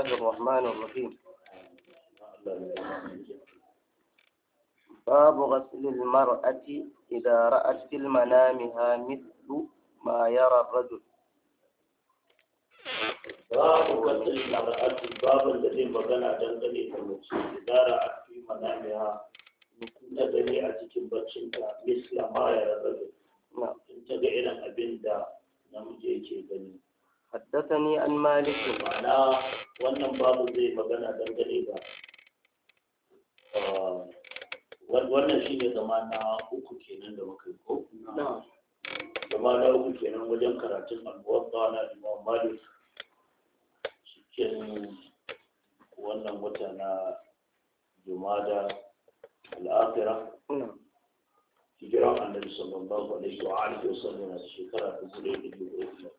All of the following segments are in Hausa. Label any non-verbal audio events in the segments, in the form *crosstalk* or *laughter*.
الله الرحمن الرحيم باب غسل المرأة إذا رأت في المنامها مثل ما يرى الرجل باب غسل المرأة الباب الذي مغنى دنقلي كمتي إذا رأت في منامها نتدري أتكم بچنك مثل ما يرى الرجل نعم تدعي أبن دا نمجي كي حدثني عن مالك معناه wannan babu zai magana dangane ba. Uh, wannan shi ne zama na uku kenan da muka yi ko zama na uku kenan wajen karatun albuwar na imam malik cikin wannan wata na jumada al'afira hijiran annabi sallallahu alaihi wa alihi wa sallam shekara ta ɗaya da dubu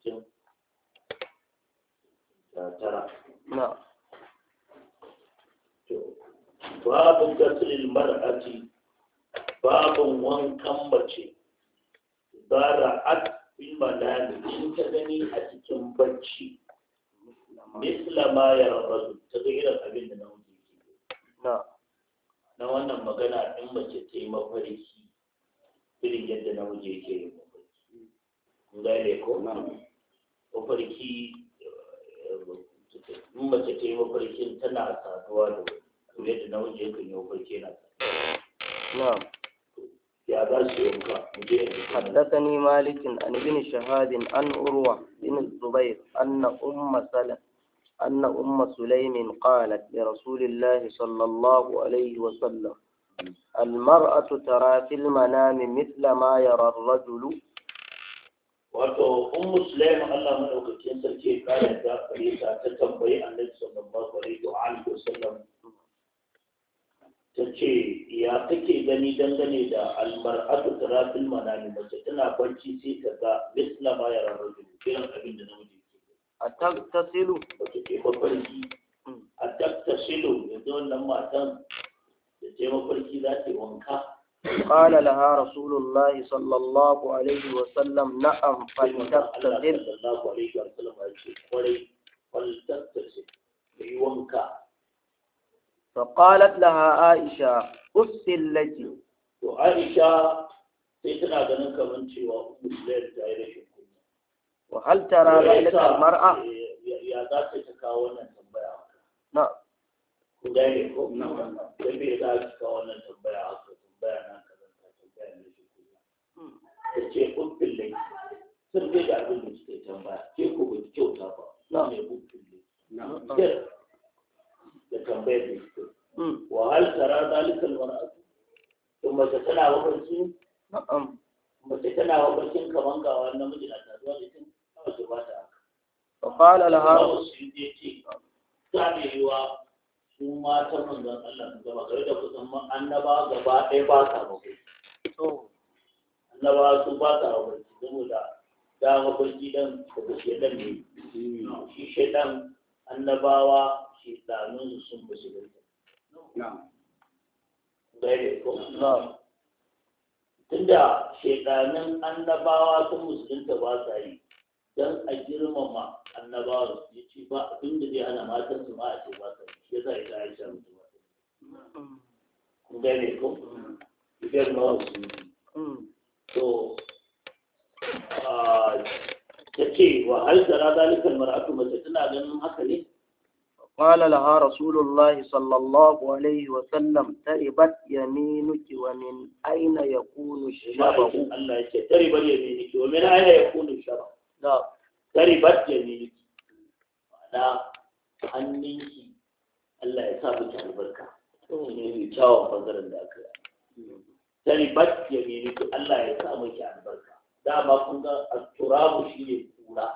mar'ati babin wankan mace zara at fil manami in ta gani a cikin bacci misla ma ya rabu عن ابن شهاب عن عروة بن الزبير أن أم سلم أن أم سليم قالت لرسول الله صلى الله عليه وسلم المرأة ترى في المنام مثل ما يرى الرجل wato un musulmi Allah madaukakin sarki ya kare ta fahimta ta tambayi annabi take gani dangane da almar'atu tarafin manami mace tana barci sai ta ga misla ma yaran kiran abin da namiji ke a taktasilu wace ke mafarki hmm. a taktasilu yanzu wannan matan da ce mafarki za ta wanka قال لها رسول الله صلى الله عليه وسلم نعم فلتغتسل فقالت لها usillati to aisha sai tana ganin kamar cewa musulmai ta yi rashin kunya wa hal tara zalika mar'a ya za ta ta kawo wannan tambaya na ku gane ko na dan bai za ta kawo wannan tambaya haka tambaya na kaza ta tambaya ne shi kunya ta ce kubbin lai sun dai da abin da suke tambaya ke ko ba kyauta ba na mai kubbin lai na da tambayar da suke Hmm. wa tara zalika almar'atu to mace tana mafarki na'am mace tana mafarkin kaman ga wannan miji na tazuwa da kin kawai bata ta fa qala laha ta ne yiwa su matan manzon Allah su gaba gare da kusan man annaba gaba ɗaya ba sa mafarki to annaba su ba sa mafarki saboda da mafarki dan da dan ne hmm. shi dan annabawa shedanun sun ba? gare ko tunda shekarun annabawa sun musulunta ba sa yi don a girmama annabawa su ce ba abin da zai hana matan su ma a ce ba sa yi ya sa ita aisha mutum ba kun gane ko idan ma su mm. to ah, ta ce wa hal tara zalikal mar'atu mace tana ganin haka ne قال لها رسول الله صلى الله عليه وسلم تربت يمينك ومن أين يكون الشبه؟ تربت يمينك ومن أين يكون الشبه؟ لا نعم. تربت يمينك لا أنك الله يسابك البركة يجاو بذر ذاك تربت يمينك الله يسابك البركة دا التراب شيء كورا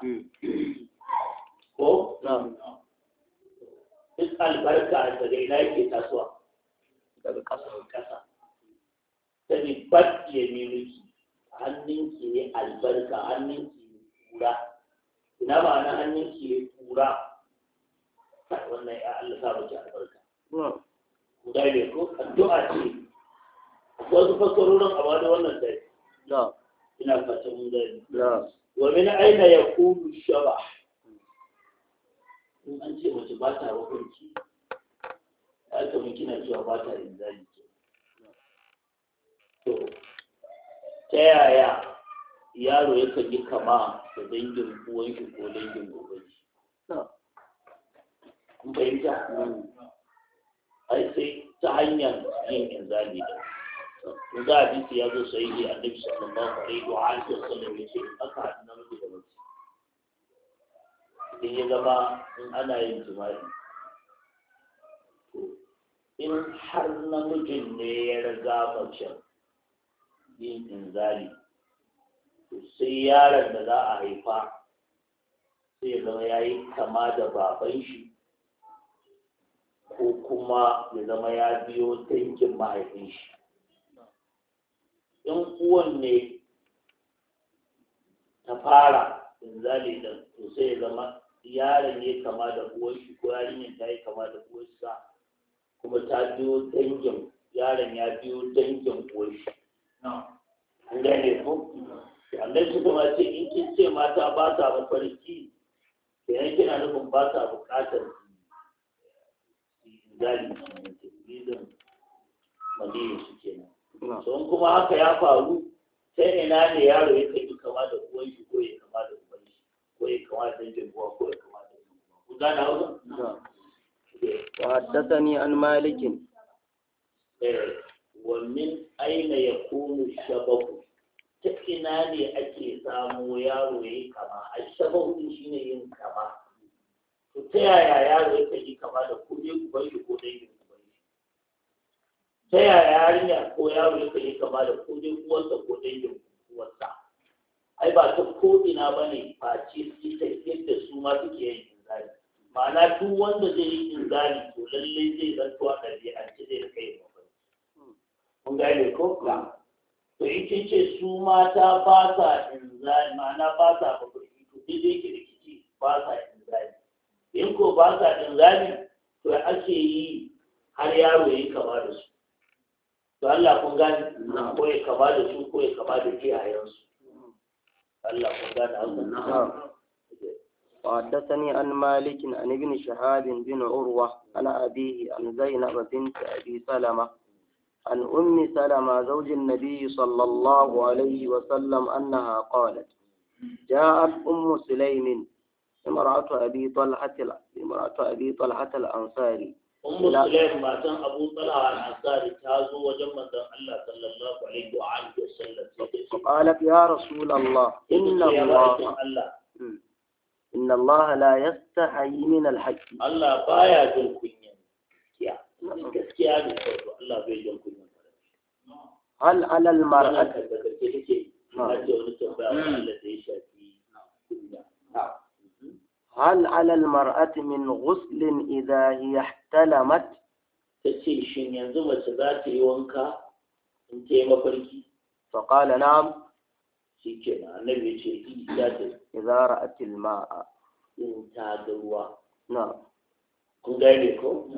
هو نعم duk albarka daga ina yake tasowa daga ƙasa ƙasa ta ne bat ya minuki hannunki ne albarka hannunki ne kura ina ba na hannunki ne kura wannan ya Allah sa miki albarka guda ne ko addu'a ce wasu fasarorin a bada wannan dai ina fata mun gani wa min aina yakulu shabah in an ce mace ba ta hukunci ya kamar kina cewa ba ta yin inzali ke to ta yaya yaro yakan yi kama da dangin uwanki ko dangin gobanki in fahimta ai sai ta hanyar yin inzali da in za a bisi ya zo sai sahihi annabi sallallahu alaihi wa alihi wa sallam yace aka haɗu namiji da mace sai ya zama in ana yin jima'i in har namijin ne ya riga mace yin inzali sai yaron da za a haifa sai ya zama ya yi kama da baban shi ko kuma ya zama ya biyo tankin mahaifin shi in uwan ne ta fara inzali da to sai ya zama yaron ya kama da shi ko yarinyar ta yi kama da uwarsa kuma ta biyo dangin yaron ya biyo dangin shi an gane ko Allah shi kuma ce in kin ce mata ba sa mafarki kenan kina nufin ba sa buƙatar zali izin maniyin su kenan so kuma haka ya faru sai ina ne yaro ya kai kama da uwan shi ko ya ko ya kamata yankin ruwa ko ya kamata yankin ruwa kun gane hausa وحدثني عن مالك ومن أين يكون الشبه تكنا لي أكي سامو يارو كما الشبه شين ين كما تيا يا يارو يكي كما da kuje ku bai ko dai ku bai taya yarinya ko yaro yake kama da kuje uwarsa ko dai uwarsa ai ba ta ko ina ba ne face su yadda su ma suke yin inzali ma'ana duk wanda zai yi inzali to lallai zai zanto a ce zai kai ba mun gane ko to in kin ce su mata ba sa inzali ma'ana ba sa mafarki to zai ki rikici ba sa inzali in ko ba sa inzali to ake yi har yaro ya yi kama da su to Allah kun gane ko ya kama da su ko ya kama da iyayensu Allah ku gane Allah وحدثني عن مالك عن ابن شهاب بن عروة عن أبيه عن زينب بنت أبي سلمة عن أم سلمة زوج النبي صلى الله عليه وسلم أنها قالت جاءت أم سليم امرأة أبي طلحة امرأة أبي طلحة الأنصاري أم سليم ماتن أبو طلحة الأنصاري تازو وجمة الله صلى الله عليه وآله وسلم قالت يا رسول الله إن الله إن الله لا يستحي من الحج الله بايا جل كنيا الله هل على المرأة هل على المرأة من غسل إذا هي salamat ta ce shin yanzu mace za ta yi wanka in ta yi mafarki faƙala na shi ke na annabi ce yi ya ta yi zara a tilma'a in ta ga ruwa na kun gane ko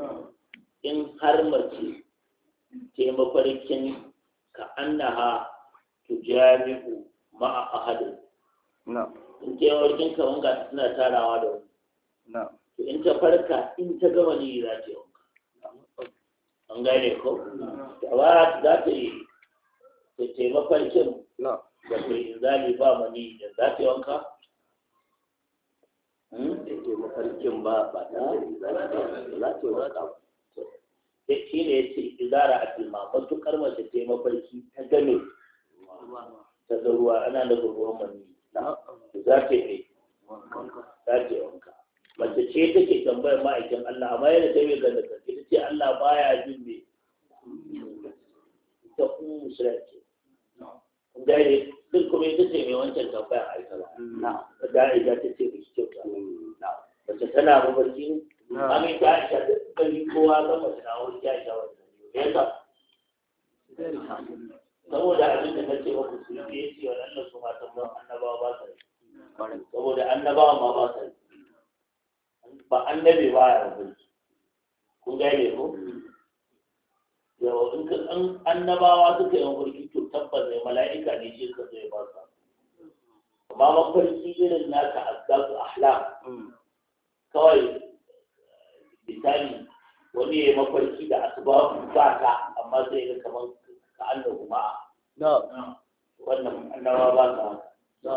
in har mace ta yi mafarkin ka annaha tujami'u ma'a ahadin na in ta yi mafarkin ka wanga suna tarawa da wani to in ta farka in ta gama ni za ta yi wanka an gane ko ba za ta yi ta taimakon cin da ta in zali ba mani da za ta yi wanka hmm? mafarkin ba ba ta za ta yi wanka da shi ne ya ce izara a filma su karma ta yi mafarki ta gane ta ga ruwa ana da ruwan mani za ta yi za ta yi wanka mace ce take tambayar ma'aikin Allah amma yana ta mai ganda ta ce Allah baya jin me ta kuma musulunci dai, duk kuma ita ce mai wancan tambayar aikala da ita ta ce ba shi kyauta wacce tana mabarci ne amin ta aisha duk yi kowa ga mace na wani ta aisha wani ne ya saboda abin da ba ku musulmi ya ce wa Allah su tambayar annabawa ba sa yi saboda annabawa ma ba sa yi ba annabi ba ya hukunci kun gane ko yau in ka an annabawa suka yi mafarki to tabbas ne mala'ika ne shi ka zai ba sa amma mafarki irin naka asgasu ahlam kawai misali wani ya yi mafarki da asibabu ba ka amma zai ga kamar ka annabu ma wannan annabawa ba ka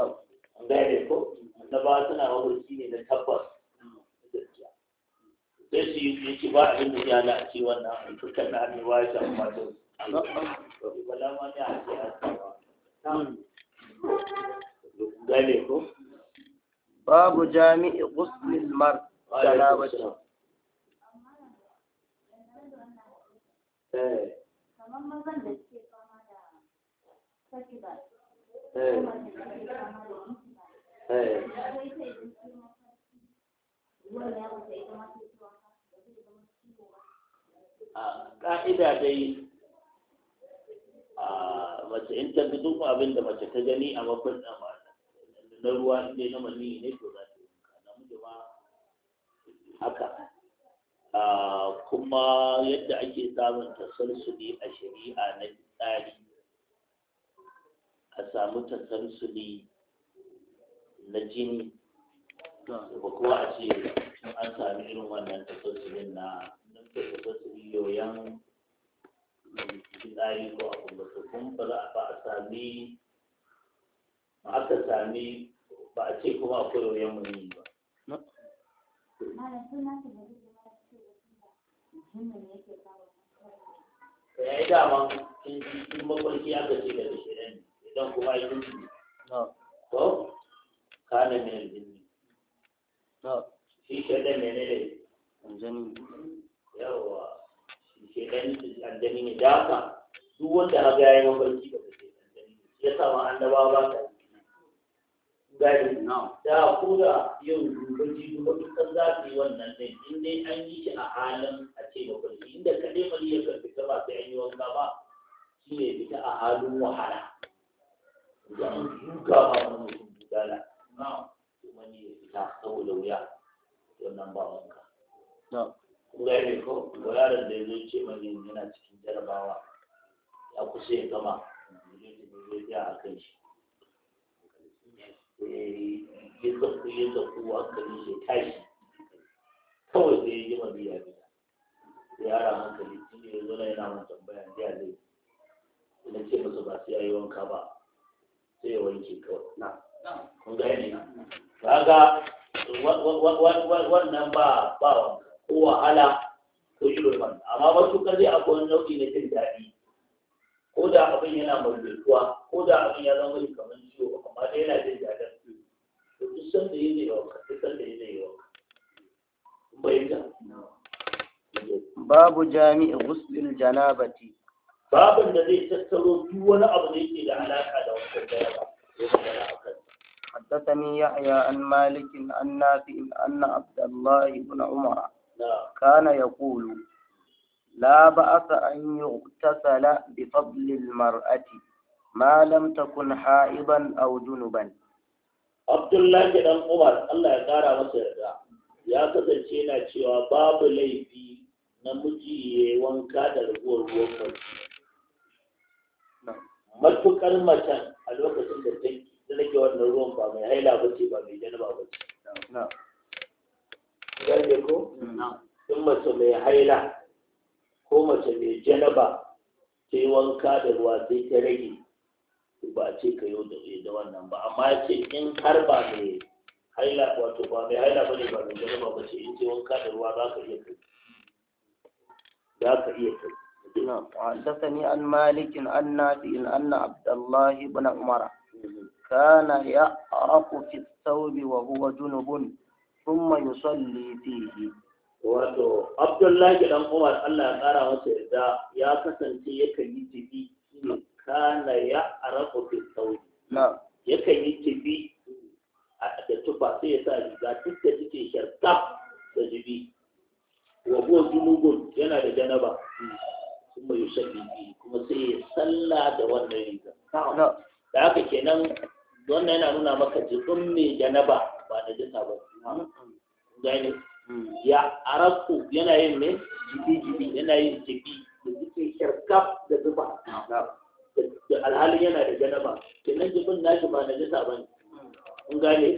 an gane ko annabawa suna mafarki ne na tabbas sai su yi ci ba abin da ya la wannan dukkan na hannu ba ya samu masu ma ne a ce a samu gane ko babu jami'i ghuslil mar eh da suke eh eh a ƙa'ida dai a mace in ta duk abin da mace ta gani a mafin na ruwa inda na mani ne to za ta yanka namiji ma haka kuma yadda ake samun tasalsuli a shari'a na tsari a samu tasalsuli na jini ba kuma a ce an sami irin wannan tasalsulin na tasalsulin yang fitsari ko aku da pada apa ba maka a sami ba aka sami ba a ce kuma akwai yoyon muni ba ya yi daman kin kin mafarki aka ce daga idan kuma yi ko kana min aljinni shi shaidan ne ne ya yawa su da aljani ne da haka duk wanda a ga yayin mafarki ba su shekani da ya sa ma annabawa ba ta yi gari da ko da yau mafarki duka dukkan za su yi wannan ɗin in dai an yi shi a halin a ce mafarki inda kaɗai mali ya karfi ta ba sai an yi wanka ba shi ne fita a halin wahala Ya an duka ba wani mutum dudala na kuma ne ya fita saboda wuya wannan ba wanka. gane ko yaron da ya zo ce mani yana cikin jarabawa ya kusa ya gama ya a kan shi eh, ya zaku ya zaku a kan shi tashi kawai sai ya yi gima biya biya yara hankali tun ya zo na yana mun tambaya ya zai na ce masa ba sai ya yi wanka ba sai ya wanke kawai na kun gane na kaga wannan ba ba wanka ko wahala ko shirman amma wasu kaje akwai wani nau'i na jin daɗi ko da abin yana mulmulkuwa ko da abin ya zama yin kamar ciwo amma dai yana jin daɗin su to duk san da yake yawa duk san da yake yawa bayyana babu jami'i ghuslil janabati babin da zai tattaro duk wani abu da yake da alaka da wannan jaraba حدثني يحيى عن مالك عن نافع أن عبد الله بن عمر kana ya kulu la ba'asa an yughtasala bi fadli al-mar'ati ma lam takun ha'iban aw ban. Abdullahi dan Umar Allah ya kara masa yarda ya kasance yana cewa babu laifi namiji ya yi wanka da raguwar ruwan mace matukar macen a lokacin da ta rage wannan ruwan ba mai haila ba ce ba mai janaba ba ce gane ko in mace mai haila ko mace mai janaba ta yi wanka da ruwa sai ta rage ba a ce ka yau da da wannan ba amma ce in har ba mai haila wato ba mai haila ba ne ba mai janaba ba ce in ce wanka da ruwa za ka iya kai za ka iya kai حدثني عن مالك عن نافع أن عبد الله بن عمر كان يعرق في الثوب وهو جنب thumma yusalli fihi wato abdullahi dan umar Allah ya kara masa yadda ya kasance yakan yi tibi kana ya a fi sauri yakan yi tibi a da tufa sai ya sa riga duk da take sharkaf da jibi Wabuwan huwa yana da janaba kuma yusalli yi. kuma sai ya salla da wannan riga da haka kenan wannan yana nuna maka jikin mai janaba ba da jisa ba gane hmm. ya araku yana yin jibi-jibi yanayin jibi da jikin sharkaf da zuba da alhali yana da janaba kenan jibin nashi ba na jisa ba ne in gane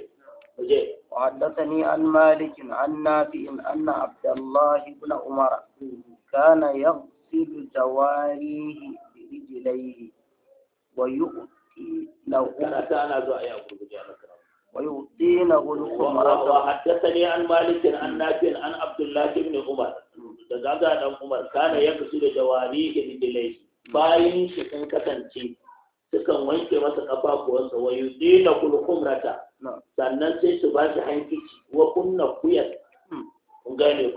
waje وحدثني عن مالك عن نافع أن عبد الله بن عمر كان يغسل جواريه برجليه ويؤتي له. أنا أنا زعيم ويعطينه الخمرة وحدثني عن مالك عن نافع عن عبد الله بن عمر دغاغا دان عمر كان يغسل جواريه رجليه bayin shi sun kasance sukan wanke masa kafafuwansa wa yudina kul khumrata sannan sai su ba shi hankici wa kunna kuyat kun gane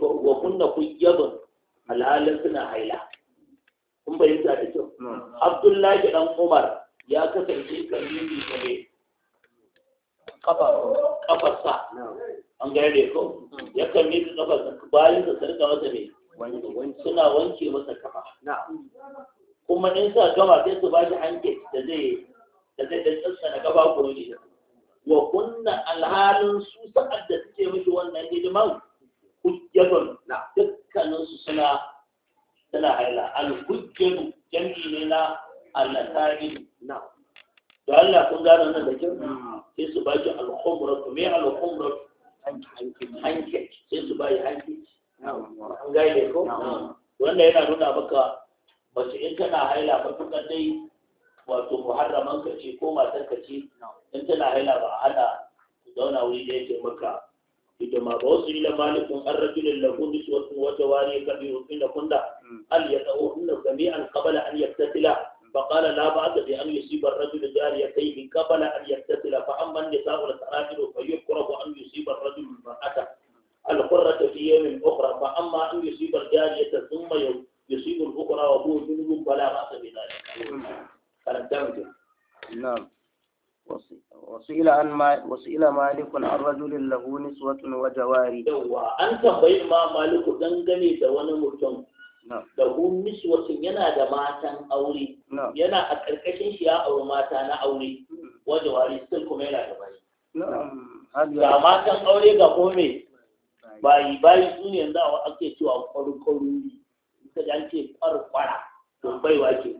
suna haila abdullahi dan umar ya kasance kan yi ne kafarsa an gane ko yakan miƙa kafarsa bayan sa sarka masa ne suna wanke masa kafa kuma in sa gama sai su bashi hanke da zai da zai da tsantsana kafa ko ne wa kunna alhalin su sa'ad da suke mishi wannan hidiman hujjatun na dukkanin su suna suna haila al hujjatu jami'i ne na al na da Allah kun gane nan da kyau sai su baki al-khumra to me al-khumra hanke sai su baki hanke an gaide ko wanda yana nuna maka mace in kana haila matukar dai wato muharraman ka ce ko matar ka ce in tana haila ba a hada ku zauna wuri da yake maka hidima ba wasu ila malikun an rajulin lahu niswatun wata wani kabiru inda kunda hmm. al ya tsawo inda jami'an qabala an yaktasila فقال لا بأس بأن يصيب الرجل جاريتيه قبل أن يغتسل فأما النساء السراجل فيكره أن يصيب الرجل المرأة القرة في يوم أخرى فأما أن يصيب الجارية ثم يصيب الأخرى وهو جنوب فلا بأس بذلك. فلم نعم. وسئل عن ما وسئل مالك عن رجل له نسوة وجواري. أنت بين ما مالك دنجني دون مرتم. Lahu niswatin yana da matan aure yana a ƙarƙashin shi ya auri mata na aure wajen wari still kuma yana da bayi ga matan aure ga kome bayi bayi su ne yanzu a ake cewa kwarkwaruri Ita da ce kwarkwara to baiwa ke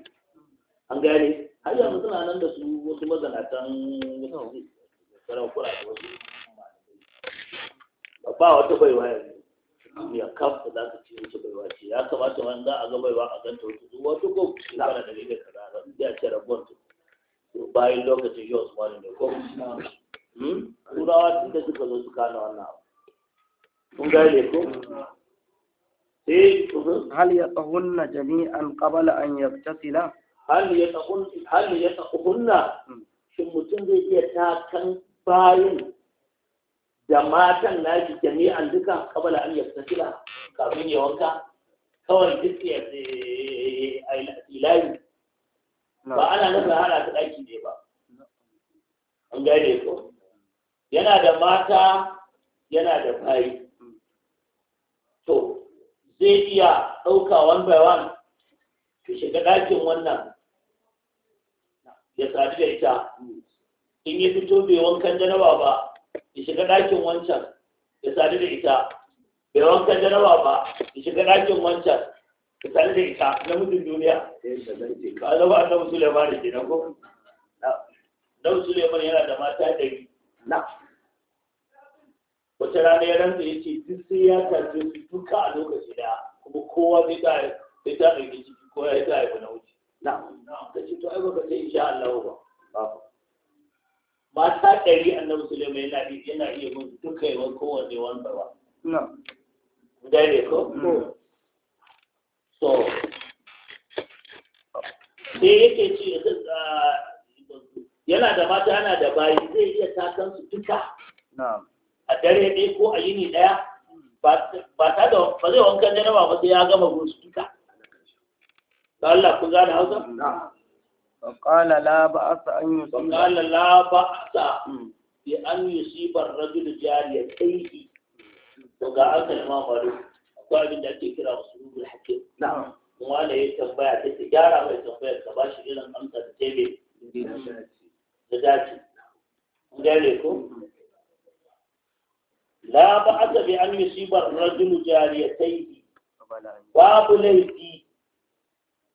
an gane har yanzu suna nan da su wasu mazanatan wasu sarakura da wasu ba wata baiwa yanzu ya kafa za ka ce wace baiwa ce ya kamata wani za a ga baiwa a ganta wata zuwa wata ko shekara da rage kaza a ya ce rabuwar ta bayan lokacin yau su wani ne ko hmm? turawa tun da suka zo su kana wannan abu kun gane ko هل eh, an جميعا قبل أن Hal هل يطهن هل mutum شو متن ta يتاكن باين da matan na nashi an duka kabala an yasta sila kafin ya wanka kawai duk ya eh, ilayi ba ana nufin hana ta ɗaki ne ba an gane ko yana da mata yana da bayi to zai iya ɗauka one by one ki shiga ɗakin wannan ya sadu da ita in yi fito bai wankan janaba ba ya shiga ɗakin wancan ya sadu da ita bai wanka jaraba ba ya shiga ɗakin wancan ya sadu da ita na mutum duniya ba zama annabi suleiman da ke nan ko annabi suleiman yana da mata ɗari na wata rana ya rantsa ya ce duk sai ya karfe su duka a lokaci da kuma kowa zai ta zai ta ɗauki ciki ko ya ta haifa na wuce na ka ce to ai baka sai insha Allah ba Ba ta ɗari annabi sulaiman yana yana iya mun duka yawan kowanne wanda ba guda ne ko so sai yake ce ah, yana da mata ana da bayi zai iya takan su duka a dare ɗaya ko a yini ɗaya ba ta da ba zai wankan jaraba ba sai ya gama gurin su duka Allah za gane hausa? فقال لا بأس أن يصيب فقال لا بأس بأن يصيب الرجل جاريتيه وقع الإمام مالك akwai abin da ake kira usulul hakim na'am kuma wanda ya tambaya ta gyara mai tambayar ka bashi irin da babu laifi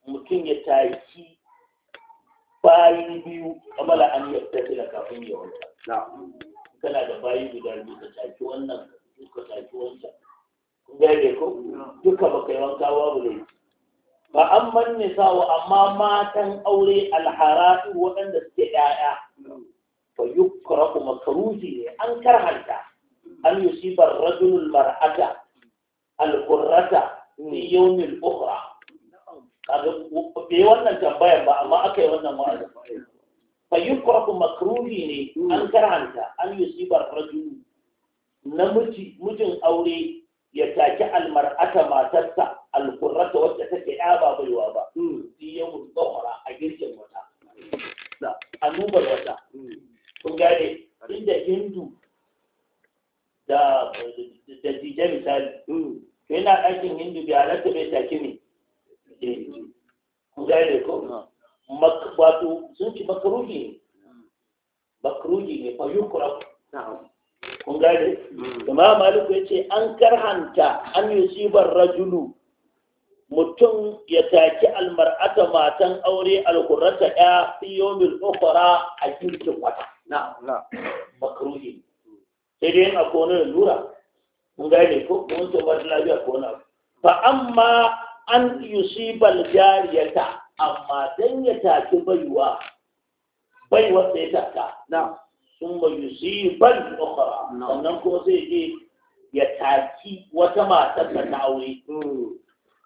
mutum ya taki bayi biyu kamala an yadda da kafin ya wanka kana da bayi guda biyu ka taki wannan ka taki wancan kun gane ko duka ba yi wanka babu ne ba an manne sawa amma matan aure alharatu waɗanda suke ɗaya fa yukrahu makruhi ne an karhanta an yusiba rajulul mar'ata al-qurrata fi yawmil ukhra kaga bai wannan tambayan ba amma aka yi wannan wa'azi fa yukrahu makruhi ne an karanta an yi yusiba rajulu Na mijin aure ya taki almar'ata matarsa alqurrata wacce take ya ba baiwa ba shi ya mutsaura a girkin wata a wata kun gane inda hindu da da jija misali yana ɗakin hindu bai halatta bai take ne ku gane ko wato sun ci makaruhi ne makaruhi ne fa yukra kun gane kuma hmm. maliku ya ce an karhanta an yusibar rajulu mutum ya taki almar'ata matan aure alkurrata ya fi yomil ukhra a kirkin wata na na makruhi sai dai a kone lura mun gane ko mun to ba lafiya ko na fa amma an yusibal jariyata amma dan ya taki baiwa baiwa sai taka na sun ba yusibal ukhra sannan ko sai je ya taki wata matar da ta aure hmm.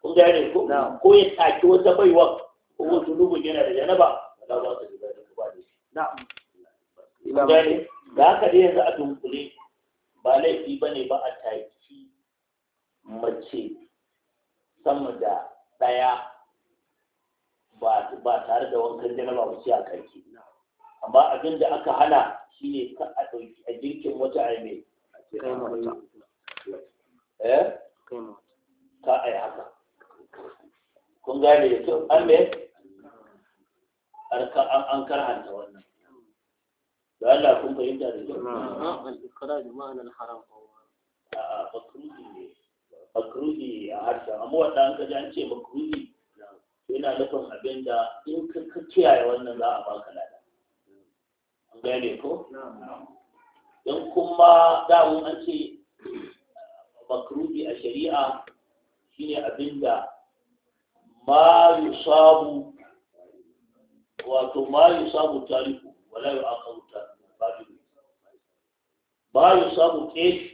kun gane ko ko ya taki wata baiwa ko zunubin yana da janaba da ba su da ba ne na gane da aka dai yanzu a dunkule ba laifi ne ba a taki mace sama da ɗaya ba tare da wankan janaba ba sai a karki amma abin da aka hana shine ka a ɗauki a jirkin wata a mai eh? ka a yi haka kun gane da kyau an me an karhanta wannan da Allah kun fahimta da kyau a'a al-iqrar ma'anar haram a bakruhi ne makruhi a harshe amma wanda an kaji an ce makruhi yana nufin abin da in ka kiyaye wannan za a baka lada an gane ko don kuma damun an ce makruhi a shari'a shine abin da ma yusabu wato ma yusabu tariku wala yu'aqabu tariku ba yusabu keshi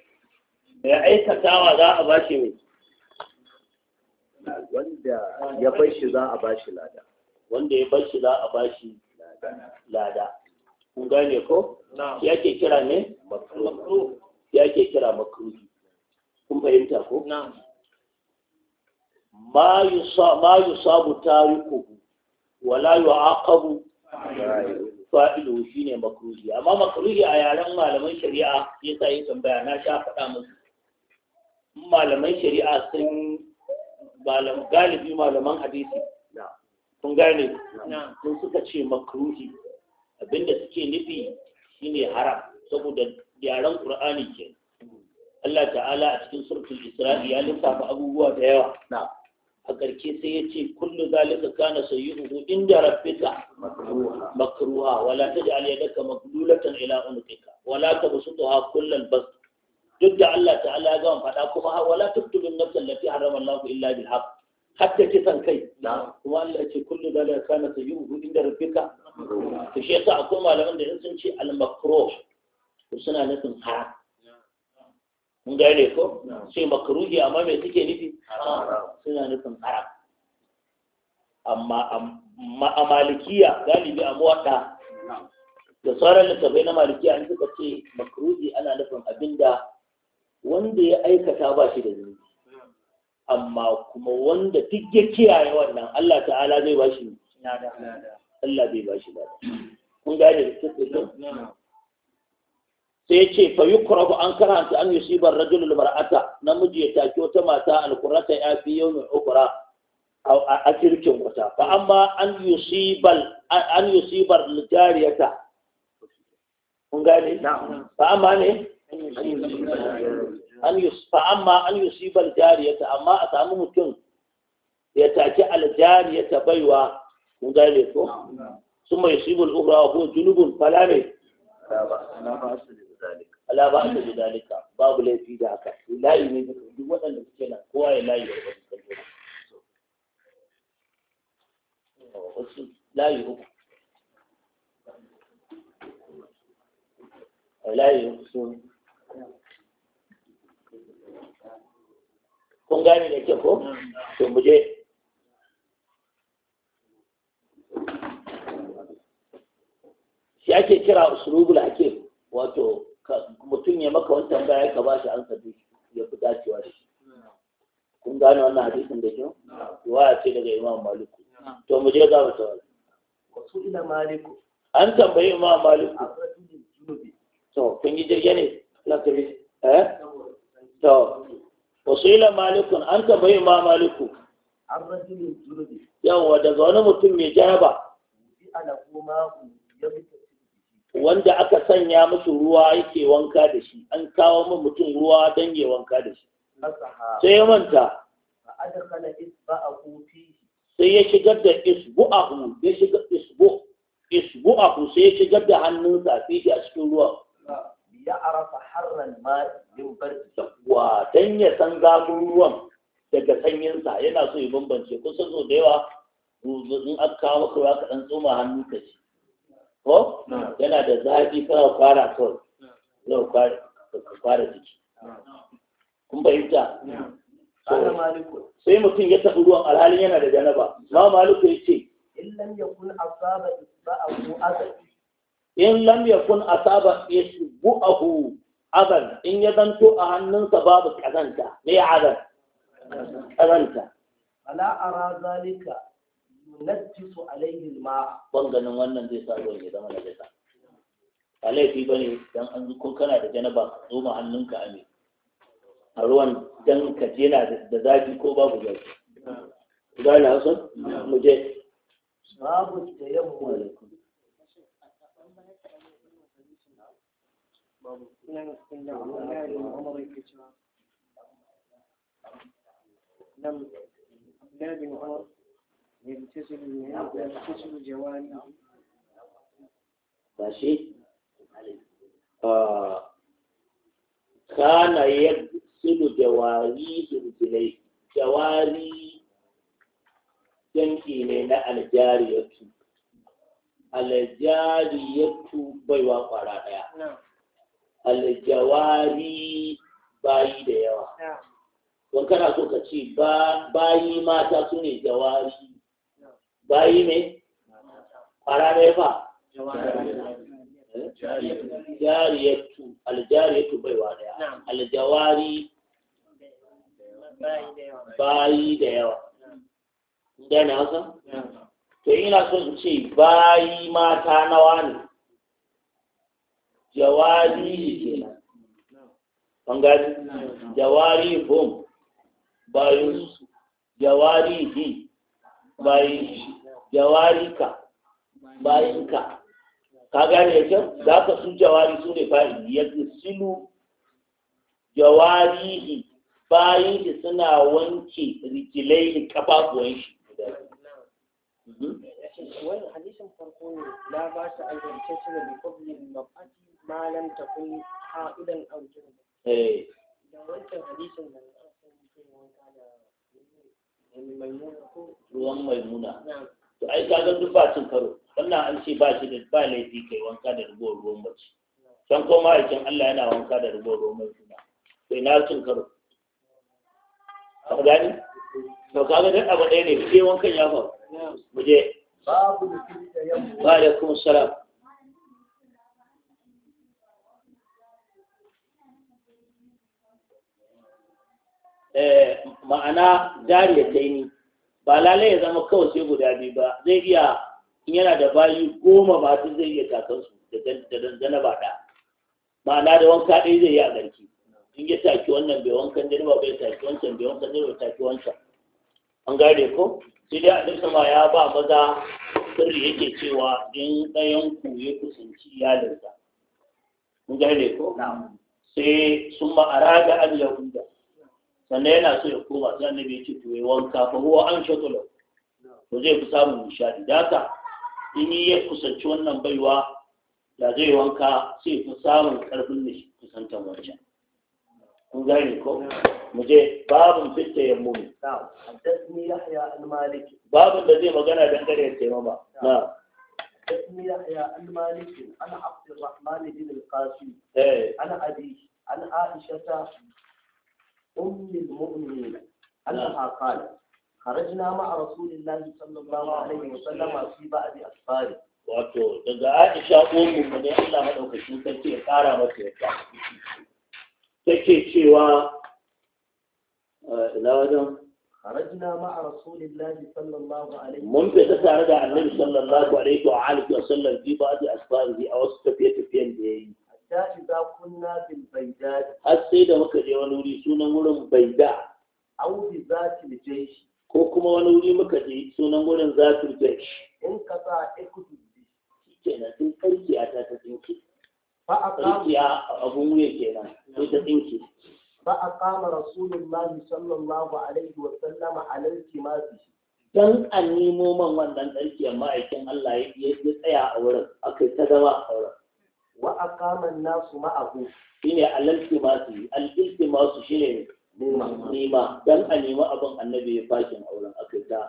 mai aikatawa za a ba shi mai wanda ya ba shi za a ba shi lada wanda ya ba shi za a ba shi lada kun gane ko ya ke kira ne makaru ya ke kira makaru kun fahimta ko ma yusabu tarikuhu wala yu'aqabu fa'ilu shine makruhi amma makruhi a yaren malaman shari'a yasa sayi tambaya na sha faɗa musu malaman shari'a sun galibi malaman hadisi sun gane sun suka ce makruhi abinda suke nufi shine haram saboda yaren qur'ani ke Allah ta'ala a cikin surtul isra'i ya lissafa abubuwa da yawa a ƙarshe sai ya ce kullu zalika kana sayyuhu inda rabbika makruha wala taj'al yadaka maglulatan ila unuqika wala tabsutha kullal bast duk da Allah ta'ala ya gama faɗa kuma wala tuktubun nafsan lati harama Allah illa bil haqq hatta san kai kuma Allah ce kullu zalika kana sayyuhu inda rabbika to shi yasa akwai malaman da sun ce al makruh to suna nufin haram mun gane ko sai makruhi amma me suke nufi suna nufin haram amma a malikiya galibi a muwaɗa da sauran littafai na malikiya an suka ce makruhi ana nufin abinda wanda ya aikata ba shi da zunubi amma kuma wanda duk ya kiyaye wannan Allah ta'ala zai ba shi Allah zai ba shi ba kun gane da sai ce fa yukrahu an karanta an yusiba ar al-mar'ata namiji ya take wata mata al ya fi yawmin ukra a asirkin wata fa amma an yusibal an yusibar al-jariyata kun gane fa amma ne an yusfa amma an yusibal jariyata amma a samu mutum ya taki aljariyata baiwa kun gane ko ثم يصيب الأخرى وهو جنوب فلا مي ala ba su da dalika babu laifi da haka layi ne da duk waɗanda suke na kowa ya layi da wani kalmomi wasu layi uku layi uku sun kun gane da ke ko to mu je shi ake kira usulubul hakim wato mutum ya maka wani tambaya ka ba shi an sabi ya fi dacewa da shi kun gane wannan hadisin da kyau riwaya ce daga imam maliku to mu je za mu tawala maliku an tambayi imam maliku to kun yi jirge ne lakabi eh to wasila malikun an tambayi ma maliku an rajulin yawa daga wani mutum mai jaraba wanda aka sanya musu ruwa yake wanka da shi an kawo min mutum ruwa don ya wanka da shi sai ya manta sai ya shigar da isbu'ahu ya shigar isbu isbu'ahu sai ya shigar da hannunsa sai shi a cikin ruwa ya arafa harran ma min barci wa don ya san zafin ruwan daga sanyinsa yana so ya bambance kusa, so da yawa in aka kawo maka ruwa ka dan tsoma hannu ka ci ko yana da zafi kana kwara kawai yau kwara jiki kun fahimta sai mutum ya tafi ruwan alhalin yana da janaba ma maliku ya ce in lam yakun asaba ko azabi in lam yakun asaba yashbu'ahu azan in ya zanto a hannunsa babu kazanta me azan kazanta ala ara zalika yunajjisu alayhi alma ban ganin wannan zai sa zuwa ya zama najasa ba laifi bane dan an ko kana da janaba ka zo ma hannunka a a ruwan dan ka na da zafi ko babu zafi gane hasan mu je babu tayammum alaikum لم لا بن عمر يغتسل يغتسل جوانبه ماشي آه. كان يغسل جواريه رجليه جواري جنكي لنا الجارية الجارية بيوا قرانا نعم aljawari bayi da yawa Wani kana so ka ce bayi mata su ne jawari bayi ne fara ɗaya fa bai wa da yawa. aljawari bayi da yawa gane haka to ina son in ce bayi mata nawa ne jawarihi kenan an gaji jawarihum bayan su jawarihi bayan shi jawarika ka ka gane da kyau za ka su jawari su ne bayan yadda silu jawarihi bayan shi suna wanke rikilai kafafuwan shi Wani hadisin farko ne na ba ta albarkace da bi qabli malam ta kun ha'idan aujin eh. da wancan hadisin da ruwan maimuna to ai kaga duk ba cin karo wannan an ce ba shi da ba laifi kai wanka da rubuwar ruwan mace can ko ma'aikin Allah yana wanka da rubuwar ruwan maimuna to ina cin karo ka gani to kaga duk abu ɗaya ne sai wankan ya faru mu je da kuma salam Eh, ma'ana ya ta ni ba lalai ya zama kawai sai guda biyu ba zai iya in yana da bayi goma ba su zai iya su da dandana ba da ma'ana da wanka ɗaya zai yi a garki in ya taki wannan bai wankan ba bai taki wancan bai wankan ba taki wancan an gane ko sai dai a ma ya ba maza sirri yake cewa in ɗayan ku ya kusanci ya lalza An gane ko sai sun ma'ara ga al yahuda sannan yana so ya koma sai annabi ya ce to ya wanka fa huwa an shaqula to zai fi samun nishadi da haka in ya kusanci wannan baiwa da zai yi wanka sai fi samun karfin ne kusantan wancan kun gane ko mu je babin fitta ya muni haddathni babin da zai magana dangane da taimama na haddathni yahya an malik an abdurrahman bin al-qasim eh an abi أم المؤمنين نعم. أنها قالت خرجنا مع رسول الله صلى الله عليه وسلم في بعض أسفاره wato daga Aisha ummu mu ne Allah madaukakin sarki ya kara mata yadda take cewa ila wajen خرجنا مع رسول الله صلى الله عليه وسلم ممكن تتعرض عن النبي صلى الله عليه وآله وسلم في بعض أسفاره أو ستفية في kunna bil baida har sai da muka je wani wuri sunan wurin baida au bi zati jaysh ko kuma wani wuri muka je sunan wurin zatul jaysh in ka sa ikutu kenan sun karki a ta tsinki fa aqama abun wuya kenan sai ta tsinki fa aqama rasulullahi sallallahu alaihi wa sallama ma kimasi dan a nemo man wannan tsarki amma aikin Allah ya tsaya a wurin aka ta zama a wurin wa aqama an-nasu ma'ahu shine al-iltimasu al-iltimasu shine nima, dan a nemi abin annabi ya bakin auren akai ta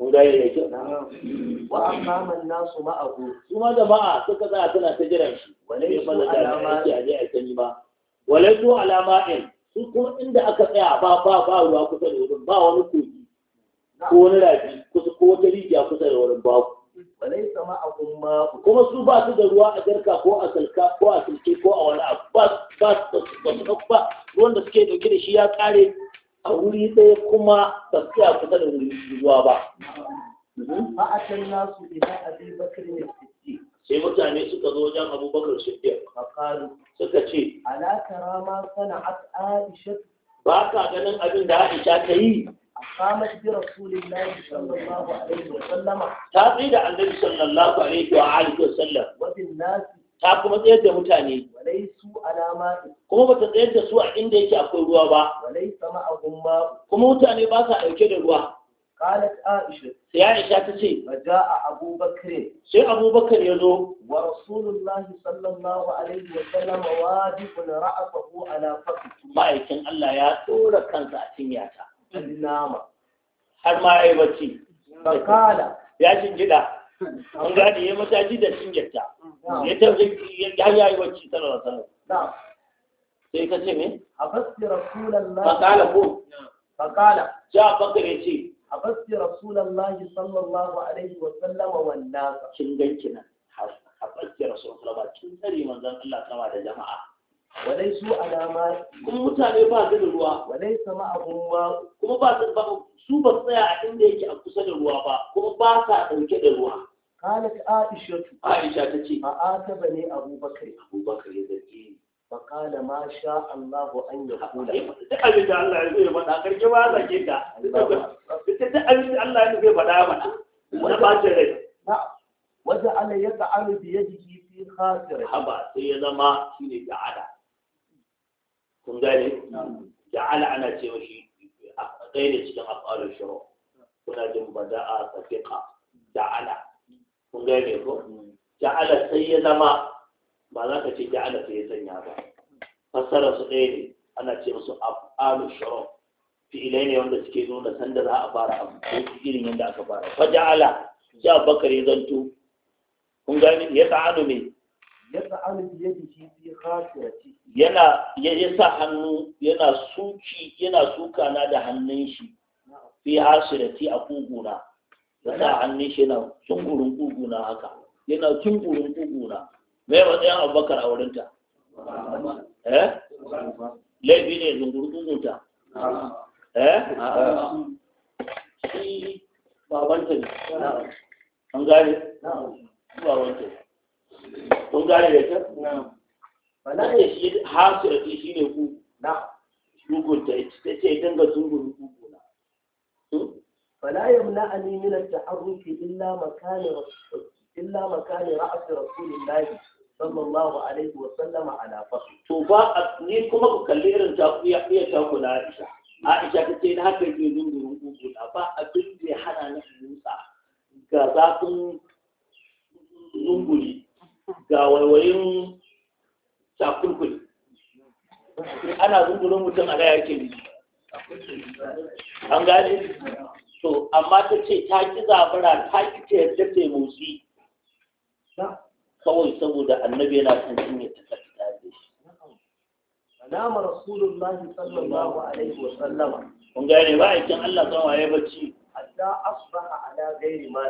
kun ga da kyau wa aqama an-nasu ma'ahu kuma jama'a suka tsaya tana ta jiran shi wala ya fara da yake aje a sani ba wala su alama'in su kuma inda aka tsaya ba ba ba ruwa kusa da wurin ba wani kogi ko wani rafi kusa ko wata rijiya kusa da wurin babu balai sama a kuma kuma su ba su da ruwa a jarka ko a salka ko a silke ko a wani abu ba su ba ruwan da suke dauke da shi ya kare a wuri ɗaya kuma ba su ya kusa da ruwa ba ma'atan nasu ne sai mutane suka zo wajen abubakar siddiq faqalu suka ce ala tara ma sana'at aisha ba ka ganin abin da aisha ta yi أقامت برسول الله صلى الله عليه وسلم تقيد عن النبي صلى الله عليه وآله وسلم وفي الناس ta kuma tsayar da mutane kuma ba tsayar da su a inda yake akwai ruwa ba kuma mutane ba sa ɗauke da ruwa sai ya isha ta ce sai abubakar ya zo wa rasulullahi sallallahu alaihi wa sallam wa wajibun ra'a ala fakir ma'aikin Allah ya tsora kansa a cikin ta. an har ma ai bacci bakala ya shingida an gadi ya mataji da shingitta ya ta ya ya yi bacci sallallahu alaihi sai ka ce me abasti bakala ko bakala ja bakare ce abasti rasulullahi sallallahu alaihi wasallam wannan kin gankina abasti rasulullahi kin tsari manzon Allah sama da jama'a walai su alama kuma mutane ba su da ruwa walai sama abun ba kuma ba su su ba tsaya a inda yake a kusa da ruwa ba kuma ba sa dauke da ruwa kalat aisha aisha ta ce a ataba ne abubakar abubakar ya zarge fa kala ma sha Allah an ya kula duk abin da Allah ya zai faɗa karshe ba za ke da duk abin da Allah ya zai faɗa mana wani ba ta rai wajen Allah ya ta'aru bi yadihi fi khasir haba sai ya zama shine da'ada kun gane ja'ala ana ce mashi ɗaya ne cikin af'alul shuru kuna jin ba bada'a safiqa ja'ala kun gane ko ja'ala sai ya zama ba za ka ce ja'ala sai ya sanya ba fassara su ɗaya ne ana ce musu af'alul shuru fi'ilai ne wanda suke nuna sanda za a fara abu ko irin yadda aka fara fa ja'ala ja bakari zanto kun gane ya ta'alu ne yana ya sa hannu yana suki yana suka na da hannun shi fi hasirati a kuguna ya sa hannun shi yana tungurin kuguna haka yana tungurin kuguna mai matsayin abubakar a wurinta eh laifi ne zungurin kugunta eh shi babanta ne an gane babanta ne kun gane da ta? Ba na ne shi hasira ce shi ne ku na Google ta yi ta ce zungun Google na. Fala yau na ta arruki illa makani illa makani ra'asu rasulun lahi sallallahu alaihi wa sallama a lafasu. To ba a ni kuma ku kalli irin ta ku iya ta ku Aisha. ta ce na kai ne zungun Google ba abin da ya hana na su yi ga zafin zunguri. ga walwalin takulkul ana zungulun mutum a gaya ke an gane to amma ta ce ta ki zabura ta ki ce yadda ta yi motsi kawai saboda annabi yana kan cinye ta karfi ta yi alama rasulullahi sallallahu alaihi wa sallama kun gane ba aikin Allah zama ya bacci hatta asbaha ala gairi ma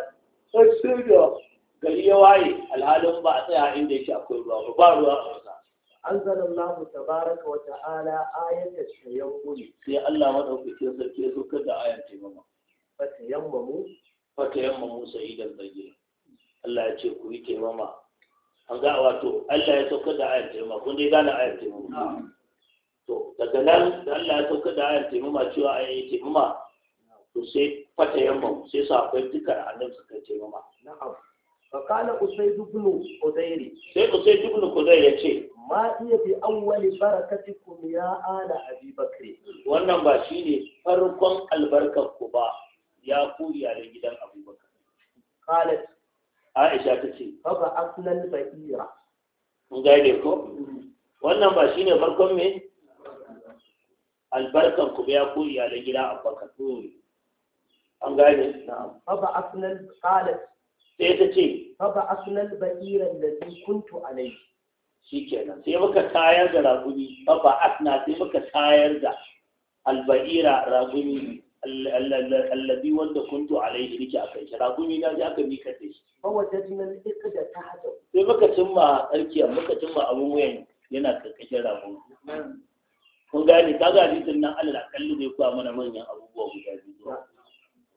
sai sai da gari ya waye alhalin ba a tsaya inda yake akwai ruwa ba ruwa a wasa anzala Allah tabaraka wa ta'ala ayatan tayammum sai Allah madaukakin sarki ya saukar da ayan tayammum fa tayammamu fa tayammamu sa'idan bayyin Allah ya ce ku yi taimama. an ga wato Allah ya sauka da ayan tayammum kun dai gane ayan tayammum to daga nan da Allah ya sauka da ayan tayammum cewa yi tayammum to sai fa tayammamu sai akwai duka annabi suka taimama. na'am فقال أسيد بن خدير سيد أسيد بن خدير ما هي بأول بركتكم يا آل أبي بكر wannan ba ne farkon albarkar ku ba ya ku iyalan gidan abubakar. Bakar Aisha tace fa ba aslan ba'ira wannan ba ne farkon me albarkar ku ya ku iyalan gidan abubakar. Bakar hmm. an ba sai ta ce ba asunan ba'iran da zai kuntu alai shi kenan sai muka tayar da raguni ba asna sai muka tayar da alba'ira raguni allabi wanda kuntu alai nake a kai shi raguni na ji aka mika da shi ba wata jinan duka da ta hada sai muka cimma tsarkiya muka cimma abun wuyan yana karkashin raguni kun gane kaga hadisin nan Allah kalli zai kuwa mana manyan abubuwa guda biyu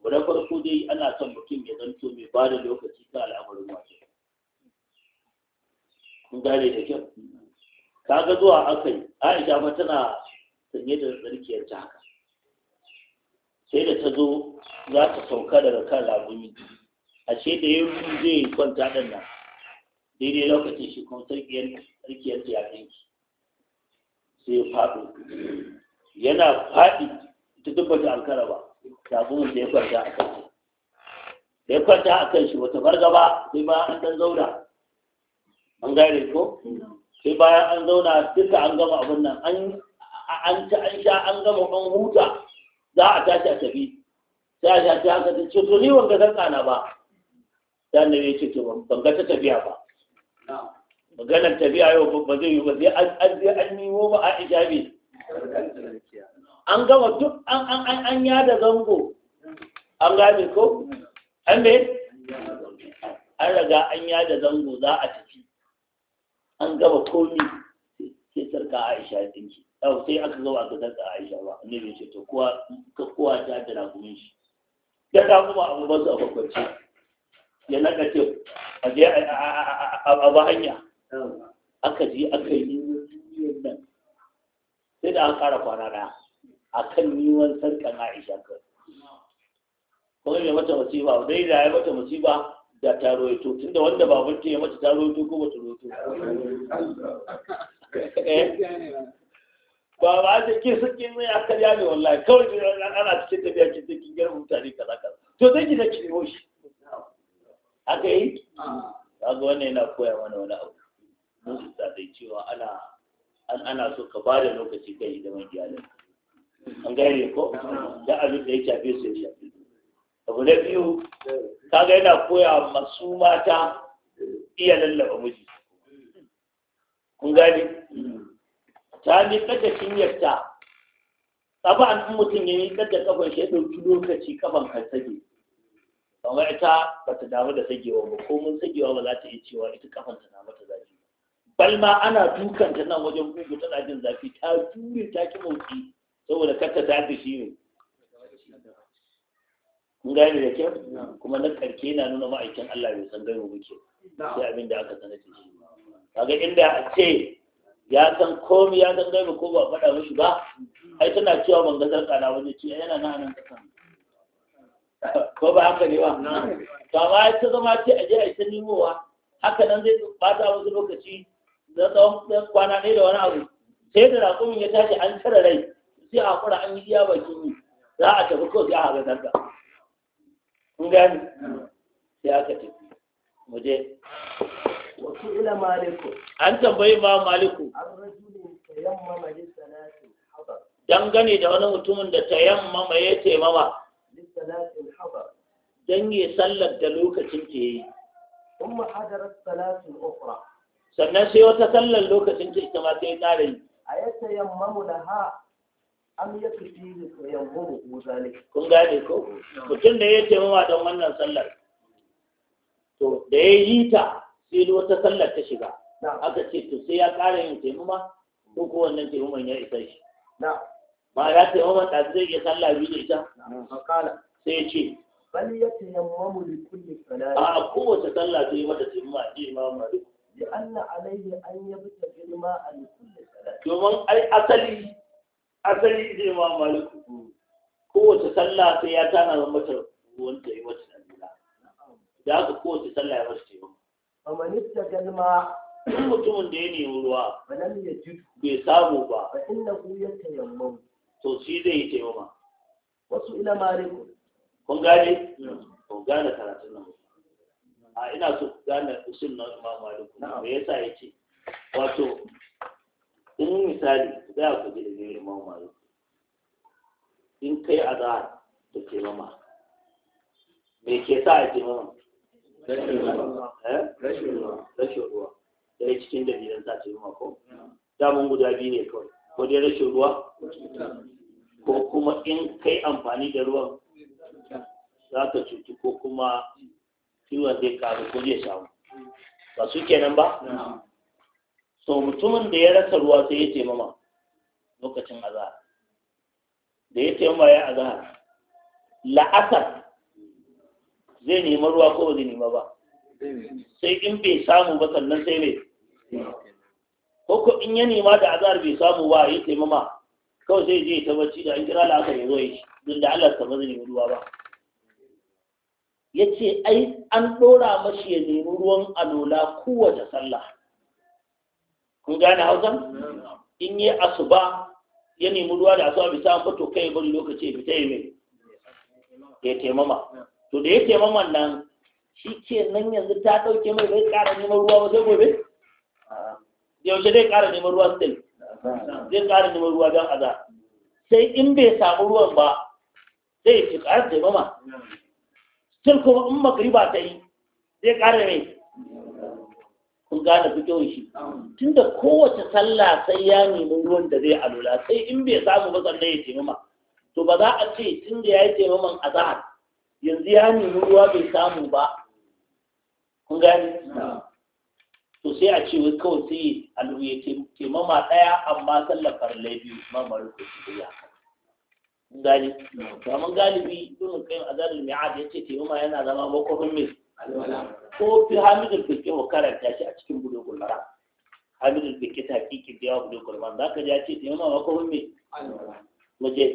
na farko dai ana son mutum ya zanto mai ba da lokaci ta al'amarin wasu kun gane da kyau kaga zuwa aka yi aisha ma tana sanye da tsarkiyar ta haka sai da ta zo za ta sauka daga kan a ashe da ya yi zai kwanta ɗan nan daidai lokacin shi kuma tsarkiyar ta yaƙin shi sai ya faɗo yana faɗi ta dubbata ankara ba sabulun da ya kwanta a kan da ya kwanta a kan shi wata fargaba sai bayan an dan zauna an gane ko sai bayan an zauna duka an gama abin nan an ci an sha an gama an huta za a tashi a tafi sai a sha ta haka ta ce to ni wanga san kana ba sai annabi ya ce to ban ga ta tafiya ba maganar tafiya yau ba zai yi ba sai an je an nemo ba a ijabi an gama duk an an an an da zango an gane ko an me an raga an da zango za a tafi an gama komi sai sarka Aisha dinki yau sai aka zo aka sarka Aisha ba ne ce to kowa ka kowa ta da rakumin shi da ta kuma abu ba su a ya naka ce a je a ba hanya aka je aka yi nan sai da an kara kwana daya a kan niwan sarkan aisha kawai kuma ya mata musiba dai da ya mata musiba da ta to, tunda wanda babanta ya mata ta to ko bata roito *laughs* eh? ba ba ta ke suke mai aka ne wallahi kawai ne ana cikin tafiya cikin take cikin gara mutane kaza kaza to zai ki da ki nemo shi aka yi ah. kaga wannan yana koya mana wani abu mun dai cewa ana ana so ka bada lokaci kai da mai iyalinka an gane ko da abin da ya shafe su ya shafe abu na biyu kaga yana koya masu mata iya lallaba miji kun gane ta miƙa da cinyarta an in mutum ya yi da kafan shi ya ɗauki lokaci kafan kan sage kamar ita ba ta damu da sagewa ba ko mun sagewa ba za ta iya cewa ita kafan ta na mata zafi Balma ana dukanta nan wajen gugu tana jin zafi ta jure ta ki motsi saboda karta ta fi shi ne kun gane da kyau kuma na karke na nuna ma'aikin Allah bai san gaibu muke sai abin da aka sanar da shi kaga inda a ce ya san komi, ya san gaibu ko ba faɗa mishi ba ai tana cewa ban ga kana na wani ce yana nan ka san ko ba haka ne ba ai ta zama ce a je a ita nemowa haka nan zai bata wasu lokaci na tsawon kwana ne da wani abu sai da raƙumin ya tashi an tara rai sai a kura an yi iya baki ne za a tafi kawai a haɗa zarga in gani sai aka tafi mu je wasu ila maliku an tambayi ma maliku gani da wani mutumin da ta yamma mai ya mama don yi sallar da lokacin ke yi sannan sai wata sallar lokacin ta ita ma sai ƙara yi a yadda yamma mu da ha An ya tafi da yanzu mu zalik kun gane ko mutum da ya taimawa don wannan sallar to da ya yi ta sai wata sallar ta shiga aka ce to sai ya ƙara yin taimama ko ko wannan taimaman ya isa shi ba ya taimaman da zai iya sallah biyu da ita sai ya ce bal ya mu li kulli salati a kowace sallah sai mata taimama a imam malik li anna alayhi an yabta ilma an kulli salati domin asali asali ne ma maliku kowace sallah sai ya tana zan mata ruwan ta yi wata sallah da haka kowace sallah ya mata taimako amma ni ta galma duk mutumin da ya nemi ruwa bai samu ba ku ya yatayammam to shi zai yi ma wasu ila maliku kun gane kun gane karatun nan a ina so gane usul na imam maliku me yasa yake wato in yi misali za ku ji da ne imam in kai da ke mama me ke sa a ke mama eh? rashin ruwa rashin cikin dalilan sa ce mama damun guda biyu ne kawai ko dai rashin ruwa ko kuma in kai amfani da ruwan za ka ko kuma ciwon zai karu ko zai samu ba su kenan ba so mutumin da ya rasa ruwa sai ya taimama lokacin azahar da ya taimama ya azahar la'asar zai nema ruwa ko ba zai nema ba sai in bai samu ba sannan sai ne ko ko in ya nema da azahar bai samu ba ya taimama kawai zai je ta bacci da an kira la'asar ya zo ya shi don da Allah ta ba zai nemi ruwa ba ya ce ai an ɗora mashi ya nemi ruwan alola kowace sallah kun gane hausan in yi asuba ya nemi ruwa da asuba bisa an fito kai bari lokaci ya fita ya mai ya taimama to da ya taimama nan shi ke nan yanzu ta ɗauke mai bai ƙara neman ruwa ba sai gobe yaushe zai ƙara neman ruwa still zai ƙara neman ruwa don aza sai in bai samu ruwan ba zai ci ƙara taimama still kuma in makariba ta yi zai ƙara mai kun gane kyau shi tunda kowace sallah sai ya nemi ruwan da zai alula sai in bai samu ba sannan ya taimama to ba za a ce tun da ya yi taimaman azahar yanzu ya nemi ruwa bai samu ba kun gane to sai a ce wai kawai sai alu ya taimama ɗaya amma sallar farlai biyu mamar rukuki ya kun gane to amma galibi ibn qayyim azalul mi'ad yace taimama yana zama makwafin mai ko fi hamidul bikin ko karanta shi a cikin bulugul gulmara hamidul bikin ta hakikin da yawa bulugul gulmara za ka ji a ce ta yamma maka hulmi muje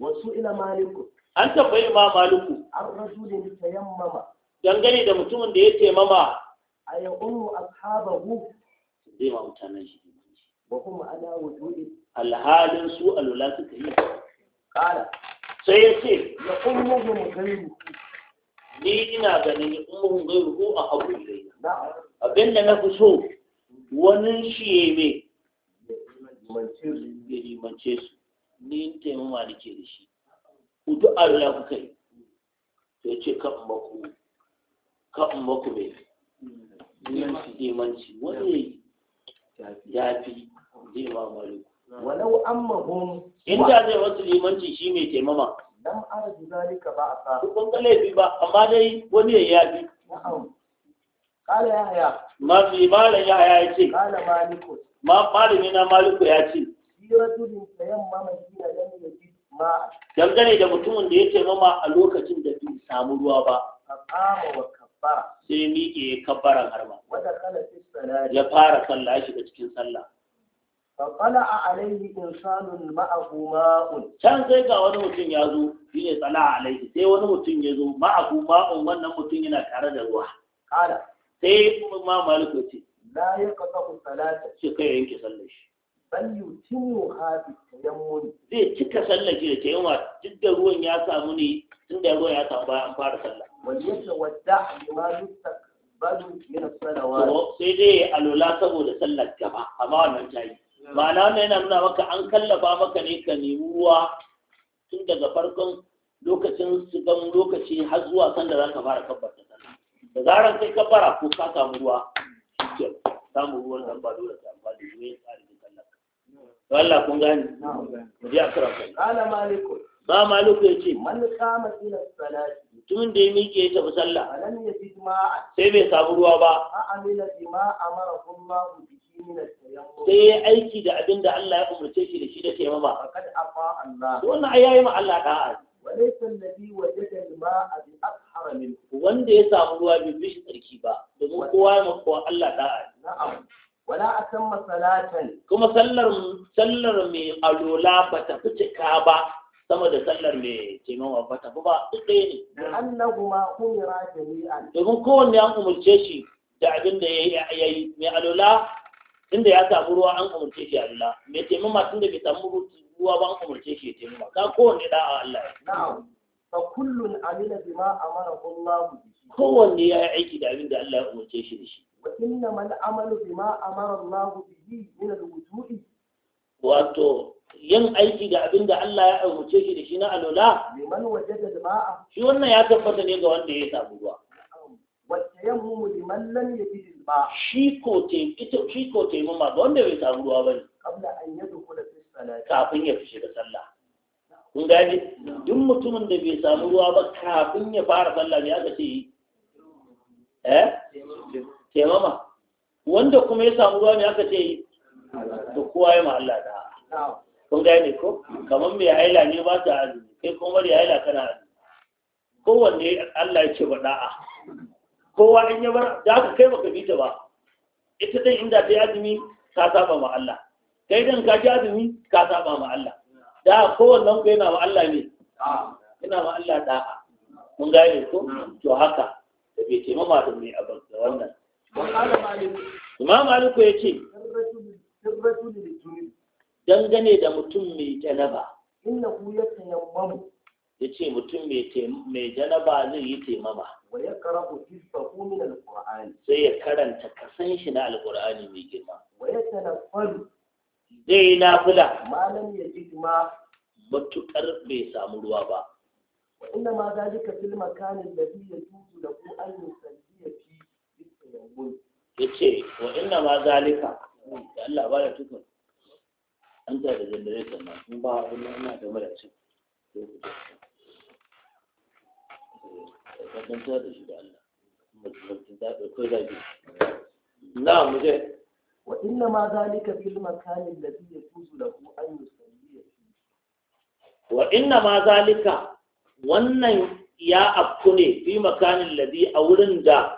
wasu ila maliku an tabbai ma maliku an rasulin ta yammama dangane da mutumin da ya taimama a ya umu ashabahu zai ma mutanen shi wa kuma ala wujudi alhalin su alula suka yi kala sai ya ce na ummuhum gairu ni ina ganin ummuhum ruhu a habu ilai abin da na fi so wani shi ne ya limance su ni in taimama da ke da shi kudu Allah kuka kai. Ya ce kan maku kan maku mai limanci limanci wani ya fi zai mamari walau ammahum inda zai wasu limanci shi mai taimama lam arju zalika ba a sa kun ga laifi ba amma dai wani ya yafi kala ya haya ma fi mala ya haya ya ce kala maliku ma malami na maliku ya ce siratu tayammama hiya lam yajid ma dangane da mutumin da ya taimama a lokacin da bai samu ruwa ba kama wa kabbara sai miƙe kabbaran harma ya fara sallah ya shiga cikin sallah فطلع عليه إنسان معه ماء كان زي ga wani mutum ya zo shine tsala alaihi sai wani mutum ya zo ma'ahu ma'un wannan mutum yana tare da ruwa kada sai ma maliku ce la yaqta'u salata ce kai yanke sallar shi bal yutimu hafi tayammum zai cika sallar shi da tayammum duk da ruwan ya samu ne inda da ya samu an fara sallah wal wadda ma yustaqbalu min as-salawat sai dai alola saboda sallar gaba amma wannan tayi ma'ana wannan yana nuna maka an kallafa maka ne ka nemi ruwa tun daga farkon lokacin sigan lokaci har zuwa sanda za ka fara kabbar ta sallah da zaran kai kabbara ko ka samu ruwa shi samu ruwan nan ba dole ka amfani da ruwa tsari da sallah to Allah kun gani mu ji akira kai ala maliku ba maliku yace man kama ila salati mutumin da ya miƙe ya tafi sallah alam yazid ma'a sai bai samu ruwa ba a amila bima amara ku bi sai ya aiki da abin da Allah ya umarce shi da shi da taimama wannan ai yayi ma Allah da'a wanda ya samu ruwa bai bi tsarki ba domin kowa ya mako Allah da'a wala atamma salatan kuma sallar sallar mai alola bata fitika ba sama da sallar mai taimawa ba ta ba duk ɗaya ne. Da annahuma umira jami'an. Domin kowanne an umarce shi da abin da ya yi mai alola tunda ya samu ruwa an umarce shi Allah mai taimama da bai samu ruwa ba an umarce shi ya taimama ka kowanne da'a Allah ya fa kullun amila bima amara Allah kowanne ya yi aiki da abin da Allah ya umarce shi da shi wa inna mal amalu bima amara Allah bihi min al-wudu'i wato yin aiki da abin da Allah ya umarce shi da shi na alola liman wajada ma'ahu shi wannan ya tabbata ne ga wanda ya samu ruwa والتيمم لمن لم يجد الماء shi تيم شيكو تيم ما wanda bai samu ruwa bane قبل ان يدخل في الصلاه kafin ya fi shiga sallah kun gane duk mutumin da bai samu ruwa ba kafin ya fara sallah ne aka ce yi? eh taimama wanda kuma ya samu ruwa ne aka ce yi? to kowa ya ma da kun gane ko kamar mai haila ne ba ta azumi kai kuma mai haila kana azumi kowanne Allah ya ce ba da'a kowa in yi bar da aka kai baka bita ba ita dai inda ta yi azumi ka saba ma Allah kai dan ka ji azumi ka saba ma Allah da kowanne ku yana ma Allah ne Ina ma Allah da'a mun gane ko to haka da bai ce mama da mai abin da wannan Imam Maliku ya ce dangane da mutum mai janaba inna yatayammamu ya ce mutum mai janaba zai yi taimama sai ya karanta kasan shi na alkur'ani mai girma zai yi nafila Matuƙar bai samu ruwa ba ina ma za ji ka filma kanin da biyu ya tutu da ku an yi ya fi ya ce wa inna ma zalika da Allah ba da tukun an ta da jandarai sannan ba a wani ana da mara cin kasantar da shi da Allah mutum ɗauko na wa inna ma zalika fil makani alladhi yajuzu lahu an yusalli wa inna ma zalika wannan ya afku ne fi makanin ladhi a da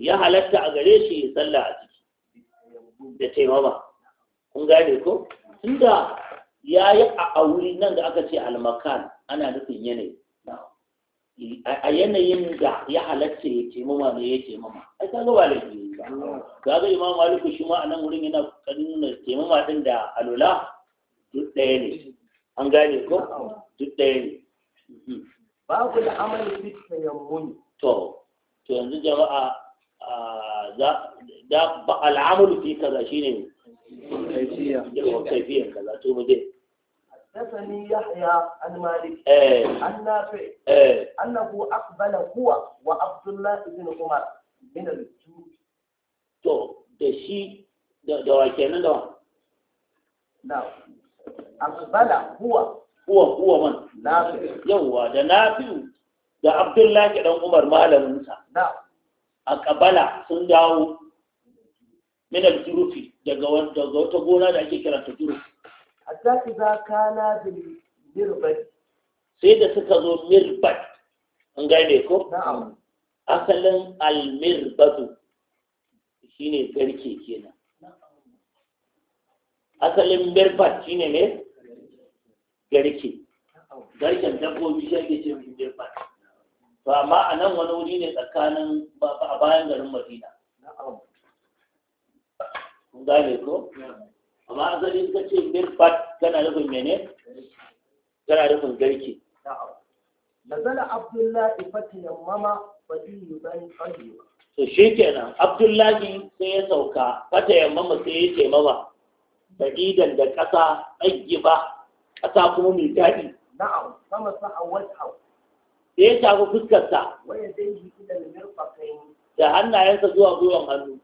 ya halatta a gare shi ya sallah a ciki da taimama kun gane ko tunda ya yi a auri nan da aka ce almakan ana nufin yanayi a yanayin da ya halatta ya ce mama ne ya ce mama ai ka ga walaki ka ga imam maliku shi ma a nan wurin yana nuna ce mama din da alula duk ɗaya ne an gane ko duk ɗaya ne ku mhm. da amal ya muni to to yanzu jama'a za da ba al'amalu fi kaza shine kai kaifiya kaza to mu dai حدثني يحيى عن مالك عن نافع أنه أقبل هو وعبد الله بن عمر من الجود تو دشي نعم أقبل هو هو هو من نافع نافع عبد الله بن عمر نعم أقبل من الجروفي daga wata gona da ake kiranta ta hatta idza kana bil mirbat sai da suka zo mirbat an gane ko na'am asalin almirbatu shi ne garke kenan asalin mirbat shine ne garke garken dabbobi shi ake ce mirbat to amma a nan wani wuri ne tsakanin a bayan garin madina kun gane ko amma asali ka ce fat. kana nufin mene kana nufin garki nazala abdullahi fatiyan mama fadiyu yi fari to shi kenan abdullahi sai ya sauka fatiyan mama sai ya ce mama fadidan da ƙasa ba, ƙasa kuma mai daɗi na'am sama a wata da ya shafi fuskarsa da hannayensa zuwa gwiwan hannu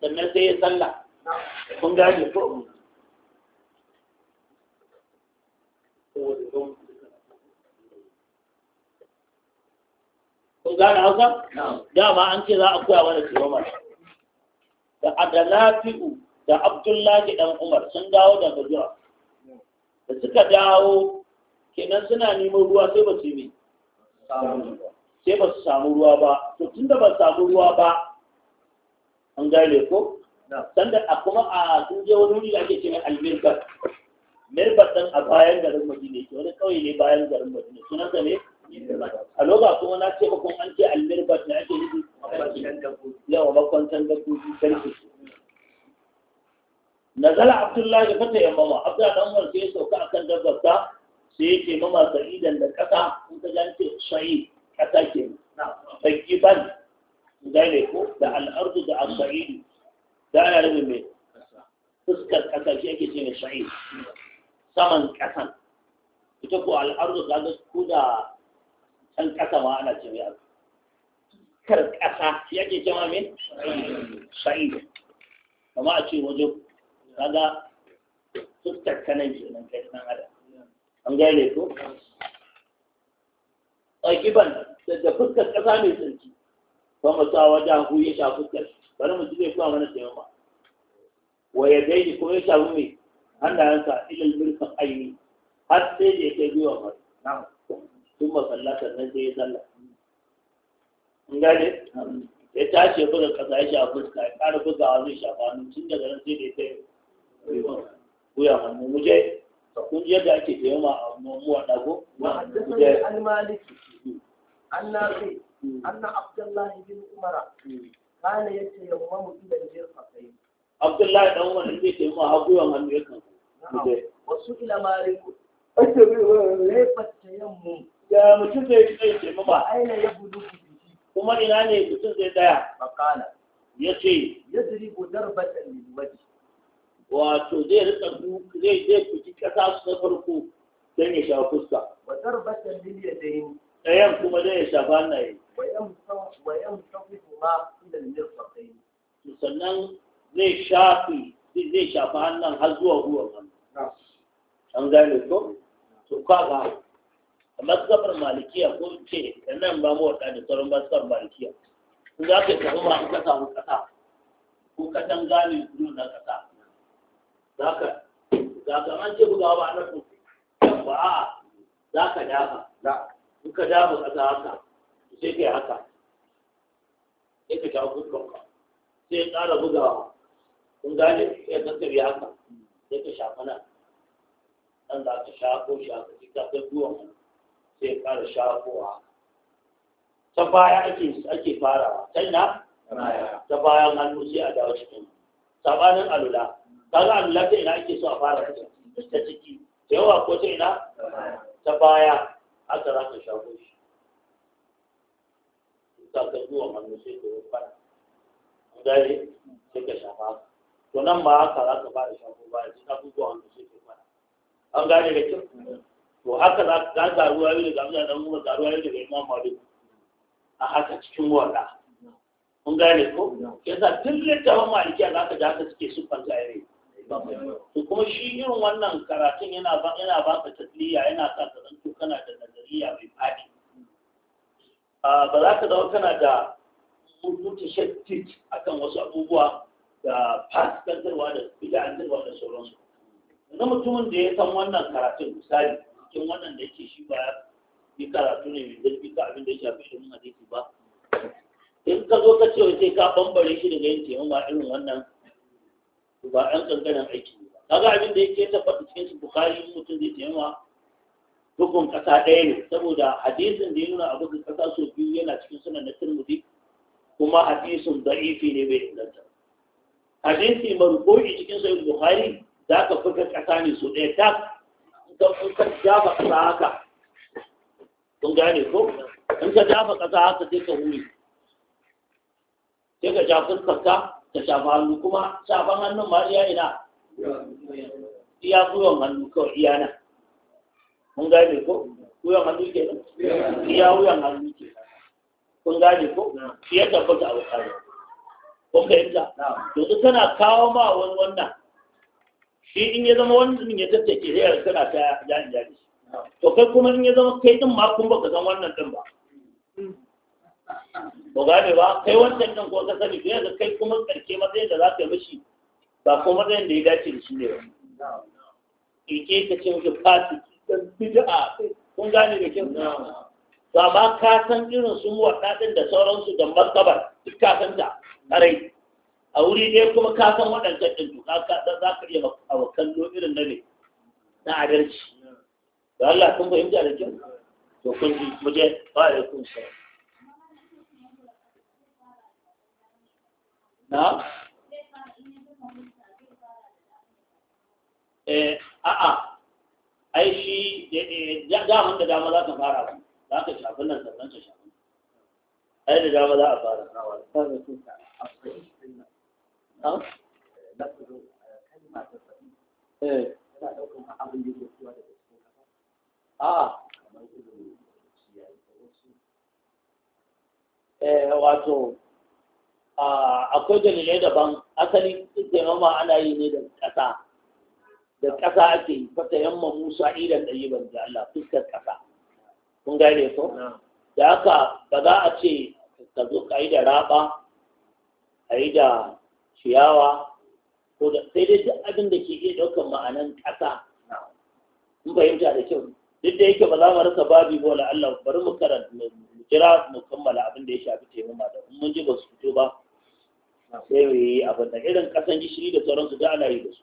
sannan sai ya sallah kun gane ko kun gane hausa dama an ce za a koya mana tsiromar da adalafi'u da abdullahi dan umar sun dawo da najira da suka dawo kenan suna neman ruwa sai ba su yi sai ba su samu ruwa ba to tun da ba samu ruwa ba an gane ko sanda a kuma a sun je wani wuri da ake cewa almirbar mirbar dan a bayan garin madina yake wani kauye ne bayan garin madina sunan sa ne a loga kuma na ce bakon an ce almirbar ne ake nufi yawa makwantan dabbobi sarki nazala abdullahi fata yamma abdullahi dan sai ya sauka akan dabbar ta, sai ke mama sa'idan da kasa in ka jan ce kasa ke na ban gane ko da al'ardu da al saidi da ana nufin mai fuskar ƙasa shi ake ce mai sha'i saman ƙasan ita ko al'arzu ta ga ko da can ƙasa ma ana ce mai arzu kar ƙasa shi ake ce ma mai sha'i kama a ce ta ga fuskar kanan ke nan kai nan adam an gane ko a kiban da fuskar ƙasa mai sarki, ba mu sa wajen hu ya sha fuskar bari mu ji zai zuwa sai taimama wa ya dai ko ya shafi mai hannayensa ilal mulkin aini har sai da ya biyo gwiwa mai na'am ba sallata sannan sai ya sallah in ne ya tashi ya buga kasa ya shafi fuska ya ƙara buga zai shafa hannu tun daga nan sai da ya Ko ya hannu mu je kun ji da ake taimama a mu ɗago mu je an almaliki an fi mm. an na abdullahi bin umara mm. kana ya ce yamma mu idan jirka kai abdullahi dan wani zai ce mu haguyan hannu ya kan wasu ilamari ake laifar ta yamma da mutum zai zai ce mu ba aina ya gudu kuma ina ne mutum zai tsaya makala ya ce ya ziri gudar batan liwaji wato zai rika duk zai zai kuci kasa su na farko don ya sha fuska wa darbatan liliyadaini ɗayan kuma dai ya shafa hannaye sannan zai shafi zai shafi hannun har zuwa ruwa hannu an gane ko to kaga a matsabar malikiya ko ce da nan ba mu da sauran matsabar malikiya ku za ka tafi ba ka ku kasa ko ka dan gane ku na kasa za ka za ka an ce ga ba na ku. ba a za ka dafa in ka damu ƙasa haka sai yi haka sai ka jawo fuskanka sai ya tsara bugawa kun gane ya kakkabe haka sai ka shafa nan nan za ka shafo shi sai ka kai duwan sai ya ƙara shafowa ta baya ake farawa ta na ta bayan hannu sai a dawo cikin sabanin alula kaga alula ta ina ake so a fara ta ciki ta yawa ko ta ina ta baya haka za ka shago shi ka ka zuwa hannu sai yi fara an gane sai ka shafa to nan ba haka za ka fara shago ba ya ka zuwa hannu sai ka fara an gane da kyau to haka za ka ga ruwa yau daga abin da kuma ga ruwa yau daga imam malik a haka cikin wanda mun gane ko yasa duk ban malikiya za ka ji haka suke siffan jayare to kuma shi irin wannan karatun yana ba ka tasliya yana sa ka zanto kana da tafiya mai fadi ba za ka zama tana da a kan wasu abubuwa da fasikantarwa da bida'antarwa da sauransu na mutumin da ya san wannan karatun misali cikin wannan da yake shi ba yi karatu ne mai zurfi ka abin da ya shafi shi hadisi ba in ka zo ka ce sai ka bambare shi daga yin ba irin wannan ba ɗan ƙanƙanin aiki ba kaga abin da yake tabbata cikin su bukari mutum zai taimama bugun ƙasa ɗaya ne saboda hadisin da ya nuna a bugun ƙasa so biyu yana cikin sunan na turmudi kuma hadisin da'ifi ne bai inganta hadisi marfu'i cikin sahih bukhari za ka fita ƙasa ne so ɗaya ta in ka jafa ƙasa haka kun gane ko in ka jafa ƙasa haka sai ka huri sai ka ja fuskarka ka shafa hannu kuma shafan hannun ma iya ina iya gwiwan hannu kawai iya nan kun gane ko wuyan hannu ke nan iya wuyan hannu ke kun gane ko fiye da bata abu kare kun fahimta yanzu tana kawo ma wani wannan shi in ya zama wannan ya tattake sai yarda kana ta jani jani to kai kuma in ya zama kai din ma kun baka san wannan din ba ko gane ba kai wancan din ko ka sani fiye yanzu kai kuma karke matsayin da za ka yi mishi ba kuma matsayin da ya dace da shi ne ba. Ike ka ce mishi fasik bid'a kun gane da kin ba ba ka san irin sun wata din da sauransu da martabar duk ka san da karai a wuri ne kuma ka san waɗancan din to ka za ka iya abokan irin na ne na adalci da Allah kun fahimta da kin to kun ji mu je wa alaikum salam na eh a'a ai shi daman da dama za ka fara ba za ka shafi nan sannan ka shafi ai da dama za a fara eh. Eh, a wato akwai dalilai daban asali taimama ana yi ne da ƙasa da ƙasa ake yi fata yamma musa idan ban da Allah fuskar ƙasa kun gane ko da haka ba za a ce ka zo ka yi da raba a yi da ciyawa ko da sai dai duk abin da ke iya ɗaukar ma'anan ƙasa in fahimta da kyau duk da yake ba za mu rasa babi ba Allah bari mu karanta mu jira mu kammala abin da ya shafi taimama da mun ji ba su fito ba sai mu yi abin da irin ƙasan gishiri da sauransu da ana yi da su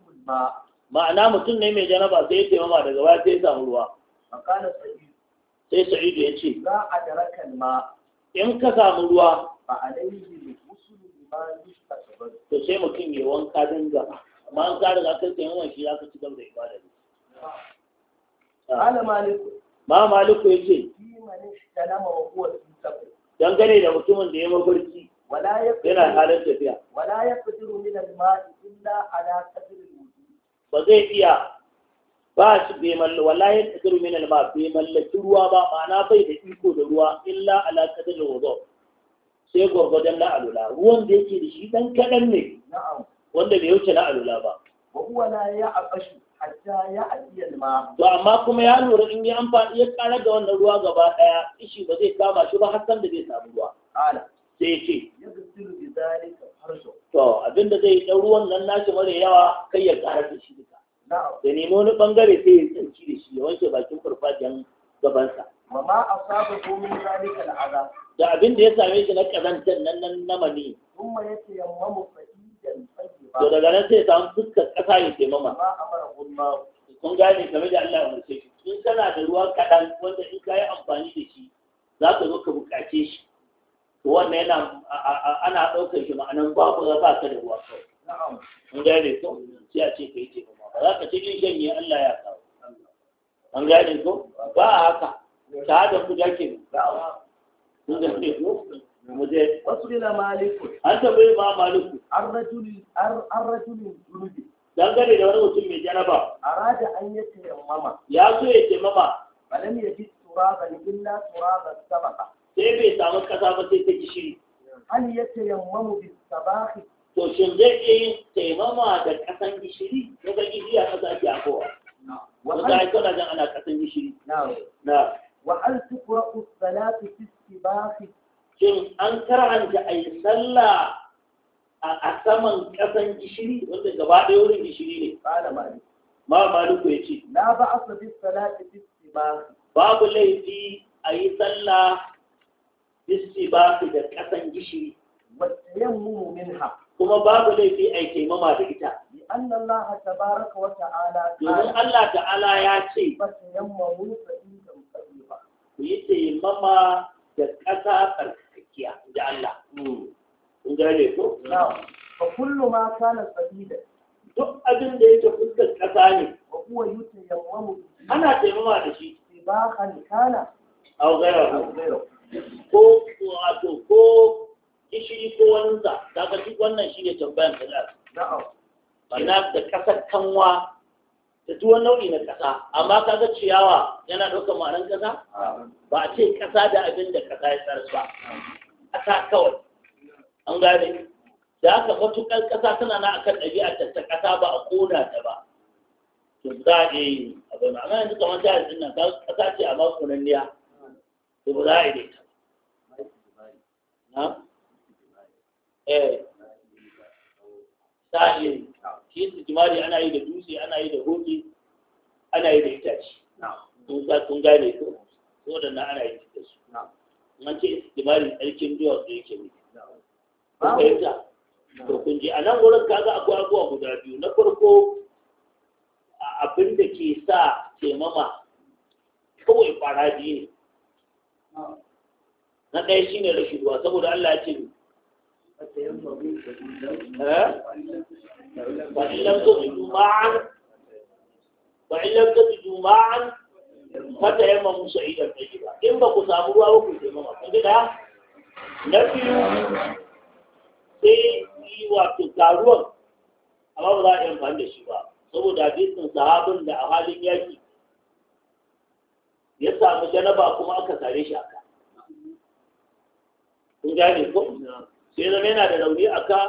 ma'ana mutum ne mai janaba sai ya taimama daga baya sai ya samu ruwa sai sa'idu ya ce za a darakan ma in ka samu ruwa ba a laihi to sai mutum ya wanka don gaba amma an kare ga kai taimakon shi za ka ci gaba da ibada ne ala maliku ma maliku ya ce dangane da mutumin da ya mafarki yana halin tafiya wala ya fitiru min da mai illa ala kafin. ba zai iya ba shi bai mallaki wallahi ya kadiru min alma bai mallaki ruwa ba ma'ana bai da iko da ruwa illa ala da wudu sai gurgurdan na alula ruwan da yake da shi ɗan kaɗan ne wanda bai wuce na alula ba wa huwa la ya'qashu hatta ya'ti alma to amma kuma ya lura in ya amfani ya ƙara da wannan ruwa gaba ɗaya. ishi ba zai kama shi ba har san da zai samu ruwa ala sai ce yagsilu bi zalika to abinda zai ɗan ruwan nan nashi mara yawa kai ya ƙarar da shi duka da nemo wani bangare sai ya tsanci da shi ya wanke bakin farfajiyan gabansa mama asaba ko min zalika al'azab da abin da ya same shi na kazantar nan nan na mani kuma yace da fadi to daga nan sai samu dukkan kasa ya ce mama kun gane game da Allah mai mace kin kana da ruwa kaɗan wanda in ka yi amfani da shi za ka zo ka bukace shi wannan yana ana ɗaukar shi ma'anar babu ba ka da ruwa kawai mun gane ko sai a ce ka yi taimama ba za ka ce in shanye Allah ya kawo an gane ko ba a haka shahada ku da mun gane ko mu je wasu lila maliku an tambayi ma maliku an rajulin an rajulin zunubi dangane da wani mutum mai jaraba arada an yi taimama ya so ya taimama balam ya fi turaban illa turaban sabaka sai bai samu kasa ba sai ta gishiri hal ya tayammamu bis sabahi to shin zai iya yin taimama da kasan gishiri ko ga gishiri a kasa ake akowa wanda ai kana jan ana kasan gishiri na wa hal tuqra'u salatu fi sibahi shin an karanta a yi sallah a saman kasan gishiri wanda gaba ɗaya wurin gishiri ne kana mali ma maliku ya ce na ba asa bi salati fi sibahi babu laifi a yi sallah ba su da kasan gishiri wa min minha kuma babu laifi ai taimama da ita bi anna Allah tabaraka wa ta'ala domin Allah ta'ala ya ce fa tayammamu fa intum ba. ku yi taimama da kasa tsarkakiya da Allah hmm. kun gane ko na'am fa kullu ma kana sabida duk abin da yake fuskar kasa ne wa huwa yutayammamu ana taimama da shi ba kan kana au gaira ko ko wato ko kishiri, ko wani za kaga shi wannan shi ne tambayan da za ina da ƙasar kanwa da duk wani nau'i na ƙasa, amma kaga ciyawa yana ɗaukar ma'anar ƙasa, ba a ce ƙasa da abin da kasa ya tsar ba a sa kawai an gane da haka matuƙar kasa tana na akan ɗabi'ar ta ƙasa ba a kona ta ba to za a yi abin amma yanzu kamar ta yanzu nan ƙasa ce amma makonanniya to ba za a yi ta na eh za yi shi istijmari ana yi da dutse ana yi da hoki ana yi da itace sun sa sun gane ko ko da na ana yi da su an ce istijmari tsarkin duwatsu yake ne kun fahimta to kun ji a nan wurin kaga akwai abubuwa guda biyu na farko abin da ke sa taimama kawai faraji ne na ɗaya shi ne rashin ruwa saboda Allah ya ce ne eh? ba lam tajidu juma'an fata yamma musa idan ba in ba ku samu ruwa ba ku je mama kun na biyu sai yi wato taruwan amma ba za a yi amfani da shi ba saboda hadisin sahabin da a halin yaki ya samu janaba kuma aka tare shi a kun gane ko sai zama yana da rauni a ka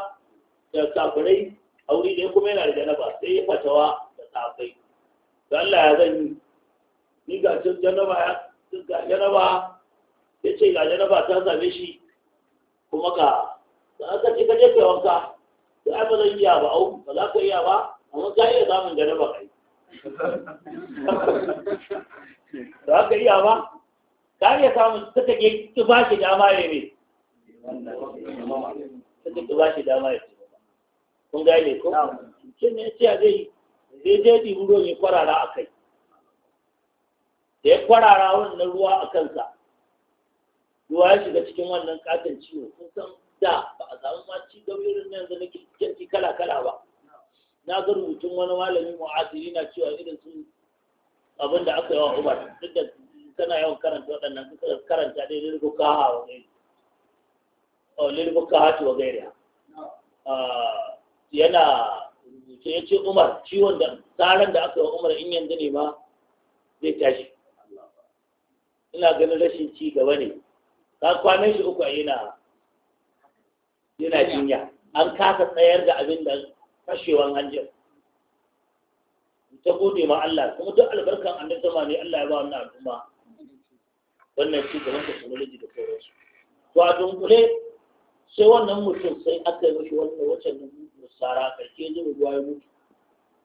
da kafirai a wuri ne kuma yana da janaba sai ya fatawa da kafai to Allah ya zan yi ni ga cin janaba ya ga janaba ya ce ga janaba ta same shi kuma ka da aka ci ka jefe wanka da ai ba zan iya ba au ba za ka iya ba amma ka iya samun janaba kai da *laughs* aka iya ba ka iya samun suka ke ki ba shi dama ne sai ka ba shi dama ya ci kun gane ko shin ya ce a zai zai je ɗibi ruwan ya kwarara a kai da ya kwarara wannan ruwa a kansa ruwa ya shiga cikin wannan katon ciwo kun san da ba a samu ma ci gaba irin yanzu na kirkirki kala kala ba na ga rubutun wani malami asiri na cewa irin sun abin da aka yi wa umar duk da kana yawan karanta waɗannan karanta dai daidai ko kahawa ne lilfuqahati wa yana rubuce ya ce Umar ciwon da tsaron da aka yi Umar in yanzu ne ma zai tashi ina ganin rashin ci gaba ne ka kwanan shi uku yana yana jinya an kasa tsayar da abin da fashewan hanjin ta gode ma Allah kuma duk albarkan annabi zama ne Allah ya ba wannan al'umma wannan ci gaba da technology da sauransu to a dunkule sai wannan mutum sai aka yi mashi wannan wacan nan musara karke zai ruwa ya mutu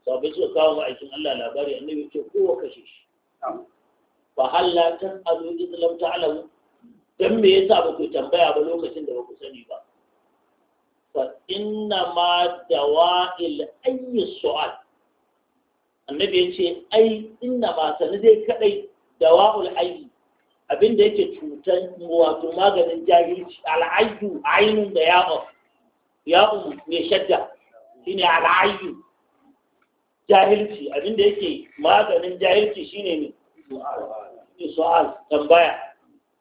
sabai suka kawo ma'aikin aikin Allah labari annabi ce kowa kashe shi fa halla tan azu islam ta'lamu dan me yasa ba ku tambaya ba lokacin da ba ku sani ba fa inna ma dawa'il ayyi su'al annabi ya ce ai inna ma sani dai kadai dawa'ul ayyi abin da yake cutar wato maganin jahilci al'ayyu ainun da ya'un ya'un mai shadda shine al'ayyu jahilci abin da yake maganin jahilci shine ne ne su'al tambaya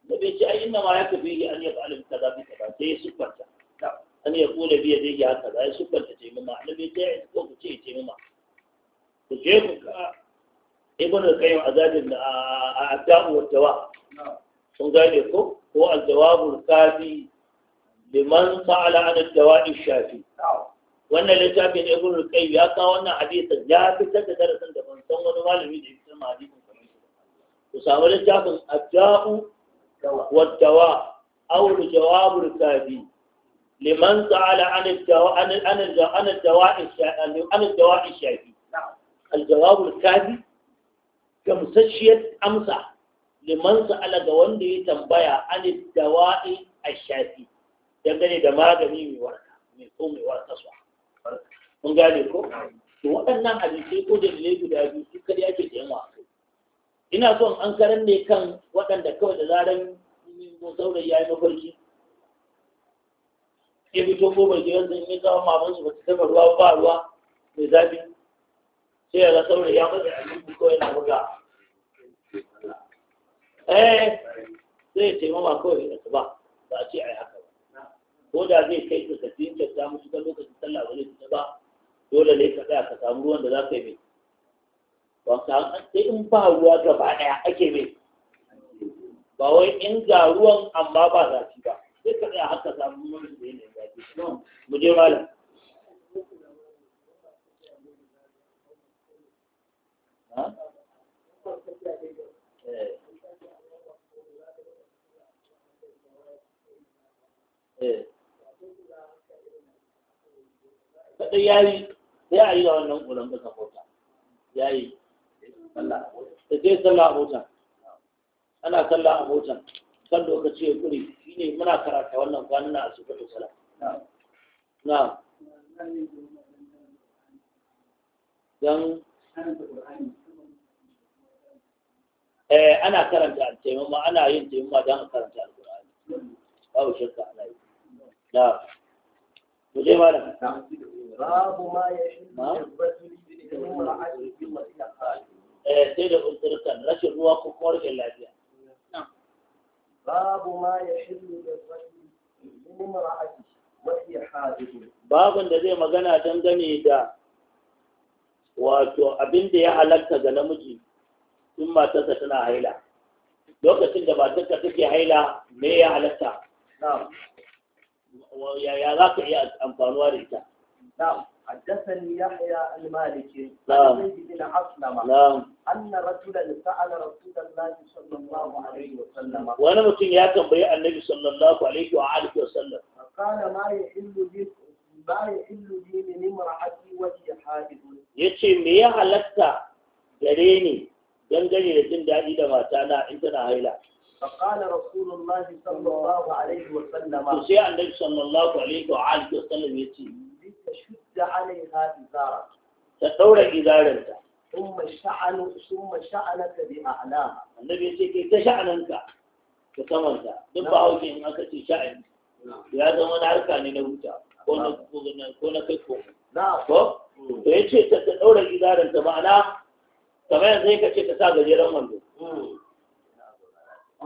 da bai ce ai inna ma ya tafi an ya ta kaza ta ba, sai sukanta an yi kula biya zai ya kaza ya sukanta ce na bai ta yi ko ku ce ce mima ku je ku ka ibn al-qayyim azadin a addabu wa tawa من ذلك هو الجواب الكافي لمن سأل عن الدواء الشافي وأن الإجابة يقول لك أي أقا وأن حديثا جاء في سد درسا دفن ثم نوال في الإسلام حديث وسام الإجابة الجاء والدواء أو الجواب الكافي لمن سأل عن الدواء عن عن الدواء الشافي عن الدواء الشافي الجواب الكافي كمسشية أمسح liman sa'ala ga wanda ya tambaya anid dawa'i a shafi dangane da magani mai warka mai ko mai warka su mun gane ko to waɗannan hadisai ko da ne guda biyu su kar yake da yawa ina son an karan ne kan waɗanda kawai da zaran ko saurayi ya yi mafarki ya fito ko bai jiran sun yi kawo maman su ba ta taɓa ruwa ba ruwa mai zafi sai ya ga saurayi ya mutu a yi kawai na buga eh zai ce mama kawai da ba ba a ce a yi haka ba ko da zai kai ka ka tinka ta musu ga lokacin sallah ba zai fita ba dole ne ka tsaya ka samu ruwan da za ka yi mai wasa sai in ba ruwa gaba daya ake mai ba wai in ga ruwan amma ba zafi ba sai ka tsaya haka samu ruwan da yanayin zafi mu je malam Yeah. Eh. Eh. kaɗai ya yi sai a yi da wannan ƙuran ƙasa mota ya yi da sai sallah a mota ana sallah a mota kan lokaci ya ƙuri shi ne muna karata wannan kwanan na a sufatu sala na don eh, ana karanta taimama ana yin taimama don a karanta alƙur'ani babu shakka ana yi je babu ma ya da uzurkan rashin ruwa ko lafiya babu ma ya da zai magana dangane da wato abin da ya halatta ga namiji tun matarsa tana haila lokacin da matarsa take haila me ya halatta na'am yaya za ka iya amfanuwa da ita نعم حدثني يحيى المالكي نعم بن أسلم نعم أن رجلا سأل رسول الله صلى الله عليه وسلم وأنا متين يا كم بيع النبي صلى الله عليه وآله وسلم فقال ما يحل لي ما يحل لي من امرأتي وهي حائض يتي me ya halatta gare ni dangane da jin daɗi da matana in tana haila فقال رسول الله صلى الله عليه وسلم وسيع النبي صلى الله عليه وآله وسلم يتي لتشد عليها إزارك تدور إزارك ثم شعن ثم شعنك بأعلامها النبي يتي كي تشعنك كتمنك دبا هوكي إن أكتي شعن ya zama na harka ne na wuta ko na ko na kai ko na ko to yace ta daura gidaran ta ma'ana kamar yanzu ka ce ta sa gajeren wando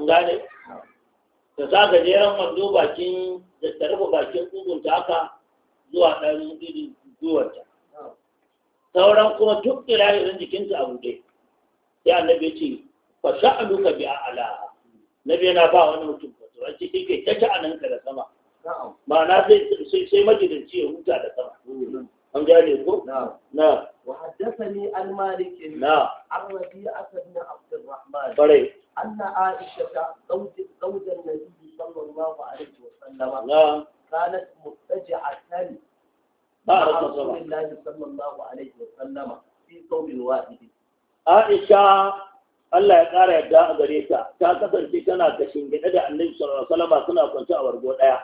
gane da ga gajeren wando bakin da ta rufe bakin kugunta haka zuwa ɗan iri gwiwarta sauran kuma duk irayen jikinta a buɗe ya annabi ce fa sha'aluka bi a'la nabi yana ba wani mutum wato an ce kike ta anan ka da sama ma'ana sai sai majalanci ya huta da sama mm. an gane ko na wa haddathani al-malik na ar-rabi'a ibn abd al-rahman أن عائشة زوج زوج النبي صلى الله عليه وسلم كانت متجعة مع رسول الله صلى الله عليه وسلم في واحد عائشة Allah ya ƙara yadda a gare ta ta kasance tana ta shingiɗe da annabi sallallahu alaihi wasallam suna kwance a wargo ɗaya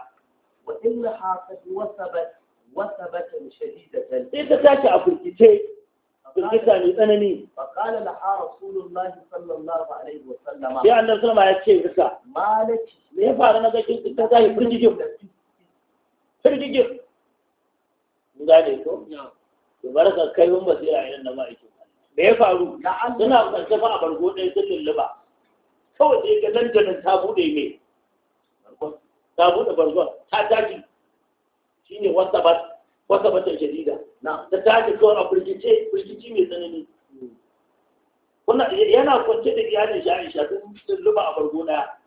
wa inna hasad wasabat wasabatan shadidatan Ita ta tashi a furkice firgita mai tsanani faƙala laha rasulullahi sallallahu alaihi wa sallama sai annabi sallama ya ce duka. me ya faru na gakin ta zai firgigin firgigin mun gane ko to baraka kai mun basira irin da ma'aikin me ya faru suna kwance fa a bargo ɗaya ta lulluba kawai sai ga dandanan ta buɗe mai ta buɗe bargon ta daji shine wasa whatsapp wata bata shadida na ta tashi kawai a firgice firgici mai tsanani hmm. yana kwance da iyalin shi Aisha duk sun luba a bargo daya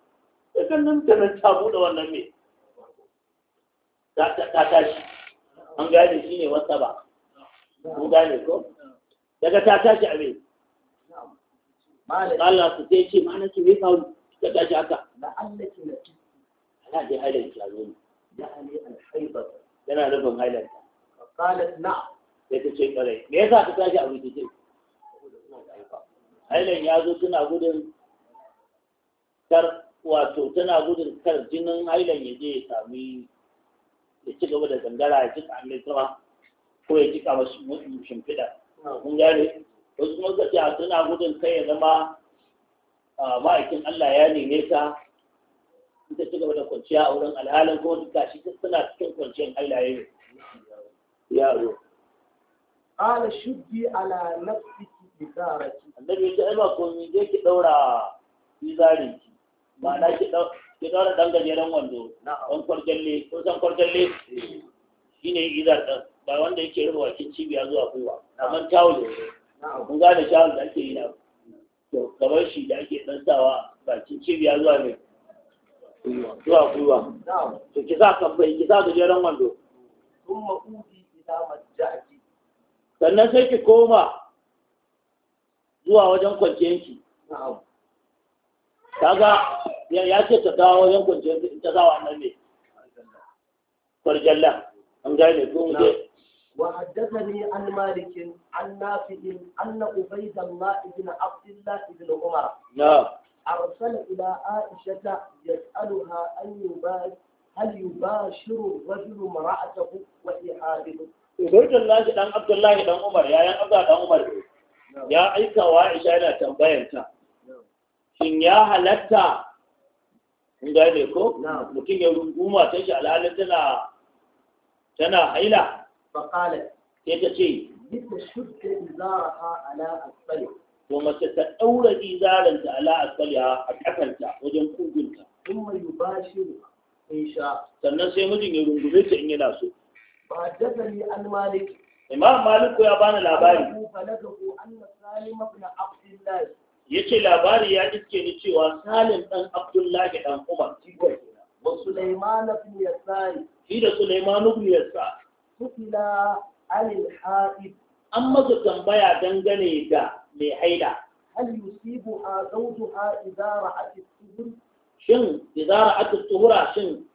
da kan nan ta nan ta buɗe wannan me ta tashi an gane shi ne wata ba an gane ko daga ta tashi a mai Allah su sai ce ma nake me kawo ta tashi haka la'allaki laki ala dai hailaki a zo yana nufin hailaki qalat na sai ta ce kare me yasa ka tashi a wuce ce ailan ya zo tana gudun kar wato tana gudun kar jinin ailan ya je ya sami ya ci gaba da gangara ya ci kamar sama ko ya ci kamar shimfida. mun gane wasu kuma suka ce a tana gudun kai ya zama ma'aikin Allah ya neme ta ita ci gaba da kwanciya a wurin alhalin ko duka shi suna cikin kwanciyar qala shuddi ala nafsiki izaraki annabi ya ce ai ba komai je ki daura izarin ki ma'ana ki daura ki daura gajeren wando dan kwarjalle ko san kwarjalle shine idar da ba wanda yake rufe wakin cibiya zuwa kuwa amma tawul kun gane tawul da ake yi na kamar shi da ake dan sawa bakin cibiya zuwa ne zuwa gwiwa to ki sa kan bai ki sa gajeren wando kuma sannan sai ki koma zuwa wajen kwanciyanki kaga ya ce ta dawo wajen kwanciyanki in ta zawa nan ne farjalla an gane ko muje وحدثني عن مالك عن نافع أن عبيد الله بن عبد الله بن عمر أرسل إلى عائشة يسألها أن يباشر هل يباشر الرجل امرأته وإحابته Ubaidullahi ɗan Abdullahi ɗan Umar yayan Abza ɗan Umar ya aika wa Aisha yana tambayanta shin ya halatta in gane ko mutum ya runguma ta shi alhalin tana tana haila faqala sai ta ce yadda shudda izaraha ala asfali to mace ta daura izaranta ala asfali a kafanta wajen kugunta kuma yubashiru sha. sannan sai mutum ya rungume ta in yana so فحدثني عن مالك imam maliku ya bani labari yace labari ya iske ni cewa salim ɗan abdullahi dan umar wa sulaiman ibn yasar shi da sulaiman ibn yasar sukila alil haid an masa tambaya dangane da mai haila hal yusibu a zawjuha idza ra'at tuhur shin idza ra'at tuhura shin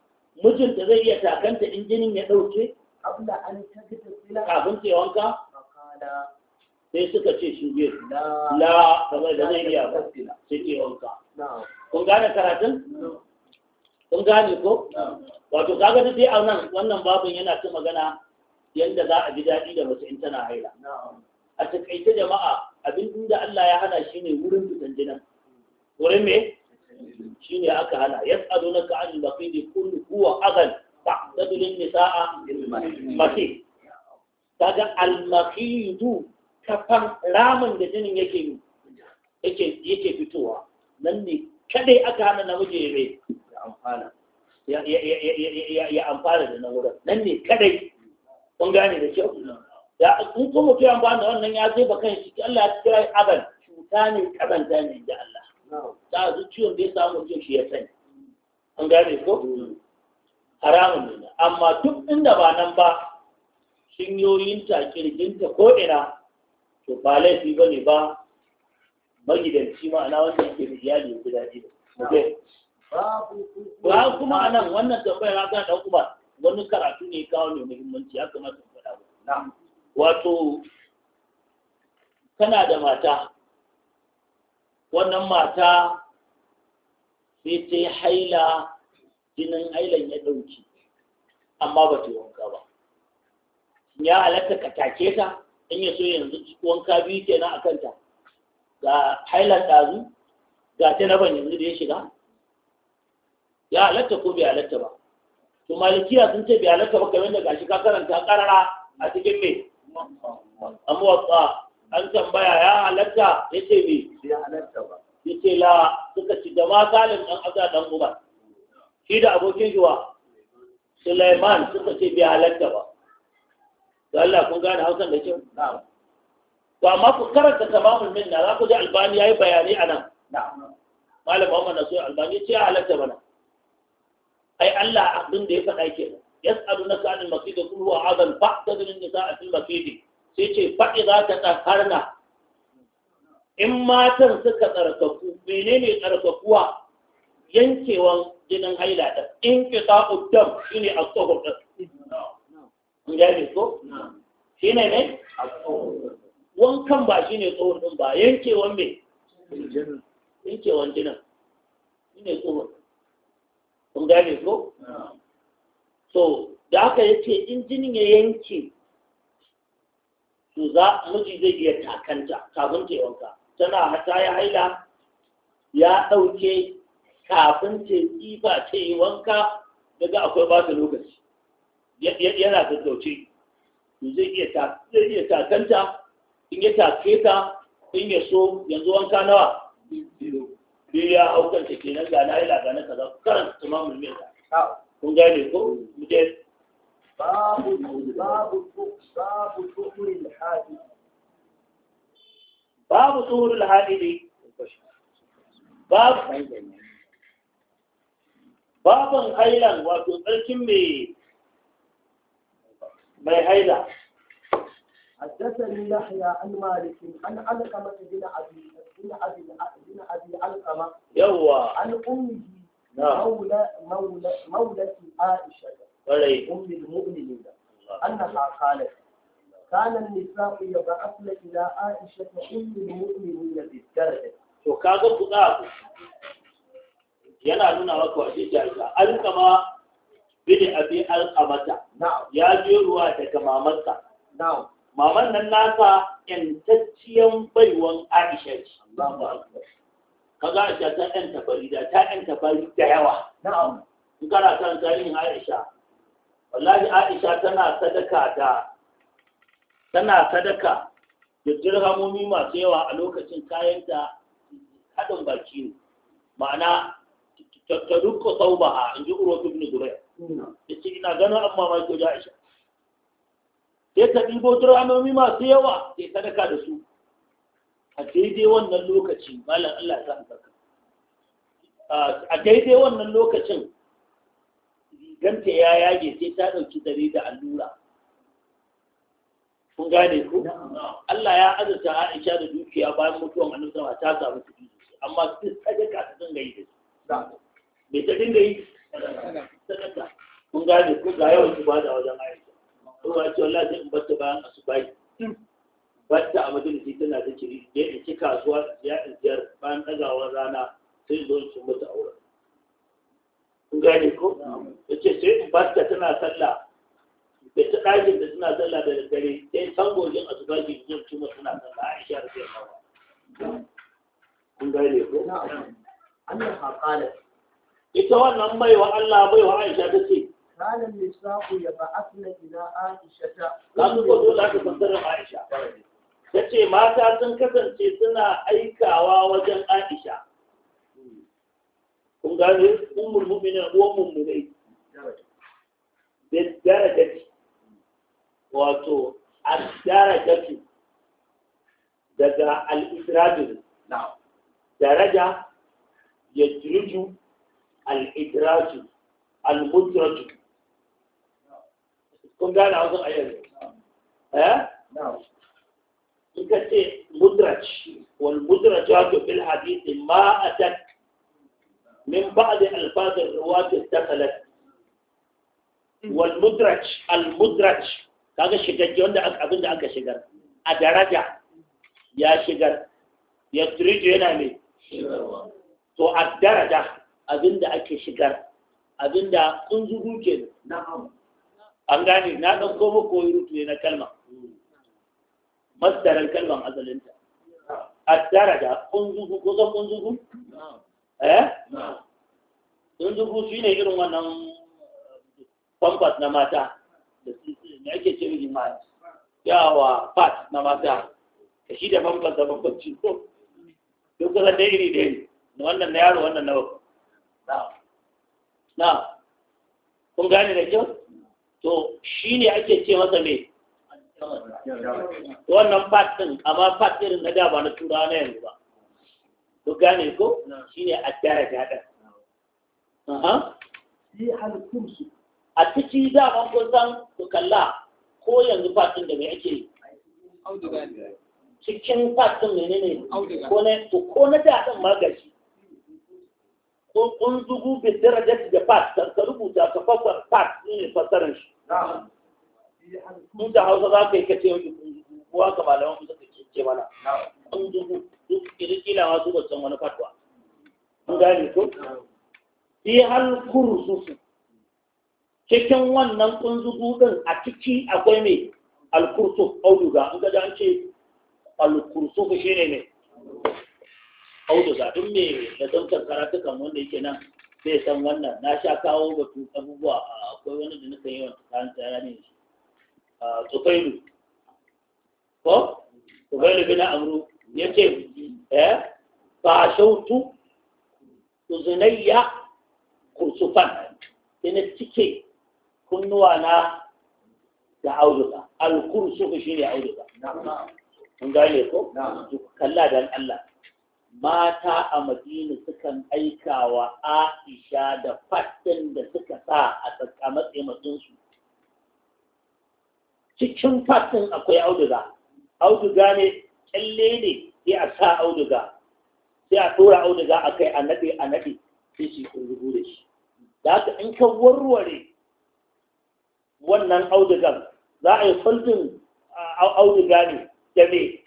mijinta zai iya takanta in jinin ya ɗauke? abla an tagasila kafin ce wanka sai suka ce shi bai la kamar da zai iya ba sai ce wanka kun gane karatun kun gane ko wato kaga da dai nan wannan babin yana ta magana yadda za a ji daɗi da mace in tana haila a takaice jama'a abin da Allah ya hana shine wurin fitan jinin wurin me shine aka hana yas'alunaka anil baqidi kullu huwa aghal تعتدل النساء المخيط kaga almahidu kafan ramin da jinin yake fitowa nan ne kadai aka hana namiji ya rai amfana da na wurin nan ne kadai kun gane da kyau da kun kuma mutum amfana wannan ya jefa kan shi Allah ya kira aban cuta ne kazanta ne da Allah ta zuciyar da ya samu shi ya gane ko mm. haramun ne amma duk inda ba nan ba shinyoyinta ta, ko ina to ba laifi ba ne ba magidanci ma'ana wanda yake da iyali ya guda ne ba kuma nan wannan tambayar haka da kuma wani karatu ne kawo ne muhimmanci ya kamata mu faɗa ba wato kana da mata wannan mata sai ta yi haila jinin ailan ya ɗauki amma ba ta wanka ba ya alaka ka take ta in ya so yanzu wanka biyu ke a kanta ga hailan ɗazu ga ta naban yanzu da ya shiga ya alaka ko bai alaka ba to malikiya sun ce bai alaka ba kamar da gashi ka karanta karara a cikin amma amwatsa an tambaya ya alaka ya ce mai ya alaka ba ya ce la suka ci da ma kalin ɗan aza ɗan uba shi da abokin shi Suleiman suka ce bai halatta ba to Allah kun gane Hausan da kyau to amma ku karanta tamamul minna za ku ji Albani yayi bayani nan. malam Muhammad Nasir Albani ce halatta bana ai Allah abin da ya faɗa kenan yas'alunaka anil masjid kun huwa azan fa'tazil an-nisaa fil masjid sai ce faɗi za ta tsakarna in matan suka tsarkaku menene tsarkakuwa yankewan jinin haila da in ki sa'u dam shi ne alkohol ɗin in ne ko shi ne ne wankan ba shi ne tsohon ɗin ba yankewan me yankewan jinin shi ne tsohon kun gane ko so da aka ce in jinin ya yanke to za miji zai iya takanta kafin ke wanka tana hata ya haila ya ɗauke kafin ce kifa ce yi wanka daga akwai ba ta lokaci yana da dauce zai iya zai iya takanta in ya take ta in ya so yanzu wanka nawa biyu ya haukan ta kenan ga na ila ga na kaza karanta tamamul mai ta kun gane ko mu babu babu babu haɗi hadith babu da haɗi babu babin hailan wato tsarkin mai mai haila حدثني يحيى عن مالك عن علقمة بن أبي بن أبي بن أبي علقمة يوا عن أمه نعم. مولى مولى مولى عائشة أم المؤمنين أنها قالت كان النساء يبعثن إلى عائشة أم المؤمنين بالدرع وكذا yana nuna maka wace ce Aisha alqama bin abi alkamata ya je ruwa daga mamarsa maman nan nasa yantacciyan baiwan Aisha ce kaga Aisha ta tabari da ta 'yan tabari da yawa in kana san tarihin Aisha wallahi Aisha tana sadaka da tana sadaka da dirhamomi masu yawa a lokacin kayanta haɗin baki ne ma'ana tattadukku saubaha in ji urwatu ibn zubair yace ina ganin an ko ja aisha sai ta ɗibo turanomi masu yawa sai sadaka da su a daidai wannan lokaci malam Allah ya sa a daidai wannan lokacin riganta ya yage sai ta ɗauki dare da allura kun gane ku Allah ya azurta Aisha da dukiya bayan mutuwan annabi ta samu kuɗi amma duk sadaka ta dinga yi da su me ta dinga yi sadaka kun gane ko ga yawan su ba da wajen aisha ko ya ce wallahi sai in batta bayan asubai batta a majalisi tana da kiri ya in ci kasuwa ya in bayan ɗagawar rana sai zo su mutu aure kun gane ko ya ce sai in batta tana sallah da ta ɗakin da suna sallah da daddare sai sangojin asubai ke jin tuma suna sallah aisha da sai kawo kun gane ko annan haƙalar ita wannan wa Allah baiwa Aisha ta ce kana misaqu ya ba ba'athna ila Aisha ta kan ko dole ka tantara Aisha ta ce mata sun kasance suna aikawa wajen Aisha kun gane ummul mu'minin uwan mu'minai da darajati wato ad-darajati daga al-idrajul daraja ya juruju al-idraju al-mudraju kun gane wasu ayyar eh in ka ce mudraj wal mudrajatu fil hadith ma atat min ba'd alfaz ar ta ittasalat wal mudraj al mudraj kaga shigagge wanda abinda aka shigar a daraja ya shigar ya turiju yana mai to a daraja Abin da ake shigar abinda kunzugu ke na'am an gane na koma koyi rutu ne na kalma masdarar kalman a tara da kunzugu ko san kunzugu eh kunzugu shine irin wannan uh, pampas na mata da ne ake ce miji ma yawa pat na mata da shi da pampas da pampas ko duk kusan da iri da iri wannan na yaro wannan na na kun gane da kyau to shi ne ake ce masa mai wannan fatin, amma fatin irin na da ba na tura na yanzu ba ku gane ko shi ne a daraja ɗin a ciki za a kun san ku kalla ko yanzu fatin da mai ake yi. cikin fatin ne ne? ko na da ma magashi kun zubu bi darajat da fat ka rubuta ka fassara fat ne fassaran shi mun ta hausa za ka yi kace wani kuwa ka malaman mu suka ce mana kun zubu duk kirkila wasu ba san wani fatwa mun ne ko fi hal kursusu cikin wannan kunzugu din a ciki akwai mai alkursuf auduga in ga an ce alkursuf shine ne auduga duk mai lazantar kan wanda yake nan zai san wannan na sha kawo batu abubuwa akwai wani da nufin yawan tsakanin tsara ne shi tsofailu ko tsofailu bin amru ya ce eh ba shautu zinayya kursufan sai na cike kunnuwa na da al alkursufu shi ne auduka. mun gane ko kalla da Allah mata a madina sukan aika wa aisha da fatin da suka sa a tsakamatse matsinsu cikin fatin akwai auduga auduga ne kyalle ne sai a sa auduga sai a tura auduga a kai a naɗe a naɗe sai shi rubu da shi da haka in ka warware wannan audugan za a yi faldin auduga ne da me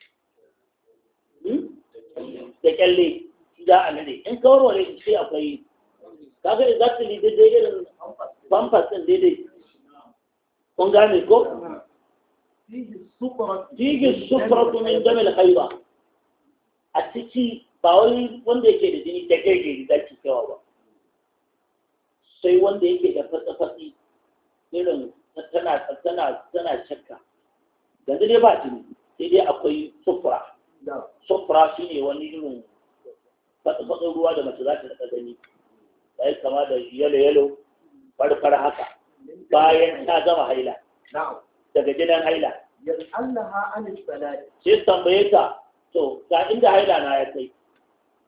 kyalle za a nade in ka warware shi sai akwai kaga exactly daidai irin bamfas din daidai kun gane ko jigin sufratu min damil haiba a ciki ba wani wanda yake da jini take gege da ke kewa ba sai wanda yake da fatsa irin tana tana tana shakka yanzu dai ba jini sai dai akwai sufra sufura shi ne wani irin fatsafatsin ruwa da mace za ta rika gani ya kama da yalo-yalo farfar haka bayan ta zama haila daga gidan haila sai tambaye ta to ga inda haila na ya kai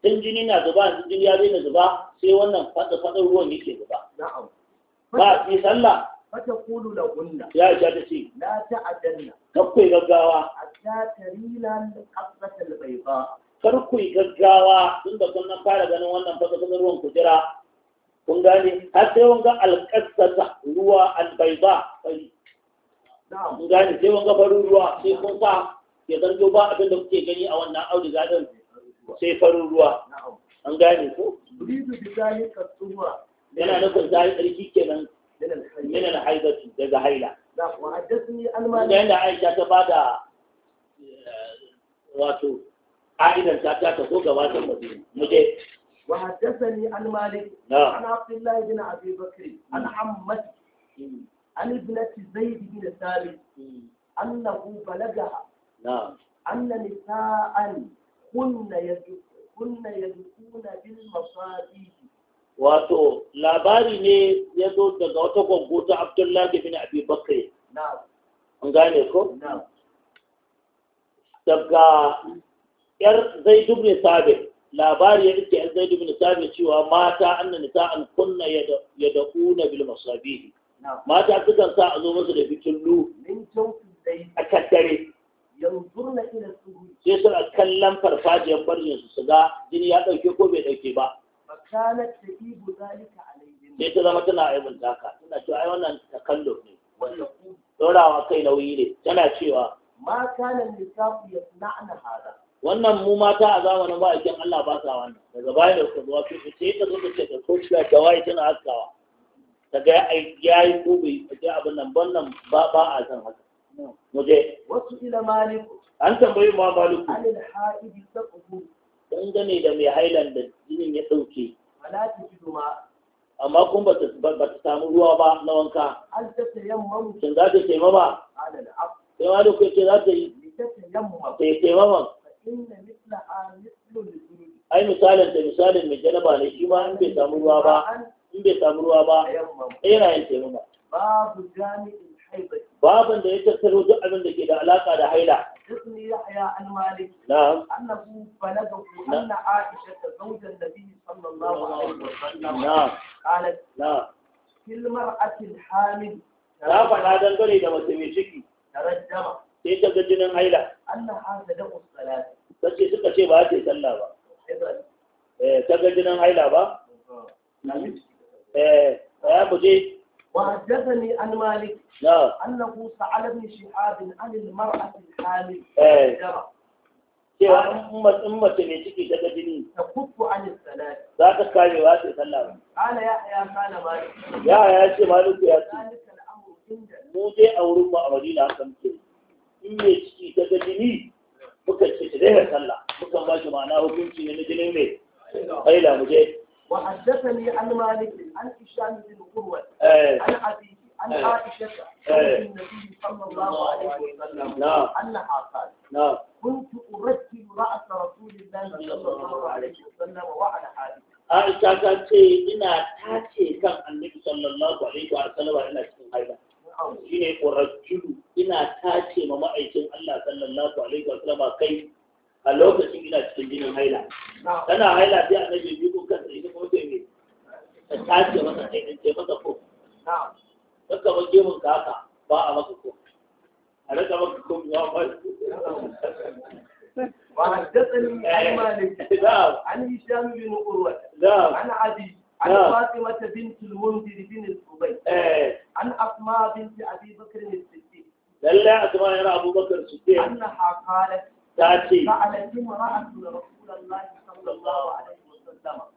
tun jini na zuba yanzu jini ya daina zuba sai wannan fatsafatsin ruwan yake zuba ba a fi sallah fata kulu da gunna ya ja ta ce Na ta adanna kakwai gaggawa a ta tarilan kasratul bayda kar ku gaggawa tun da kun nan fara ganin wannan fasa fasa ruwan kujira kun gane har sai wanga alƙasata ruwa albaiba fari kun gane sai wanga farin ruwa sai kun sa ya zanto ba abin da kuke gani a wannan auduga din sai farin ruwa an gane ko? Buridu bi zalika tuhura. Yana nufin zai tsarki kenan من الحيضة daga haila da yadda aisha ta bada wato ƙa'idar ta ta taso gaba ta madina muje وحدثني عن مالك عن عبد الله بن ابي بكر عن عمته عن ابنة زيد بن ثابت انه بلغها ان نساء كن يدخلن بالمصائب wato labari ne ya zo daga wata gwaggo ta abdullahi bin abi bakri an gane ko daga yar zai dubne sabe labari ya rike yar zai dubne sabe cewa mata anna nisa an kunna ya da kuna bil masabihi mata sukan sa a zo masu da fitullu a kaddare yanzu na ila su sai suna kallon farfajiyar barjinsu su ga jini ya ɗauke ko bai ɗauke ba kanat ta'ibu zalika alayhim sai ta zama tana aibin taka tana cewa ai wannan takalluf ne wanda dorawa kai nauyi ne tana cewa ma kana nisabu yasna'na hada wannan mu mata a zamanin ma'aikin Allah ba sa wannan daga baya da suka zuwa su ce ta zo ta ce ta kociya ta waye tana haskawa ta ga ya yi ko bai ga abin nan ban nan ba ba a san haka mu je wasu ila maliku an tambayi ma maliku alil haidi taqbu dangane da mai hailan da jinin ya dauke amma kun ba ta samu ruwa ba na wanka shin za ta taimama sai ma da kuke za ta yi sai taimama ai misalin da misalin mai janaba ne shi ma in bai samu ruwa ba in bai samu ruwa ba yin ba. babu jami'in da ya tattaro duk abin da ke da alaka da haila حدثني يحيى عن مالك نعم أنه بلغه أن عائشة زوج النبي صلى الله عليه وسلم نعم قالت نعم في المرأة الحامل لا فلا دنگري da mace mai ciki tarajjama sai ta ga haila Allah haka da usalat sace suka ce ba ta sallah ba eh ta ga haila ba ya وحدثني عن مالك نعم أنه سأل ابن شهاب عن المرأة الحامل ايه cewa in mace mai ciki ta ga jini ta kufu an salati za ta kare wa ta sallah ba ala ya ya kana malik ya ya ce maliku ya ce mu dai a wurin mu a Madina haka muke in mai ciki ta ga jini muka ce ta sallah muka ba shi ma'ana hukunci ne na jinin mai وحدثني عن مالك عن هشام بن قروة عن أبيه عن عائشة عن النبي صلى الله عليه وسلم أنها قالت كنت أرتل رأس رسول الله صلى الله عليه وسلم وعلى حالي Aisha ta ce ina tace kan annabi sallallahu alaihi wa sallam ina cikin haila shine qurajjulu ina tace ma ma'aikin Allah sallallahu alaihi wa sallam kai a lokacin ina cikin jinin haila tana haila sai annabi bi ko kansa idan ko bai ta tace masa kai din ce masa ko kaka ba gemun ka haka ba a maka ko a rika maka ko ya ba وحدثني عن مالك عن هشام بن عروة عن عدي عن فاطمة بنت المنذر بن الزبير عن أسماء بنت أبي بكر الصديق لا لا أسماء أبو بكر الصديق أنها قالت ta ce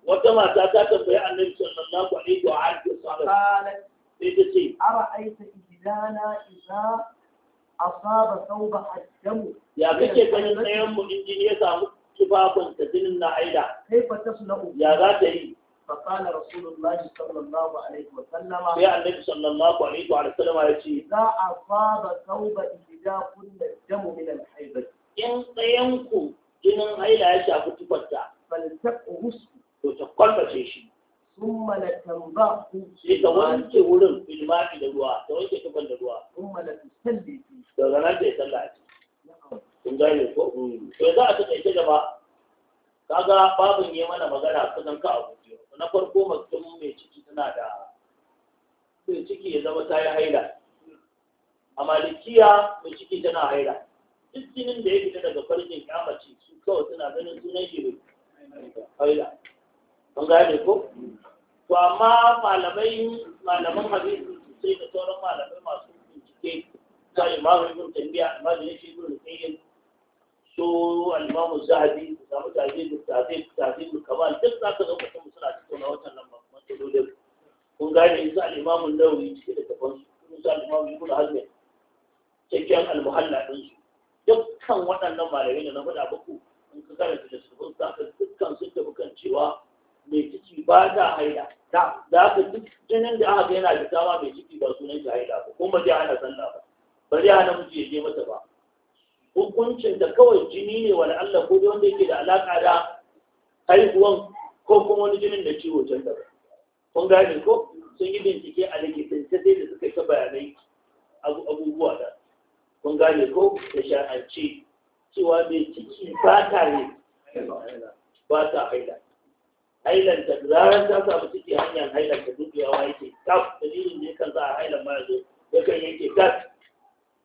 wata mata ta tambayi annabi sallallahu alaihi wa alihi wa sallam sai ta ce ara'aita idana idza asaba thawba hajjamu ya kake ganin tsayan mu injin ya samu tufafin ta jinin na aida kai fa tasna'u ya za ta yi فقال رسول الله صلى الله عليه وسلم يا النبي صلى الله عليه وسلم يا شيخ إذا أصاب ثوب إذا كل الدم من الحيضة in tsayanku jinin haila ya shafi tufarta to ta kwalbace shi ثم لتنضحه إذا وانت ولن في الماء إلى الواء توجه تقل الواء ثم kun gane ko mm. to za a gaba kaga babu ne mana magana kusan ka abu na farko mai ciki tana da mai ciki ya zama ta yi haila a malikiya mai ciki tana haila iskinin da ya fita daga farjin kyamaci su kawai suna ganin sunan shi haila kun gane ko to amma malamai malaman hadisi sai da sauran malamai masu bincike ta imamu ibn tambiya amma da shi ibn qayyim so al-imamu zahabi da mutane da tafi tafi kamal duk za ka ga mutum suna cikin wannan nan matsalolin kun gane yanzu al-imamu nawawi cike da tafan su musa al-imamu ibn hazm cikakken al-muhalla din su dukkan waɗannan malami da na faɗa muku in ka karanta da su za ka dukkan sun tafi kan cewa mai ciki ba ta haida da aka duk jinin da aka yana da dama mai ciki ba sunan shi haida ba kuma zai hana sallah ba ba zai hana muke je mata ba hukuncin da kawai jini ne wani Allah ko wanda yake da alaƙa da haihuwan ko kuma wani jinin da ciwo can da kun gane ko sun yi bincike a da ke sai da suka yi ta bayanai abubuwa da kun gane ko da sha'anci cewa mai ciki ba ta ne ba ta haila hailan ta zarar ta samu ciki hanyar hailan ta dubiyawa yake kaf dalilin ne kan za a hailan mara zo ya kan yake kaf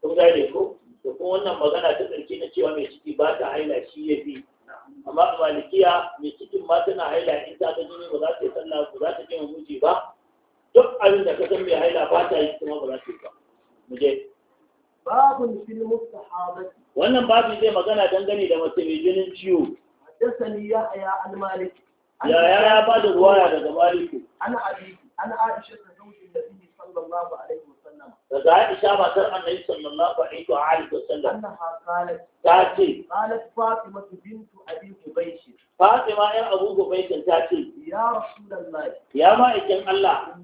kun gane ko da kuma wannan magana ta tsarki na cewa mai ciki ba ta haila shi ya fi amma a malikiya mai cikin ma tana haila in ta ga jini ba za ta yi sallah ba za ta je miji ba duk abin da ka san mai haila ba ta yi kuma ba za ta yi ba mu je babun fil mustahabati wannan babu zai magana dangane da mace mai jinin ciwo haddathani ya al malik ya ya ba da ruwaya daga maliku ana abi ana aisha ta da nabi sallallahu alaihi wasallam daga aisha matar annabi sallallahu alaihi wa alihi wasallam annaha qalat ta ce qalat fatima bintu abi hubaysh fatima ya abu hubaysh ta ce ya rasulullahi ya ma'aikin allah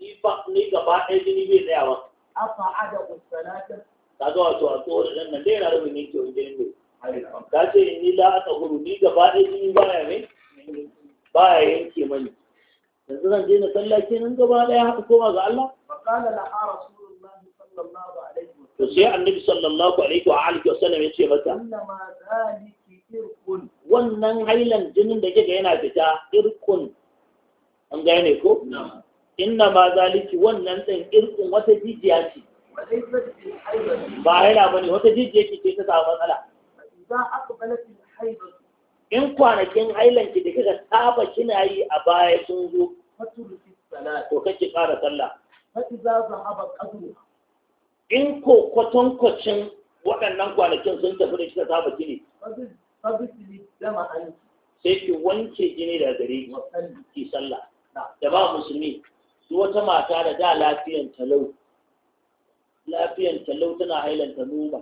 ni ba ni gaba ɗaya jini bai ba أقعد الصلاة kaga wato a tsohon nan nan dai yana da mun yake wajen ne ka ce ni la ta huru ni gaba ɗaya ni ba ya ne ba ya yanke mani yanzu zan je na sallah kenan gaba ɗaya haka koma ga Allah فقال لها رسول الله صلى الله عليه وسلم فسيع النبي صلى الله عليه وآله وسلم يتشي متى إنما ذلك إرق ونن هيلا جنن دجاجة هنا فتا إرق أم inna ma zaliki wannan ɗin irkin wata jijiya ce ba yana bane wata jijiya ce ta samu matsala in kwanakin hailan ki da kika saba kina yi a baya sun zo to kake ƙara sallah in ko kwacin waɗannan kwanakin sun tafi da kika saba kini sai ki wanke jini da gare ki sallah da ba musulmi duk wata mata da da lafiyan talau lafiyan talau tana hailanta noma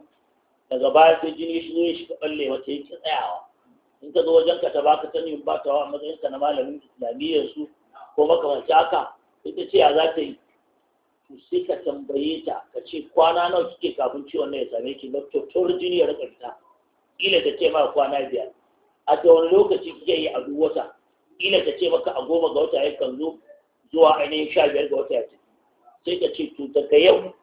daga baya sai jini shi ne shi ka balle wata yake tsayawa in ka zo wajen ka ta baka sanin ba ta wa matsayin ka na malamin islamiyyar su ko wace haka ita ce ya za ta yi to sai ka tambaye ta ka ce kwana nawa kike kafin ciwon nan ya same ki na kyautar jini ya rika fita kila ta ce ma kwana biyar a ta wani lokaci kike yi a duk wata ila ta ce maka a goma ga wata yakan zo zuwa ainihin sha biyar ga wata yace sai ka ce to daga yau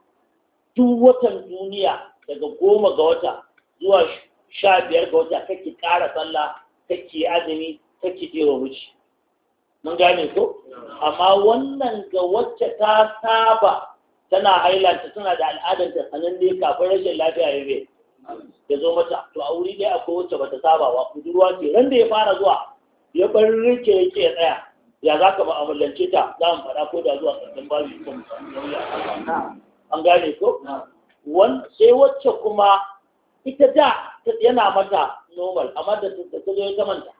duk watan duniya daga goma ga wata zuwa sha biyar ga wata kake ƙara sallah kake azumi kake ɗewa wuce mun gane ko amma wannan ga wacce ta saba tana hailanta tana da al'adanta sananne kafin rashin lafiya ya bai ya zo mata to a wuri dai akwai wacce bata saba ba budurwa ce ran da ya fara zuwa ya bar rike yake ya tsaya ya za ka ma'amalance ta za mu faɗa ko da zuwa ƙarshen babu ko mu samu nauyi an gane ko sai wacce kuma ita da yana mata normal amma da ta zo ya tamanta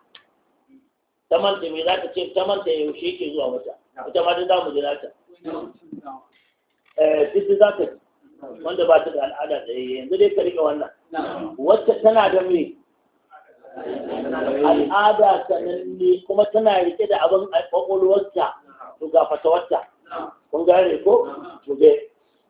ta mai za ta ce ta yaushe ke zuwa mata ita ma ta, za mu jira ta eh, duk za ta wanda ba ta da al'ada da yanzu dai ka rika wannan wacce tana da mai al'ada sananne kuma tana rike da abin kwakwalwarta to ga fatawarta kun gane ko to ge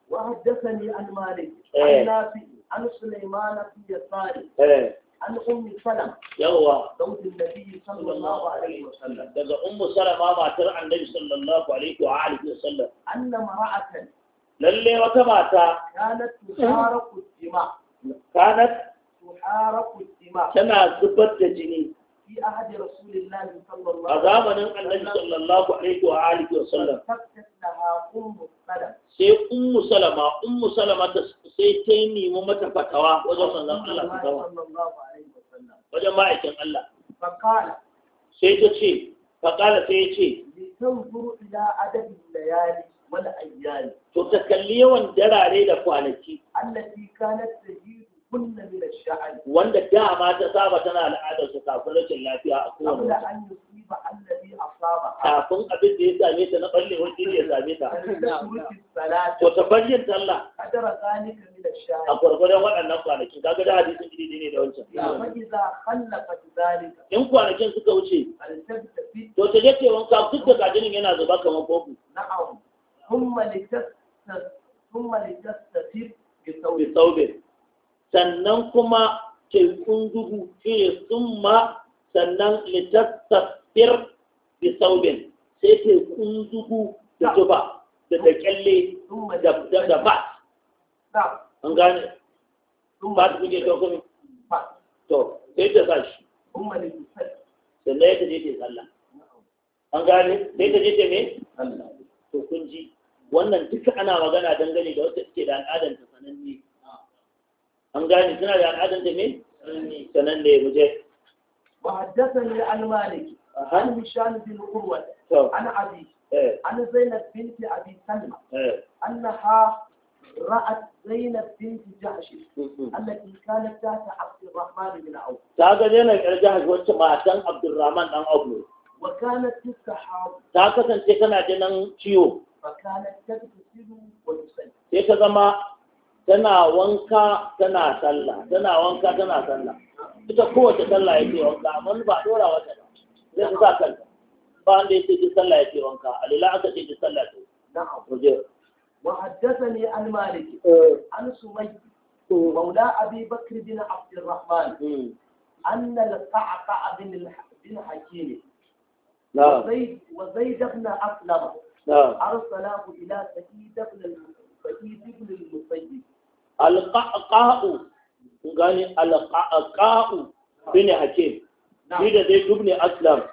wa haddathani an malik eh. an nafi an sulaiman fi tsari. Eh. an ummi salam yawa dautin nabi sallallahu alaihi wasallam daga ummu salama matar annabi sallallahu alaihi wa alihi wasallam anna mara'atan lalle wata mata kanat tusaraku jima kanat tana zubar da jini a zamanin annabi sallallahu alaihi wa alihi wa sallam sai ummu salama ummu salama ta sai ta yi nemi mata fatawa wajen manzon Allah sallallahu alaihi wajen ma'aikin Allah sai ta ce faƙala sai ya ce to ta kalli yawan darare da kwanaki allati kanat tajidu kunna min ash wanda dama ta saba tana al'adar su kafin rashin lafiya a kowane wata an yusiba asaba kafin abin da ya same ta na balle wani ya same ta to ta talla kadara zalika min ash a gurgurdan waɗannan kwanakin kaga da hadisin iri ne da wancan zalika in kwanakin suka wuce to ta je wanka duk da gajinin yana zuba kamar kofi na'am thumma litas bi thawbin sannan kuma tekun dubu ce summa sannan litattasir bi saubin sai tekun dubu da zuba da da kyalle da ba an gane ba su kuke kan to sai ta sashi sannan ya ta je ta tsalla an gane sai ta je ta me to kun ji wannan duka ana magana dangane da wata suke da al'adar ta sananne an gani suna da al'adun da ne? sanan da ya muje ba haddasa ne al-maliki an mishan bin urwa an abi eh. an zainab binti abi salma eh. annaha ra'at zainab binti jahsh mm-hmm. allati kanat ta'ta abdurrahman bin auf ta ga yana karjah wacce matan abdurrahman dan auf ne wa kanat tisahab ta kasance kana jinan ciwo Ba wa kanat tafi wa tusai sai ka zama tana wanka tana sallah tana wanka tana sallah ita kowace sallah yake wanka amma ba dora wata ba zai sa kanta ba wanda yake ji sallah yake wanka alila aka ce sallah to na'am وحدثني An مالك عن سمي مولى bin بكر بن عبد الرحمن ان القعقع بن بن حكيم وزيد وزيد بن اسلم ارسله الى سعيد بن سعيد بن المسيب alƙa'u gani alƙa'u bin hakim ni da zai dubne aslam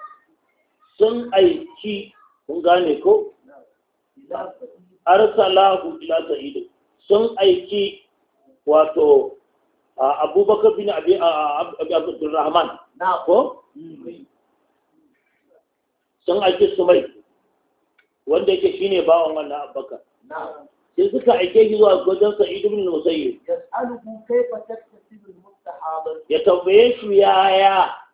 sun aiki kun gane ko arsalahu ila sa'id sun aiki wato abubakar bin abi abdurrahman na ko mm. sun aiki sumai wanda yake shine bawon wannan abubakar sai suka aike shi zuwa wajen sa'id ibn musayyib tas'aluhu kayfa taktasibu al-mustahaba ya tambaye shi yaya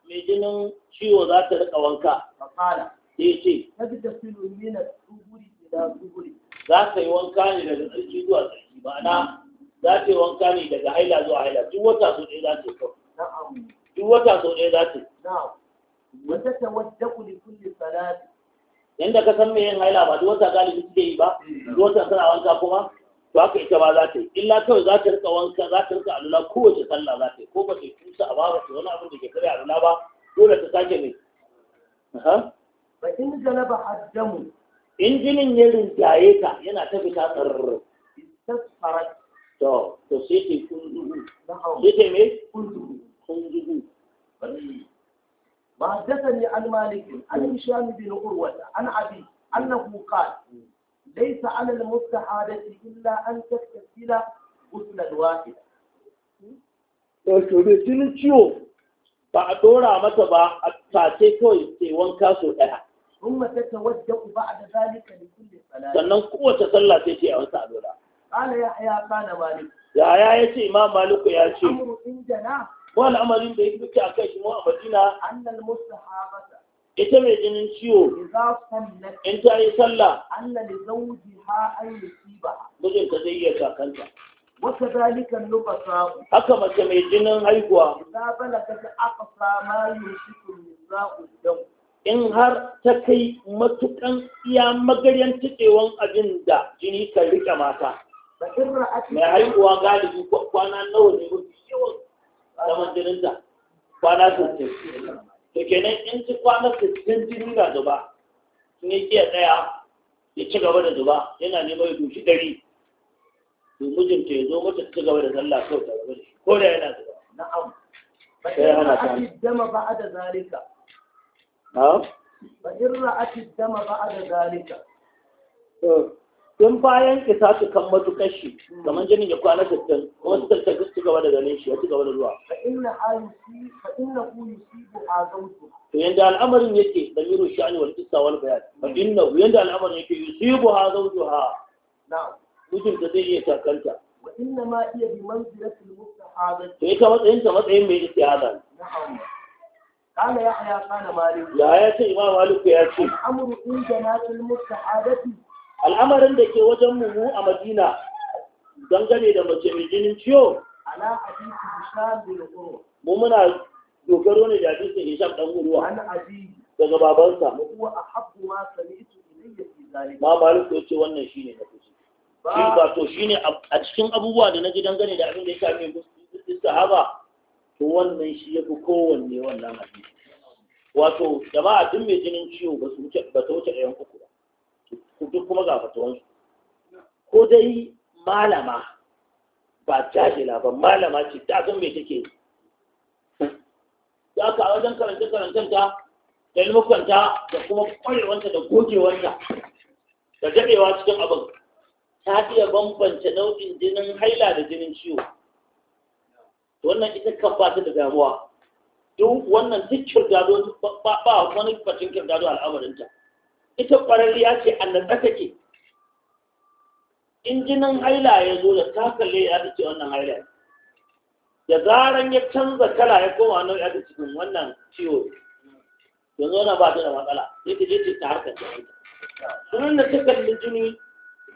mai jinin ciwo za ta rika wanka faqala sai ce taktasibu min al-duburi ila duburi za ta yi wanka ne daga tsarki zuwa tsarki ma'ana za ta yi wanka ne daga haila zuwa haila duk sau ɗaya za ta yi kawai duk wata sau ɗaya za ta yi na'am wata tawaddu li kulli salati yanda ka san me yin haila ba duk wata galibi suke yi ba duk wata suna wanka kuma to haka ita ba za ta yi illa kawai za ta rika wanka za ta rika alula kowace sallah za ta yi ko ba ta tusa a ba ta wani abin da ke kare alula ba dole ta sake ne ba in galaba haddamu in jinin ya rinjaye ta yana ta fita tsarrr to to sai ta yi kundugu sai ta yi me kundugu kundugu وحدثني عن مالك عن هشام بن عروة عن أبي أنه قال ليس على المستحادة إلا أن تغتسل غسلا واحدا to jinin ciwo ba a ɗora mata ba a tace kawai ke wanka so daya kuma ta tawadda uba da zalika li kulli salat sannan kowace sallah sai ce a wata dora ala ya kana ya ya yace imam maliku ya ce ko al'amarin da ya fi a kai shi mu a madina annal mustahabata ita mai jinin ciwo in ta yi sallah annal zawjiha an yusiba mijinta zai iya kakanta وكذلك النفساء حكم كميجين هايغوا إذا بلغت أقصى ما يمسك النساء الدم in har ta kai matukan iya magaryan tukewan abin da jini kan rike mata mai haihuwa galibi kwana nawa ne mafi yawan zaman jininta kwana sittin to kenan in ci kwana sittin jini na zuba in yi kiya tsaya ya ci gaba da zuba yana neman ya dushi ɗari to mijinta ya zo mata ci gaba da sallah kawai ta gaba da shi ko da yana zuba na'am sai hana ta dama ba'a da zalika na'am fa in ra'ati dama ba'a da zalika in bayan ki ta su kan matukar hmm. kamar jinin ya kwana sittin hmm. kuma su tattaka su gaba da ganin shi ya ci gaba da zuwa fa inna ayusi fa inna yusibu azawtu to yanda al'amarin yake da miru sha'ani wani qissa wal bayan fa hmm. inna yanda al'amarin yake yusibu azawtuha na'am mutum da zai iya takanta wa inna ma iya bi manzilatil mustahada to ita matsayin ta matsayin mai istihada na'am قال يحيى قال ya لا يا شيخ امام مالك يا شيخ الامر عندنا في المستحاده al'amarin da ke wajen mu a madina don gane da mace mai jinin ciwo ala hadisi hisham bin urwa mu muna dogaro ne da hadisin hisham dan urwa an daga babansa ma sami'tu ilayya fi malik ya ce wannan shine na kuci shi ba to shine a cikin abubuwa da naji gane da abin da ya shafi sahaba to wannan shi yafi kowanne wannan hadisi wato jama'a duk mai jinin ciwo ba su wuce ba ta wuce ɗayan uku ba duk kuma ga fatuwansu ko dai malama ba jahila ba malama ce ta san me take za ka a wajen karanta karantanta da ilmukanta da kuma kwarewanta da gogewanta da daɗewa cikin abin ta iya bambance nau'in jinin haila da jinin ciwo wannan ita kan fata ta da damuwa duk wannan duk kirdado ba wani bacin kirdado al'amarinta ita ƙwararriya ce a natsa take in jinin haila ya zo da takalle ya ta ce wannan haila da zaran ya canza kala ya koma nau'i ya ta cikin wannan ciwo yanzu wannan ba da matsala ya ta je ce ta harkar da haila sunan da ta kalli jini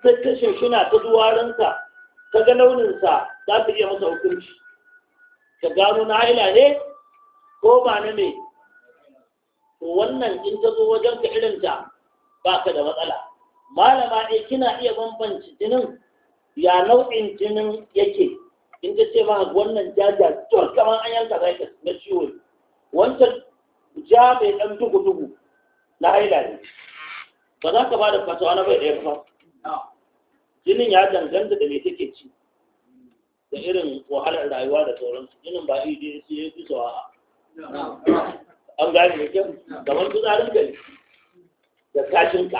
ta ta shina ta duwarinsa ta ga launinsa za ta iya masa hukunci ta gano na haila ne ko ba na me wannan in ta zo wajen ka irinta ba ka da matsala malama dai kina iya bambanci jinin ya nau'in jinin yake in ka ce ma wannan jaja to kamar an yanka zai ka na ciwo wancan ja mai dan dugu dugu na haila ne ba za ka ba da fasawa na bai ɗaya ba jinin ya danganta da me take ci da irin wahalar rayuwa da sauransu jinin ba iri su ya fi sawa an gane ne kyau kamar gari da kashinka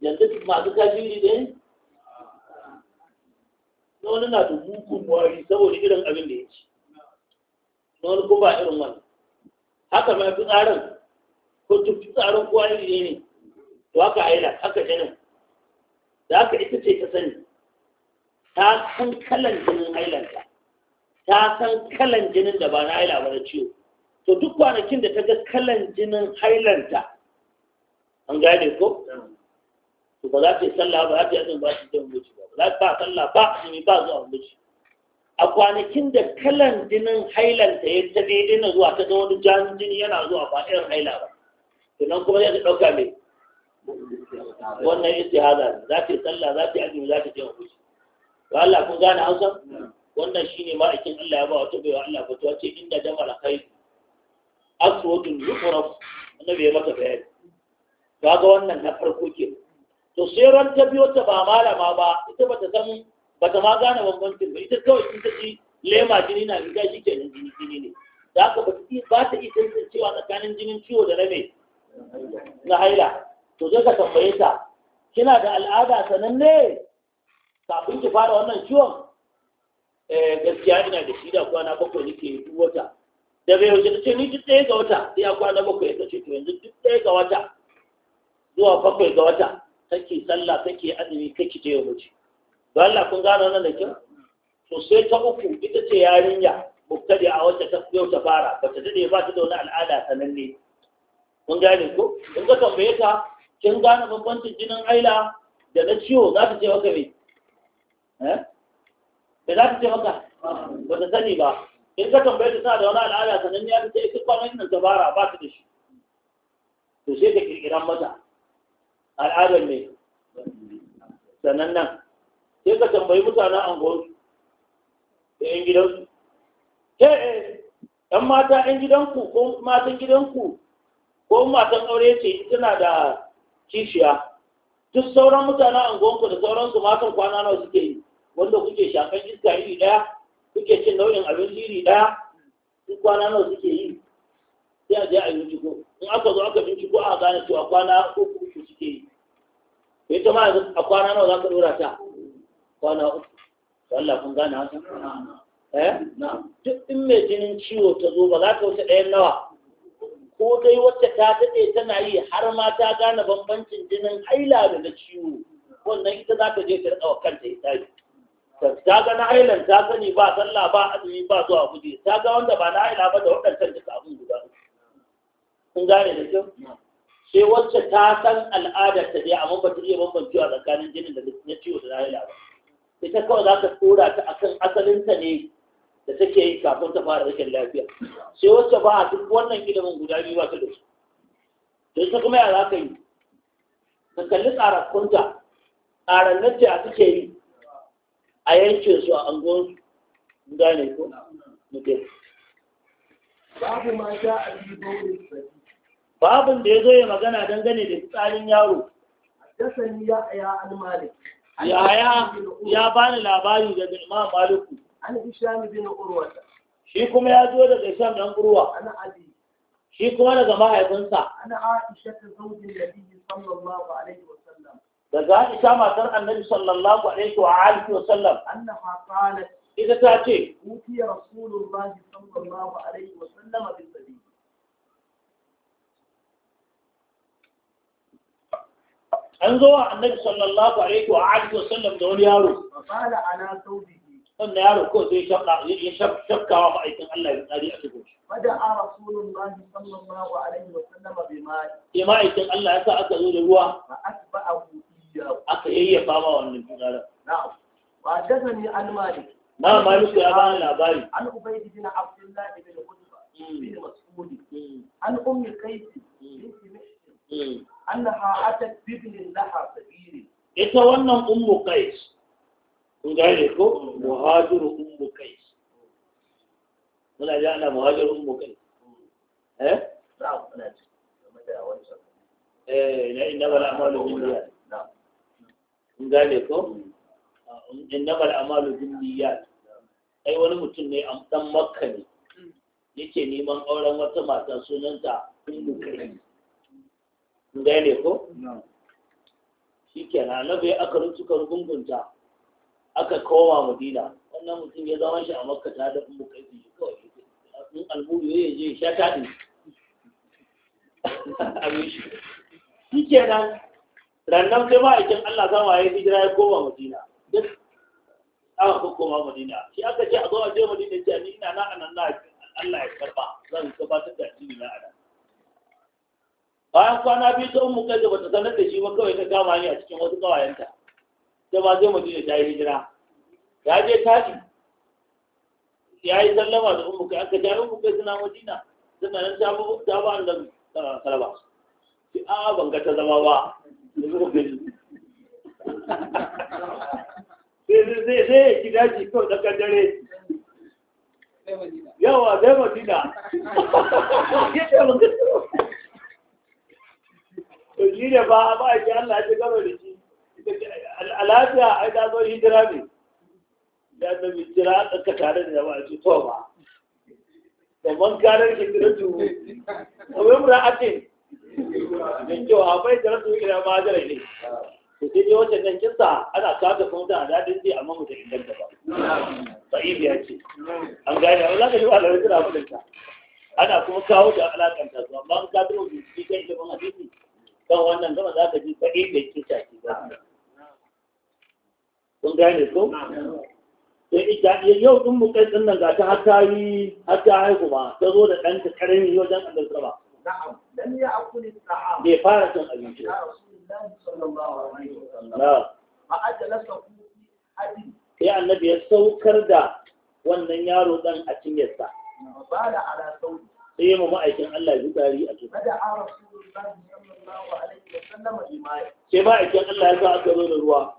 yanzu masu kashin ne ɗaya na wani na dubu kumwari saboda irin abin da ya ci na wani kuma a irin wani haka mai fi tsarin ko tufi tsarin kowa ne ne to haka aila haka jinin da haka ita ce ta sani ta san kalan jinin ailanta ta san kalan jinin da ba na aila ba na ciwo to duk kwanakin da ta ga kalan jinin hailanta an gane ko to ba za ta yi sallah ba za ta yi azumi ba ta yi wuce ba za ta sallah ba azumi ba zuwa wuce a kwanakin da kalan jinin hailanta ya ta daidai na zuwa ta ga wani jan jini yana zuwa ba irin haila ba To nan kuma zai ta ɗauka mai wannan istihaza za ta yi sallah za ta yi azumi za ta je wuce to Allah kun gane Hausa hmm. wannan shine ma'aikin Allah ya ba wata baiwa Allah ta wace inda jama'a kai. aswadun yuqraf annabi ya mata bayani kaga wannan na farko ke to sai ran ta biyo ta ba malama ba ita bata san bata ma gane bambancin ba ita kawai in ta ci lema jini na riga shi ke jini jini ne da aka ba ba ta iya tsakanin jinin ciwo da na na haila to sai ka tambaye ta kina da al'ada sananne kafin ki fara wannan ciwon eh gaskiya ina da shida kwana bakwai nake duk wata da bai wuce ta ce ni duk ɗaya ga wata sai ya kwana bakwai ta ce to yanzu duk ɗaya ga wata zuwa bakwai ga wata kake sallah kake azumi kake je yi wuce don Allah kun gano nan da kyau to sai ta uku ita ce yarinya muktadi a wacce ta yau ta fara ba ta daɗe ba ta da wani al'ada sananne kun gane ko in ka tambaye ta kin gane bambancin jinin aila da na ciwo za ta ce maka me eh ba za ta ce maka ba ta sani ba in ka tambaye ta sa da wani al'ada sanan ya ta ita kwanan nan dabara ba ta da shi to sai ka kirkiran mata al'adar ne sanan nan sai ka tambayi mutanen angon da yan gidansu ke yan mata yan gidanku ko matan gidanku ko matan aure ce tana da kishiya duk sauran mutanen angonku da sauransu matan kwana nawa suke yi wanda kuke shakan iska iri daya suke cin nau'in abinci iri ɗaya duk kwana nawa suke yi sai a je a binciko in aka zo aka binciko a gane cewa kwana uku uku suke yi to ita ma a kwana nawa za ka ɗora ta kwana uku to Allah kun gane haka eh duk in mai jinin ciwo ta zo ba za ka wuce ɗayan nawa ko dai wacce ta daɗe tana yi har ma ta gane bambancin jinin haila da na ciwo wannan ita za ka je ta rika wa kanta ya tashi ta ga na ailan ta sani ba sallah ba azumi ba zuwa guje ta ga wanda ba na haila ba da waɗancan duka abin guda kun gane da kyau sai wacce ta san al'adar ta dai amma ba ta iya bambanci a tsakanin jinin da na ciwo da na haila ba ita kawai za ka tura ta akan asalinta ne da take yi kafin ta fara rikin lafiya sai wacce ba a duk wannan ilimin guda biyu ba ta da su da ita kuma ya za ka yi ka kalli tsarakkunta nace a suke yi a yankin su a angon gane ko mutum babu ma sha a yi baurin babun da ya zo ya magana dangane da tsarin yaro dasani ya ya al-malik ya ya bani labari daga imam maliku an hisham bin urwa shi kuma ya zo daga shan dan urwa ana shi kuma daga mahaifinsa ana aisha ta zaujin nabi sallallahu alaihi wa daga Aisha matar Annabi sallallahu alaihi wa alihi wa sallam annaha qalat ita ta ce utiya rasulullahi sallallahu alaihi wa sallam bil sabi an zo wa Annabi sallallahu alaihi wa alihi wa sallam da wani yaro qala ana saubihi wannan yaro ko zai shakka ya shakka wa ma'aikin Allah ya tsari a cikin shi wada rasulullahi sallallahu alaihi wa sallam bi ma'i ma'aikin Allah ya sa aka zo da ruwa Ba a asba'ahu أكيد لك أنا قال نعم وحدثني عن مالك نعم مالك يا بابا لا بابا عن عبيد لك أنا الله بن قطبة بن مسعود عن أم كيس بنت محسن أنها أتت بابن لك أنا يتولى أم كيس ذلك مهاجر أم كيس هنا جاءنا مهاجر أم كيس ها؟ لك أنا لك لك أنا أنا أتت إيه لأن ولا أموال بالله in gane ko innamal amalu bin niyyat ai wani mutum ne a dan makka ne yake neman auren wata mata sunanta ummu kai in gane ko shikenan annabi aka rutuka gungunta aka koma madina wannan mutum ya zama shi a makka ta da ummu kai shi kawai in alburi ya je shata ɗin. *laughs* abin shi shikenan rannan sai ma'aikin Allah mu ya hijira ya koma Madina duk aka koma Madina shi aka ce a zo a je Madina ce ni ina na anan na Allah ya karba zan gabatar da addini na ana bayan kwana biyu ta ummu kai bata sanar da shi ba kawai ta kama ni a cikin wasu kawayenta ta ma zai Madina ta yi hijira ya je tashi ya yi sallama da ummu kai aka ce ummu kai suna Madina suna nan ta ba annabi sallallahu alaihi wasallam a ban ga ta zama ba zai zai ya shiga ba kawai da kaddare yawa zai madina to shi ne ba ba a ji Allah ya gaba da shi a ai da zo hijira ne da da hijira tsaka tare da a ce to ba da man karar hijira tu wa yumra atin mai kyau a bai ila ma da rai to sai dai wannan nan kinsa ana ta da kuma da dadin ji amma mu da inganta ba sa'ibi ya ce an gane Allah ka yi wa lalata da abin ta ana kuma kawo da alakanta su amma an ka tuno bincike kan ilimin hadisi kan wannan gama za ka ji sa'ibi ya ce shaki ba kun gane ko yau din mu kai din nan ga ta har ta yi har ta haihu ba ta zo da ɗanta karami wajen annabi sallallahu bai fara cin abinci ba sai annabi ya saukar da wannan yaro ɗan a cinyarsa sai ma ma'aikin Allah ya tsari a cikin sai ma'aikin Allah ya sa aka zo da ruwa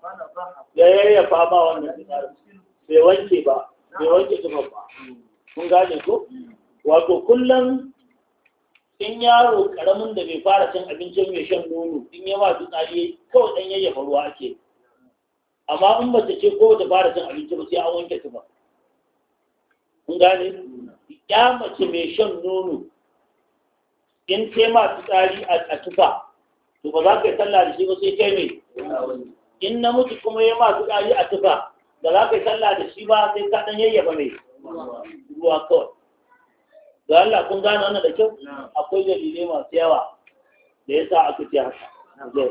ya yayyafa fama wannan fitsarin bai wanke ba bai wanke tufan ba kun gane ko mm. wato kullum in yaro karamin da bai fara cin abincin mai shan nono in yawa fitsari kawai dan yayya faruwa ake amma in mace ce ko da fara cin abinci ba sai an wanke ba kun gane ya mace mai shan nono in sai ma tsari a tufa to ba za ka yi sallah da shi ba sai kai mai in namiji kuma ya ma tsari a tufa ba za ka yi sallah da shi ba sai ka dan ba mai ruwa kawai ga Allah kun gane wannan da kyau akwai dalilai masu yawa da yasa aka ce haka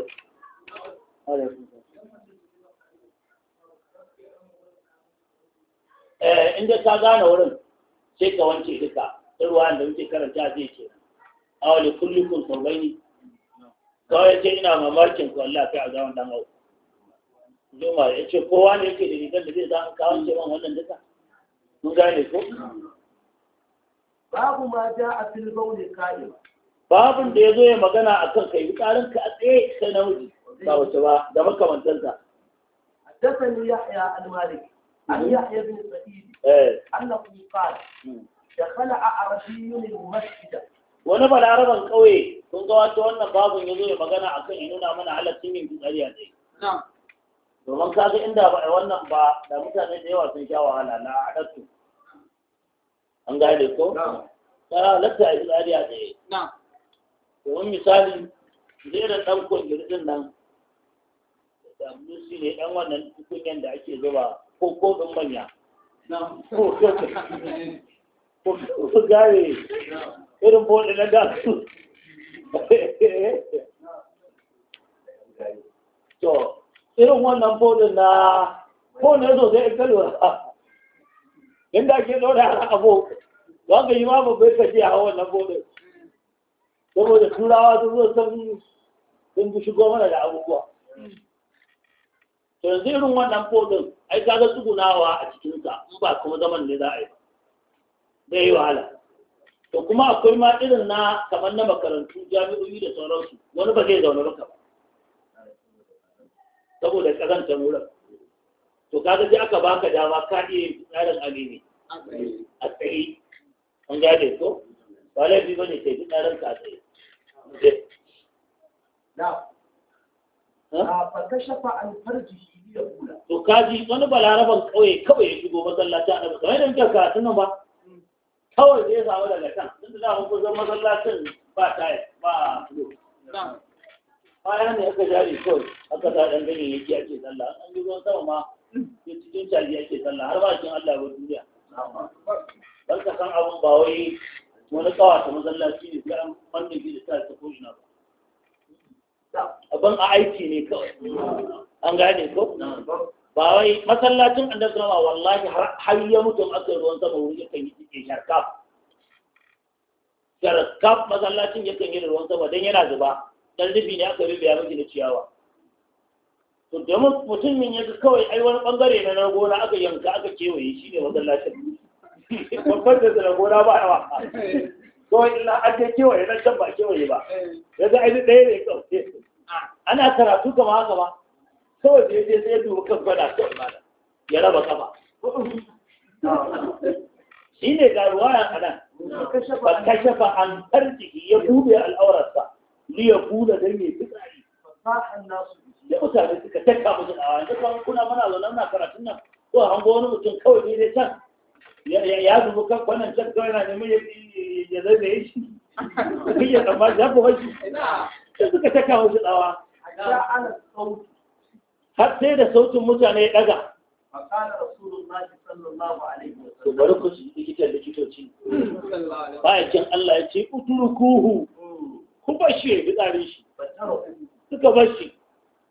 eh, in inda ka gane wurin sai ka wanke duka ruwan da muke karanta zai ce a wani kullikun saurai kawai ce ina mamakin ku Allah kai a ga wannan hau juma ya ce kowa ne yake da rigar da zai zama kawance man wannan duka mun gane ko babu ma ja a fil bauli qa'ima babun da yazo ya magana akan kai karin ka a tsaye na namiji ba wace ba da makamantanka حدثني يحيى المالك عن يحيى بن da kala a دخل اعرابي المسجد wani balaraban ƙauye kun ga wata wannan babun ya zo ya magana a kan nuna mana halattun yin fitsari a tsaye. Domin kaga inda ba wannan ba da mutane da yawa sun sha wahala na haɗattu. an gane ko ya halatta a yi tsari a tsaye domin misali lera ɗan kwangiri ɗin nan da musu ne ɗan wannan tukunyen da ake zuba ko kodin manya *laughs* ko su gare irin bode na gasu to irin wannan bode na ko ne zo zai kalwa inda ke dora a abu wanda yi ma bai kashe a wannan bode. saboda turawa sun zo sun sun fi shigo mana da abubuwa to yanzu irin wannan bodin ai ka ga tsugunawa a cikinsa in ba kuma zaman ne za a yi zai yi wahala to kuma akwai ma irin na kamar na makarantu jami'o'i da sauransu wani ba zai zaune ba saboda ƙazantar wurin to kaga sai aka baka dama ka iya yin tsarin amini a tsaye an gane ko ba laifi bane sai duk tsarin ka tsaye eh. to kaji wani balaraban kawai kawai ya shigo masallaci a kamar yadda muke karatun nan ba kawai zai samu daga can da za mu kusan masallacin ba tayi ba ya ne aka jari kawai aka sa dan ganyayyaki ake sallah an yi ruwan sama ma ya cikin caji ake sallah har ba cikin Allah ba duniya dan ka san abun ba wai wani ta masallaci ne sai an manne shi da ta ko ina ba abun a aiki ne kawai an gane ko ba wai masallacin annabi sallama wallahi har ya mutum aka ruwan sama wuri yakan yi cike sharka sharka masallacin yakan yi ruwan sama dan yana zuba dan rubi ne aka rubi ya miki na ciyawa to domin min ya kawai ai wani bangare na na gona aka yanka aka kewaye shi ne masallacin babban da na gona ba yawa kawai illa an ta kewaye na can ba kewaye ba yanzu ai ɗaya ne kawai ana karatu kama haka ba kawai da yaje sai ya dubi kan gwada ya raba kafa shi ne ga ruwayan a nan ba kashafa an tarjiki ya buɗe al'aurarsa liya buɗe don mai fitsari sai mutane suka taka musu a yanzu kan kuna mana zaune na karatun nan ko hango wani mutum kawai ne dai can ya zubu kan kwanan can kawai na neman ya zai da ya shi duk ya tsamma ya fi wasu sai suka taka musu tsawa har sai da sautin mutane ya daga فقال رسول الله صلى الله عليه وسلم تبارك likitan likitoci bayan Allah ya ce utrukuhu mm. ku bashe fitsarin shi suka bashe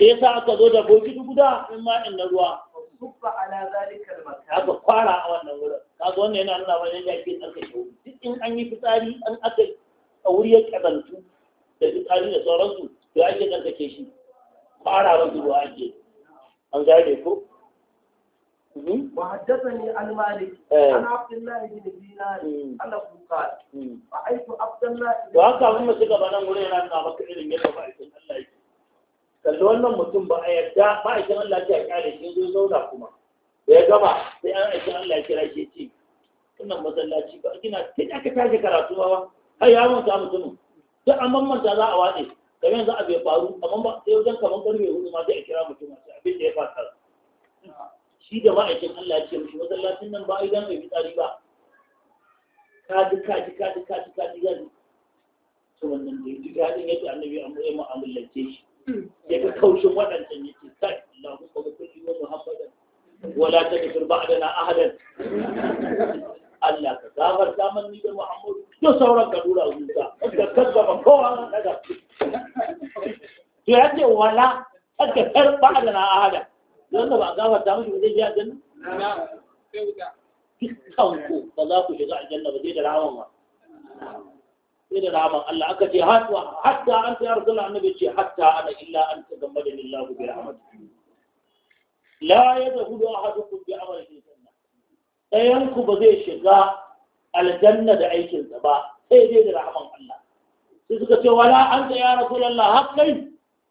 sai yasa aka zo da boki bokiti da in ma in na ruwa subba ala zalika al ka aka fara a wannan wurin ka kaga wannan yana nuna wani yake tsaka shi duk in an yi fitsari an aka wuri ya kazantu da fitsari da sauransu to ake tsarkake shi fara wa zuwa ake an gane ko وحدثني عن مالك عن عبد الله بن دينار انه قال رايت عبد الله وهكذا هم سكبوا انا مرينا ان عبد الله بن kalli wannan mutum ba a yarda ba a kin Allah ya kare shi zo zauna kuma da ya gama sai an aiki Allah ya kira shi ce wannan masallaci ba kina kai aka tashi karatu ba har ya manta mutumin duk an manta za a watse kamar yanzu a ya faru amma ba sai wajen kamar karfe hudu ma sai a kira mutum sai abin da ya fasa shi da ma'aikin Allah ya ce mishi masallacin nan ba a idan mai fitsari ba kaji kaji kaji kaji kaji kaji to wannan da ya ji daɗin yadda annabi ya mu'amalance shi ya ga kaushin waɗancan yake kai Allah mu kuma kulli wa Muhammadan wala ta a ba'dana ahadan Allah ka gabar zaman ni da Muhammadu to sauran ka dura wuta ka ba kowa daga to ya ce wala ka kar ba'dana ahadan dan ba gabar zaman shi ya ji na na'am dukkan ku ba za ku shiga aljanna ba zai da rawan ba sai da rahaman Allah aka ce hatta an ta yarda Allah annabi ce hatta ana illa an ta da lillahu bi rahmatihi la yadkhulu ahadukum bi amalihi janna dayan ku ba zai shiga aljanna da aikin sa ba sai dai da rahaman Allah sai suka ce wala an ta ya rasulullah hakkai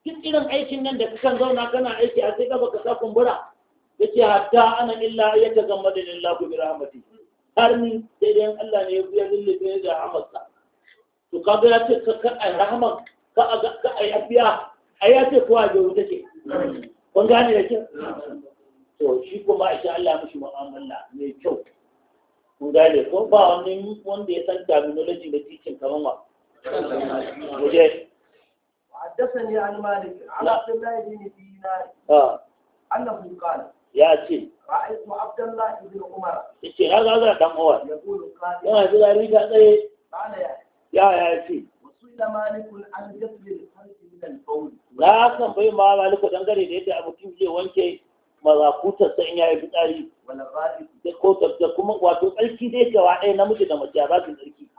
duk irin aikin nan da kakan zauna kana aiki a sai ka baka sa kumbura yace hatta ana illa ya ta da lillahu bi rahmatihi har ni sai dai Allah ne ya lullube da rahmatsa to ka ga ya ce ka a rahama ka a ka a yafiya ai ya ce kowa ga wuta ce kun gane da kyau to shi kuma insha Allah mishi mu'amala mai kyau kun gane ko ba wani wanda ya san terminology da teaching kamar wa waje حدثني عن مالك عن عبد الله بن دينار انه قال يا شيخ رأيت عبد الله بن عمر الشيخ هذا هذا كم قال يا شيخ ya ya ce na san bai ma maliku dangare da yadda abokin zai wanke mazakutar sa in ya yi fitsari da ko da kuma wato tsarki dai gaba ɗaya na miji da mace ba su tsarki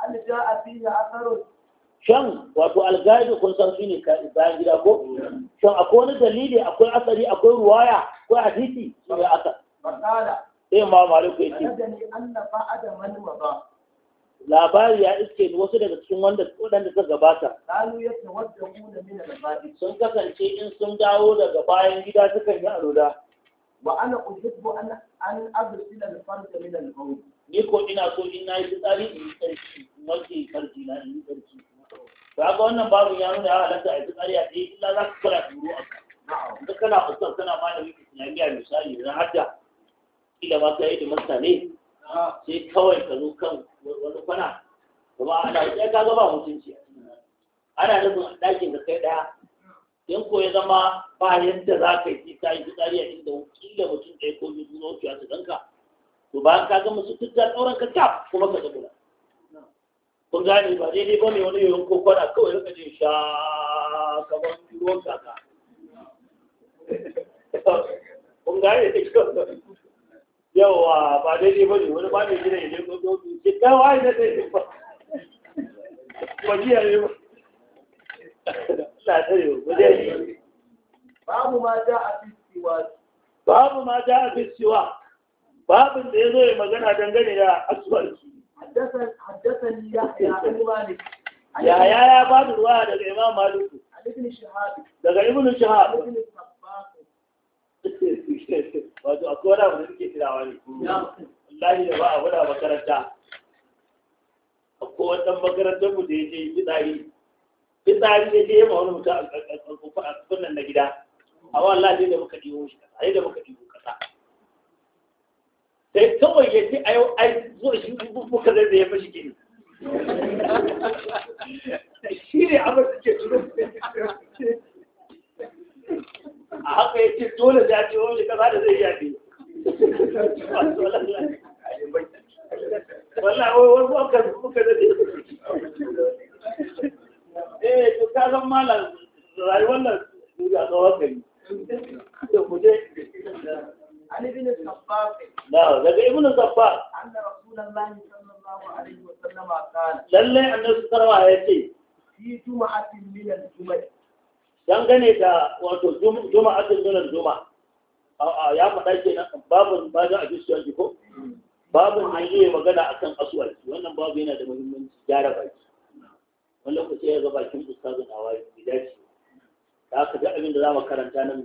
shan wato algaido kun san shi ne bayan gida ko shan akwai wani dalili akwai asari akwai ruwaya akwai hadisi shi ne aka sai ma maliku ya ce labari ya iske ni wasu daga cikin wanda waɗanda suka gabata kalu ya tawadda mu da min al sun kasance in sun dawo daga bayan gida kan yi aroda. wa ana uhibbu an an absila al farda min al bawl ni ko ina so in yi fitsari in yi tsarki mace karfi na in yi tsarki Ta haka wannan babu ya nuna ya halatta a fitsari a tsaye illa za ka kula turo a kan da kana fuskar kana malamin biya misali na hadda kila ma ka yi da masta ne sai kawai ka zo kan wani kwana kuma ana ya kaga ba mutunci ana nufin ɗakin da kai ɗaya in ko ya zama ba yadda za ka yi ka yi fitsari a inda kila mutum ɗaya ko biyu zuwa wuce su ganka to ba ka ga musu duk da tsauran ka kaf kuma ka tsibula kun gane ba daidai ba ne wani yoyon kwana kawai rika jin sha kaman ruwan kaka kun gane da kyau yawa ba daidai ba ne wani ba ne gina babu ma ja a fisiwa babu ma ja a babin da zo ya magana dangane da aswarki Haddasa ni yahya ba ne. ya ya ba da ruwa daga imam maluku daga shahab wato a kowane abu da suke tirawa ne wallahi da ba a wada makaranta a kowane ɗan makarantar mu da ya je fitsari fitsari ya je yamma wani mutum a kunnan na gida a wallahi da muka ɗiwo shi ƙasa sai da muka ɗiwo kasa. sai kawai ya ce a yau ai zuwa shi muka zai da ya fashi gini *laughs* shi ne abin da ke turo *laughs* a haka ya ce dole da ce wani kaza da zai yafe wallahi wai wasu aka muka da eh to ka san malam rayuwar nan ya tsawon gari to mu je عن ابن الخباب لا ده ابن الخباب أن رسول الله صلى الله عليه وسلم قال لله أن السروة يأتي في جمعة من الجمعة dangane da wato juma a tunanin juma a ya faɗa ke na babin bada a jisiyarci ko babin an yi magana akan kan wannan babu yana da muhimmanci gyara baki wanda ku sai ya zaba kin ustazin a wayo ki dace da aka ga abin da za mu karanta nan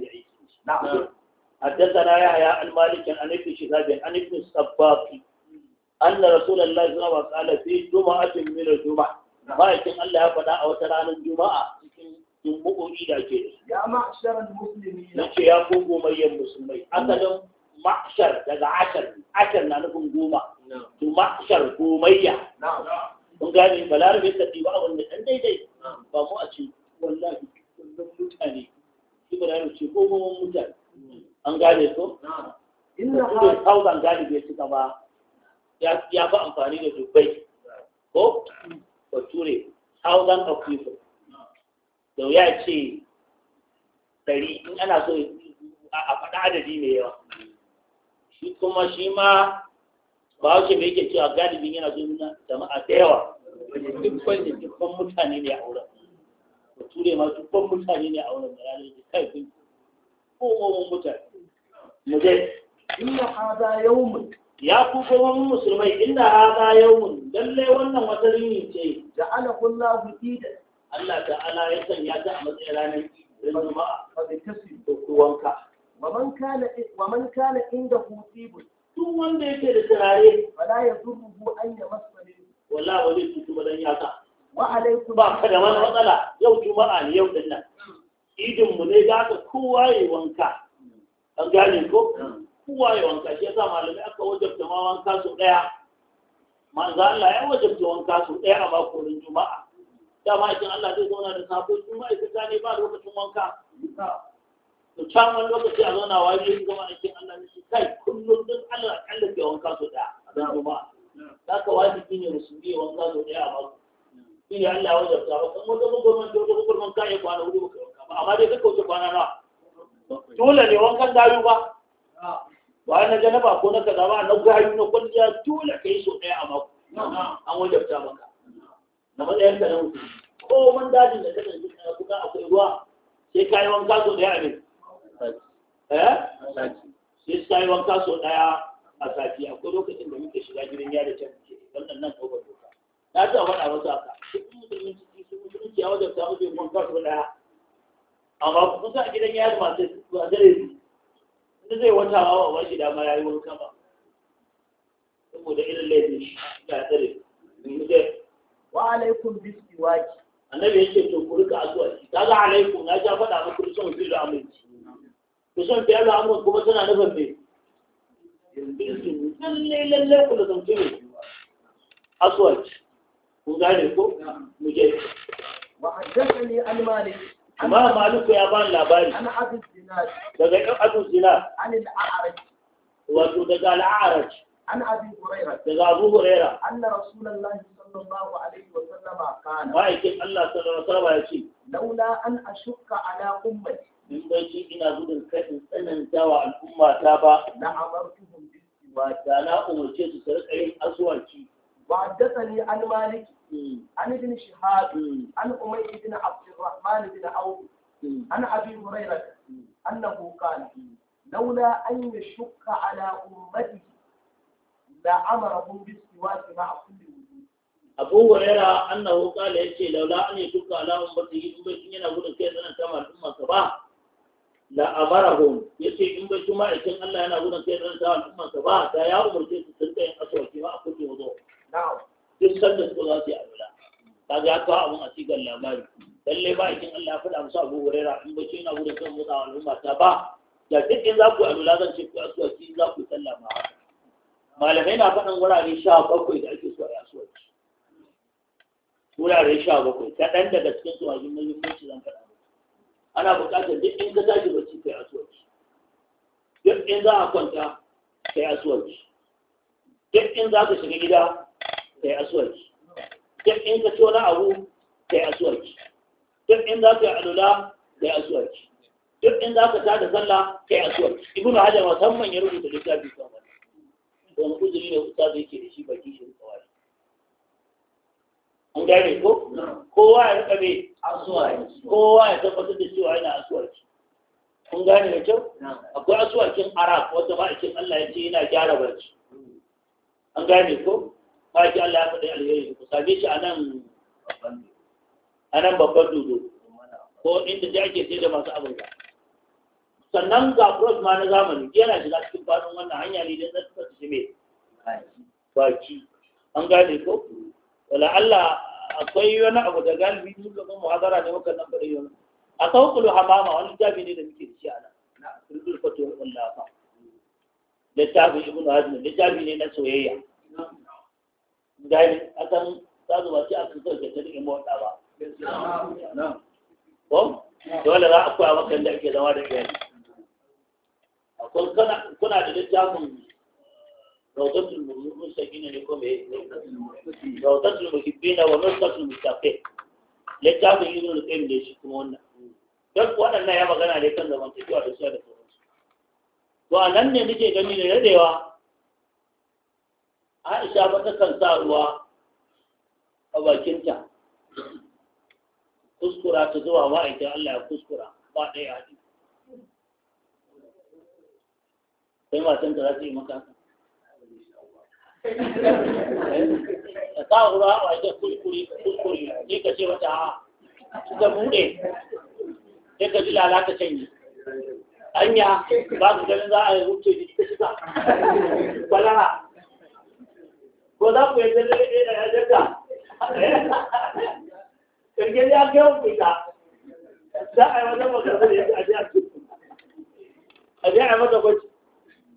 Na'am. aiki na ya haya an malikin an yi shi zabi an sabbafi an na rasulun lai zuwa wa tsala fi juma'a fi mini juma'a ma'aikin allah ya faɗa a wata ranar juma'a cikin tumbuƙoƙi da ke ya ma'ashar musulmi na ce ya ko gomayyan musulmai hmm. asalin ma'ashar daga ashar ashar na nufin goma to ma'ashar gomayya mun gane balarabe ta ɗiba a wanda ɗan daidai ba mu a ce wallahi wannan mutane ibrahim ce ko mun mutane hmm. an gane ko inna ha thousand Gani bai suka ba ya fi amfani da dubbai ko hmm. bature thousand of people da wuya ce ɗari in ana so a faɗa adadi mai yawa shi kuma shi ma ba wace mai yake cewa galibin yana so nuna jama'a da yawa dukkan da dukkan mutane ne a wurin da ture ma dukkan mutane ne a wurin da yanar da kai kun kowannen mutane mu dai inna hada mu ya ku kowannen musulmai inna hada yawmun lallai wannan wata rini ce Da ja'alahu Allahu idan Allah ta'ala ya sanya ta a matsayin ranar juma'a fa bi da wanka waman kana waman kana inda hutibul Tun wanda yake da turare wala ya bu an ya masali wala wani tutu wadan yaka wa alaikum ba ka da wani matsala yau juma'a ne yau dinnan idin mu ne da ka kowa ya wanka an gane ko kowa ya wanka shi yasa malamai aka wajabta ma wanka su daya manzo Allah ya wajabta wanka su daya a makonin juma'a da ma'aikin Allah zai zauna da sabo su ma'aikata ne ba lokacin wanka to can wani lokaci a zauna wa yi zama aikin Allah ne kai kullum duk Allah akalla ke wanka so da a zama ba za ka wajibi ne musulmi ya wanka so daya a mako shi ne Allah ya wajabta ba kan wata gugurman ta wata gugurman ka ya kwana wuri baka wanka ba amma dai duka wuce kwana nawa dole ne wankan gayu ba ba na janaba ko na kaza ba na gayu na kwalliya dole ka yi so daya a mako an wajabta maka na matsayin ka na mutum ko mun dajin da kasance na kuka akwai ruwa sai ka yi wanka so ɗaya abin ne eh sai ka yi wanka so ɗaya a sati akwai lokacin da muke shiga gidan yada can muke wannan nan ɗaukar doka na ta faɗa wasu haka duk musulmin ciki su musulunci a wajen samu zai wanka so ɗaya amma kusa a gidan yada masu a dare su inda zai wata wa ba shi dama ya yi wanka ba saboda irin laifin shi a dare mu wa alaikun alaikum bisiwaki annabi yake to ku rika aswaki kaga alaikum ya ja faɗa muku son fi da aminci ku son fi da aminci kuma tana nufin me lallai lalle ku da zance ne aswaki kun gane ko mu je wa haddathani al-malik amma maliku ya bani labari Ana daga ɗan abu zina wato daga al'araj daga abu huraira anna rasulullahi sallallahu alaihi wa sallama kana ma'aikin Allah sallallahu alaihi wa sallama ya ce laula an ashukka ala ummati in bai ina gudun kadin tsananta wa al'umma ta ba na amartuhum bi da na umarce su su rika yin asuwarci وحدثني An مالك عن ابن شهاب عن أمية بن عبد الرحمن بن عوف عن أبي an أنه قال لولا أن يشق على أمتي لأمرهم بالسواك abu huraira annahu qala yace laula an yaduka ala ummati in bai yana gudun kai sanan ta al'umma ka ba la amarahum yace in bai kuma ikin Allah yana gudun kai sanan ta al'umma ka ba da ya umurce su sun kai aswaki ba a kuɗi wazo na'am duk sanda su za su yi abula kaga ga kawo abun a cikin labari lalle ba ikin Allah ya faɗa musu abu huraira in bai yana gudun kai mutsa al'umma ta ba da duk in za ku abula zan ce ku aswaki za ku sallama malamai na faɗin wurare sha bakwai da ake so a yi wurare sha bakwai kaɗan daga cikin su wajen muhimmanci zan faɗa ana buƙatar duk in ka tashi bacci kai asuwarci duk in za a kwanta kai asuwarci duk in za ka shiga gida kai asuwarci duk in ka ci wani abu kai asuwarci duk in za ka yi alula kai asuwarci duk in za ka da sallah kai asuwarci ibnu hajar musamman ya rubuta littafi kan wannan don uzuri ne ustazi yake da shi baki shi kawai an gane ko kowa ya rika mai asuwaci kowa ya tabbatar da cewa yana asuwaci kun gane da kyau akwai asuwakin arab a cikin allah ya ce yana gyara barci an gane ko ba ma'aikin allah ya faɗi alheri ku same shi a nan a nan babban dodo ko inda da ake sai da masu abin sannan ga cross ma na zamani yana shiga cikin faɗin wannan hanya ne don zai tsarki mai baki an gane ko wala Allah akwai wani abu da galibi mun ga mu hadara ne wakan nan bare yau a tawqulu hamama wani jabi ne da muke ci ana na sulul fatu Allah fa tabi ibnu hazm jabi ne na soyayya gani akan kazu ba ci a kusa da ta dike mota ba ko dole za a koya da ake zama da iyali akwai kana kuna da littafin روضة المساكين لكم ايه روضة المحبين ونصرة المستقيم littafin yin rulu kai da shi kuma wannan don waɗannan ya magana ne kan zamantakewa da suwa da sauransu to a nan ne muke gani da dadewa aisha ba ta kan sa ruwa a bakinta kuskura ta zuwa ma'aikin allah ya kuskura ba ɗaya a duk sai matan ta za su yi maka Da ruwa a wajen kulkuri kulkuri ne ka ce wata a suka buɗe sai ka ji lalata canji anya ba su ganin za a yi wuce jiki ta shiga kwalara ko za ku yi zalle ne da ya jirga kirgin ya kai hukun ta za a yi wajen magana da ya ji a a je a mata gwaji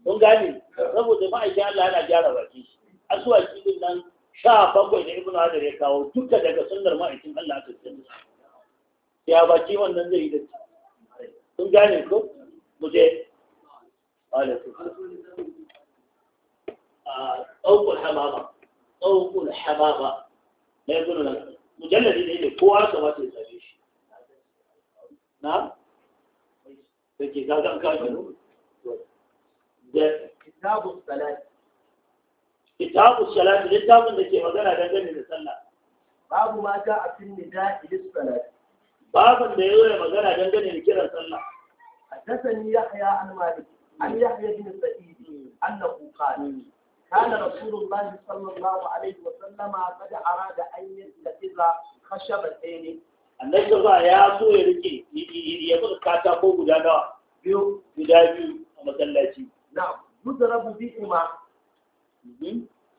kun gane saboda ma'aikin Allah yana gyara baki shi aswaki din nan sha bakwai da ibnu hajar ya kawo duka daga sunnar ma'aikin Allah aka tsaye ya baki wannan zai yi da kun gane ko mu je alaikum a ɗaukul hamama ɗaukul hamama na ibnu nan mujalladi ne ne kowa kamata ya same shi na da ke gagan kashi da kitabun salati kitabu salati littafin da ke magana dangane da sallah babu mata ta a fin nida ilis salati babin da yayi magana dangane da kiran sallah haddathani yahya an malik an yahya bin sa'id annahu qala كان رسول الله صلى الله عليه وسلم قد أراد أن يتخذ خشبتين annabi ba ya so ya rike ya buga katako guda nawa biyu guda biyu a masallaci na yudrabu bi ima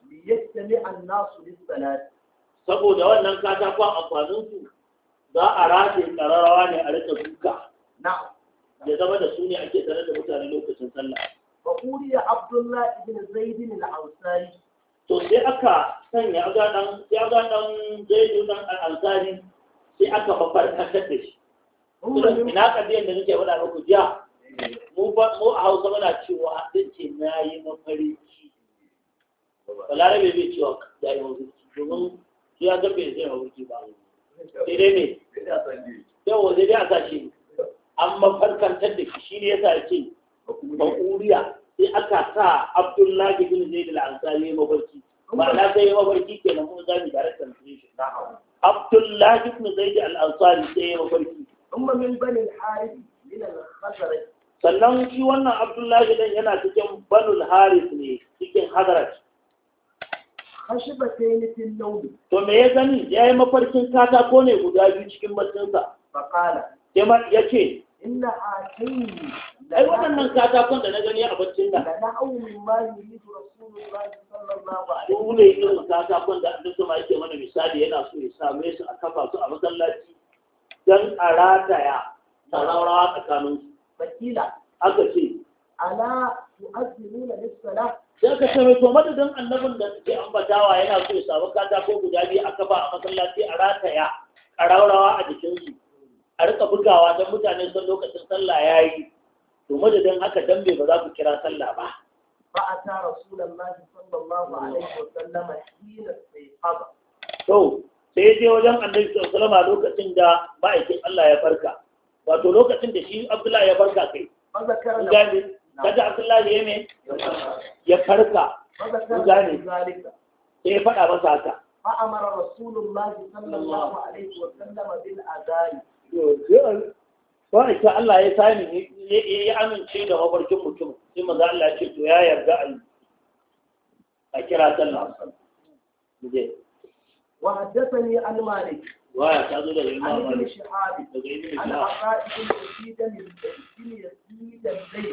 liyattali annasu lissalati saboda wannan katakon amfanin su za a rataye ƙararrawa ne a rika duka na ya zama da su ne ake tare da mutane lokacin sallah bakuri ya abdullah ibn zaid al-ansari to sai aka sanya ga dan ya ga dan zaid dan al-ansari sai aka babbar kasar da shi ina biyan da nake wada muku jiya eh. mu ba mu a Hausa muna cewa din ce nayi mafarki balarabe bai cewa ya yi maburki domin ya ga bai zai maburki ba sai dai ne yau sai dai a sashi an mafarkantar da shi ne ya sace ce makuriya sai aka sa abdullahi bin zaid al-ansari mafarki ba na sai mafarki ke nan kuma za mu direct translation abdullahi bin zaid al-ansari sai mafarki umma min bani al-harith min al-khazraj sannan shi wannan abdullahi dan yana cikin banul harith ne cikin hazrat khashibatayni fil nawm to me ya gani yi mafarkin katako ne guda biyu cikin baccinsa faqala ya ce inna a atayni ai waɗannan katakon da na gani a baccin da Da na awu min ma yuridu rasulullahi sallallahu alaihi wasallam ne irin katakon da annabi ma yake mana misali yana so ya same su a kafa su a masallaci dan a rataya tsarawa tsakanin su fakila aka ce ala tu'azzimuna lis-salat sai ka ce to madadin annabin da suke ambatawa yana so ya samu katako guda biyu aka ba a masallaci a rataya a raurawa a su a rika bugawa don mutane sun lokacin sallah ya yi to madadin haka dambe ba za ku kira sallah ba ba a ta rasulullahi sallallahu alaihi wa sallama hina sai haba to sai je wajen annabi sallallahu alaihi lokacin da ma'aikin Allah ya farka wato lokacin da shi Abdullahi ya farka kai an zakara kaji abdullahi ya ne ya farka gane sai ya faɗa masa haka فأمر رسول الله صلى الله عليه وسلم بالأذان wani ta Allah ya sani ya amince da mafarkin mutum sai maza Allah ce to ya yarda a a kira sallah wa haddathani an malik wa ya ta zo imam malik daga ibn an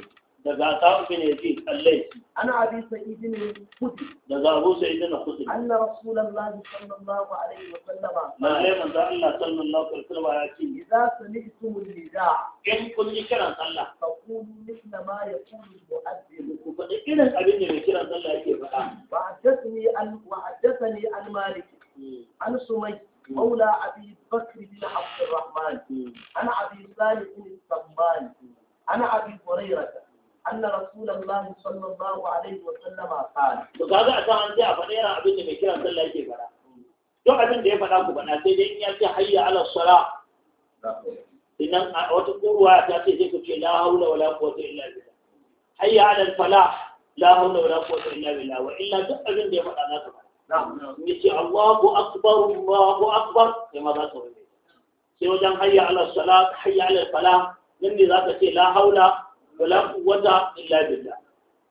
daga Ata'u bin Yazid al-Laythi ana Abi Sa'id bin Khudri daga Abu Sa'id bin Khudri sallallahu alaihi wa sallama lalle manzo Allah sallallahu alaihi wa sallama ya idza sami'tum al-nida' in kun kiran sallah fa qulu mithla ma yaqulu al-mu'adhdhin ku faɗi irin abin da mai kiran sallah yake faɗa wa haddathani an wa haddathani al-Malik hmm. an Sumay مولى أبي بكر بن عبد الرحمن أنا أبي صالح السمان أنا أبي هريرة anna rasulullahi sallallahu alaihi wa sallama qala to kaga a san an ce a faɗa yana abin da mai kiran sallah yake faɗa duk abin da ya faɗa ku bana sai dai in ya ce hayya ala sala idan wata kurwa ta ce sai ku ce la haula wala quwwata illa billah hayya ala falah la haula wala quwwata illa billah wa illa duk abin da ya faɗa na ka faɗa ya ce Allahu akbar Allahu akbar sai ma za ka wani sai wajen hayya ala sala hayya ala falah nan ne za ka ce la haula wala quwwata illa billah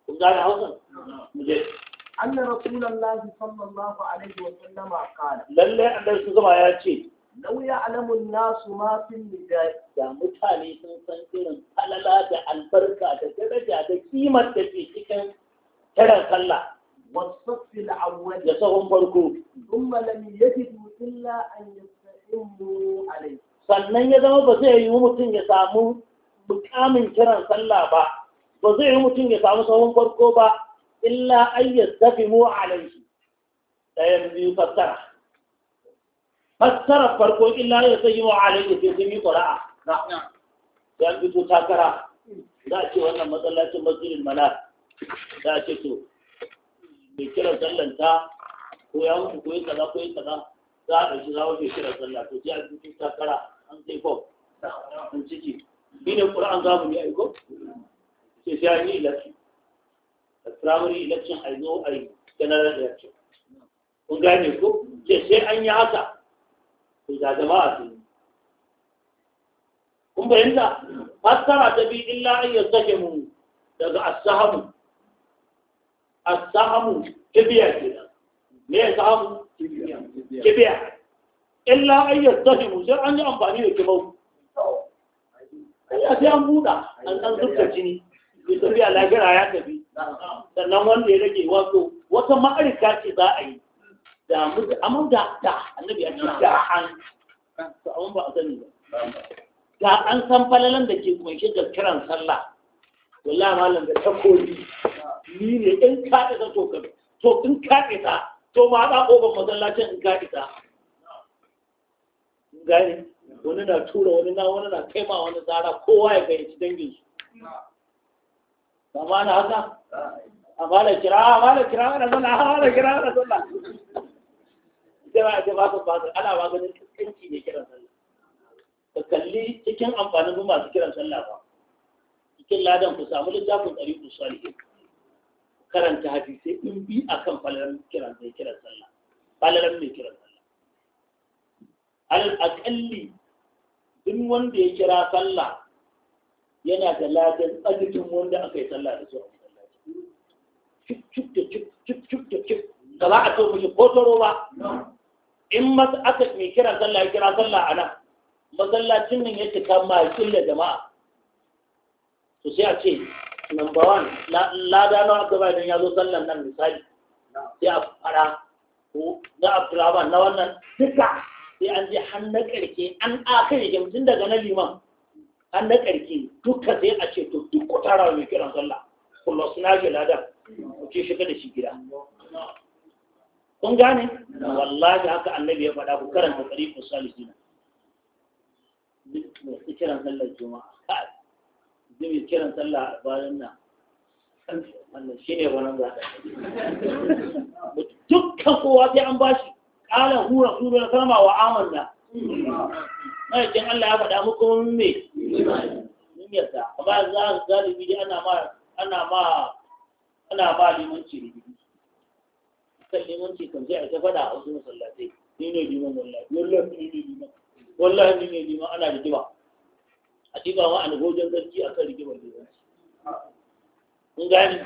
kun gane hausa mu je أن رسول الله صلى الله عليه وسلم قال لله ya ce. لو يعلم الناس ما في النداء da mutane sun san irin falala da albarka da daraja da kimar da ke cikin kiran sallah wasafi al'awwal da sahun farko thumma lam yajidu illa an yasta'imu alayhi sannan ya zama ba zai yi mutum ya samu mukamin kiran sallah ba ba zai yi mutum ya samu sahun farko ba illa ayyar zafi mu alaihi ɗayan biyu fassara fassara farko illa ya yi mu alaihi sai sun yi ƙura'a na ya fito takara za a ce wannan matsalacin masjidin mana za a ce to mai kiran sallanta ko ya mutu ko yi kaza ko yi kaza za a ɗauki za a wuce kiran sallah to sai a fito takara an sai ko an ciki دين القرآن ذا من يأيكو تسياني إلكي أترامري إلكي حيثو أي تنرى إلكي ونقال يكو تسي أن يعطى إذا دماغت هم بإن لا أترى تبي إلا أن يتكموا تضع السهم السهم كبيع كده ليه سهم كبيع إلا أن يتكموا سيرا أن يأمباني لكي موت ya an buɗa an ɗan zubta jini ya tafi a lahira ya tafi sannan wanda ya rage wato wata ma'arika ce za a yi da mutu amma da da annabi ya ce da an to amma ba a sani ba da an san falalan da ke kunshe da kiran sallah wallahi malam da takobi ni ne in ka isa to ka to in ka isa to ma da ba masallacin in ka isa gane wani na tura wani na wani na kai wani tsara kowa ya gayyaci dangin su amma na haka amma da kira amma da kira da zana amma da kira ana zana sai ba a ba su ba su ana ba ganin kankanci ne kiran sallah ka kalli cikin amfanin bin masu kiran sallah ba cikin ladan ku samu littafin ɗari ku salihin karanta hadisai in bi akan falalan kiran sai kiran sallah falalan mai kiran sallah alal akalli duk wanda ya kira sallah yana da ladan tsagitin wanda aka yi sallah da su a masallaci cuk da cuk cuk cuk da cuk ba za a kai ko kotoro ba in masa aka mai kira sallah ya kira sallah a nan masallacin nan ya cika makin da jama'a to sai a ce number one lada nawa aka ba idan ya zo sallan nan misali sai a fara ko na abdulrahman na wannan duka sai an je har na karke an aka yi tun daga na liman an na karke duka sai a ce to duk ku mai kiran sallah kullu suna ke da ku ce shiga da shi gida kun gane wallahi haka annabi ya faɗa ku karanta tsariƙu salihin duk mai kiran sallah juma'a kai zai kiran sallah bayan nan wannan shine wannan zaɓe dukkan kowa sai an bashi qala hu rasulullah sallama wa amanna mai Allah ya faɗa muku mun me mun yarda amma za su galibi dai ana ma ana ma ana ma limanci ne kan limanci kan sai a ta faɗa a wasu masallatai ni ne liman wallahi wallahi ni ne liman wallahi ni ne liman ana da diba a diba ma a nagojin gaski a kan rigimar limanci mun gani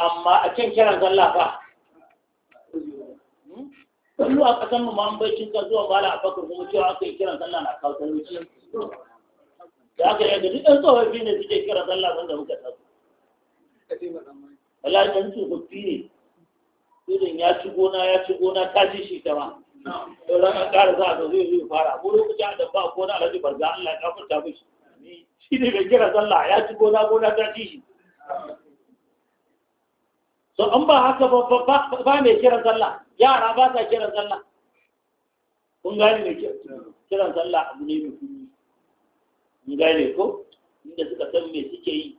amma a can kiran sallah fa kallu a kasan mu man bai cinka zuwa bala a fakar kuma cewa aka yi kiran sallah na kawo talauci da aka yi da duk ɗan fi ne suke kiran sallah sun da muka taso Allah ɗan fi ne irin ya ci gona ya ci gona ta ci shi ta ma ɗauran an ƙara za a zai zai fara ko lokacin a ko na alhaji barza Allah ya ta mishi shi ne bai kiran sallah ya ci gona gona ta ci shi to an ba haka ba mai kiran sallah yara ba sa kiran sallah kun gane mai kiran sallah abu ne mai kuni kun gane ko inda suka san me suke yi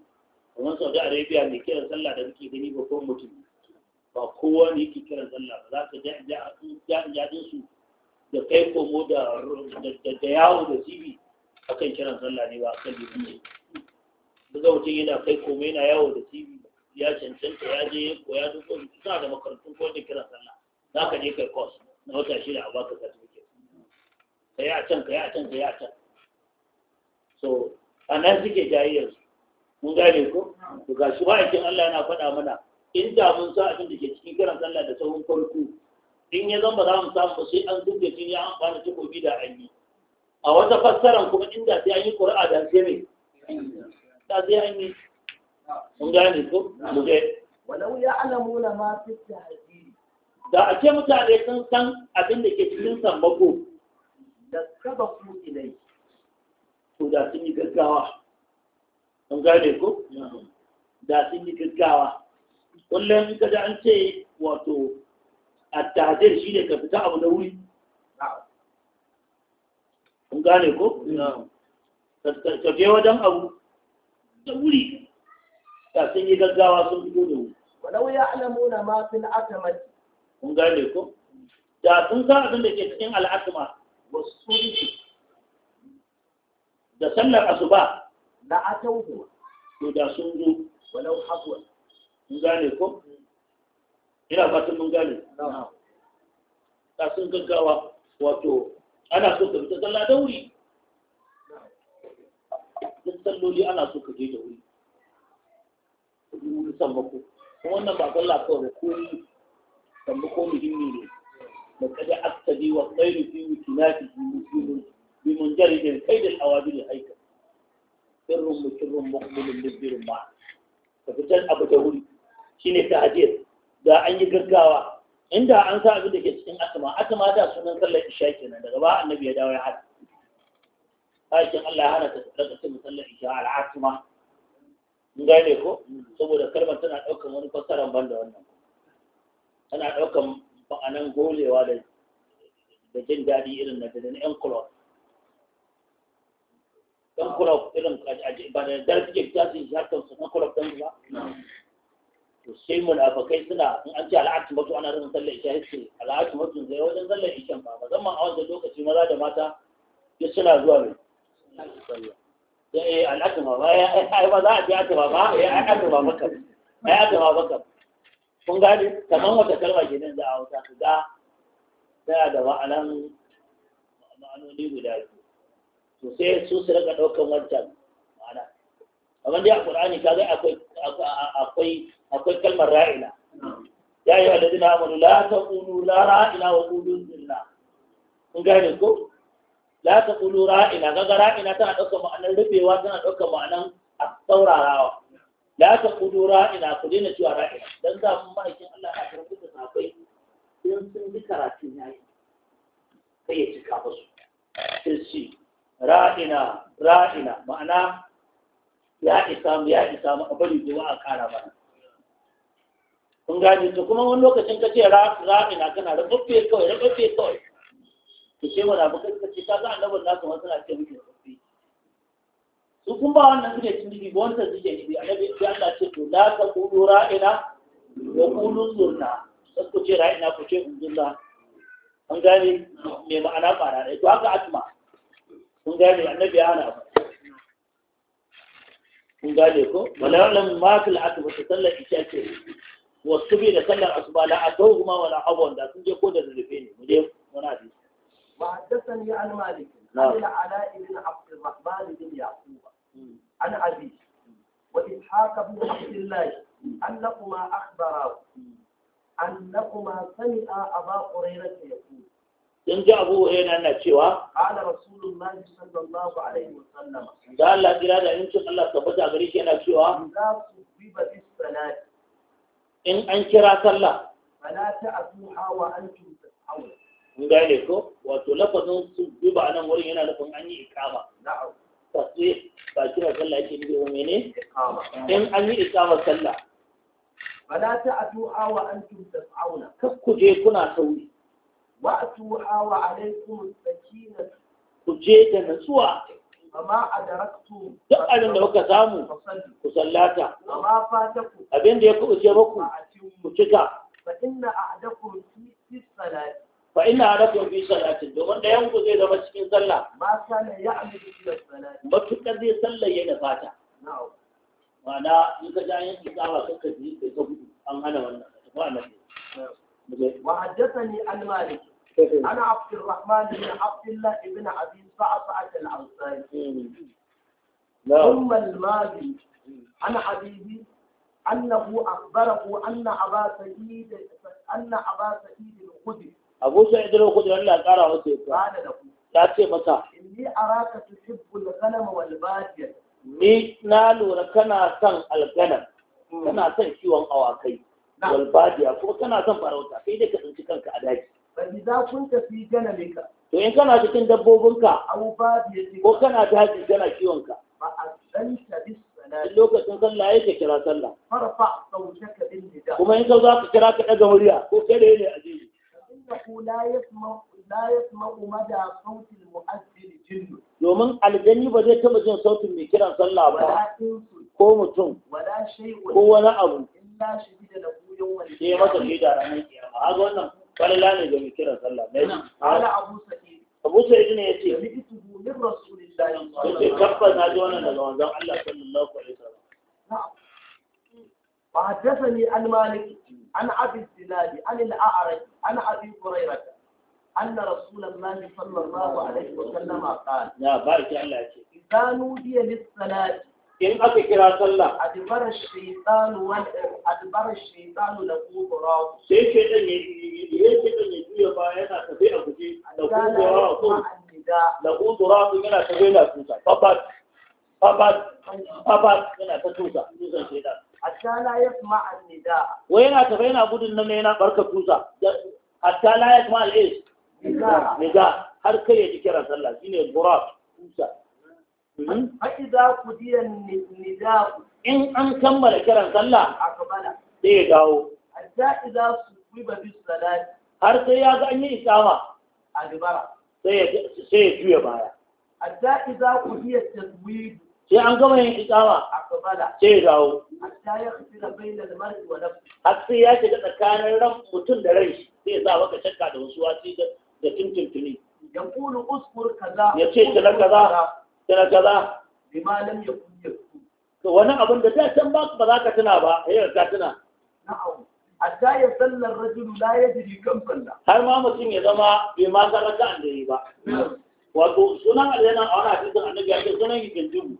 kamar saudi arabia mai kiran sallah da muke gani ba ko mutum ba kowa ne yake kiran sallah ba za ka jaɗin su da kai komo da yawo da cibi a kan kiran sallah ne ba a kan limin ne ba mutum yana kai komo yana yawo da cibi ba ya cancanta ya je ya koya duk wani suna da makarantun ko da kira sallah za ka je kai kos na wata shida a baka certificate ka yi a can ka yi a can ka yi a can so a nan suke jayayyar mun gane ko to ga shi ma'aikin Allah yana faɗa mana in da mun sa abin da ke cikin kiran sallah da sauran farko in ya zama za mu samu ba sai an zubda jini an amfani takobi da an yi a wata fassara kuma inda sai an yi ƙura'a da sai ne da sai an yi mun gane ko mu je walau ya alamu la ma fi da a ce mutane sun san abin da ke cikin sammako da saba ku ilai to da sun yi gaggawa gane ko da sun yi gaggawa kullum ka da an ce wato at shi ne ka fita abu da wuri kun gane ko ka je wajen abu da wuri da sun yi gaggawa sun fito da wuri walau ya alamuna ma fil atamati kun gane ko da sun san abin da ke cikin al'atuma wasu da sallar asuba da atauhu to da sun zo walau habwa kun gane ko ina fatan mun gane da sun gaggawa wato ana so ka fita sallah da wuri duk salloli ana so ka je da wuri wuri sammako kuma wannan ba sallah kawai ba komi sammako muhimmi ne da kaje aktadi wa tsairu fi wutinati bi da kaidin awabil haika sirrun mukirrun muqbilun libirin ma. ka fitar abu da wuri shine ta ajiyar. da an yi gaggawa inda an sa abin da ke cikin asama asama da sunan sallar isha kenan daga ba annabi ya dawo ya hada aikin Allah ya hana ta daga cikin sallar isha al'asuma in gane ko saboda kalmar tana ɗaukan wani fassara ban da wannan tana ɗaukan ma'anan golewa da da jin daɗi irin na da yan ƴan kulob ƴan kulob irin ba da dar suke fita su yi harkar su na kulob ɗan ba to sai munafakai suna in an ce al'adun mutu ana rin sallar isha yake al'adun mutu zai wajen sallar isha ba musamman a wanda lokaci maza da mata duk suna zuwa mai sallah eh al'atuma ba ba za a ce atuma ba eh kun gane kamar wata kalma ke nan a wuta su ga tana da ma'anan ma'anoni guda biyu to sai su su ɗaukan wancan ma'ana kamar dai a ƙur'ani ka akwai akwai kalmar ra'ina ya yi wa da zina amanu la ta ƙulu la ra'ina wa ƙulu zilla kun gane ko la ta kulu ra'ina gaga ra'ina tana ɗauka ma'anar rufewa tana ɗauka ma'anar a saurarawa la ta kulu ra'ina ku daina cewa ra'ina don za mu ma'aikin Allah a karɓi da safai sun sun ji karatu na yi kai ya cika musu sai shi ra'ina ra'ina ma'ana ya isa mu ya isa mu a bari jiwa a kara ba. kun gani to kuma wani lokacin ka ce ra'ina kana rababbe kawai rababbe kawai to sai munafikai suka ce ta ka ga annabin nasu wasu na ce muke tsoffi su kun ba wannan suke cin jiki ba wannan suke ciki annabi sai ta ce to la ta qulu ra'ina wa qulu zurna sai ku ce ra'ina ku ce unzulla an gane me ma'ana fara dai to haka atma kun gane annabi ya hana ba kun gane ko walalam ma fil atma ta sallar isha ce wasu bi da sallar asuba la kuma wala hawwan da sun je ko da zulufe ne mu je wani hadisi وحدثني عن مالك عن علاء بن عبد الرحمن بن يعقوب عن أبي وإسحاق بن عبد الله أنكما أخبراه أنكما سمع أبا هريرة يقول in ji abu yana na cewa ala rasulullahi sallallahu alaihi wasallam da Allah kira da in cin Allah tabbata gare shi yana cewa za su bi ba in an kira sallah fala ta'tuha wa antum tasawun mun gane ko wato lafazin su duba nan wurin yana nufin an yi ikama sai ba kira sallah yake nufi wa mene in an yi ikama sallah wala ta atu'a wa antum tas'auna je kuna sauri wa atu'a wa alaikum sakina kuje da nasuwa amma adaraktu duk abin da kuka samu ku sallata amma ku abin da ya kuɓuce muku ku cika fa inna a'dakum fi salati fa ina hadakum fi salatin domin da yanku zai zama cikin sallah ma kana ya'budu ila salati matukar zai sallah yana fata na'am ma'ana in ka ja yanki tsawa kanka ji da ka gudu an hana wannan ba nan wa haddathani al malik عن عبد الرحمن بن عبد الله بن ابي صعصعة الانصاري ثم الماضي عن حبيبي انه اخبره ان ابا سعيد ان ابا سعيد الخدري abu sai idira ku da Allah kara masa yasa ya ce masa inni araka tuhibbul ghanam wal badiyah ni na lura kana son algana hmm. kana son kiwon awakai wal badiya ko kana son farauta sai dai ka tsinci kanka a daji fa idza kunta fi ka. to in kana cikin dabbobinka ko kana daji kana ka? ba a tsanta bis In lokacin sallah yake kira sallah farfa sautaka bin nida kuma in ka za ka kira ka daga murya ko kare ne a jini yantahu la yasma la yasma mada muazzin domin aljani ba zai taba jin sautin mai kiran sallah ba ko mutum wala ko wani abu illa shidda da wani sai ranar kiyama wannan falala ne ga mai kiran sallah mai ala abu sa'id abu sa'id ne yace min rasulillahi sallallahu alaihi wasallam na ji wannan daga manzon Allah sallallahu alaihi wasallam وحدثني عن مالك عن عبد الزناد عن الاعرج عن ابي هريره ان رسول الله صلى الله عليه وسلم قال يا بارك الله فيك اذا نودي للصلاه ان اتي كرا صلاه ادبر الشيطان وادبر الشيطان له غراب شيء شيء ده ميه شيء ده ميه يا باه انا كفي ابوجي له غراب له غراب يلا كفي لا تنسى بابا بابا بابا يلا تنسى تنسى شيء ده hatta la yasma an-nida wai yana tafe yana gudun nan yana barka tusa hatta la yasma al-is nida har kai ya ji kiran sallah shine burat tusa hmm? Hmm? fa idza qudiya nida in an kammala kiran sallah akbala sai ya dawo hatta idza suwiba bis salat har sai ya ga an yi ikama adbara sai ya sai ya juya baya hatta idza qudiya taswib sai an gama yin ikama sai ya dawo har sai ya shiga tsakanin ran mutum da rai sai za sa maka shakka da wasu wasi da tuntuntuni ya kaza ya ce tana kaza tana kaza bima ya yakun yakun wani abin da ta can ba ba za ka tuna ba sai ka tuna na'am hatta ya sallar rajulu la yajri kam har ma mutum ya zama bai ma zaraka an da yi ba wato sunan aljanna a wani hadisin annabi ake sunan shi kenzubu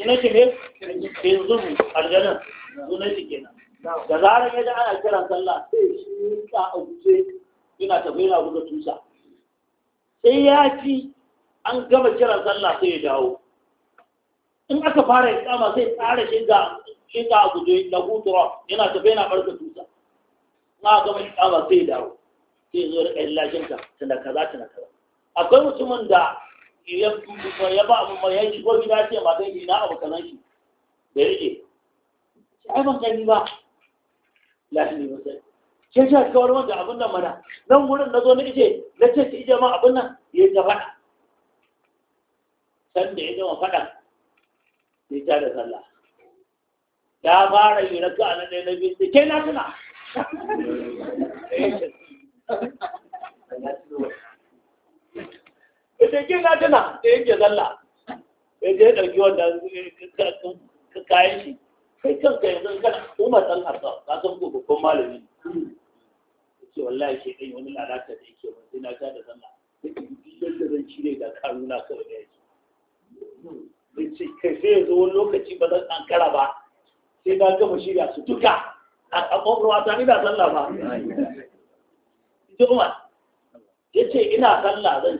ina ce ne kenzubu aljanna sunan shi kenan da zarar ya ji ana kiran sallah sai shi ta a guje yana tafi yana tusa sai ya ci an gama kiran sallah sai ya dawo in aka fara ikama sai tsara shiga shiga a guje da hutura ina tafi na barka tusa na gama ikama sai ya dawo sai zo da ƙayyar lashinka tana kaza tana kaza akwai mutumin da ya ba a mai shi ko gida ce ba zai gina abu kanan shi da rike ai ban gani ba lafi ne musai ce shi a kawar wanda abin nan mana nan wurin na zo na ije na ce ki ije ma abin nan ya ta faɗa san da ya gama faɗa ya ta da sallah ya fara yi raka a nan na biyu ke na tuna *laughs* *laughs* yace na tana da yake zalla ya je ɗauki wannan kayan shi kanka san ko malami ce wallahi shi ɗan wani lalata na da yadda zan da ce kai ya zo lokaci ba zan ba sai na gama a ta ina sallah ba ce ya ce ina sallah zan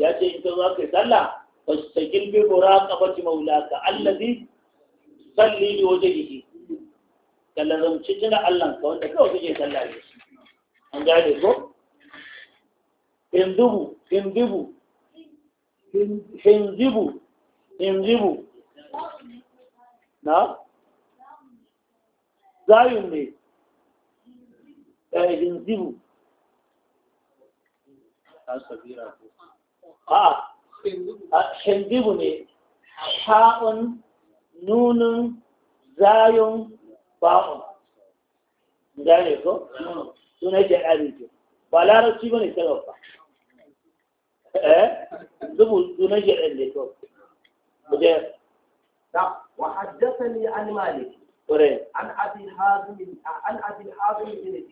ya ce in ka zo ka kai sallah fastaqil bi muraqabati maulaka allazi salli li wajhihi kallazan cikin Allah ka wanda kawai kake sallah da shi an ga gane ko indubu indubu hindubu hindubu na zayun ne eh, hindubu ta sabira ko a shindibu ne sha'un nunun zayun ba'un gane ko sunan ja'ari ke ba larabci ba ne ta ba eh zubu sunan ja'ari ne ko muje da wa haddathani an an abi hazim an abi hazim ne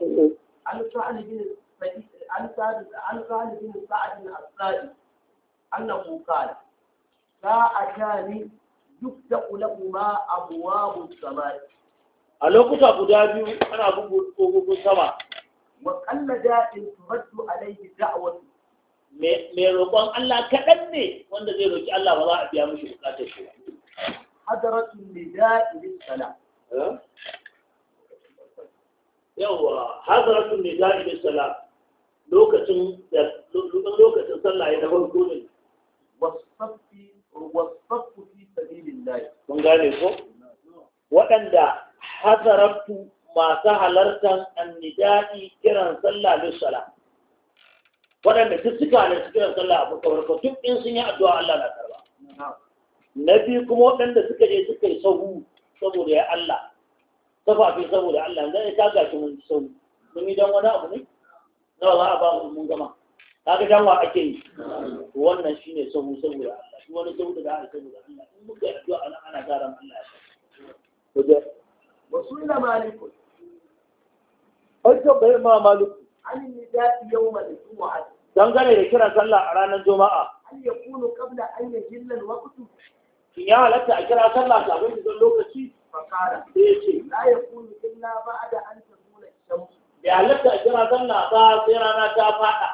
ne. an sa'al ne an عن سعد عن سعد بن سعد الأنصاري أنه duk da يفتح لهما أبواب السماء a lokuta guda biyu ana bugu kogogon sama wa kalla da'in turaddu alaihi da'watu Mai roƙon Allah kaɗan ne wanda zai roƙi Allah ba za a biya mishi bukatar shi ba hadaratul nida'i lis-sala eh? yawa hadaratul nida'i lis-sala lokacin da lokacin sallah ya dabar kodin wasaffi wasaffu fi sabilillah kun gane ko waɗanda hazaratu masu halartar annidai kiran sallah lissala waɗanda duk suka halarci kiran sallah a farko duk in sun yi addu'a Allah na karba na biyu kuma waɗanda suka je suka yi sahu saboda ya Allah safafi saboda Allah yanzu ya kaga shi mun sahu mun yi dan wani abu ne nawa za a ba mu mun gama Ta kaga danwa ake yi wannan shi ne sahu saboda Allah shi wani sahu da za a saboda Allah in muka yi addu'a nan ana gara mu Allah ya kaje wasu ila maliku an tambaye ma maliku an ni dadi yawmal jumu'ah dangane da kiran sallah a ranar juma'a an yakunu qabla an yajilla alwaqtu shin ya halatta a kira sallah kafin da lokaci fakara sai ya ce la yakunu illa ba'da an tamula shamsu bai halatta a kira sallah ba sai rana ta fada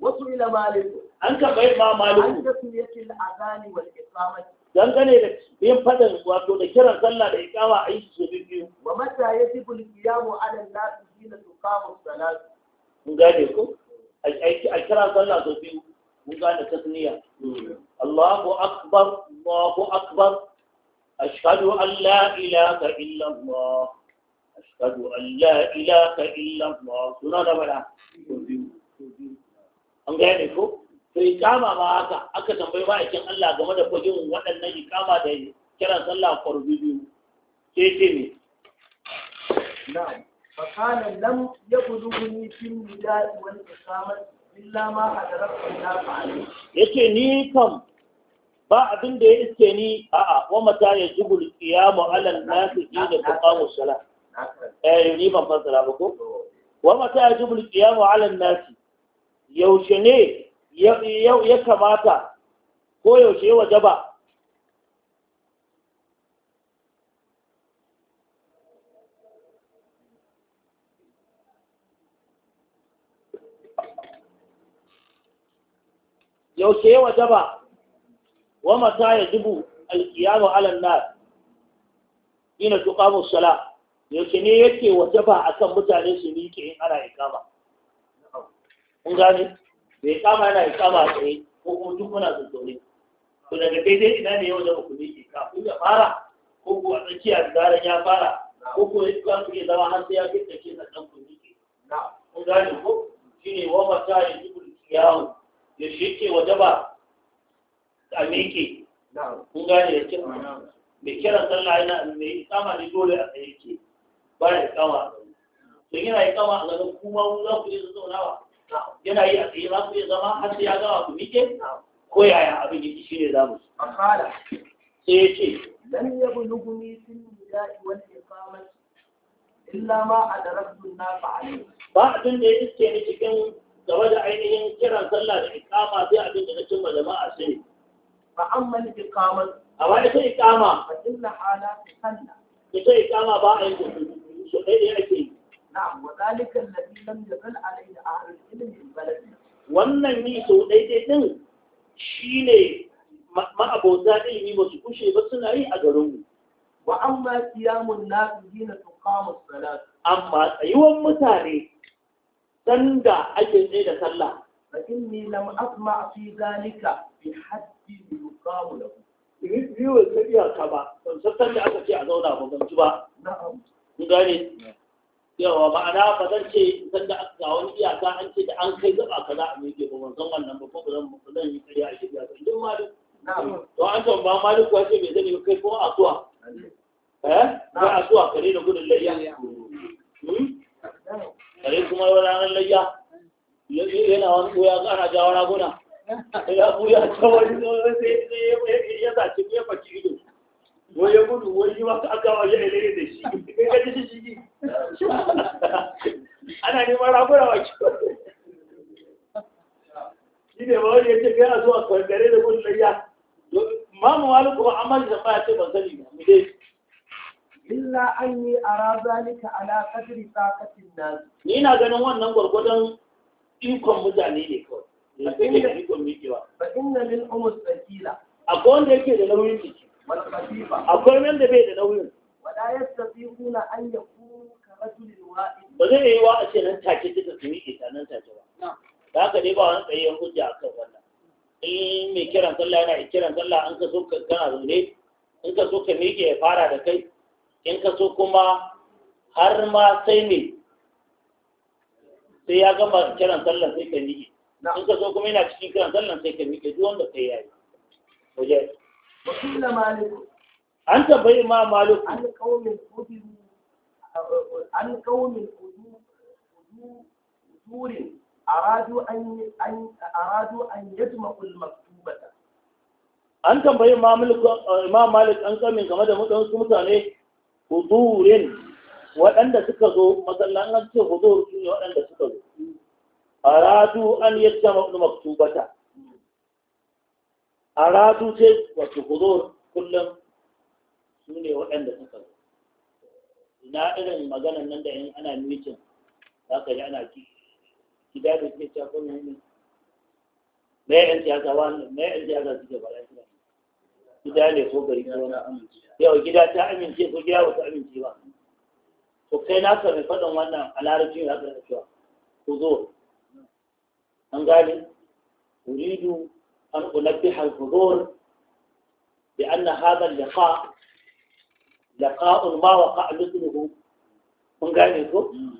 wasu ila maliku an ka bai ma maliku an da su yake azani wal iqamati dangane da yin fadin wato da kiran sallah da iqama a yi su biyu wa mata yajibu al qiyamu ala an-nas hina tuqamu salat mun gane ku! a kira sallah so biyu mun gane tasniya Allahu akbar Allahu akbar ashhadu an la ilaha illa Allah أشهد أن لا إله إلا الله سنة ولا an gane ko to ikama ba haka aka tambayi ma'aikin Allah game da kwajin waɗannan ikama da kiran sallah kwarbi biyu sai ce ne na'am fakana lam yablughuni fil nida'i wal iqamati illa ma adraktu la fa'ali yace ni kam ba abin da ya iske ni a'a wa mata ya jibul qiyamu ala nasi da tuqamu salat eh ni ban fassara ba ko wa mata yajibul qiyamu ala nasi yaushe ne ya kamata ko yaushe wajaba yaushe ya wajaba wa mata ya jibu alkiyamu alan nas ina tuqamu salat yake ne yake waje ba a kan mutane su miƙe in ana ikama kun gane da kama yana ikama a tsaye ko kuma duk muna zazzaune to daga dai ina ne yau da ku ka kafin ya fara ko ku a tsakiya da zaran ya fara ko ku tsaka ku iya zama har sai ya fi tsaki na ɗan ku miƙe kun gane ko shi ne wa mata ya ji ya shi yake waje ba a miƙe kun gane ya ce mai kiran sallah yana mai kama ne dole a tsaye ke ba kama yana yi a gaban kuma mu za ku zauna zaunawa yana yi a tsaye za ku iya zama har sai ya gama ku miƙe ko yaya abin yake shi ne za mu sai ya ce lan yabu nugumi sun bila'i wani ikamati illa ma a darabtun na fa'ali ba abin da ya iske ni cikin gaba da ainihin kiran sallah da ikama sai abin da na cimma jama'a shi ne fa amma ni ikama amma ita ikama fa inna halatu sanna ita ikama ba a yin gudu Su ɗaya ake yi na'am wa zalika alladhi lam yazal alayhi ahlul ilmi wannan yi so daidai din shine ma'abota ilimi ba su kushe ba suna yi a garin mu wa amma siyamun nasu tuqamu salat amma tsayuwan mutane sanda ake tsaye da sallah فإني لم أسمع في ذلك بحد يقام له. Ni wa sai ya ka ba, ban san da aka ce a zauna ba ban ba. Na'am. mun gane yawa ma'ana ba zan ce zan da ga wani iyaka an ce da an kai gaba kaza a miƙe ba ban san wannan ba ko ba zan ba zan yi kariya a shirya ba idan malik to an tamba malik kuwa ce zan zani kai ko asuwa eh ba asuwa kare da gudun layya hmm? kare kuma wani ranar layya yana wani koya ga ana jawo raguna ya buya ta wani sai ya zaci ya faci ido wai ya gudu wai yi wasu aka wa ya ilere da shi kai ka shi shi ana neman ragura wa shi ne ba wani ya ce kai a zuwa kwargare da gudun layya mamu wani kuma an maji zama ya ce ban sani ba mu dai illa an yi a razalika ala kadiri sakatin na. ni na ganin wannan gwargwadon ikon mutane ne kawai da ikon mikewa fa inna min umus tsakila akwai wanda yake da nauyin jiki akwai nan da bai da nauyin ba zai yi wa a ce nan take duka su yi ita nan take ba da haka dai ba wani tsayayyen hujja a kan wannan in mai kiran sallah yana kiran sallah an ka so ka kana zaune in ka so ka miƙe ya fara da kai in ka so kuma har ma sai ne sai ya gama kiran sallah sai ka miƙe in ka so kuma yana cikin kiran sallah sai ka miƙe duk wanda kai yi wajen an tabbai ma malik an kaumin kudu an kaumin kudu kudurin aradu an aradu an yajma'ul maktubata an tambayi imam malik an kamin game da su mutane kudurin waɗanda suka zo masallacin hudur su ne waɗanda suka zo aradu an yadda maktubata a ratu ce wato huzur kullum su ne waɗanda suka zo ina irin maganan nan da yin ana mitin za ka ji ana ki gida da ke cakon ne me yan siyasa wani mai yan siyasa shi ba gida ne ko gari ko amince. yau gida ta amince ko gida ba ta amince ba to kai na ka mai faɗin wannan a larabci ne za ka rika cewa huzur an gane uridu أن أنبح الحضور بأن هذا اللقاء لقاء ما وقع مثله من قال لكم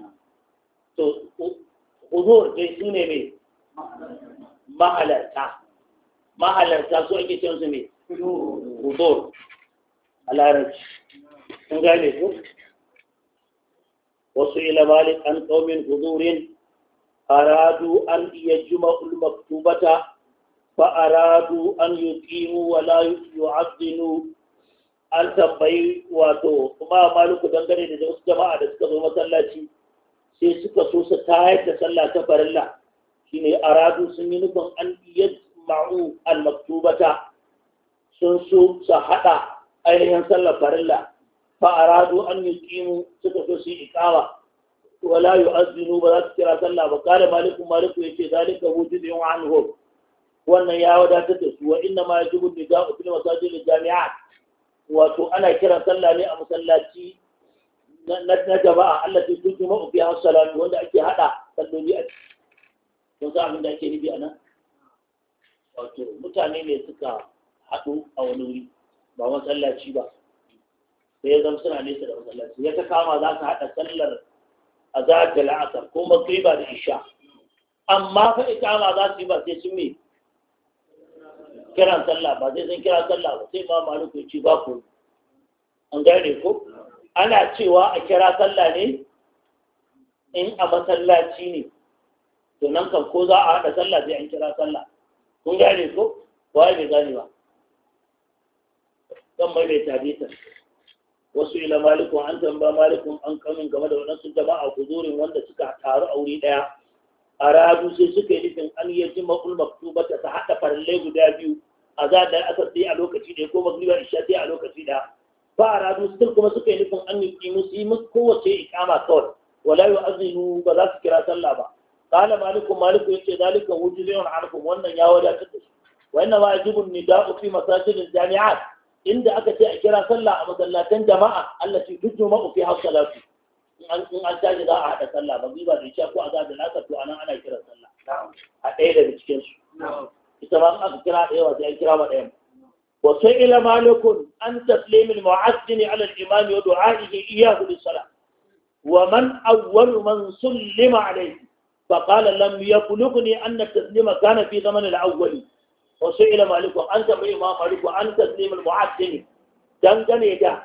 حضور في سنة ما ألعتا ما ألعتا سوء كي تنسمي حضور على رجل من قال لكم وسئل مالك أن قوم حضور أرادوا أن يجمعوا المكتوبة an yi أن يقيموا ولا يعدلوا an tambayi wato kuma maluku dangane da wasu jama'a da suka zo masallaci sai suka so su tayar da sallah ta farilla shine aradu sun yi nufin an yajma'u al-maktubata sun so su haɗa ainihin sallah farilla fa aradu an yuqimu suka so su iqama wala yu'azzinu ba za su kira sallah ba kare maliku maliku yace zalika wujudun anhu wannan ya wadatar da su wa inna ma yajibu nida'u fil masajid al jami'at wato ana kiran sallah ne a masallaci na jama'a allati tuki fiha as-salat wanda ake hada salloli a cikin san abin da ake nufi anan wato mutane ne suka haɗu a wani wuri ba masallaci ba sai ya zama suna nesa da masallaci ya ta kama za ka haɗa sallar a za ta la'asar ko magriba da isha amma fa ikama za su yi ba sai sun yi. kiran sallah ba sai sun kira sallah ba sai ma maliku ko ci ba ku an gane ko ana cewa a kira sallah ne in a masallaci ne to nan kan ko za a haɗa sallah sai an kira sallah kun gane ko wai bai gane ba kan mai bai tabita wasu ila malikun an tamba malikun an kamin game da wannan jama'a guzurin wanda suka taru a wuri daya aradu sai suka yi nufin an yi jima ulmaktuba ta haɗa farallai guda biyu a za da asar sai a lokaci ɗaya ko magriba isha sai a lokaci ɗaya fa aradu still kuma suka yi nufin an yi kimu su yi musu kowace ikama kawai wala yu azinu ba za su kira sallah ba qala malikum maliku yace zalika wujuzun ankum wannan ya wadatar da su wa inna ma yajibu da fi masajidil jami'at inda aka ce a kira sallah a masallatan jama'a allati hausa fiha salatu in an tashi za a haɗa sallah ba ba da isha ko a zaɗa nasa to nan ana kiran sallah a ɗaya daga cikin su ita ba aka kira ɗaya wa sai an kira ma ɗayan wa sai ila malikun an taslimin mu'azzini ala al-imam wa du'a'ihi iyyahu lis-salah wa man awwalu man sullima alayhi فقال لم يبلغني أن التسليم كان في زمن الأول وسئل مالك أنت من إمام مالك وأن تسليم المعدن دنجني ده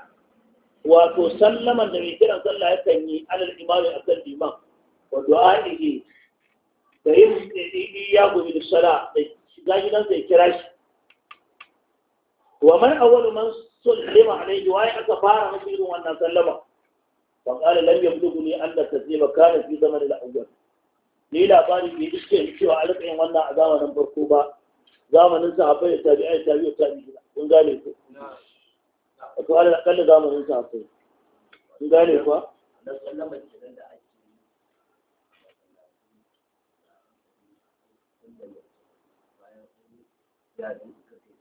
wato sallaman da mai kiran sallah yakan yi alal imami akan liman wa du'a'ihi da yin tsidi ya gobe da sala da shiga gidan sai kira shi wa man awwalu man sallama alaihi wa aka fara mashi irin wannan sallama fa qala lam ni anna tasliba kana fi zaman al-awwal ni labari bi iske cewa alƙayin wannan a zamanin farko ba zamanin sahabbai da tabi'ai tabi'ai tabi'ai kun gane na'am a ko ala kalli zamanin sa akwai in gane kuwa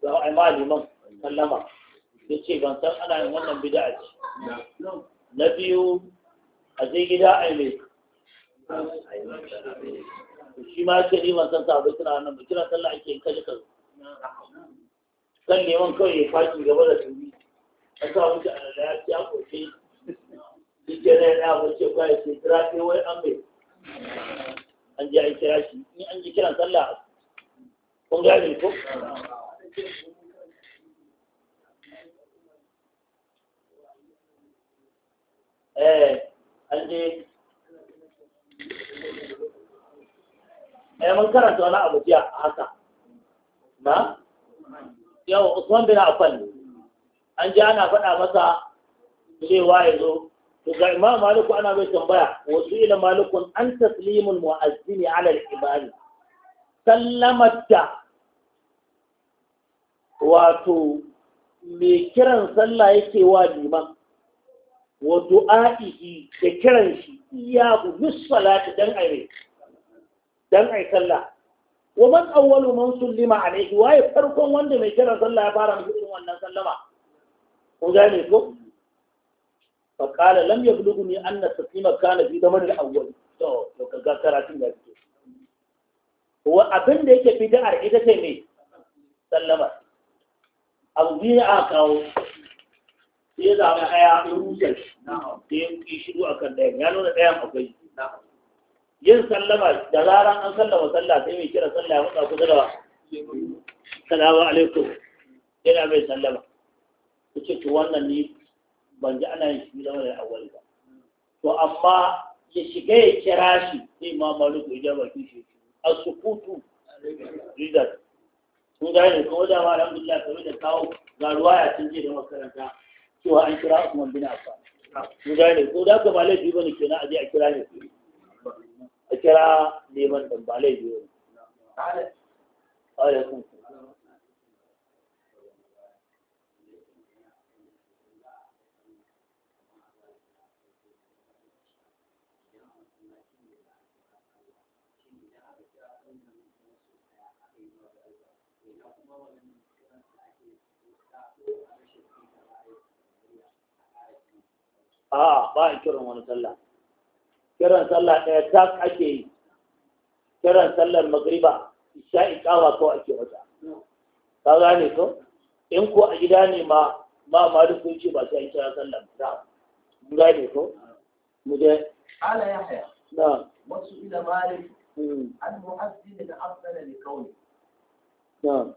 za a yi ma liman sallama ya ce ban san ana yin wannan bida'a ce na biyu a je gida a yi mai shi ma yake liman san sabai suna nan ba kira sallah ake yin kaji kan neman kawai ya faki gaba da turi a sa muke a da ya koke shi ke nan ya wace kwaya ce kira sai wai an bai an ji an kira shi ni an ji kiran sallah kun gane ko eh an je eh mun karanta wani abu jiya a haka na yawa usman bin affan ne an ji ana faɗa masa cewa ya zo to ga imam maliku ana mai tambaya wasu ila malikun an taslimul mu'azzini ala al ibadi sallamatta wato mai kiran sallah yake wa liman wa du'a'ihi da kiran shi iya bu misalati dan ai dan ai sallah wa man awwalu man sallima alayhi wa ya farkon wanda mai kiran sallah ya fara mutum wannan sallama kun gane ko fa qala lam yablughni anna taqima kana fi zaman al-awwal to to ga karatun da ke wa abin da yake bid'ar ita ce me sallama abu biyu a kawo sai zaɓi ɗaya ya rushe da ya ƙi shiru a kan ɗayan ya nuna ɗayan akwai yin sallama da zaran an sallama sallah sai mai kira sallah ya matsa kusa da wa salamu alaikum yana mai sallama kuce ce to wannan ni ban ji ana yin shi da wani awal ba to amma ya shiga ya kira shi sai ma ko ya baki shi a sukutu rizal sun gane Ko da ma alhamdulillah kamar da kawo ga ruwaya sun je da makaranta cewa an kira Usman bina fa sun gane ko da ka ba laifi bane kenan a je a kira ne a kira neman dan ba laifi bane alaikum salam a ba a kiran wani sallah kiran sallah ɗaya ta ake yi kiran sallar magriba isha'i ikawa ko ake wata ka gane ko in ko a gida ne ma ma ma duk kun ce ba sai an kira sallar ba mun gane ko mu je ala yahya na wasu ila malik hmm. an mu'azzin da afdala li kauni na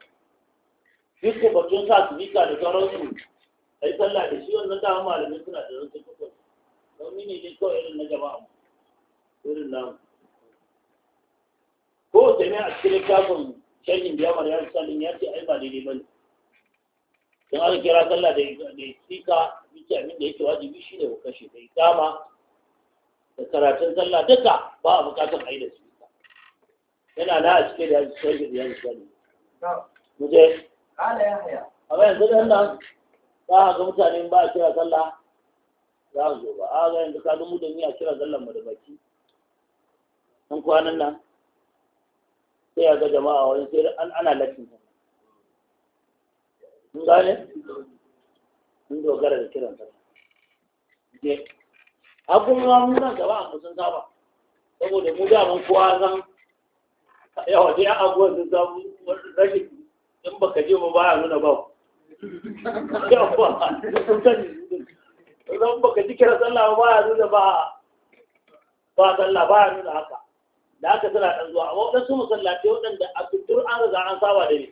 Bikin batun sa su da sauransu ai sallah da shi wannan dama malamin suna da zance kuka don ne dai kawai irin na jama'a irin na ko da ne a cikin littafin shakin biya mara yari ya ce ai ba daidai ba ne don aka kira sallah da ya tsika yake abin da yake wajibi shi ne kashe kai dama da karatun sallah duka ba a bukatar aida su yana na a cikin da ya shakin biya mara mu je. Kala ya haya. A bayan zai nan za ga mutane ba a kira sallah za a zo ba a ga yanzu ka ga mu da ni a kira sallar mu da baki an kwanan nan sai a ga jama'a wani sai an ana lakin mun gane mun dogara da kiran sallah ne abubuwa mun nan gaba a kusan saba saboda mu daman kowa san yawa dai abubuwan sun samu rashin in baka je mu ba a nuna ba ku yawa idan baka ji kira sallah ba ya nuna ba ba sallah ba ya nuna haka da haka tana ɗan zuwa amma waɗansu masallaci waɗanda a fitur an riga an saba da ne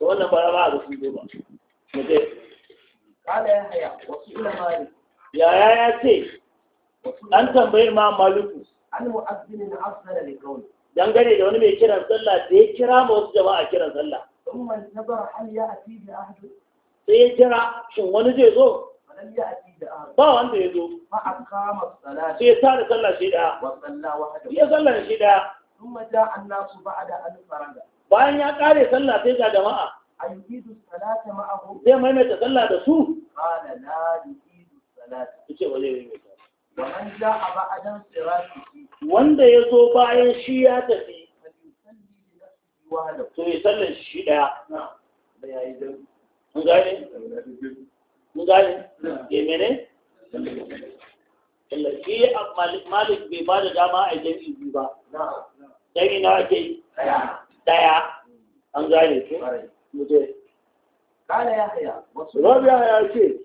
to wannan ba ba ga sun zo ba mu je kala ya haya wasu ilmari yaya ya ce an tambayi ma maluku an mu'azzinin asara da kawai dangane da wani mai kiran sallah da ya kira ma wasu jama'a kiran sallah ثم ya هل يأتي بأحد sai jira shin wani zai zo ba wanda ya zo sai ya tada sallah shi daya ya sallah shi daya bayan ya kare sallah sai ga jama'a zai maimaita sallah da su ba wanda ya zo bayan shi ya tafi to ya sallar shi ɗaya mun gane mun gane eh, mene malik bai ba da dama a jami'i biyu ba jami'i na ake yi ɗaya an gane su mutu قال يحيى ya يحيى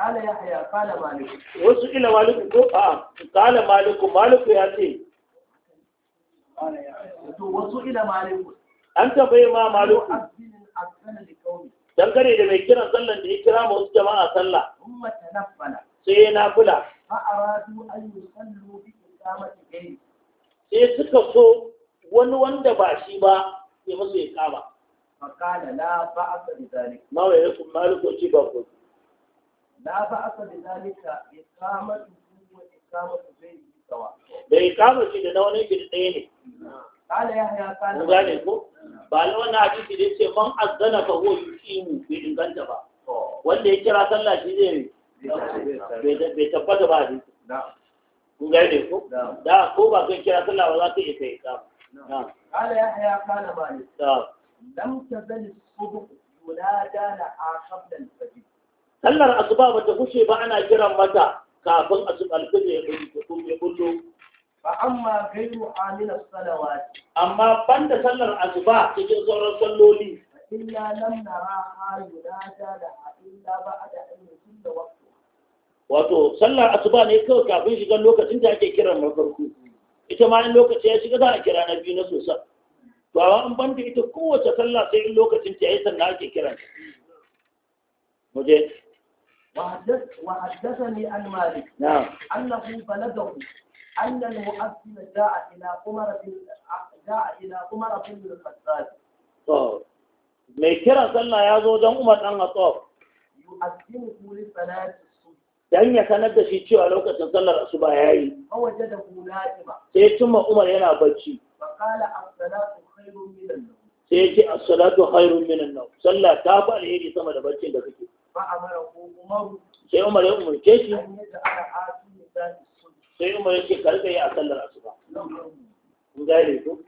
قال يحيى قال مالك وسئل مالك قال مالك مالك يا an tambaye ma malu Dangare da mai kiran sallan da ya kira ma wasu jama'a sallah sai ya nafula sai suka so wani wanda ba shi ba ya musu ya kama فقال لا بأس بذلك ما ba مالك وجيبكم لا بأس بذلك sawa da shi da na wani da ɗaya ne kala ya haya kana gane ko ba la wannan hadisi da yace man azzana fa huwa yuqimu bi inganta ba wanda ya kira sallah shi zai bai tabbata ba hadisi mun gane ko da ko ba kai kira sallah ba za ka iya kai ka kala ya haya sallar asuba bata kushe ba ana kiran mata kafin a su alfin ya kai ko kuma ya kullo Ba amma mu amina salawat amma da sallar asuba cikin sauran salloli illa lam nara Raha, yudada da illa ba'da an yusulla waqtu wato sallar asuba ne kawai kafin shigar lokacin da ake kiran na farko ita ma in lokaci ya shiga za a kira na biyu na sosa. to amma ban da ita kowace sallah sai in lokacin ta yi sannan ake kiran muje وحدثني عن مالك أنه أن المؤذن جاء إلى عمر بن جاء إلى عمر بن الخطاب kiran sallah ya zo don umar ɗan dan ya sanar da shi cewa lokacin sallar asuba ya yi sai cimma umar yana bacci sai ya ce assalatu khairun minan nan. sallah ta fi alheri sama da barcin da kake sai umar ya umarce shi sai umar ya ce karka yi a sallar asuba in gane ko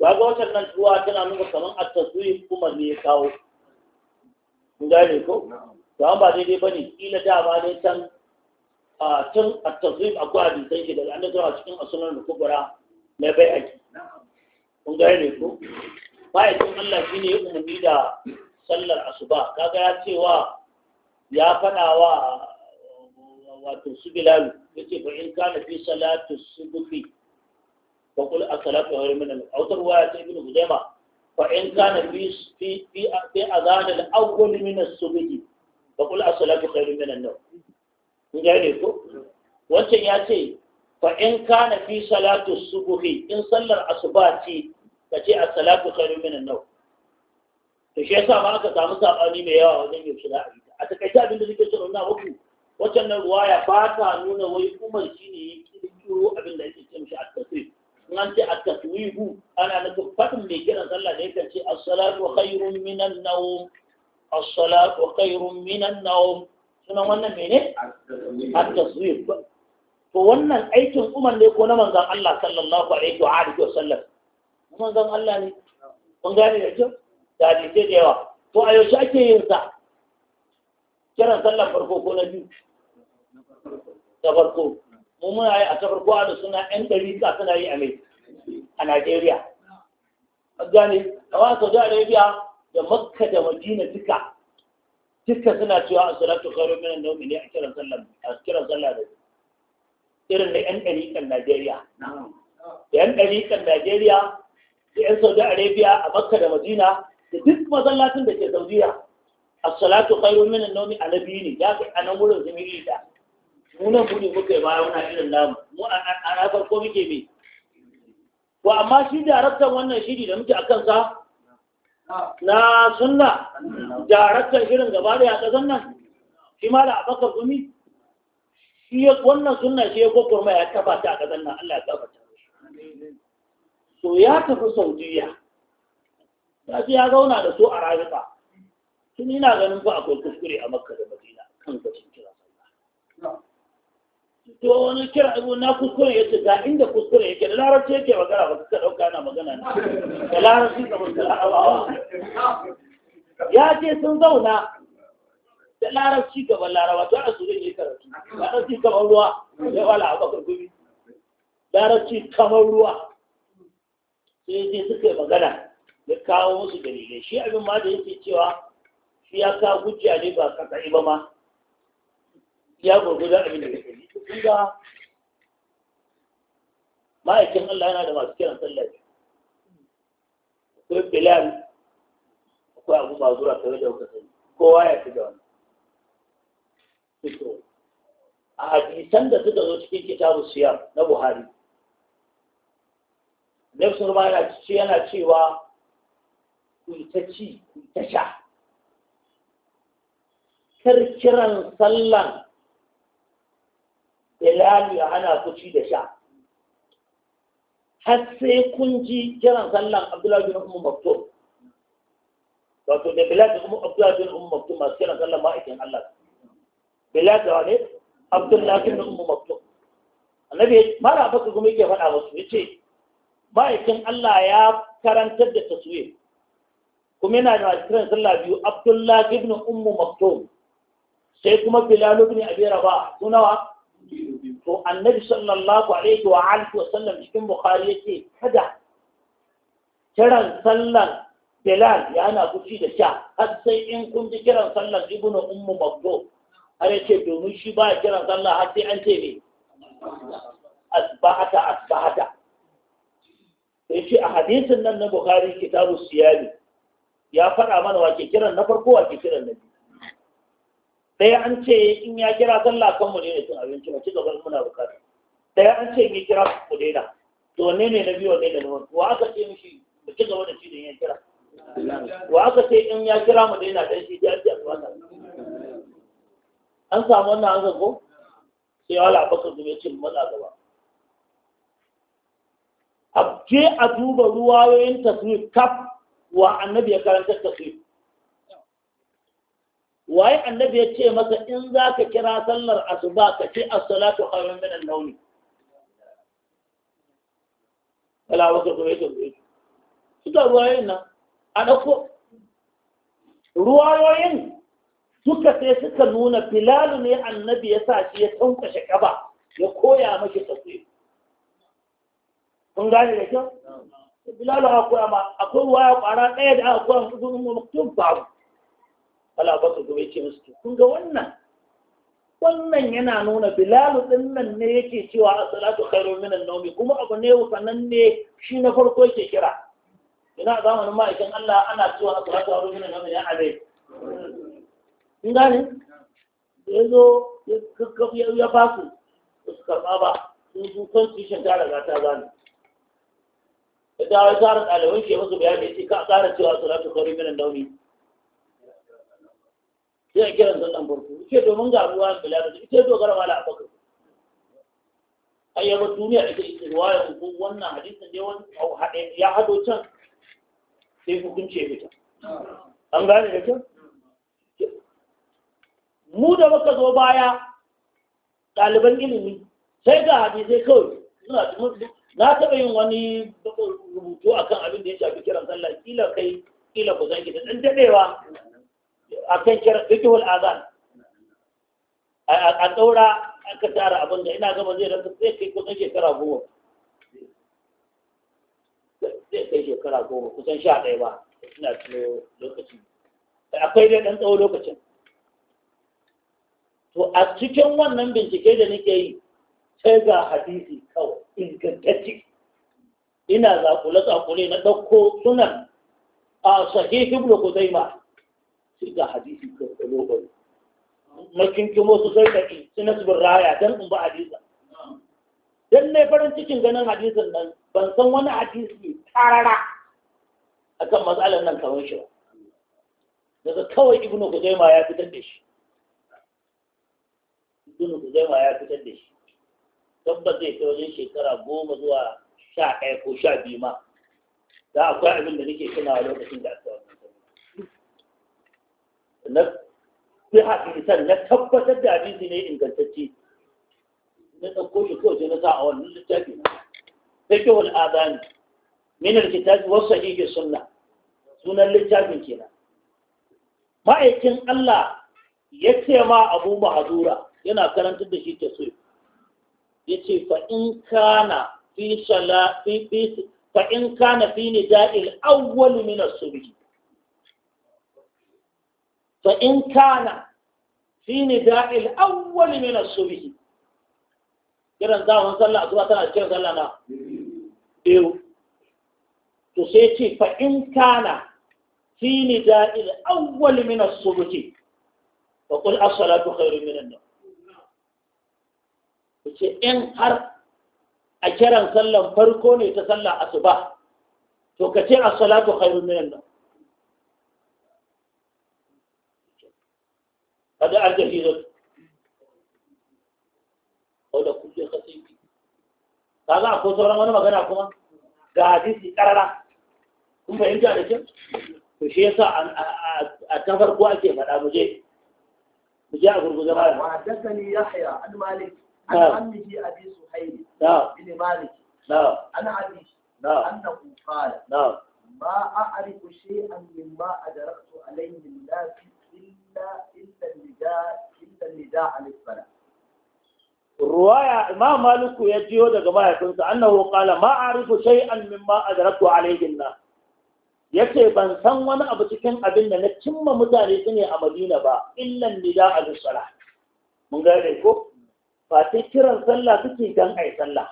ba ga watan nan tuwa tana nuna kamar a tasiri kuma ne ya kawo in gane ko ba ba daidai ba ne kila ba ne can a tun a tasiri akwai hadisan shi daga annabi zuwa cikin asunan da kubura na bai aiki kun gane ko bayan Allah shi ne ya umarni da sallar asuba kaga ya wa. ya fada wa wato su bilalu ya ce fa in kana fi salatu su bufi fa qul a salatu a min al autar waya, ta ibnu hudaima fa in kana fi a zanen azan al-awwal min as-subhi fa a as-salatu a min an nau in ga ne ko wancan ya ce fa in kana fi salatu su bufi in sallar asuba ce ka ce a salatu a min an nau to shi yasa ma aka samu sabani mai yawa wajen yaushe da yi? a takaice abin da nake so nuna muku waccan nan ruwaya ba ta nuna wai umar shine ya kirkiro abin da yake ce mishi at-tasrif in an ce at-taswibu ana nufin fadin mai kiran sallah da yake ce as-salatu khairun minan nawm as-salatu khairun minan nawm sunan wannan mene at-taswib to wannan aikin umar ne ko na manzon Allah sallallahu alaihi wa alihi wa sallam manzon Allah ne kun gane da kyau da da yawa to a yau yaushe ake yin sa kiran sallar farko ko na biyu ta farko mu muna yi a ta farko a da suna yan ka suna yi a mai a najeriya gane a wani saudi arabia da makka da madina duka duka suna cewa a salatu khairu minan da nawmi a kiran sallar a kiran sallar da irin da yan kan najeriya da yan kan najeriya da yan saudi arabia a makka da madina da duk masallacin da ke saudiya Asalatu salatu khairun min an-nawmi alabi ne ya kai anan wurin zumiri da mu nan muka yi baya wani irin namu mu a na ko muke bi to amma shi daraktan wannan shiri da muke akan sa na sunna daraktan shirin gaba da ya kasan nan shi ma da abakar gumi shi ya wannan suna shi ya gwagwarma ya kafa ta a kasan nan Allah ya so ya tafi saudiya ya ya zauna da su a rayuka tun ina ganin ba akwai kuskure a makka da madina kan gashin kira sallah to wani kira abu na kuskure ya ce ga inda kuskure yake da larabci yake magana ba ka dauka ana magana ne da larabci ga musulmawa ya ce sun zauna da larabci gaban Laraba, to a surin yi karatu larabci kamar ruwa ya wala abakar gumi larabci kamar ruwa sai dai suka yi magana ya kawo musu dalilai shi abin ma da yake cewa shi ya ka hujja ne ba ka sa'i ba ma ya gurgudan abin da kake yi ga ma'aikin Allah yana da masu kiran sallah akwai Bilal akwai Abu Mazura kamar da kuka sani kowa ya fi da wani. a hadisan da suka zo cikin kitabu siya na Buhari Nafsur ma yana cewa ku ta ci ta sha kirkiran kiran sallan bilal ya hana ku ci da sha har sai kun ji kiran sallan abdullahi bin ummu maktum wato da bilal da kuma abdullahi bin ummu maktum masu kiran sallan ma'aikin allah bilal da wani abdullahi bin ummu maktum annabi mara baka kuma yake faɗa musu yace ma'aikin allah ya karantar da taswir kuma yana da masu kiran sallah biyu abdullahi bin ummu maktum sai kuma bilal ibn abi rabah su nawa to annabi sallallahu alaihi wa alihi wa sallam cikin bukhari yace kada kiran sallan bilal yana na kuci da sha har sai in kun ji kiran sallan ibnu ummu mabdo har yace domin shi ba kiran sallan har sai an ce ne asbahata asbahata sai shi a hadisin nan na bukhari kitabu siyari. ya faɗa mana wake kiran na farko wake kiran na biyu ɗaya an ce in ya kira sallah kan mu ne cin abinci mace ga gaban muna bukata ɗaya an ce in ya kira mu daina to wanne ne na biyu ne da nawa wa aka ce mishi mu gaba da shi da ya kira wa aka ce in ya kira mu daina dan shi ya ji alwala an samu wannan an zago sai wala abakar zuwa ce maza gaba a je a duba ruwayoyin taswif kaf wa annabi ya karanta taswif waye annabi ya ce masa in za ka kira sallar asuba ka ce as-salatu khairun min an-nawm wala waka ko yato suka ruwayoyin nan a dauko ruwayoyin suka sai suka nuna filalu ne annabi ya sa shi ya tankashe kaba ya koya mashi tafi. kun gane da kyau Filalu ha koya ma akwai ruwaya kwara ɗaya da aka koya mutum babu wala bakar kuma ya ce musu kun ga wannan wannan yana nuna bilalu din nan ne yake cewa as-salatu khairu minan an kuma abu ne wannan ne shi na farko yake kira ina zamanin ma ma'aikin Allah ana cewa as-salatu khairu min an-nawm ya alai in gane yazo ya kakkab ya ba su su karba ba sun su constitution ta riga ta gane da dawo ya tsara ɗaliban ke musu bayani sai ka tsara cewa as-salatu khairu minan an sai a kiran sallan farko ce domin ga ruwa bila da ita dogara mala abakar ayyaba duniya ita ita ya ko wannan hadisin ne wani ya hado can sai hukunci ya fita an gane da kyau mu da baka zo baya ɗaliban ilimi sai ga hadisai kawai suna na taɓa yin wani rubutu akan abin da ya shafi kiran sallah kila kai kila ku zanki da ɗan daɗewa akan kira fiqhul azan a daura aka tara abin da ina gaba zai rasa sai kai kusan shekara goma Sai kai shekara goma kusan sha ɗaya ba ina tuno lokacin akwai dai ɗan tsawo lokacin to a cikin wannan bincike da nake yi sai ga hadisi kawai ingantacce ina zakule-zakule na ɗauko sunan a sahih ibn ma. sai ga hadisi kan kalobal makin kimo su sai da sinas bin raya dan in ba hadisa dan ne farin cikin ganin hadisin nan ban san wani hadisi tarara akan matsalar nan kamar shi ba daga kawai ibnu kuzaima ya fitar da shi ibnu kuzaima ya fitar da shi tabbas zai kai wajen shekara goma zuwa sha ɗaya ko sha biyu ma da akwai abin da nake tunawa lokacin da aka na fi hadisan na tabbatar da hadisi ne ingantacce na ɗauko shi kawai sai na sa a wannan littafi Ta ke wani adani min alkitabi wa sahihi sunna sunan littafin kenan ma'aikin Allah ya ce ma abu mahadura yana karantar da shi ta so ya ce fa in kana fi sala fi fi fa in kana fi nida'il awwal min as-subhi fa in kana fi nida'il awwal min as-subh kiran zawon sallah zuwa tana cikin sallah na biyu to sai ce fa in kana fi nida'il awwal min as-subh ce in har a kiran sallan farko ne ta sallah asuba to ka ce as-salatu khairun kaga an tafi zai wanda kuke kasi kaga akwai sauran wani magana kuma ga hadisi karara kun fahimta da kyau to shi yasa a ta farko ake faɗa mu je mu je a gurgurza malam wa ya haya an malik an ammihi abi suhayl bin malik an abi annahu qala ma a'rifu shay'an mimma adraktu alayhi min nafi ruwaya imam maliku ya jiyo daga mahaifinsa annahu qala ma a'rifu shay'an mimma adraktu alayhi na yace ban san wani abu cikin abin da na cimma mutane su a Madina ba illan nida al sala mun ga dai ko ba kiran sallah kake dan ai sallah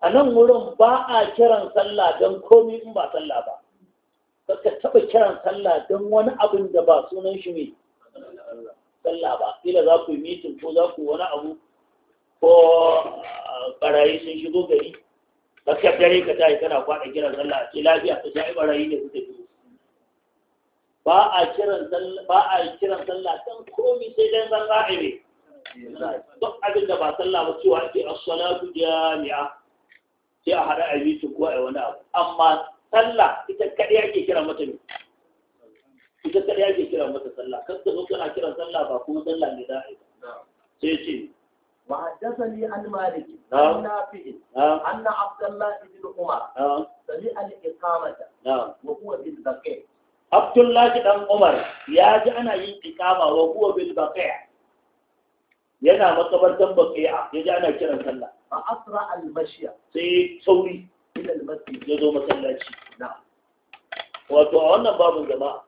a nan wurin ba a kiran sallah dan komi in ba sallah ba Ka taba kiran sallah don wani abin da ba sunan shi ne sallah ba ila za ku yi mitin ko za ku wani abu ko barayi sun shigo gari tsakiyar dare ka tashi kana kwana kiran sallah ce lafiya ta sha'i barayi ne suka fi ba a kiran sallah ba a kiran sallah dan komi sai dan zan za'a ne duk abin da ba sallah ba cewa ake as-salatu jami'a sai a hada a yi ko a wani abu amma sallah ita kaɗai ake kira mata ne ita kaɗai ake kira mata sallah kan ta kira sallah ba kuma sallah ne za a yi ba sai ce wa haddathani an maliki an nafi'i an na abdullahi bin umar sami al iqamata wa huwa bil baqi abdullahi dan umar ya ji ana yin ikama wa huwa bil baqi yana makabartan baqi'a ya ji ana kiran sallah fa asra al mashya sai sauri ila almasjid ya zo masallaci na wato a wannan babu jama'a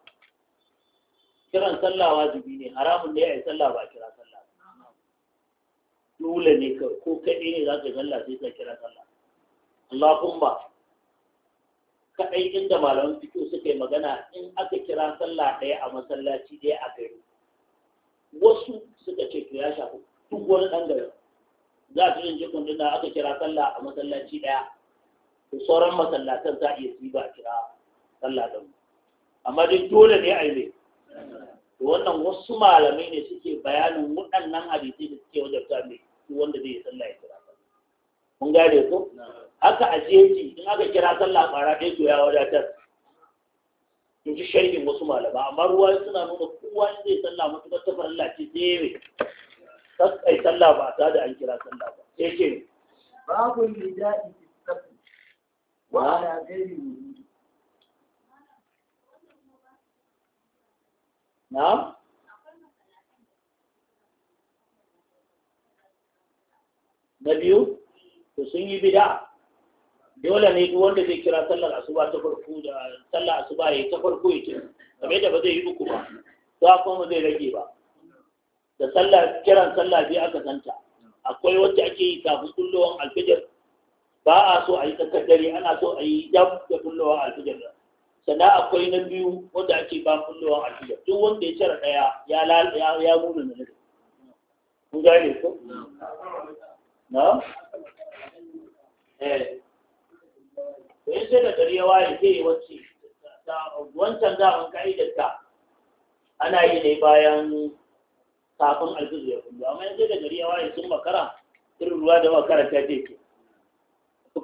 kiran sallah wajibi ne haramun ne ya yi sallah ba kira sallah dole ne ko kaɗai ne za ka yi sallah sai ka kira sallah Allahumma kaɗai inda malaman fito suka yi magana in aka kira sallah ɗaya a masallaci ɗaya a gari wasu suka ce to ya shafi duk wani ɗan gari za su yin jikun aka kira sallah a masallaci ɗaya to sauran masallatan za a iya su ba a kira sallah da mu amma dai dole ne a yi mai to wannan wasu malamai ne suke bayanin waɗannan hadisi da suke wajen ta mai wanda zai yi sallah ya kira mun gane ko haka a jeji in aka kira sallah bara ɗaya to ya wadatar in ji sharhin wasu malama amma ruwa suna nuna kowa zai sallah matuƙar ta farla ce zai kai sallah ba ta da an kira sallah ba sai ce babu nida'i wa ala ghairi wujudi na na biyu sun yi bida dole ne wanda zai kira sallar asuba ta farko da sallar asuba ya ta farko ya ce kamar da ba zai yi uku ba a kuma zai rage ba da sallar kiran sallar biyu aka santa akwai wacce ake yi kafin kullowan alfijir ba a so a yi tsakar dare ana so a yi jam da kullowa alfijar Da sana akwai na biyu wanda ake ba kullowa alfijar duk wanda ya cire daya ya ya ya muna na dare kun gane ko na eh yin sai da dare ya waye sai ya wace wancan zaman ka'idar ta ana yi ne bayan kafin alfijar ya kullu amma sai da yawa ya waye sun makara irin ruwa da makara ta teku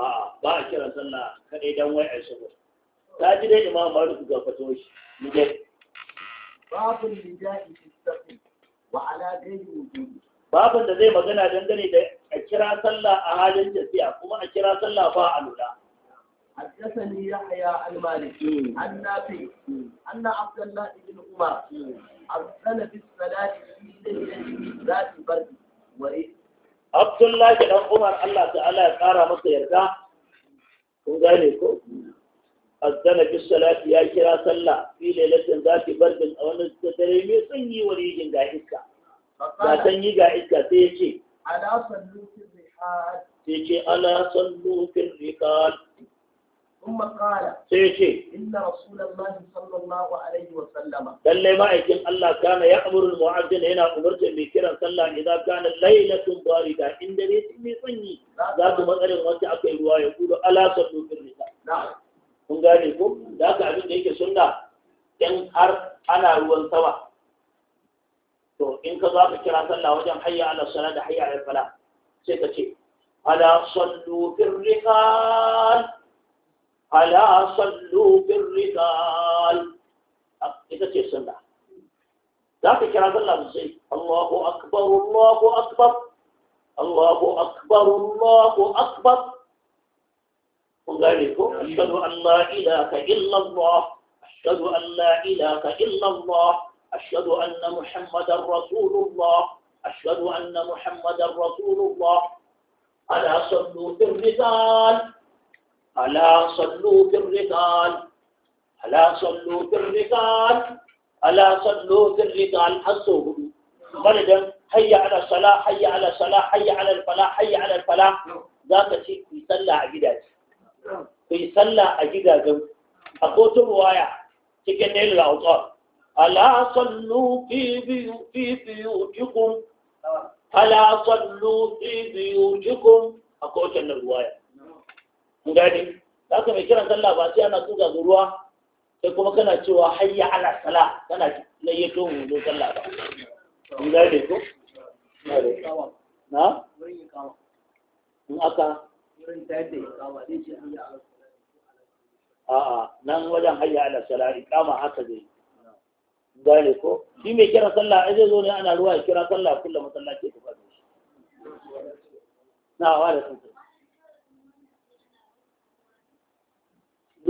a ba a kira sallah kaɗai don wai a yi ta ji dai imam malik ga fato shi ni dai babun nida'i fi safi wa ala ghairi wujudi babun da zai magana dangane da a kira sallah a halin tafiya kuma a kira sallah ba a lura حدثني يحيى المالكي عن نافع أن عبد الله بن عمر أرسل بالصلاة في ليلة ذات البرد abdullahi dan umar allah ta'ala ya kara masa yarda kun gane ko azzana fi salati ya kira sallah fi lailatin zati bardin a wannan dare mai sanyi wani yin ga iska ga sanyi ga iska sai ya ce ala sallu fi rihal sai ce ala sallu fi rihal ثم قال شيء إن رسول الله صلى الله عليه وسلم قال لي ما يكن الله كان يأمر المعذن هنا أمرت بكرا صلى إذا كان ليلة باردة إن دريت مصني ذات مثل الوجه أكي هو يقول ألا صلوا في الرساء نعم kun gane ko da aka abin da yake sunna in har ana ruwan sama to in ka za ka kira sallah wajen hayya ala sala da hayya ala fala sai ka ce ala sallu fil riqal ألا صلوا بالرجال إذا تيسنا ذاك كلام الله بالزي الله أكبر الله أكبر الله أكبر الله أكبر وذلك أشهد أن لا إله إلا الله أشهد أن لا إله إلا الله أشهد أن محمدا رسول الله أشهد أن محمدا رسول الله ألا صلوا بالرجال ألا صلوا في الرجال ألا صلوا في الرجال ألا صلوا في الرجال حسوا مردا حي على الصلاة حي على الصلاة حي على الفلاح حي على الفلاح ذاك شيء يصلى عجدات يصلى عجدات أقوت رواية تكن الأوطار ألا صلوا في في بيوتكم ألا صلوا في بيوتكم أقوت الرواية mun Za ka mai kiran sallah ba sai ana tuka ruwa sai kuma kana cewa hayya ala sala kana layyato mu zo sallah ba mun gane ko na in aka a a'a nan wajen hayya ala sala ikama haka zai gane ko shi mai kira sallah ai zai zo ne ana ruwa ya kira sallah kullum masallaci ta fadi na wa da sun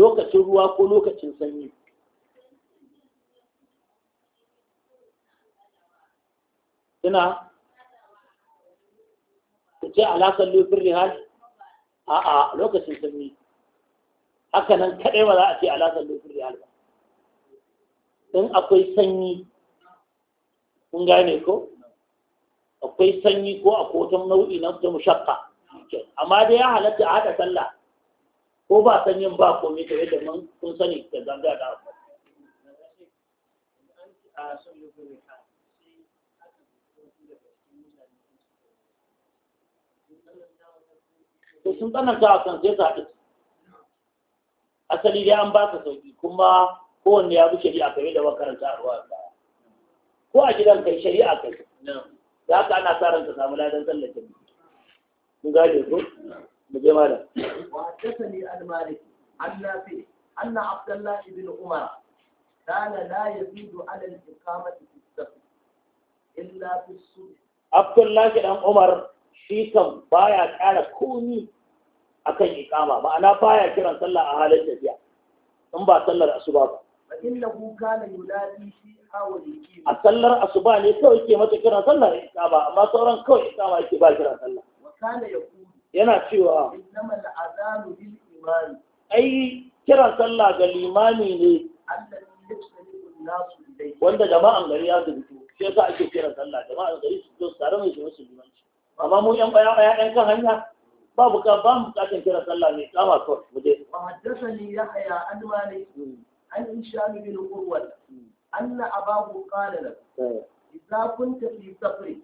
lokacin ruwa ko lokacin sanyi suna ku ce alaƙar lufin rihal a a lokacin sanyi haka nan kaɗai ba za a ce alaƙar lufin rihal ba in akwai sanyi kun gane ko akwai sanyi ko a kotun nau'i na ta mushakka amma dai ya halatta a haɗa sallah ko ba san yin ba komai da yadda mun kun sani da zanga da abu to sun tsananta a kan sai zaɓi asali dai an ba ka sauki kuma kowanne ya bi shari'a kai da makaranta a ruwa ko a gidan kai shari'a kai da haka ana sa ran samu ladan tsallake mu gane ko mu je mana wa tasani al-malik Allah fi anna Abdullah ibn Umar kana la yazidu ala al-iqamati fi as-saff illa fi as Abdullah dan Umar shi kan baya ƙara komi akan iqama ma'ana baya kiran sallah a halin tafiya in ba sallar asuba ba فإنه a ينادي فيها والإقامة أصلر أصباني كوي كي متى كنا صلى إقامة ما صورا كوي إقامة yana cewa innamal azanu bil imani ai kira sallah ga limani ne wanda jama'an gari ya zubuto shi yasa ake kira sallah jama'an gari su zo tare mai shi musu limanci amma mu yan baya baya yan kan hanya ba buka ba bukatan kira sallah ne kama ko mu je haddathani yahya an mali hmm. an hisham bin qurwat hmm. anna abahu qala lahu eh. idza kunta fi safrin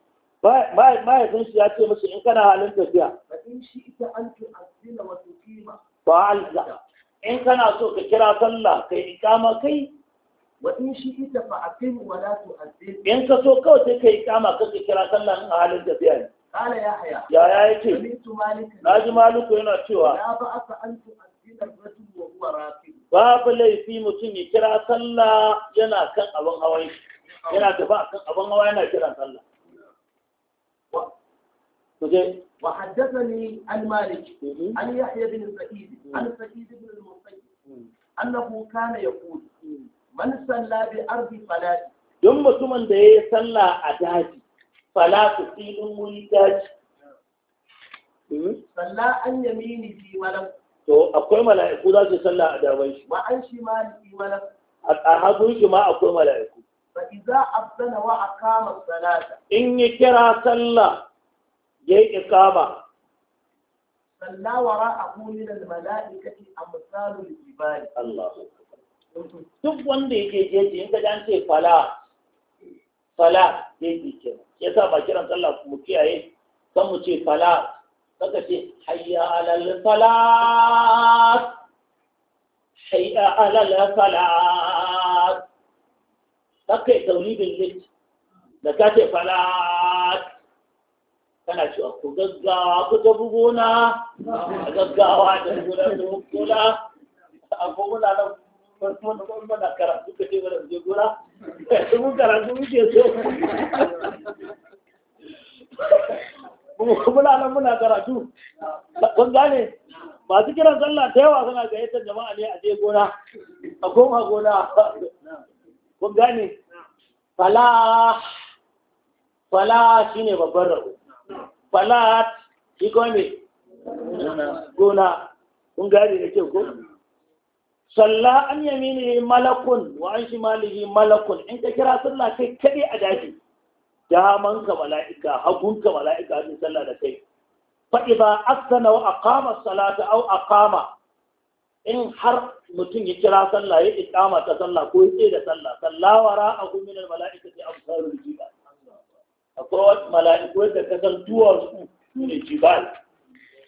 mahaifinsu ya ce masu in kana halin tafiya fa'alta in kana so ka kira sallah kai kama kai wa in shi ita fa aqim wa la tu'azzim in ka so kawai sai yi kama ka kira sallah in a halin tafiya ne kala ya haya ya ya Na ji maliku yana cewa Ya ba aka an tu'azzina rajul wa huwa raqib babu laifi mutum ya kira sallah yana kan abin hawa yana tafi akan abin hawa yana kira sallah تجي وحدثني عن مالك عن يحيى بن سعيد عن سعيد بن المسيب أنه كان يقول من صلى بأرض صلاة دم mutumin da ya salla a daji salatu filin wuri daji mmm. Mmm. salla an yamini fi akwai mala'iku za su salla a daban shi wa an shi maliki malak a hagun shi ma akwai mala'iku fa idza afdana wa aqama salata in ya kira sallah ya yi ikama salla wara'ahu min al-mala'ikati amsalul jibal Allahu duk wanda yake jeji in ka ji ce fala fala ke. ya sa ba kiran sallah mu kiyaye kan mu ce fala kaka ce hayya alal fala hayya alal fala kaka yi bin lit da ka ce fala kana a ku gaggawa ku tafi gona a gaggawa da gona da gona a gona nan mun mana karatu ka ce mana je gona mun karatu muke so na nan muna karatu kun gane masu kiran sallah ta yawa suna gayyatar jama'a ne a je gona a koma gona kun gane fala fala shine babban rabo falat shi gona kun gari da ko salla an yaminihi malakun wa an shimalihi malakun in ka kira sallah kai a daji daman ka mala'ika hagun ka mala'ika sun sallah da kai fa idza asana wa aqama salata aw aqama in har mutum ya kira sallah ya iqama ta sallah ko ya da sallah Sallawara ra'ahu bala'ika al mala'ikati absarul jiba akwai wasu mala'iku da kasan duwatsu su ne jibal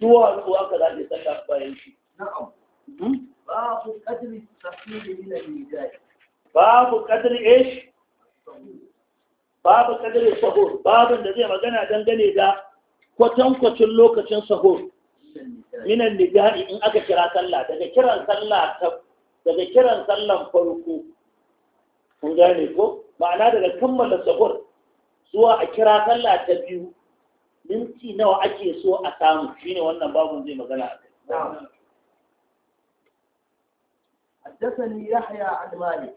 duwatsu aka za ta saka bayan shi hmm? babu kadri sahihi min al-mizaj babu kadri ish babu kadri sahur babun da zai magana dangane da kwatankwacin lokacin sahur minan nida'i in aka kira sallah daga kiran sallah daga kiran sallan farko kun gane ko ma'ana daga kammala sahur zuwa a kira sallah ta biyu minti nawa ake so a samu shine wannan babun zai magana a kai حدثني يحيى عن مالك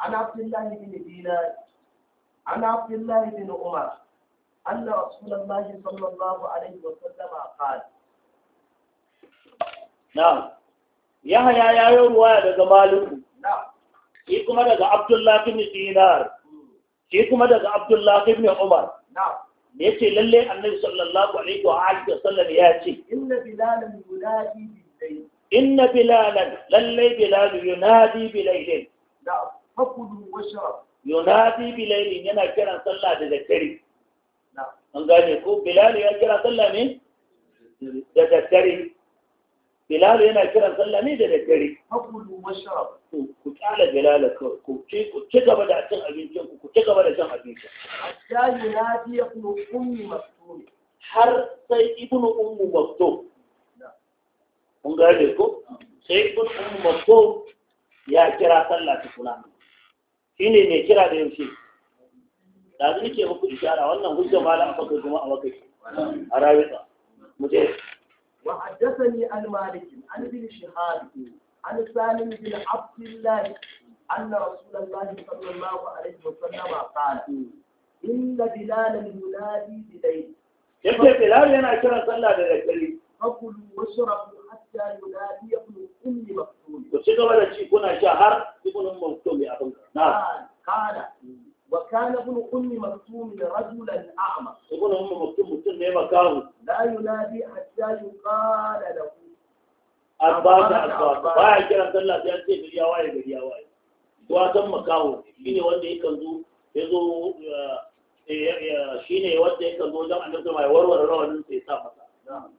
عن عبد الله بن دينار عن عبد الله بن عمر أن رسول الله صلى الله عليه وسلم قال نعم يحيى يا رواية مالك نعم kuma daga Abdullahi bin Dinar shi kuma daga abdullahi ibn umar ya ce lalle annabi sallallahu alaihi wa alihi wasallam ya ce inna bilalan yunadi bilayl inna bilalan lalle bilal yunadi bilayl fakudu washrab yunadi bilayl yana sallah da daddare an gane ko bilal ya kira sallah ne da daddare bilal yana kiran sallah ne da daddare hakulu mashrab Ku ku tsala bilal ku ci ku ci gaba da cin abincin ku ku ci gaba da cin abincin hatta yunadi ibnu ummi maktum har sai ibnu ummu maktum kun gane ko sai ibnu ummu maktum ya kira sallah ta kula shine mai kira da yaushe da zai ke muku ishara wannan hujja malam aka kuma a wakai a rawita mu je وحدثني عن مالك عن ابن شهاب عن سالم بن عبد الله أن رسول الله صلى الله عليه وسلم قال إن بلالا ينادي بليل يبقى بلال أنا كان صلى بالليل فكلوا واشربوا حتى ينادي ابن أم مكتوم وشكرا لك كنا شهر ابن أم مكتوم يا أبو نعم قال وكان ابن أم مكتوم رجلا أعمى ابن أم مكتوم مكتوم ما كان. لا ينادي حتى يقال له أربعة أربعة باي كلام الله في أنت في اليواي في اليواي وأتم مكانه شيني وده zo يزو shine wanda yakan zo don annabi mai warware rawanin sai sa masa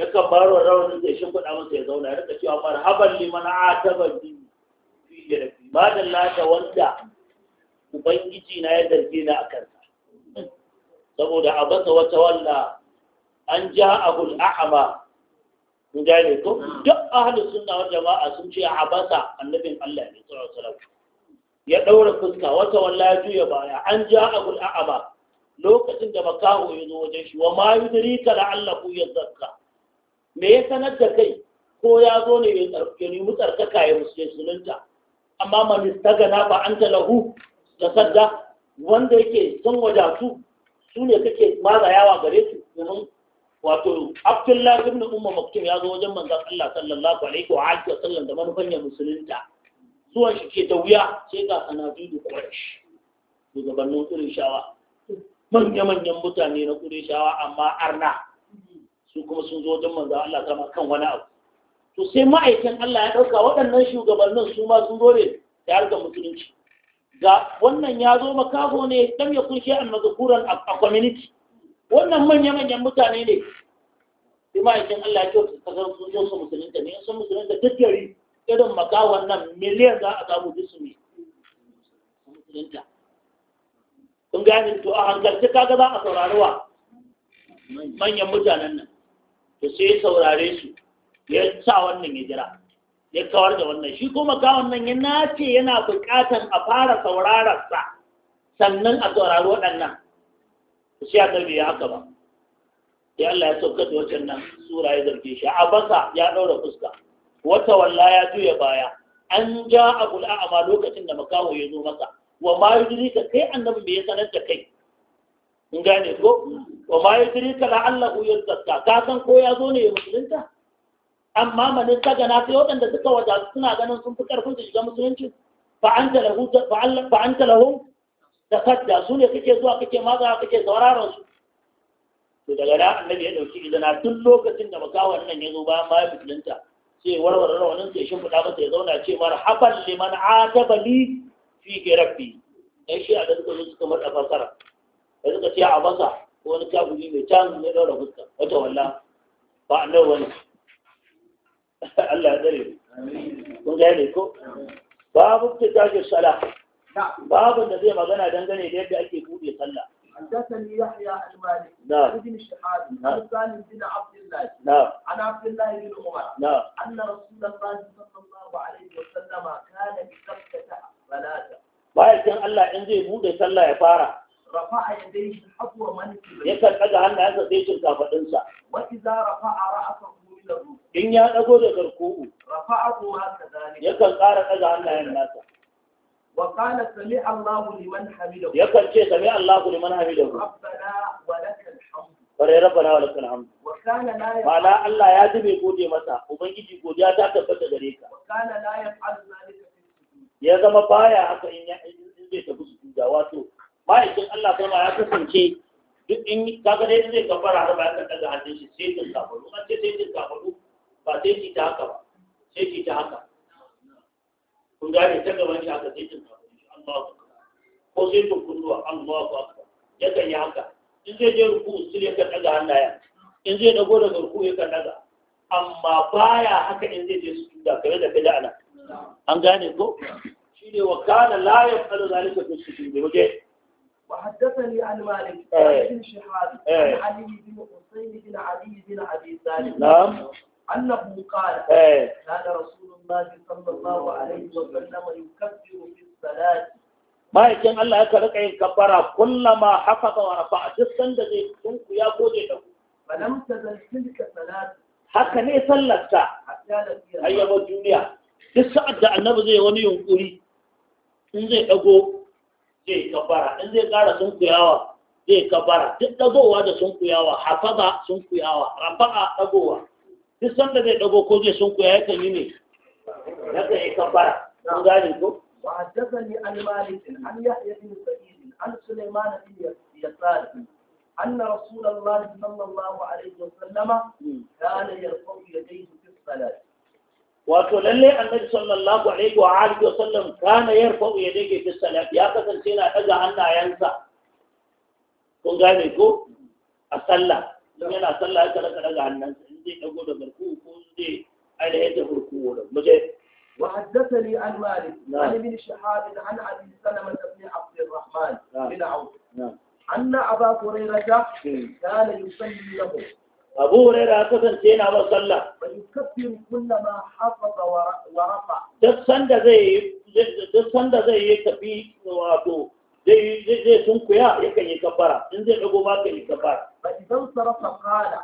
yakan barware rawanin sai shin kuɗa masa ya zauna ya rika cewa marhaban liman ataba bi fi jarabi ba da lata wanda ubangiji na ya zarge a akan saboda abasa wata walla an ja abul a'ama mun gane ko duk ahlus sunna wa jama'a sun ce abasa annabin Allah ne sallallahu alaihi wasallam ya daura fuska wata walla juya baya an ja abul a'ama lokacin da makaho ya zo wajen shi wa ma ka yudrika la'allahu yazakka me ya sanar da kai ko ya zo ne ya nemi tsarkaka ya musulunta amma man istagana ba anta lahu da sadda wanda yake sun wadatu su ne kake yawa gare su domin wato abdullahi ibn umma maktum ya zo wajen manzon Allah sallallahu alaihi wa alihi wa sallam da manufan ya musulunta zuwan shi ke da wuya sai ga sanadu da quraish shugabannin qurayshawa manya manyan mutane na qurayshawa amma arna su kuma sun zo wajen manzon Allah kama kan wani abu to sai ma'aikin Allah ya dauka waɗannan shugabannin su ma sun zo ne da harkar musulunci ga wannan ya zo makaho ne dan ya kunshe an mazkuran a community wannan manya manyan mutane ne imajin Allah ya kyautu ka san sun su musulunta ne sun musulunta duk gari irin makahon nan miliyan za a samu su ne musulunta kun gane to a hankalci kaga za a saurari wa manyan mutanen nan to sai saurare su ya sa wannan ya jira ya kawar da wannan shi kuma kawon nan ya nace yana buƙatar a fara saurararsa sannan a saurari waɗannan shi ya ɗarbe ya haka ba ya Allah ya sauka da wacan nan sura ya zarge shi a basa ya ɗaura fuska wata walla ya juya baya an ja a a ma lokacin da makaho ya zo masa wa ma ka kai annabi me ya sanar da kai in gane ko wa ma ka la'allahu yazzakka ka san ko ya zo ne ya musulunta amma mani na sai waɗanda suka waja suna ganin sun fi ƙarfin su shiga musulunci fa ta lahu da fadda su ne kake zuwa kake maza kake sauraron su to daga da annabi ya dauki idana tun lokacin da baka nan ya zo bayan bayan musulunta sai warware rawanin sai shin fada ya zauna ce marhaban liman li fi rabbi dan shi a da suka zo suka mada fasara da suka ce a basa ko wani kafiri mai can ne daura fuska wata walla ba annabi wani *laughs* Allah ya dare kun gane ko babu kitabul sala. babu da zai magana dangane da yadda ake buɗe sallah حدثني يحيى المالك نعم ابن عن سالم بن عبد الله عن عبد الله بن عمر ان رسول الله صلى الله عليه وسلم كان بسبته صلاته bayan Allah in zai bude sallah ya fara rafa'a yadayhi hatwa mankibi yakan daga hannayensa sai cin kafadinsa wa idza rafa'a ra'sahu in ya dago da garku'u rafa'ahu haka zalika yakan ƙara daga hannayen nasa wa qala sami liman yakan ce sami Allahu liman hamidahu rabbana wa lakal hamd bare rabbana wa lakal hamdu wa kana la mala Allah ya ji mai gode masa ubangiji godiya ta tabbata gare ka wa kana la yaf'alu zalika ya zama baya haka in zai tafi su wato ma'aikin Allah kuma ya kasance duk in kaga dai zai kafara har bayan ka daga hannun shi sai kin kafaru an ce sai kin kafaru ba sai ki ta haka ba sai ki ta haka kun gane ta gaban shi haka sai kin kafaru Allahu ko sai kin kunduwa Allahu akbar yakan yi haka in zai je ruku sai yakan daga hannayen in zai dago daga ruku yakan daga amma baya haka in zai je su sujuda kare da bid'a an gane ko shine wa kana la yafalu zalika fi sujudi wajen وحدثني عن مالك بن عن علي بن حسين بن علي بن ابي طالب نعم انه قال كان رسول الله صلى الله عليه وسلم يكبر في الصلاه Allah ya rika yin kabbara ma haka ga rafa duk sanda zai ku ya gode da ku falam tazal ka salatu. haka ne sallarta ayyaba duniya duk sa'ad da annabi zai wani yunkuri in zai dago zai in zai kara sunkuyawa zai kabara duk dagowa da sunkuyawa hafaza sunkuyawa rafa'a dagowa duk sanda zai dago ko zai sunkuya kan yi ne yakan yi kabara kun gane ko وحدثني عن مالك عن يحيى بن سعيد عن سليمان بن يسار أن رسول الله صلى الله عليه وسلم كان يرفع يديه في الصلاة wato lalle annabi sallallahu alaihi wa alihi wa sallam kana yarfa'u yadayhi fi salat ya kasance yana daga hannayensa kun gane ko a sallah in yana sallah ya kada daga hannunsa in zai dago da barku ko zai ainihin da barku wala muje وحدثني عن مالك عن ابن شهاب عن ابي سلمه بن عبد الرحمن بن عوف ان ابا هريره كان يصلي لهم abu wurin da aka kasance yana ba sallah duk sanda zai yi duk sanda zai yi tafi wato zai zai sunkuya ya yi kafara in zai dago ba kan yi kafara idan sarafa qala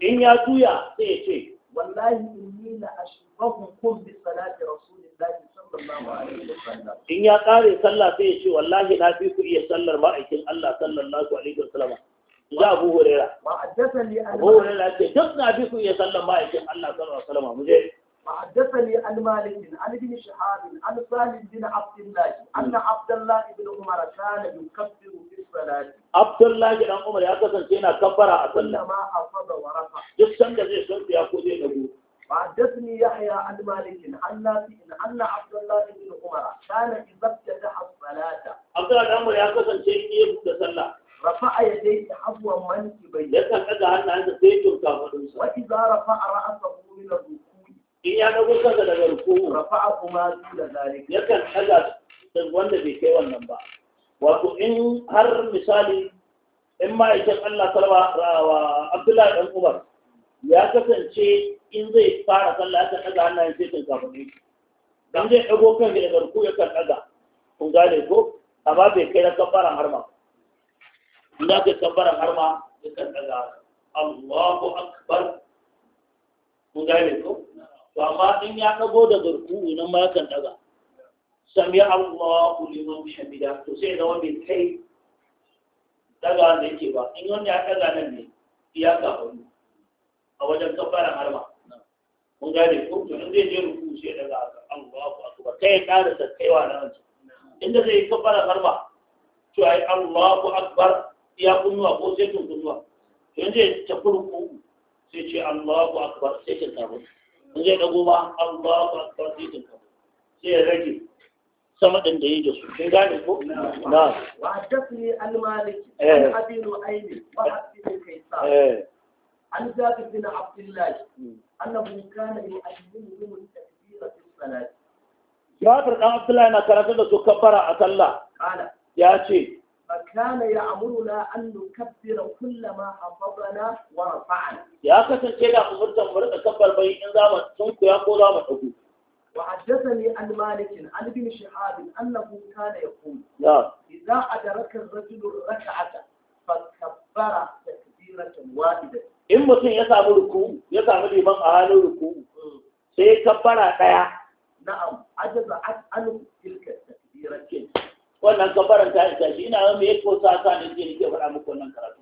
in ya juya sai ya ce wallahi inni la ashbahukum bi salati rasulillahi sallallahu alaihi wasallam in ya kare sallah sai ya ce wallahi na fi ku iya sallar ma'aikin Allah sallallahu za abu hurera abu hurera ce duk na bi su iya sallan ma'aikin allah sallallahu alaihi wasallam mu je حدثني عن مالك عن ابن شهاب عن سالم بن عبد الله ان عبد الله بن عمر كان يكبر في الصلاه عبد الله بن عمر يا كسر سينا كبر كلما افض ورفع جسم ده زي سنت يا كوزي دغو حدثني يحيى عن مالك عن نافع ان عبد الله بن عمر كان اذا افتتح الصلاه عبد الله بن عمر يا كسر سينا يفتح الصلاه رفع يديه عفوا منكبيه يسأل حاجة عنها أنت تيجي وإذا رفع رأسه من الركوع إيه أنا قلت هذا الركوع رفعهما دون ذلك يسأل حاجة wanda bai kai wannan ba wato in har misali in ma'aikin Allah salwa Abdullahi dan Umar ya kasance in zai fara sallah ya daga hannayen sai kan kafa ne dan zai da garku ya kan daga kun ko amma kai na kafaran in ke tabbara yi kabbaran har ma ya kan daga Allahu akbar kun gane ko to amma in ya dago da garku nan ma kan daga sami Allahu liman hamida to sai da wani kai daga ne ke ba in wani ya daga nan ne ya ka wani a wajen tabbara har ma kun gane ko to in zai je ruku sai daga Allahu akbar kai ya ƙara kaiwa nan inda zai yi kabbara har ma to ai Allahu akbar iya kunnuwa ko sai tun kunnuwa in zai ta kurku sai ce Allahu akbar sai tun kabo in zai dago ba Allahu akbar sai tun kabo sai ya rage sama din da yi da su kin gane ko na wa hadathni al-malik eh. an abi nu'aym wa hadathni kaysa eh. an jabir bin abdullah hmm. annahu kana yu'allimuhum at-takbira fi as-salat jabir dan Abdullahi na karatu da su kabbara a sallah ya ce فكان يأمرنا أن نكبر كل ما حفظنا ورفعنا يا كسن كده أمرت أمرت أكبر بي إن ذا ما تنك يا قولا ما تقول وحدثني عن مالك عن ابن شهاب أنه كان يقول لا. إذا أدرك الرجل الركعة فكبر تكبيرة واحدة in mutum ya samu ruku ya samu liman a halin ruku sai kabbara daya na'am ajaza an tilka takbiratin wannan kafaran ta isa shi ina wani ya kosa sa ne ke faɗa muku wannan karatu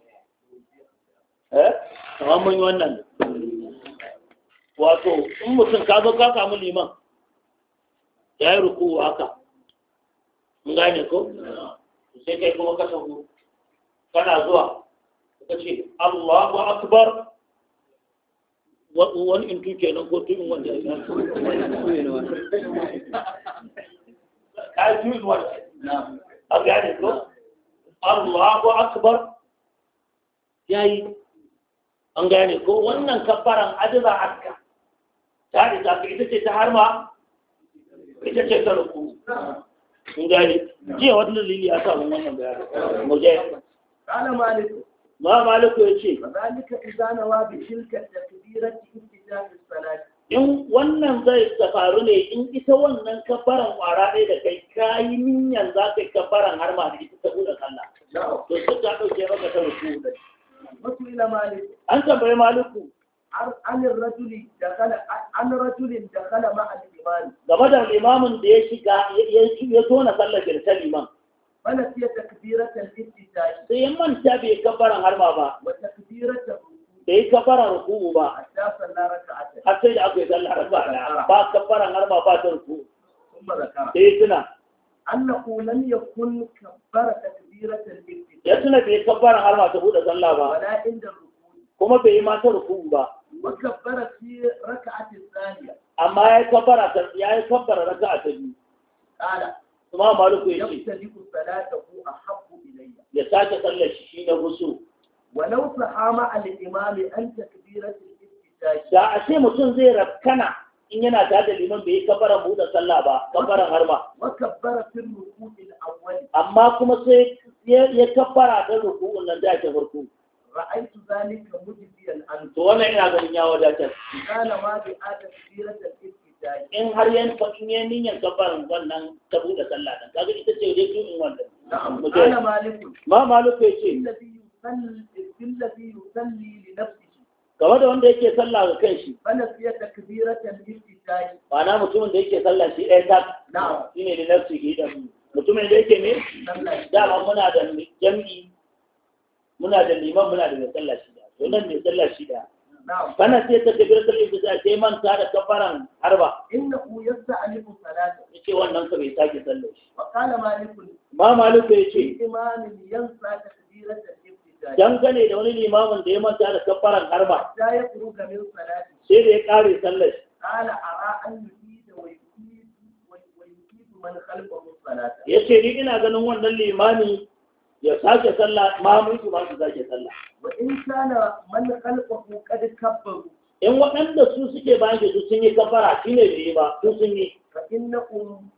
eh amma mun yi wannan wato in mutum ka zo ka samu liman ya yi ruku haka mun gane ko sai kai kuma ka sahu kana zuwa ka ce Allahu akbar wani in tuke nan ko tuyin wanda ya yi *laughs* ka yi tuyin wanda an gane ko Allahu akbar yayi an gane ko wannan kabbaran ajiza akka ta riga ka ita ce ta harma ita ce ta ruku mun gane jiya wata dalili ya sa mun wannan bayanin mu je kana maliku ma maliku yace zalika izana wa bi shirka takbirati ibtida'i salati in wannan zai faru ne in ita wannan kafaran kwara ne da kai kayi niyan za ka yi kafaran har ma da ita ta buɗe sallah to sai ka ɗauke maka ta rufu da wasu ila malik an tambaye maliku an rajuli da kala an rajulin da kala ma al imam game da imamin da ya shiga ya tona sallar ta liman bala fiye takbiratan ibtidai sai man ta bai kafaran har ma ba wa takbiratan da yi kafara ruku'u ba har sai da aka yi sallah raka'a ba kafaran har ba ta ruku. da yi tuna annahu lam yakun kabbara takbiratul ibtida ya tuna bai kabbara har ma ta buɗe sallah ba wala inda ruku'u kuma bai yi ma ta ruku'u ba wa kabbara fi raka'ati thaniya amma ya kabbara ta ya yi kabbara raka'a ta biyu kala kuma maluku yake ya sake sallar shi na gusu walau sahama al-imami an takbiratul iftitahi da ashe ce mutum zai rabkana in yana tare da liman bai yi kabaran buɗe sallah ba kabaran harma wa kabbara fil ruku'il awwal amma kuma sai ya kabbara da ruku'un nan da ake farko ra'aytu zalika mujdiyan an to wannan ina ganin ya wadatar kana ma bi ada siratul iftitahi in har yan fa in yan niyan kabaran wannan ta buɗe sallah dan kaga ita ce dai in wannan na'am kana malikun ma maliku yace billazi yusalli li nafsihi game da wanda yake sallah ga kanshi bana fiye takbiratan istitai ma'ana mutumin da yake sallah shi ɗaya tak na'am shine da nafsi shi da mutumin da yake ne dama muna da jami'i muna da liman muna da mai sallah shi da to nan mai sallah shi da bana sai takbiratan istitai sai man manta da kafaran harba innahu yasta'limu salata yace wannan ka bai sake sallah shi wa qala malikun ma maliku yace imamin yansa takbiratan dangane da wani limamin da ya manta da kafaran harba sai da ya kare sallar ya ce ni ina ganin wannan limami ya sake sallah mamun su ba su sake sallah wa in man kabbaru in waɗanda su suke bayan su sun yi kafara shine ne ba su sun yi fa innakum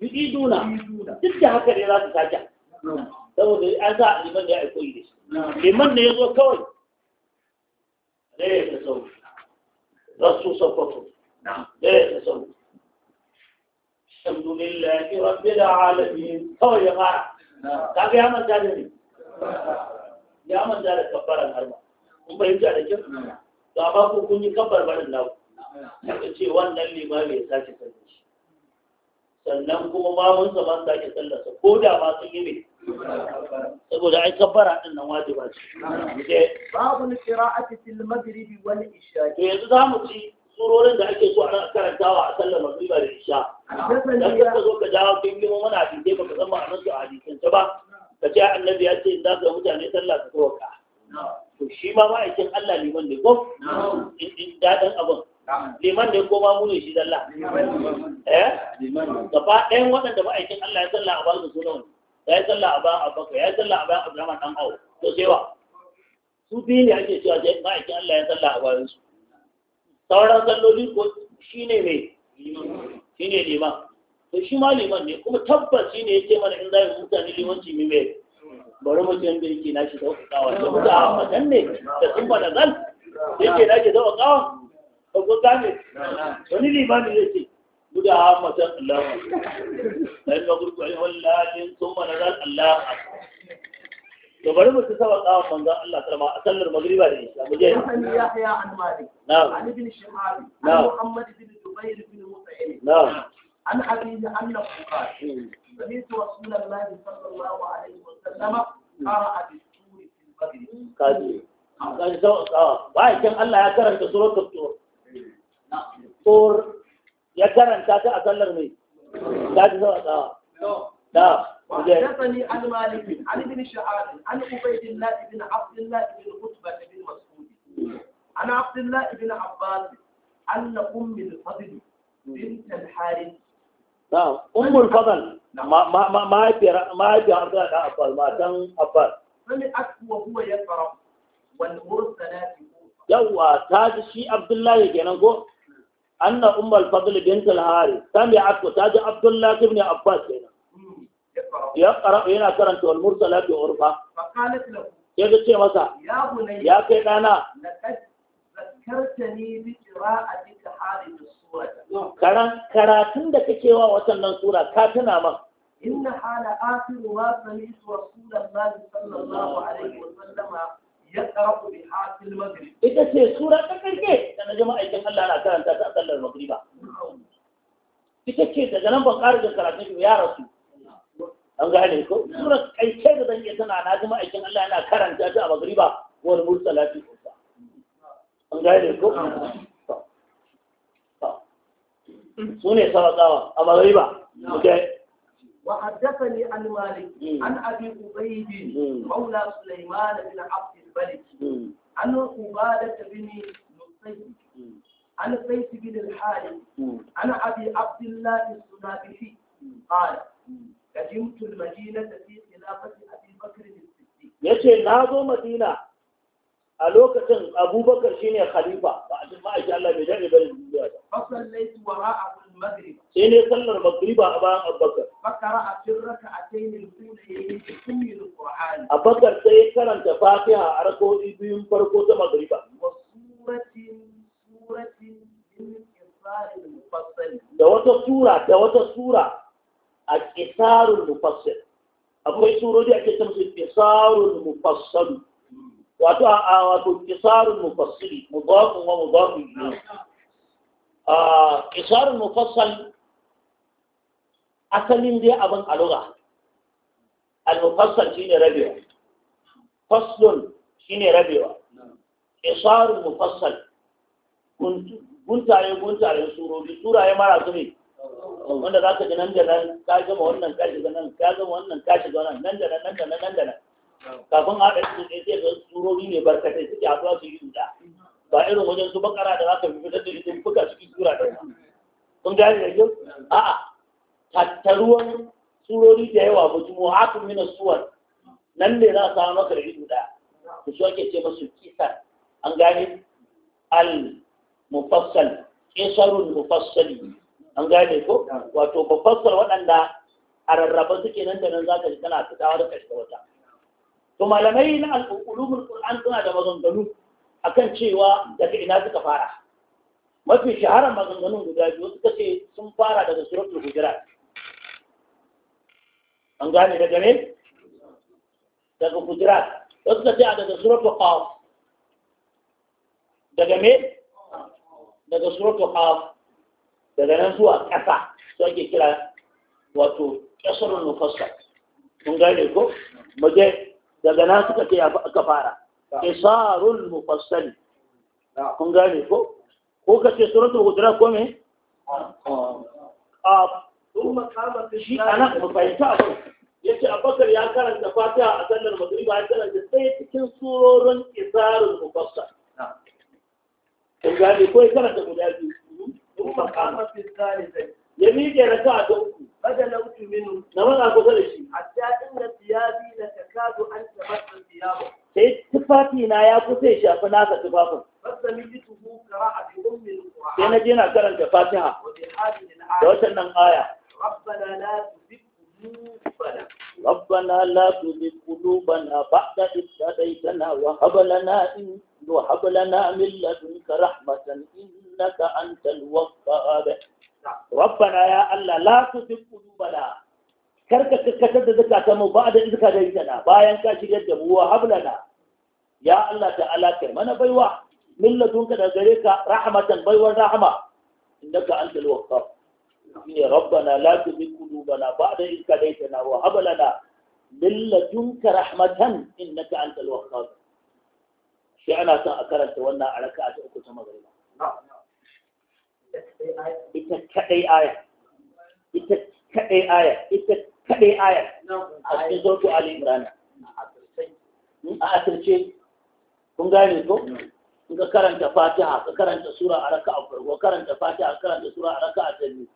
yu'iduna duk da haka ne za su sake saboda an za a liman da ya aiko yi da shi liman da ya zo kawai ɗaya ta sau rasu sokoto ɗaya ta sau alhamdulillahi rabbil alamin kawai ya fara kaga ya manta da ne ya manta da kabbaran harba kun fahimta da kyau to amma ko kun yi kabbar barin lawo Ya ce wannan limami ya sace sallar sannan kuma ba mamunsa ban sake sallarsa ko da ba sun yi mai saboda ai kabbara din nan wajiba ce eh. babu qira'ati fil maghribi wal isha yanzu za mu ci surorin da ake so a karantawa a sallar maghriba da isha dan ka zo ka jawo kin yi mana hadisi ba ka san nan su a hadisin ta ba ka ce annabi ya ce za ka mutane sallah ka tawaka to shi ma ma'aikin Allah liman wanda ko in daɗin abin liman ne ko ma mun shi dalla eh gaba ɗayan waɗanda ma'aikin Allah ya sallah a ba su sunan ya yi sallah a bayan abubakar ya yi sallah a bayan abdurrahman dan awo to sai wa su biyu ne ake cewa sai ma'aikin Allah ya sallah a bayan su sauran salloli ko shi ne mai, shine liman to shi ma liman ne kuma tabbas shine yake mana in zai mutane limanci mai mai bari mutum da yake nashi sauƙaƙawa da mutum a matan ne da sun faɗa zan yake na nashi sauƙaƙawa ba ku gane wani limanin zai ce بدا عامة الله لأن يضرب عليه ولكن ثم نزل الله to bari mu saba tsawon manzon Allah sallama a sallar magriba da isha mu je yahya an malik na'am an ibn shihab an muhammad ibn zubair ibn mut'im na'am an abi anna qala sami'tu rasulullah sallallahu alaihi wa sallam qara'a bi suri fil badr kaji kaji so ba kin Allah ya karanta suratul tur tur ya karanta ta a sallar mai ta ji zama tsawa da ya sani al-maliki al-ibn shahadi al-ubayd al bin abdullah ibn utba ibn mas'ud an abdullah ibn abbas an umm al-fadl bint al-harith na'am umm al-fadl ma ma ma ya ma ya ji harda da abbas ma dan abbas wa ta ji shi abdullah kenan ko anna ummul fadl bint al-hari sami'at ta ji abdullah ibn abbas kenan ya qara yana karanta wal mursalat bi urfa faqalat lahu sai ta ce masa ya kai dana zakartani bi qira'atika hari karan karatun da kake wa watannan sura ka tuna man inna hala akhiru ma sami'tu rasulullahi sallallahu alaihi wa sallama ya tsarafu da hafin magrib. Ita ce tsura ta da na jama aikin Allah na karanta ta a tsallar magriba. Ita ce daga nan ban ƙara karatun shi ya rasu. An gane ko? Tsura ƙanshe da zan iya tana Allah na karanta ta a magriba wani mursa lafi. An gane ko? Su ne sabakawa a magriba. وحدثني عن مالك عن ابي قبيب مولى سليمان بن عبد الملك عن عبادة بن نصيب عن قيس بن الحارث عن أبي عبد الله السنابحي قال قدمت المدينة في خلافة أبي بكر الصديق يشي نازو مدينة a lokacin abubakar shine khalifa ba a cikin ma'aikin Allah bai daɗe bane duniya ba fasallaitu wa ra'a sai ne sallar magriba a bayan abubakar bakara a cikin raka'atayn al-ulayayn sumi al-qur'an karanta fatiha a rak'o'i biyun farko ta da wata sura da sura a kisarul mufassil akwai surori ake ce musu kisarul mufassal hmm. wato a wato kisarul mufassili mudafun wa mudafun ilayhi ƙisarun mufassal asalin dai abin aluga al-mufassal shine rabewa faslun shine rabewa ƙisarun mufassal guntaye guntaye surori suraye mara zumi wanda za ka ji nan da nan ka gama wannan ka shiga nan ka gama wannan ka shiga nan nan da nan nan da nan nan da nan kafin haɗa su ne sai ga surori ne barkatai suke zuwa su yi guda ba irin wajen su bakara da za ka fitar da ita fuka cikin sura da yawa kun gane da yau a'a tattaruwan surori da yawa mujmu'atun min as-suwar nan ne za a samu maka da ido daya to shi ake ce masu kisan an gane al mufassal kisarul mufassali an gane ko wato mufassal waɗanda a rarraba suke nan da nan za ka ji tana fitawa da karshe wata to malamai na al'ulumul qur'an suna da maganganu akan cewa daga ina suka fara mafi shaharar maganganun guda biyu suka ce sun fara daga suratul hujurat an gane daga ne daga hujurat Wasu suka ce a daga suratul qaf daga me daga suratul qaf daga nan zuwa ƙasa su ake kira wato ƙasarun nufassar kun gane ko muje daga nan suka ce aka fara qisarul mufassal kun gane ko ko ka ce suratul hujurat ko me kuma kama shi ana mu fahimta Ya ce abakar ya karanta fatiha a sannan sallar magriba ya karanta sai cikin surorin qisarul mufassal kun gane ko ya karanta guda biyu kuma kama fi zalika ya miƙe na sa a uku badalautu minu na maza kusa da shi hatta inna thiyabi la takadu an tabatta thiyabu sai tufafi na ya kusa ya shafi nasa tufafin sai na je karanta fatiha da watan aya ربنا لا تزغ قلوبنا بعد إذ هديتنا وهب لنا وهب لنا من لدنك رحمة إنك أنت الوهاب ربنا يا الله لا تزغ قلوبنا karka kakkatar da zakata mu ba da izka da ita bayan ka shigar da mu wa hablana ya Allah ta'ala alaka mana baiwa millatun ka da gare ka rahmatan baiwar rahma innaka antal waqaf ya rabbana la tuzigh qulubana ba'da idh hadaytana wa hab lana min ladunka rahmatan innaka antal waqaf shi ana san a karanta wannan a raka'a ta uku ta magriba ita kadai aya ita kadai aya ita kaɗai ayar a cikin sautu Ali hmm? A asirce, kun gane ko? In ka karanta Fatiha, ka karanta Sura a raka a farko, karanta Fatiha, karanta Sura a raka a tsaye.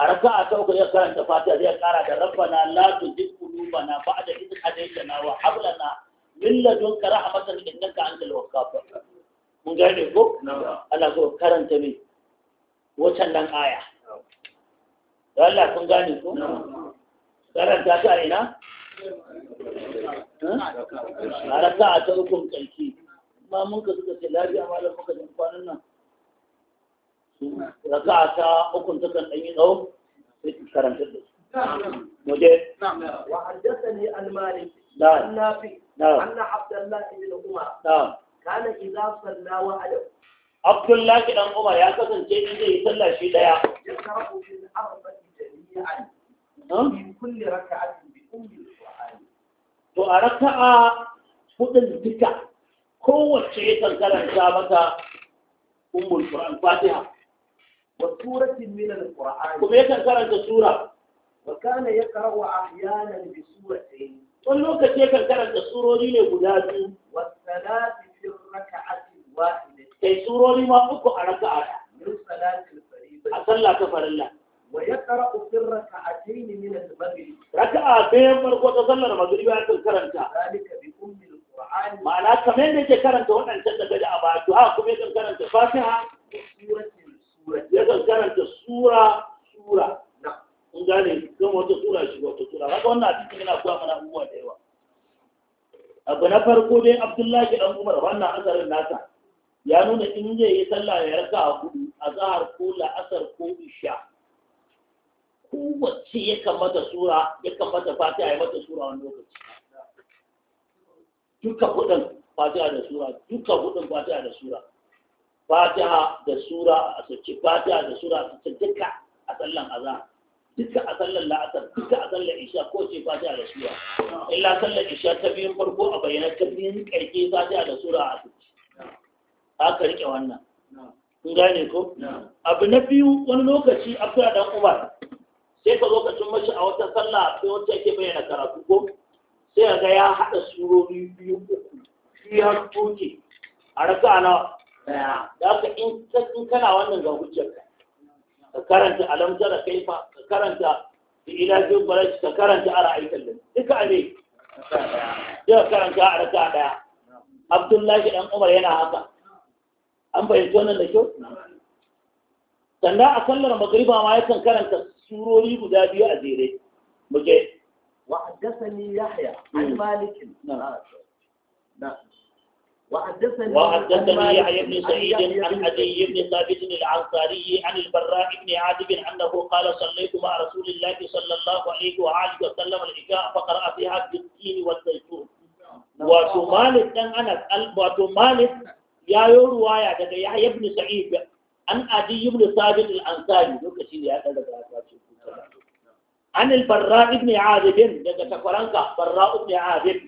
A raka a ta uku ya karanta Fatiha zai kara da rabbana la tuzigh qulubana ba'da idh hadaytana wa hab lana min ladunka rahmatan innaka antal wahhab. Kun gane ko? Ana so karanta ne. Wacan nan aya. Allah kun gane ko? karanta ta ina a raka a ta ukun ƙarki ma mun ka suka ce lafiya malam muka jin kwanan nan raka a ta ukun ta kan ɗanyi tsawo sai karanta da su muje wa haddasani ne malik an nafi an na abdullahi bin umar kana idza salla wa adam abdullahi dan umar ya kasance in zai yi sallah shi daya ya karbu bin arba'in jami'an min kulli raka'atin bi ummi al-qur'ani to a raka'a hudun duka kowace ya karanta mata ummul qur'an fatiha wa suratin al-qur'an kuma ya sura wani lokaci ya da surori ne guda biyu wa salati fi raka'atin wahidatin kai surori ma uku a raka'a min fariida a sallah ta farilla wa yaqra sirra sa'atayn min al-maghrib raka'a bayan farko ta sallar maghrib ya karanta zalika bi ummi al-qur'an ma'ana kamar yadda yake karanta wadannan da gaji a ba to kuma yake karanta fatiha suratin karanta sura gane wata sura shi wata sura haka wannan a cikin yana kuwa mana abubuwa da yawa abu na farko dai abdullahi dan umar wannan asarin nasa ya nuna in zai yi sallah ya raka a gudu, a zahar ko la'asar ko isha kowace ya kamata sura ya kamata fatiha ya mata sura wani lokaci duka hudun fatiha da sura duka hudun fatiha da sura fatiha da sura a sace fatiha da sura a sace duka a sallan azan duka a sallan la'asar duka a sallan isha ko ce fatiha da sura illa sallan isha ta biyun farko a bayyana ta biyun karke fatiha da sura a sace aka rike wannan kun gane ko abu na biyu wani lokaci abdullahi dan umar sai ka zo ka cin mashi a wata sallah sai wacce ake bayyana karatu ko sai ga ya haɗa surori biyu uku shi ya tuke a raka na da haka in kana wannan ga hujjar. ka karanta alamta da kaifa ka karanta da ilajin barashi ka karanta a ra'ayikan da duka a ne duka karanta a raka daya abdullahi dan umar yana haka an fahimci wannan da kyau sannan a sallar magriba ma yakan karanta surori guda biyu a وحدثني يحيى عن مالك وحدثني وحدثني يحيى بن سعيد عن عدي بن ثابت العنصاري عن البراء بن عازب انه قال صليت مع رسول الله صلى الله عليه واله وسلم العشاء فقرا فيها بالتين والزيتون wato malik dan anas wato malik ya yi ruwaya daga yahya ibn sa'id an adi عن البراء بن عازب daga takwaranka barra ibn azib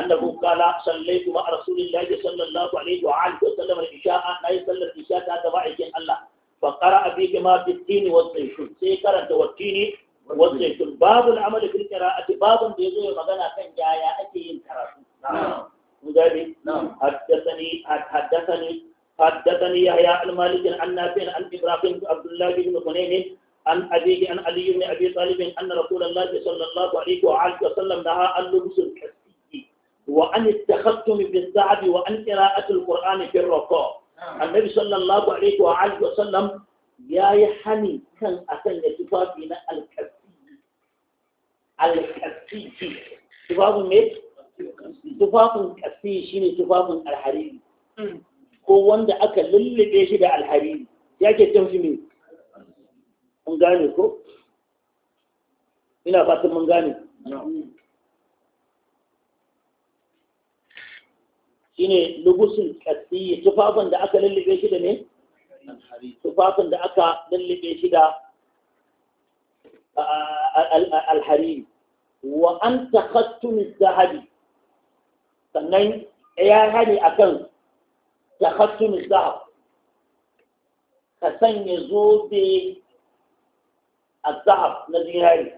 annahu qala sallaytu ma rasulillah sallallahu alaihi wa alihi wa sallam al-isha'a la yusalla al-isha'a ta ba'ikin Allah fa qara'a bi kama fi tin sai karanta wa tin wa zaytun babul amali fil qira'ati babun da magana kan yaya ake yin karatu mun gani haddathani haddathani haddathani an an abiyi an aliyu ne abiyu talibin an na rakunan lafi sallallahu alaihi wa alihi wasallam da ha an lulusun kasiki wa an takhattum bin sa'abi wa an qira'atul qur'an fi rako annabi sallallahu alaihi wa alihi ya yi hani kan akan ya tufafi na alkasiki tufafin me tufafin kasiki shine tufafin alhariri ko wanda aka lullube shi da alhariri yake tafi me mun gane ko ina fatan mun gane shine lugusul qasiyyi tufafin da aka lullube shi da ne tufafin da aka lullube shi da alhariri wa an takhattum zahabi sannan ya hari akan takhattum zahab ka sanya zobe الذهب الذي هاي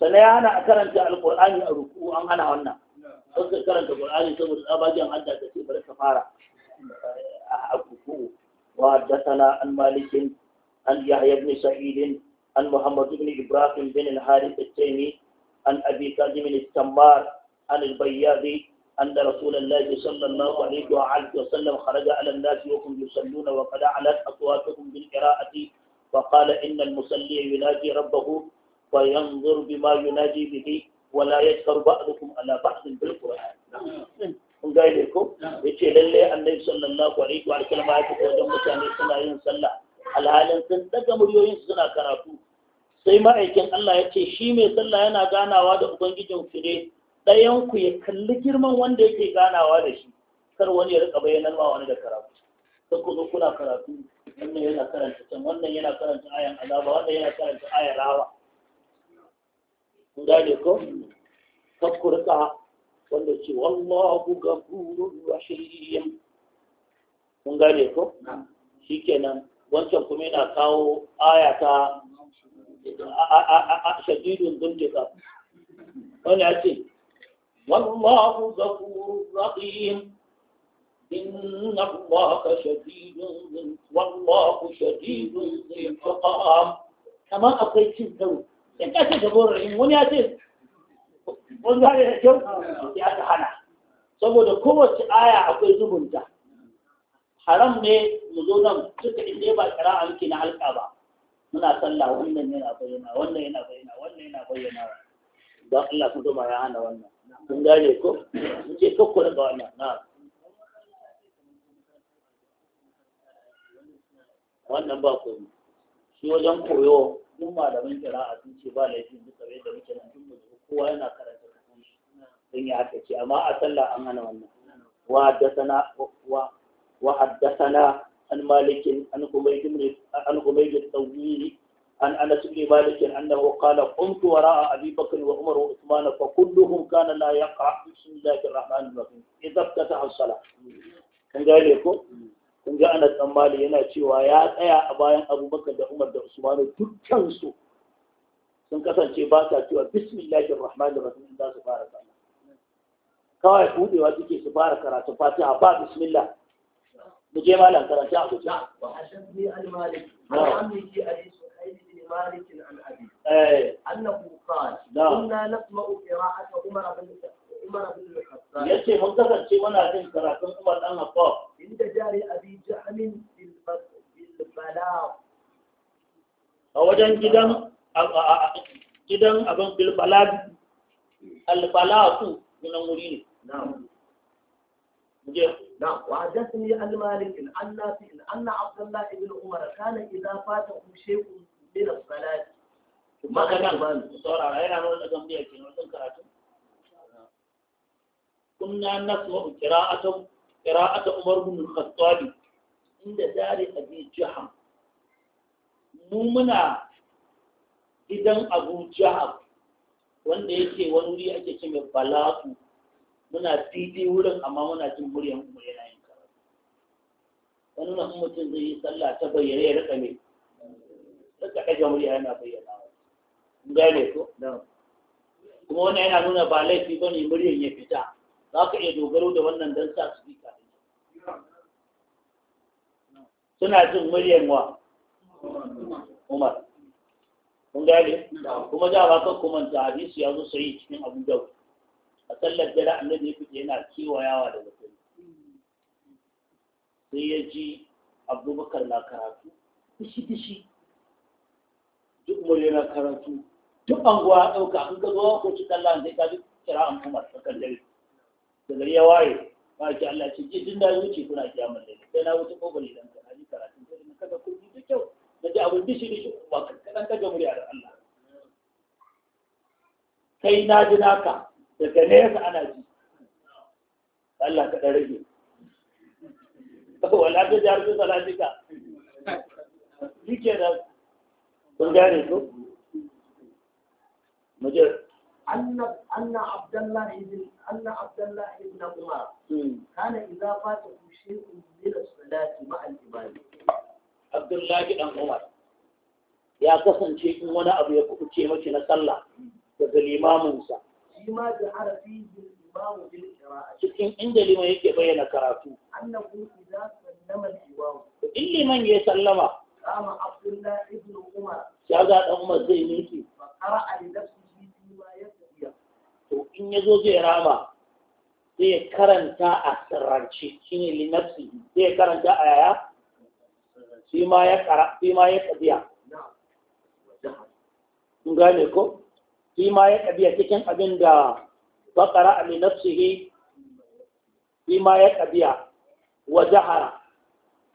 سنيا انا اكرنت القران يا ركوع ان انا هنا نعم. اكرنت القران ثم ابا جان حدا تسي بركه فارا ركوع وحدثنا عن مالك عن يحيى بن سعيد عن محمد بن ابراهيم بن الحارث التيمي عن ابي كاظم السمار عن البياضي أن رسول الله صلى الله عليه وآله وسلم خرج على الناس وهم يصلون وقد علت أصواتهم بالقراءة فقال إن المصلي يناجي ربه وينظر بما يناجي به ولا يذكر بعضكم على بعض بالقرآن kun gane ko ya ce lalle annabi sallallahu alaihi wa sallam ya fito wajen mutane suna yin sallah alhalin sun daga muryoyin suna karatu sai ma'aikin Allah ya ce shi mai sallah yana ganawa da ubangijin ku ne ɗayan ku ya kalli girman wanda yake ganawa da shi kar wani ya rika bayyanar ma wani da karatu sai ku zo kuna karatu wannan yana karanta can wannan yana karanta ayan azaba wannan yana karanta ayan rawa guda ne ko kakkurka wanda ce wallahu gafurur rahim kun gane ko shikenan wancan kuma yana kawo aya ta shadidun zuntuka wani ya ce wallahu gafurur rahim إن الله شديد والله شديد الانتقام كما أقول كذب in ka ce gaban rahim wani ya ce wani ya kyau ya ta saboda kowace aya akwai zubunta haram ne mu zo nan suka inda ba kira alki na halka ba muna sallah wannan yana bayyana wannan yana bayyana wannan yana bayyana don Allah sun zama ya hana wannan kun gane ko daga wannan wannan ba ku shi wajen koyo duk malaman a sun ce ba laifin duka bai da muke nan tun kowa yana karanta kasan shi don ya haka ce amma a sallah an hana wannan wa haddasana wa wa haddasana an malikin an humayt an humayt at-tawili an anas ibn malik annahu qala qumtu wara'a abi bakr wa umar wa usman fa kulluhum kana la yaqra bismillahir rahmanir rahim idza ftataha as-salah kan gale ko kun ji anas dan yana cewa ya tsaya a bayan abubakar da umar da usmanu dukkansu sun kasance ba sa cewa bismillahir rahmanir rahim za su fara sallah kawai budewa suke su fara karatu fatiha ba bismillah mu je malam karanta a guje wa hasbi al-malik al-amri hadith مالك عن أبي أنه قال كنا نسمع قراءة عمر بن yace mun kasance muna jin karatun Umar dan Affan inda jari abi jahamin bil bala a wajen gidan gidan abin bil bala al balatu sunan wuri ne نعم وحدثني عن مالك عن نافع ان عبد الله بن عمر كان اذا فاته شيء من الصلاه ما كان saurara yana nuna gambiya kenan sun karatu kunna nasma'u qira'atan qira'ata Umar ibn al-Khattab inda dari Abi Jaham mu muna idan Abu wanda yake wani wuri ake ce mai balatu muna didi wurin amma muna jin muryan mu yana yin karatu wani na mutum zai yi sallah ta bayyana ya rika mai rika ɗaga murya yana bayyana gane ko kuma wannan yana nuna ba laifi ba ne muryan ya fita za ka iya dogaro da wannan don sa su bika suna jin muryan wa umar kun gane kuma da ba ka kuma ta hadisi ya zo sai cikin abu da a sallar dare annabi yake yana kewayawa daga kai sai ya ji abubakar na karatu dishi dishi duk umar na karatu duk anguwa ɗauka in ka zo ko ci kallon sai ka ji kira an kuma tsakar dare da gari ya waye ba ki Allah ce ji din da wuce kuna kiyamar da sai na wuce ko bari dan kana karatu sai na kaga ku ji kyau da ji abin dishi dishi ba kadan kaga murya da Allah kai na ji naka daga nesa ana ji Allah ka dan rage wala ta jar su salatika shike da kun gane ko mujir anna anna abdullahi ibn أن عبد الله بن عمر كان إذا فاته شيء من الصلاة مع الإمام عبد الله بن عمر ya kasance in wani abu ya kuɓuce mace na sallah daga limaminsa. Shi ma da harafi imamu bil qira'a. Cikin inda liman yake bayyana karatu. Annahu idza sallama al-imamu. In liman ya sallama. Kama Abdullah ibn Umar. Ya ga dan Umar zai miki. Fa qara'a li nafsi to in ya zo zai rama zai karanta a sirrance shi ne linafsi zai karanta a yaya shi ma ya tsabiya Kun gane ko shi ma ya ƙabiya cikin abin da bakara a linafsihi shi ma ya ƙabiya wa jahara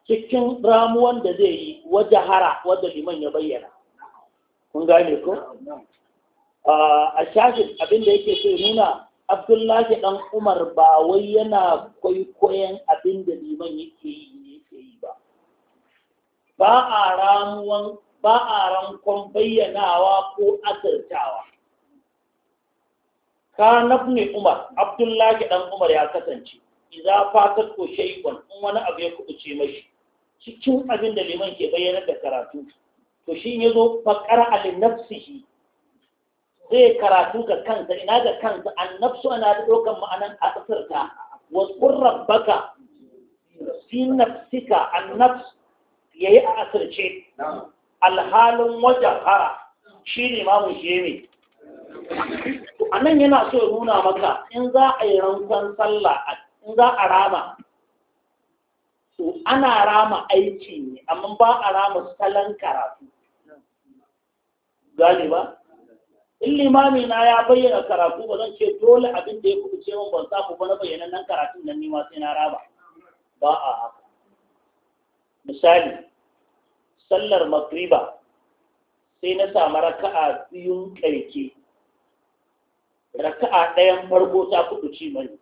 cikin ramuwan da zai yi wa jahara wadda liman ya bayyana kun gane ko a shafin abin da yake so nuna abdullahi dan umar ba wai yana kwaikwayon abin da liman yake yi ne yake yi ba ba a ramuwan ba a rankon bayyanawa ko asirtawa ka nafne umar abdullahi dan umar ya kasance Iza fatar ko shaikon in wani abu ya ce mashi cikin abin da liman ke bayyana da karatu to shi zo faqara al nafsihi zai karatu ga kansa ina ga kansa annabsu ana da ɗaukan ma'anan a tsirka wasu baka fi nafsika annabs ya yi a asirce alhalin wajen hara shi ne mamun shi ne a nan yana so ya nuna maka in za a yi rankon sallah in za a rama to ana rama aiki ne amma ba a rama salon karatu gane ba in limami na ya bayyana karatu ba zan ce dole abin da ya kuɗi ce ban samu ba na bayyanan nan karatun nan nima sai na raba ba a haka misali sallar magriba sai na sami raka'a biyun ƙarke raka'a ɗayan farko ta kuɗi ci mani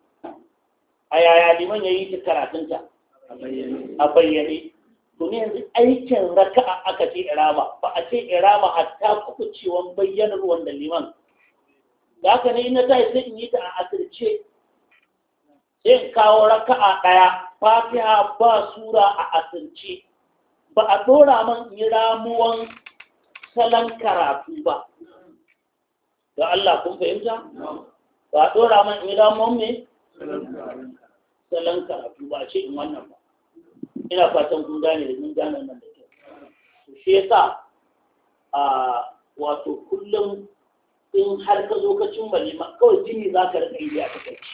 a yaya liman ya yi ta karatunta a bayyane domin yanzu aikin raka'a aka ce irama ba a ce irama hatta kukucewan bayyanar wanda liman da aka ne ina tayi sai in yi ta a asirce sai in kawo raka'a ɗaya fatiha ba sura a asirce ba a ɗora man yi ramuwan salon karatu ba ga Allah kun fahimta ba a ɗora man yi ramuwan me salon karatu ba ce in wannan ba ina fatan kun gane da mun gane nan da kyau shi yasa a wato kullum in har ka zo ka cimma nema kawai jini za ka rika yi a takaici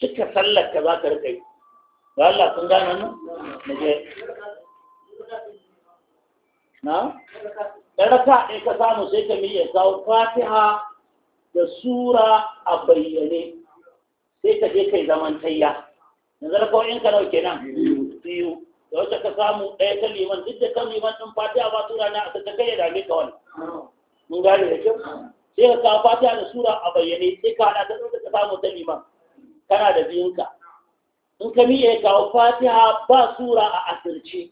cika sallar ka za ka rika yi ga Allah kun gane nan na je na dan raka in ka samu sai ka miye sau, fatiha da sura a bayyane sai ka je kai zaman tayya yanzu ko in ka dauke nan biyu da wacce ka samu ɗaya ta liman duk da kan liman ɗin fatiha ba sura na ta kai ya dame ka wani mun gane da kyau sai ka kawo fatiha da sura a bayyane sai ka haɗa ta ɗauka ka samu ta liman kana da biyunka in ka miƙe kawo fatiha ba sura a asirce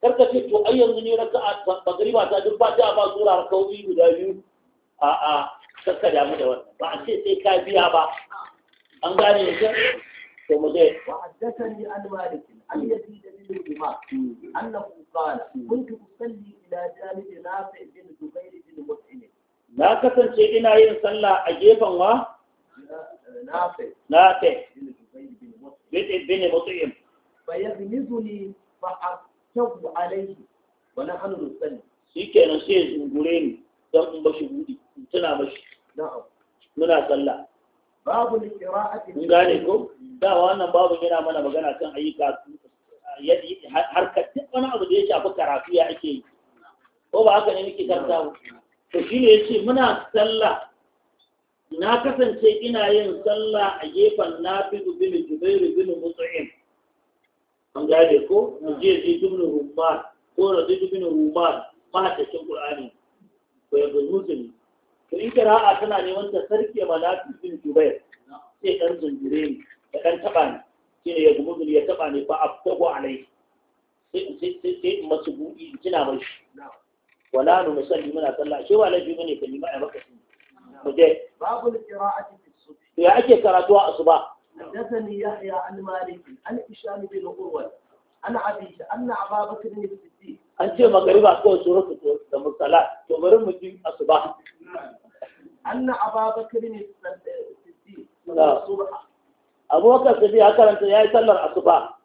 karka ce to ai yanzu ne raka ba ta duk fatiha ba sura rakawi guda biyu a a karka damu da wani. ba a ce sai ka biya ba an gane da kyau to mu je malik الذي دليلهما أنه قال كنت أصلي إلى جانب نافع بن زبير بن مطعم لا كسن شيء إنا ينصلى أجيبا don in bashi in tuna bashi muna sallah mun gane ko da wannan babu yana mana magana kan ayyuka harkar duk wani abu da ya shafi karatu ya ake yi ko ba haka ne muke karanta to shi ne yace muna sallah na kasance ina yin sallah a gefen nafidu bin jubairu bin mut'im an gane ko je ji dubnu rumman ko radidu bin rumman cikin qur'ani ko yanzu mutumi. to in a tana neman ta sarki malafi bin jubair sai dan zunjire ne da dan taɓa ne shine ya gumuzu ya taba ne fa aftahu alai sai in masu buɗi kina mai shi wala nu musalli muna sallah shi wa laifi bane kalli ma baka shi mu je babu qira'ati fi subh ya ake karatuwa asuba حدثني An عن مالك عن هشام بن عروه عن an ان ابا بكر الصديق an ce magariba ko suratu da musala to bari mu ji asuba anna ababakar ne siddiq subha abubakar sai ya karanta ya yi sallar asuba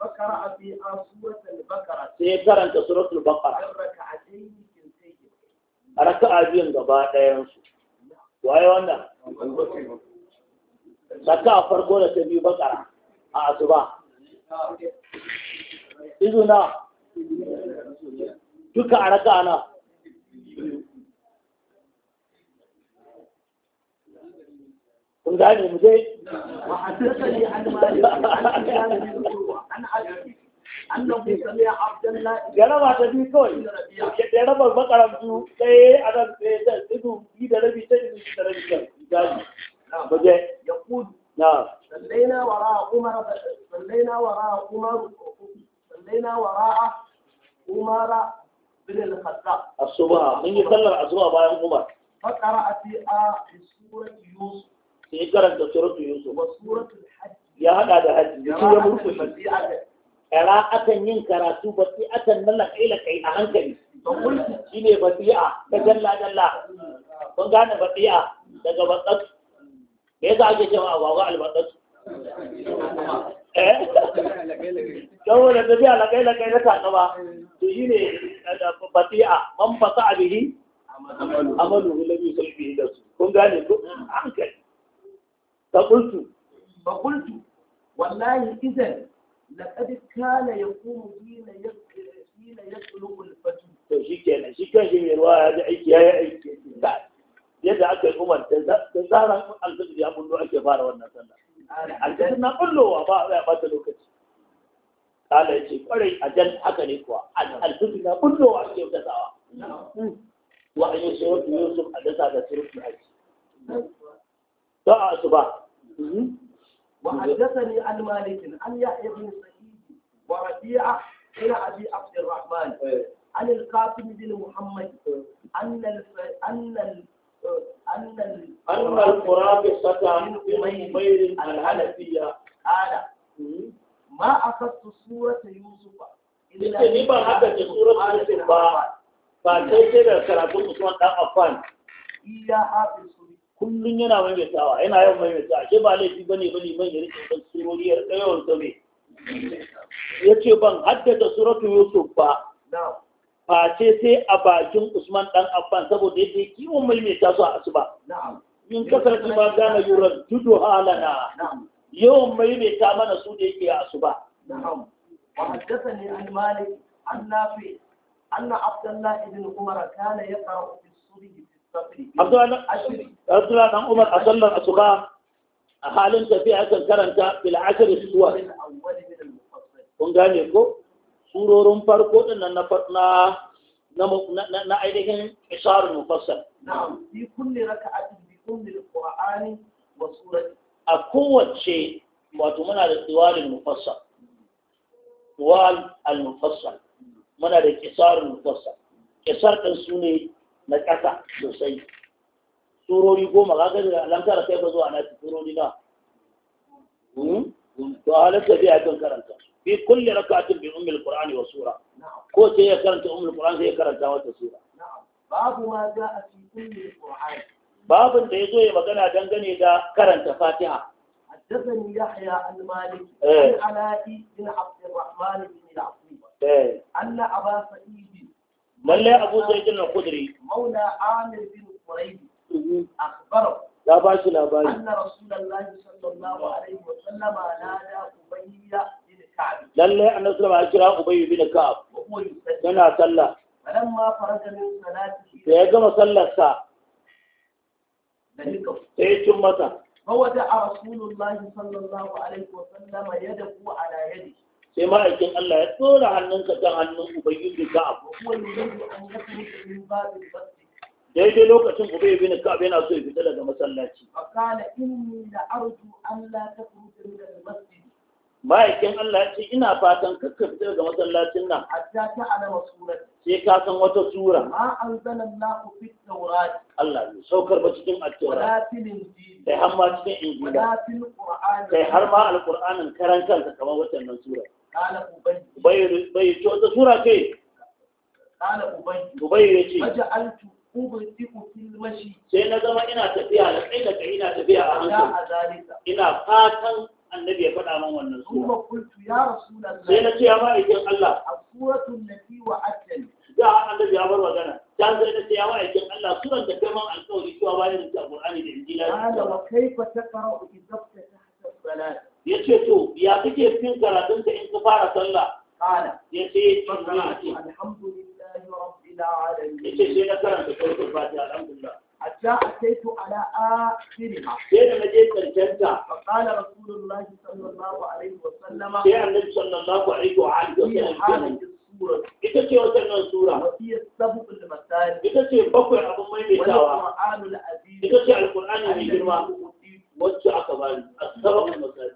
sai ya karanta suratul bakara. a raka'a biyun gaba ɗayansu waye wannan raka'a farko da ta biyu bakara a asuba izuna duka a raka na kun gane mu dai وحدثني عن مالك عن كان عن ان سمع عبد الله جرب تبي ان جرب بقرة بيو كي أنا تدو في دربي تدو في دربي كم بجي يقول نعم صلينا وراء عمر صلينا وراء عمر صلينا وراء عمر بن الخطاب الصبح من يصلي الصبح بعد عمر فقرأ في سورة يوسف da ya karanta suratu yusuf ya hada da hajji ya ya mutu kara akan yin karatu ba sai akan nan lakai kai a hankali mulki shine bati'a ta dalla dalla kun gane bati'a daga batsat me yasa ake cewa agwagwa albatsat eh, eh? *laughs* saboda tafiya lakai lakai na ba, to shi ne eh, bati'a man fasa abihi amalu lam yusalbi da su kun gane ko hmm. hankali فقلت فقلت والله إذا لقد كان يقوم حين حين يطلب الفتوى to shi kenan shi kan shi mai ruwa ya ji aiki ya yi aiki ba aka yi da zaran alfajir ya bullo ake fara wannan sallah alfajir na bullowa ba ya bata lokaci kala ya ce kwarai a jan haka ne kuwa alfajir na ake gasawa wa yi yusuf a dasa da shirin a asuba وحدثني عن مالك عن يحيى بن سعيد وربيعه الى ابي عبد الرحمن إيه. عن القاسم بن محمد ان ان ان ان القرابصة بن أمير الهلفية قال ما أخذت سورة يوسف إلا إني ما سورة يوسف فاتيت الى sai da افان اياها في kullum yana maimaitawa yana yawan maimaitawa ke ba laifi ba ne ba ne man yari kan surori ɗayawar ta ya ce ban haddata suratun yusuf ba face sai a bakin usman dan Afan saboda yadda ya kiwon maimaita su a asuba yin kasar ma gane yuran tudu halana yawan maimaita mana su da yake a asuba وحدثني عن مالك Abdullahi نافع أن عبد الله بن عمر Abdullah dan Umar a sallar asuba a halin tafiya akan karanta bil ashr suwa wa surati da tiwalul mufassal tiwal da kisarul sune na ƙasa sosai surori goma kaga da alamtar kai ba zuwa nasi surori na hmm? to halatta zai haifin karanta Bi fi kulli rak'atin bi ummil qur'ani wa sura ko sai ya karanta ummil qur'an sai ya karanta wata sura babu ma za a fi kulli qur'an babin da ya zo ya magana dangane da karanta fatiha حدثني يحيى عن مالك عن علاء بن عبد الرحمن بن العقيل ان ابا سعيد lalle abu na kudri maula amir bin quraib mhm. akhbaro ya ba shi labari anna rasulullahi sallallahu alaihi wa sallam nada ubayya bin ka'ab lalle annabi sallallahu sallah falamma ya gama sallar sa sai cin mata فوضع رسول الله صلى الله عليه وسلم يده على يده sai ma'aikin Allah ya tsora hannunka kan hannun ubangiji ka abu daidai lokacin ubay bin ka'ab yana so ya fita daga masallaci faqala inni la arju an la takhruja min al-masjid ma'aikin Allah ya ce ina fatan kakka fita daga masallacin nan hatta ta alama surat sai ka san wata sura ma anzalallahu fit tawrat Allah ne saukar ba cikin at-taurat kai har ma cikin injila kai har ma al-qur'anin karan kanka kamar wannan sura bai ce wata sura ce ubai ya ce sai na zama ina tafiya da kai da kai ina tafiya a hankali ina fatan annabi ya faɗa min wannan sura sai na ce ya ba ikin Allah a suratun nabi wa akali da annabi ya bar magana ta zai na ce ya ma ikin Allah suran da kai man alƙawari cewa bayan da Qur'ani da Injila ta. kaifa taqra'u bi tahta salat yace to ya kike cikin karatun ka in ka fara sallah kana yace alhamdulillahi rabbil alamin yace sai na karanta A al-fatiha alhamdulillah hatta ataitu ala akhiriha sai da naje karkenta fa qala rasulullahi sallallahu alaihi wa sallam sai annabi sallallahu alaihi wa alihi wa sallam ita ce wannan sura ita ce bakwai abu mai mai tawa ita ce alkur'ani mai girma wacce aka bani a sabon masali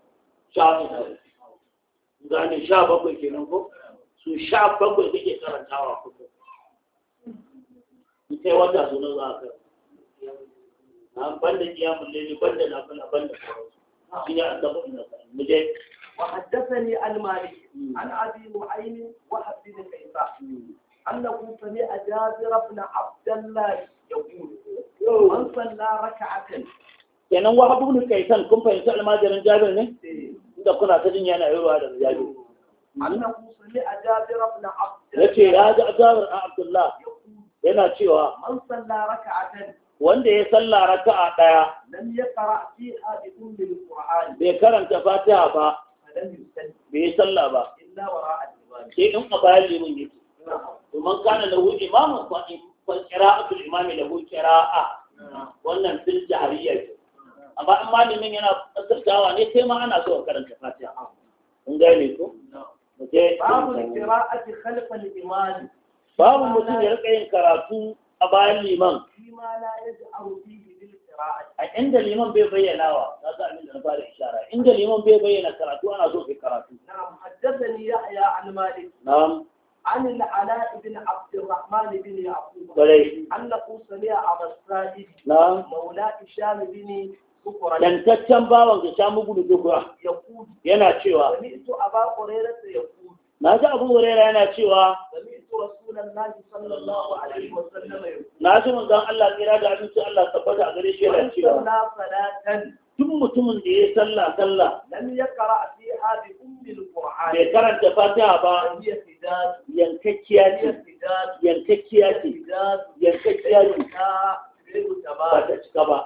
gane sha bakwai kenan ko su sha bakwai kake karantawa kuka Su kai wata su nan za a kai na banda kiyamun lele banda na fana banda shi ne a tabbata na mu je وحدثني المالك عن ابي نعيم وهب بن كيسان انه سمع جابر بن عبد الله يقول من صلى ركعه kenan wahab kai kaisan kun fahimci almajirin jabir ne inda kuna ta jin yana yarwa da jabir annahu salli a jabir ibn yace ya ga jabir a abdullah yana cewa wanda ya salla raka'a daya lam yaqra bai karanta fatiha ba bai salla ba illa sai in a bayan limin yake domin kana lahu imamun fa qira'atul imami lahu qira'a wannan bil jahriyya amma in malamin yana tsirtawa ne sai ma ana so a karanta fatiha kun gane ko babu qira'ati khalfa al-imam babu mutum ya rika yin karatu a bayan liman a inda liman bai bayyana wa na za a da na fara ishara inda liman bai bayyana karatu ana so kai karatu na'am haddathani yahya an malik na'am عن العلاء بن عبد الرحمن بن يعقوب أنه سمع أبا السائب مولى هشام بن yantaccen bawan ka sha mugu da dukura yana cewa na ji abu hurera yana cewa na ji manzan Allah kira da abinci Allah tabbata a gare shi yana cewa Tun mutumin da ya sallah sallah bai karanta fatiha ba yankakkiya ce yankakkiya ce yankakkiya ce ba ta cika ba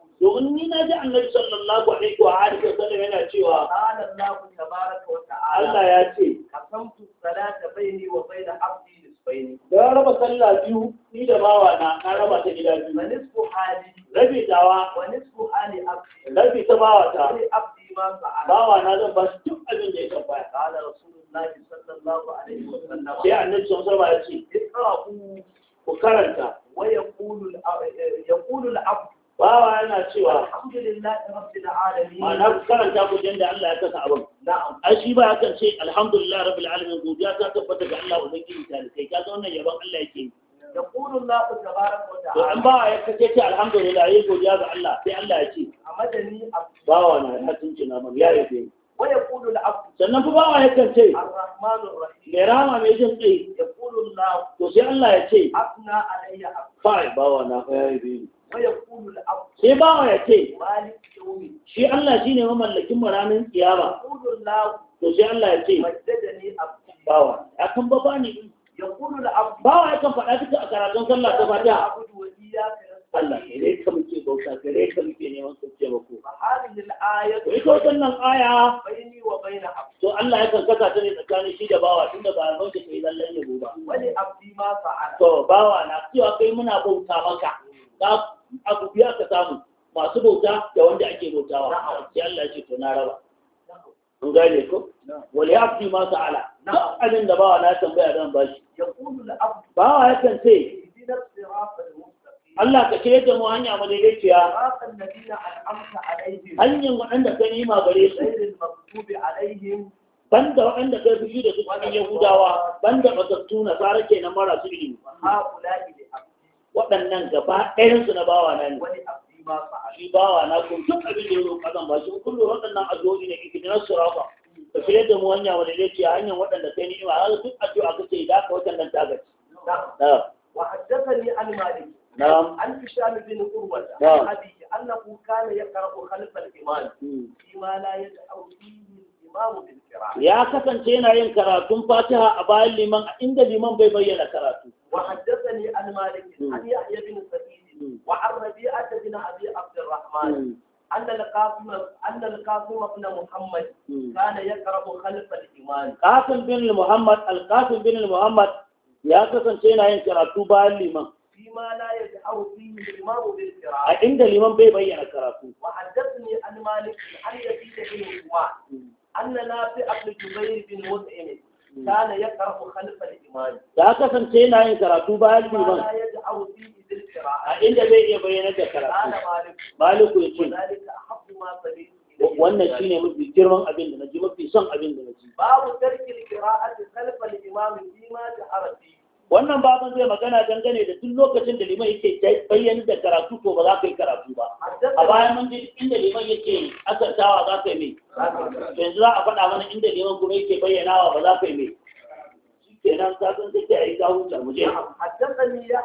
domin ni na ji annabi sallallahu alaihi wa alihi wa sallam yana cewa qala Allahu tabaraka wa ta'ala Allah ya ce qasamtu salata baini wa baina abdi nisfaini da raba sallah biyu ni da bawa na na raba ta gida biyu wa nisfu hali rabi dawa wa nisfu hali abdi rabi ta bawa ta abdi ma fa'ala bawa na zan ba duk abin da ya tambaya qala rasulullahi sallallahu alaihi wa sallam sai annabi sallallahu alaihi wa sallam ya ce ku karanta wa yaqulu eh, yaqulu al-abd bawa yana cewa alhamdulillahi rabbil alamin karanta ku da Allah ya kasa abin na'am ai shi ba yakan ce alhamdulillahi rabbil alamin godiya ta tabbata ga Allah ubangiji ta kai ka ga wannan yabon Allah yake yaqulu Allah tabaraka wa ta'ala to an ba ya kace ce alhamdulillah godiya ga Allah Allah ya ce a madani bawa na ya tunce na mun ya yabe wa yaqulu al-abd sannan fa bawa yakan ce ar-rahmanur rahim mai rama mai jin kai yaqulu Allah to sai Allah ya ce afna alayya fa bawa na ya sai bawa ya ce shi Allah shi ne mamallakin maranin tsiyama to sai Allah ya ce bawa ya kan ba baba ne bawa ya kan faɗa duka a karatun sallah ta fata Allah ne dai ka muke bauta ka dai ka muke neman sauke ba ko to ita wannan aya to Allah ya kan kasa ta ne tsakanin shi da bawa tunda ba a zan ka yi lallai ne ba to bawa na cewa kai muna bauta maka abu biya ka samu masu bauta da wanda ake bautawa sai Allah ce to na raba an gane ko wali abdi ma ta'ala duk abin da bawa na tambaya zan bashi bawa ya kan sai. Allah ka kire da mu hanya mu ya hanyar waɗanda ka nima gare su banda waɗanda ka fi da su cikin Yahudawa banda matattu na tsara kenan marasu ilimi waɗannan gaba ɗayansu na bawa na ne shi bawa na kun duk abin da ya roƙa zan ba shi kun lura waɗannan addu'o'i ne kike na surafa ka fiye da mu wanya wanda zai ce hanyar waɗanda sai ni ni'ima har duk addu'a kace da ka wajen nan ta gaci wa An al-malik نعم عن هشام بن قروة عن أبيه أنه كان يقرأ خلف الإمام فيما لا يدعو فيه ya kasance yana yin karatun fatiha a bayan liman inda liman bai bayyana karatu wa haddathani an malik an yahya bin sa'id wa an rabi'a bin abi abdurrahman an al qasim muhammad kana yaqrabu khalf al iman qasim bin muhammad al bin muhammad ya kasance yana karatu bayan liman fima la yaj'u fi limam bil qira'a inda liman bai bayyana karatu wa haddathani an malik an yahya bin hmm. wa anna nafi'a ibn jubair bin mut'im kana ya khalfa al-imam da kasance yana yin karatu bayan liman a inda zai iya bayyana da karatu maliku ya ce wannan shine mafi girman abin da na ji, mafi son abin da na ji. babu tarkil qira'ati khalfa al-imam da ta'arafi wannan baban zai magana dangane da duk lokacin da liman yake bayyana da karatu ko ba za ka yi karatu ba a bayan mun ji inda liman yake akantawa za ka yi mai yanzu za a faɗa mana inda liman kuma yake bayyanawa ba za ka yi mai kenan ka san kake ai ka huta mu je ya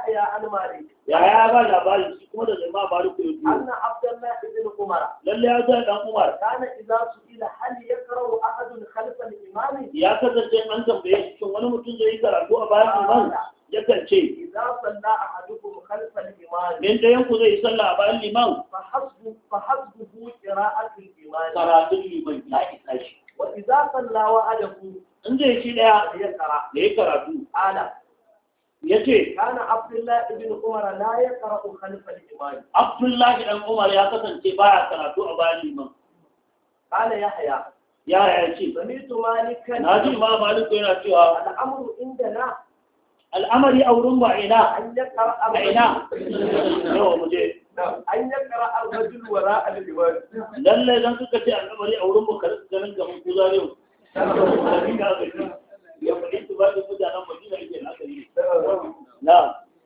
yahya an malik ya ba labarin shi kuma da zai ma da ku yi anna abdullah ibn umar lalle ya zai dan umar kana idza su'ila hal yakrahu a khalfa al-imam ya kasance an tambaye shi shin wani mutum zai yi karatu a bayan imam yakan ce idza salla ahadukum khalfa al-imam in da yanku zai salla a bayan imam fa hasbu fa hasbu qira'atul imam karatun liman ya isa shi wa idza salla wa adaku in zai shi daya ya kara ya karatu ala ce. kana abdullahi ibn umar la yaqra'u khalfa al-imam abdullahi ibn umar ya kasance baya karatu a bayan liman kana yahya ya ya ce samitu malikan naji ma maliku yana cewa al'amru na. al'amari aurun wa ina an yaqra'a ina yawa muje an ya kara arzikin wara a liwari lallai don suka ce al'amari a wurin bukarar su ganin gaban ya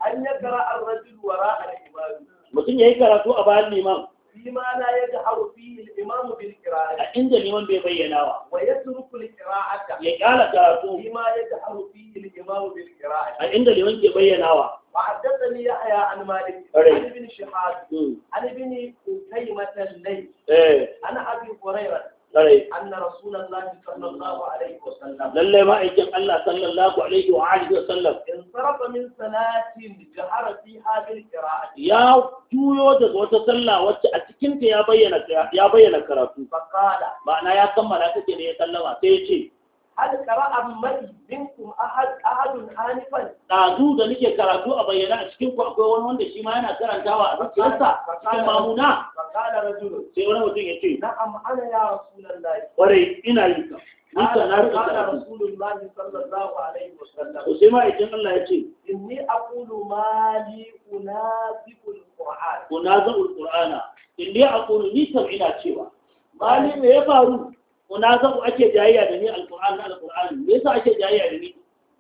an kara arzikin wara a mutum ya yi karatu a bayan liman bima na ya ga haru fi imam bil qira'a inda ne wanda ya bayyana wa wa yasruku li qira'ata ya kala ta to bima ya ga haru fi imam bil qira'a inda ne wanda bayyana wa wa haddatha li yahya an malik an ibn shihab hmm. an ibn kaymat al-layth eh ana abi qurayra lare lalle ma aikin Allah sallallahu alaihi wa alihi wa sallam in sarafa min salatin jahara fi hadhihi alqira'ati ya juyo daga wata sallah wacce a cikin ta ya bayyana ya bayyana karatu faqala ma'ana ya kammala take ne ya sallama sai ya ce hal qara'a mali minkum ahad ahadun hanifan dazu da nake karatu a bayyana a cikin ku akwai wani wanda shi ma yana karantawa a zuciyarsa cikin mamuna qala rajul sai wani mutum ya ce na'am ana ya rasulullahi kware ina yi ka Nika na rika ta Rasulullahi sallallahu alaihi wasallam. Sai ma idan Allah ya ce inni aqulu ma li unazikul qur'an. Unazikul qur'ana. Inni aqulu ni kam ina cewa mali me ya faru munazabu ake jayayya da ni alqur'an na alqur'an me yasa ake jayayya da ni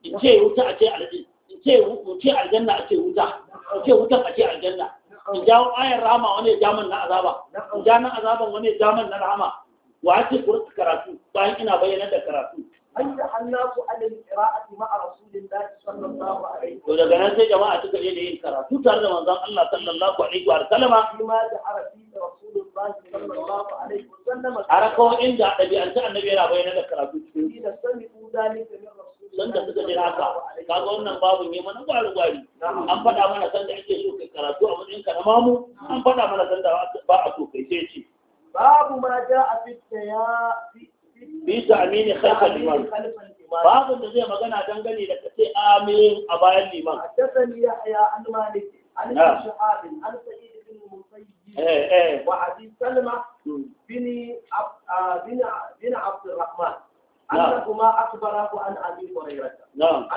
in ce wuta a ce aljanna in ce wuce aljanna a ce wuta in ce wutan a ce aljanna in ja ayar rahama wani ya ja man na azaba in ja na azaban wani ya ja man na rahama wa ake kurta karatu bayan ina bayyana da karatu ayya annasu alal qira'ati ma'a rasulillahi sallallahu to daga nan sai jama'a suka je da yin karatu tare da manzon Allah sallallahu alaihi wa sallama kuma da inda dabi'anta annabi yana bayyana da karatu cikin da da suka jira haka ga wannan babu ne mana gwari gwari an faɗa mana san da ake so kai karatu a matsayin ka na mamu an faɗa mana san da ba a so kai sai ce babu ma a fi ya fi bi amini khalfa liman babu da zai magana dangane da kace amin a bayan liman hadathani yahya an malik an shahab an sa'id bin musayyib eh, eh. wa abi salma hmm. ah, bin bin bin abd الرحمن أنهما أخبره عن أبي هريرة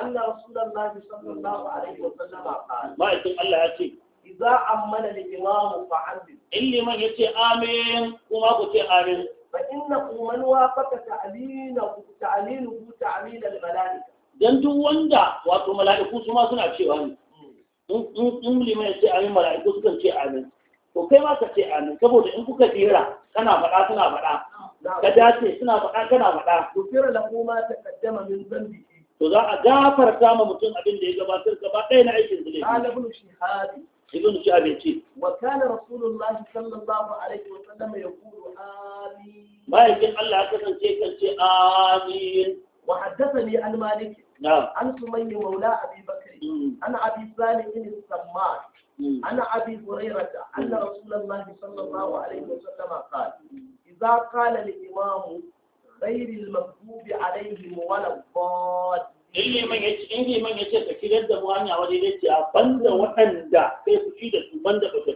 أن رسول الله صلى الله عليه وسلم قال ما يتم الله يأتي إذا أمن الإمام فعلم إن من يتي آمين وما قلت آمين فإنه من وافق تعليله تعليله da الملائكة Don duk wanda wato mala'iku su ma suna cewa ne hmm. in liman ce amin mala'iku suka ce amin to kai ma ka ce amin saboda in kuka tsira kana faɗa suna faɗa ka dace suna faɗa kana faɗa to tsira da ma ta kaddama min zambi to za a gafarta ma mutum abin da ya gabatar gaba ɗaya na aikin Ta shi zulebi ibn shahab abinci. wa kana rasulullahi sallallahu alaihi wa sallam yaqulu amin bayan Allah ya kasance kan ce amin wa haddathani an malik an sumayyi maula abi bakr hmm. Ana abi salih bin samman hmm. Ana abi hurairah anna hmm. rasulullahi sallallahu alaihi wa sallam qala idza qala al-imam غير المغضوب عليهم ولا الضالين in liman ya ce in ya ce ka kirar da hanya wajen ce a banda waɗanda sai ku ci da su banda ba ku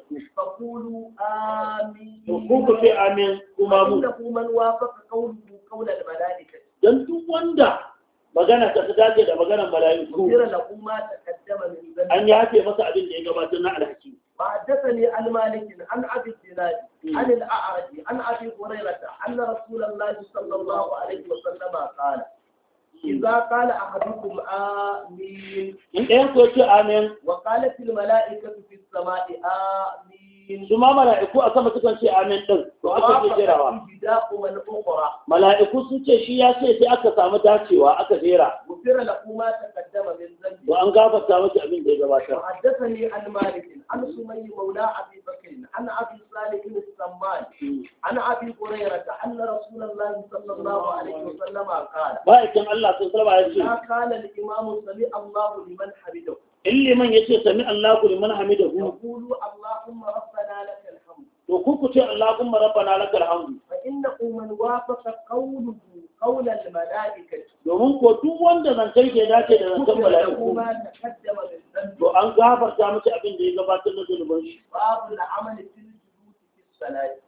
kulu amin ku ku ce amin kuma mu da kuma wafaqa qawlu qawla al malaika dan duk wanda magana ta ta dace da maganar Ku kira la kuma taqaddama min zan an ya ce masa abin da ya gabatar na alhaki وحدثني عن مالك عن ابي الزناد عن an عن ابي هريره ان رسول الله صلى الله عليه وسلم قال iza kala ahadukum amin in ɗayan ko amin wa kala fil mala'ikatu fis amin suma mala'iku a sama sukan ce amin ɗin to aka ce jirawa mala'iku sun ce shi ya ce sai aka samu dacewa aka jera wa an gafarta mace abin da ya gabata ba'aikin Allah sun salama ya ce ya kala al'imamu sami Allah liman habidahu in liman ya ce sami Allah Allahu liman hamidahu qulu Allahumma rabbana lakal hamd to ku ku ce Allahumma rabbana lakal hamd fa innahu man wafaqa qawluhu qawla al malaikati domin ko duk wanda zan kai ke dace da zan kan malaiku to an gafarta mace abin da ya gabatar na zulubin shi babu al amali fil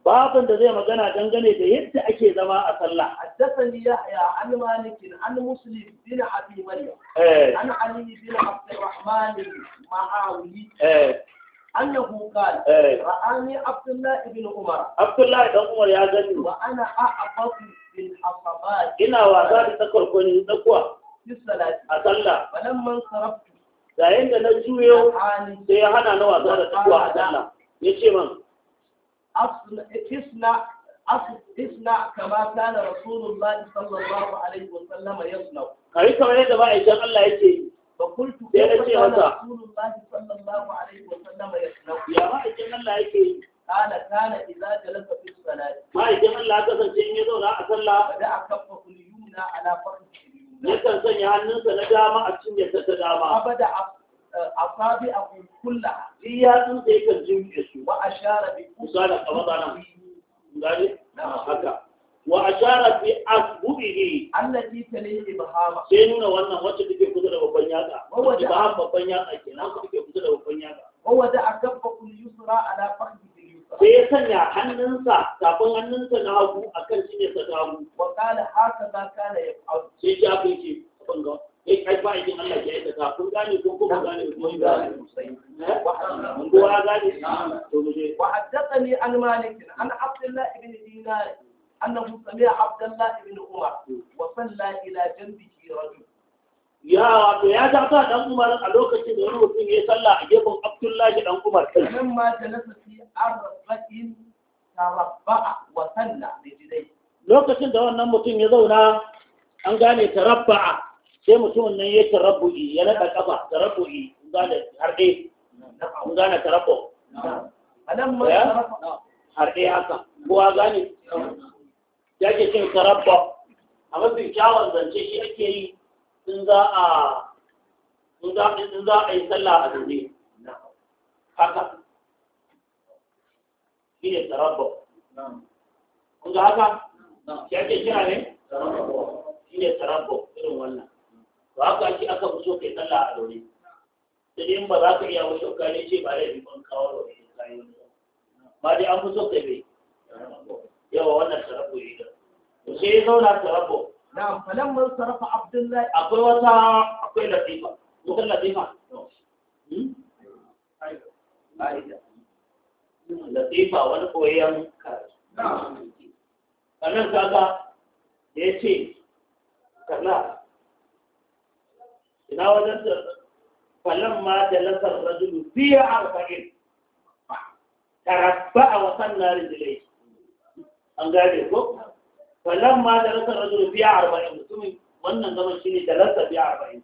babin da zai magana dangane da yadda ake zama a sallah haddathani yahya an malik an muslim bin abi maryam an ali bin abd alrahman ma'awi أنه قال رآني عبد الله بن عمر عبد الله بن عمر يا جدي وأنا أعطف بالحصبات إنا وأتاري تقول da yadda na juyo sai ya hana na wasa da tabuwa a dana ya ce man اصنع اصنع كما كان رسول الله صلى الله عليه وسلم يصنع kai kamar yadda ba idan Allah yake yi ba kultu da ya ce masa Rasulullah ya sallahu ya Allah yake yi kana kana idza jalasa fi salati ba Allah ya kasance in ya zauna a sallah da akaffa kul yumna yakan sanya hannunsa na dama a cinyarsa ta dama asabi a kun kulla shi ya tsuntsaye kan jirgin su wa a shara bi kusa da kamar gane haka wa ashara fi asbuhi allati tali ibhama sai nuna wannan wacce take kusa da babban yaka. wacce ba babban yatsa kenan ku take kusa da babban yaka. wa wada akabba kul yusra ala fakhdi yusra sai ya sanya hannunsa kafin hannunsa na hagu akan shine sa ta hagu wa qala haka ba kana yaf'al sai ya fice banga Eh, kai kai ba idan Allah ke aikata kun gane ko kuma gane ko kun gane eh? mun go ya gane to mu je wa haddathani an malik an abdullah ibn dinar annahu sami'a abdullah ibn umar wa salla ila janbihi rajul ya to ya ta ta dan umar a lokacin da wani mutum ya salla a gefen abdullahi dan umar kai nan ma da nasa fi arba'in tarabba'a wa salla bi lokacin da wannan mutum ya zauna an gane tarabba'a sai mutumin nan ya tarabbu'i ya naɗa ƙafa tarabbu'i gane harɗe kun gane tarabbu harɗe haka kowa gane ya ke cin tarabbu a mafi kyawun zance shi ake yi in za a za a yi sallah a zane haka shi ne tarabbu kun ga haka shi ake kira ne shi ne tarabbu irin wannan Ba ka ake aka fi so kai sallah a daure da dai ba za ka iya wasu kare ce ba laifin ban kawo da wani kayi wani ba dai an fi so kai bai yawa wannan sarrafa yi da to sai ya zauna sarrafa Na falan mun sarrafa abdullahi akwai wata akwai latifa wata latifa hmm? latifa wani koyon karatu sannan kaga ya ce karna ina wajen falon ma da lasar rajulu biya arba'in tarabba a wasan na rijilai an gane ko falon ma da lasar rajulu biya arba'in mutumin wannan zaman shi ne da lasar biya arba'in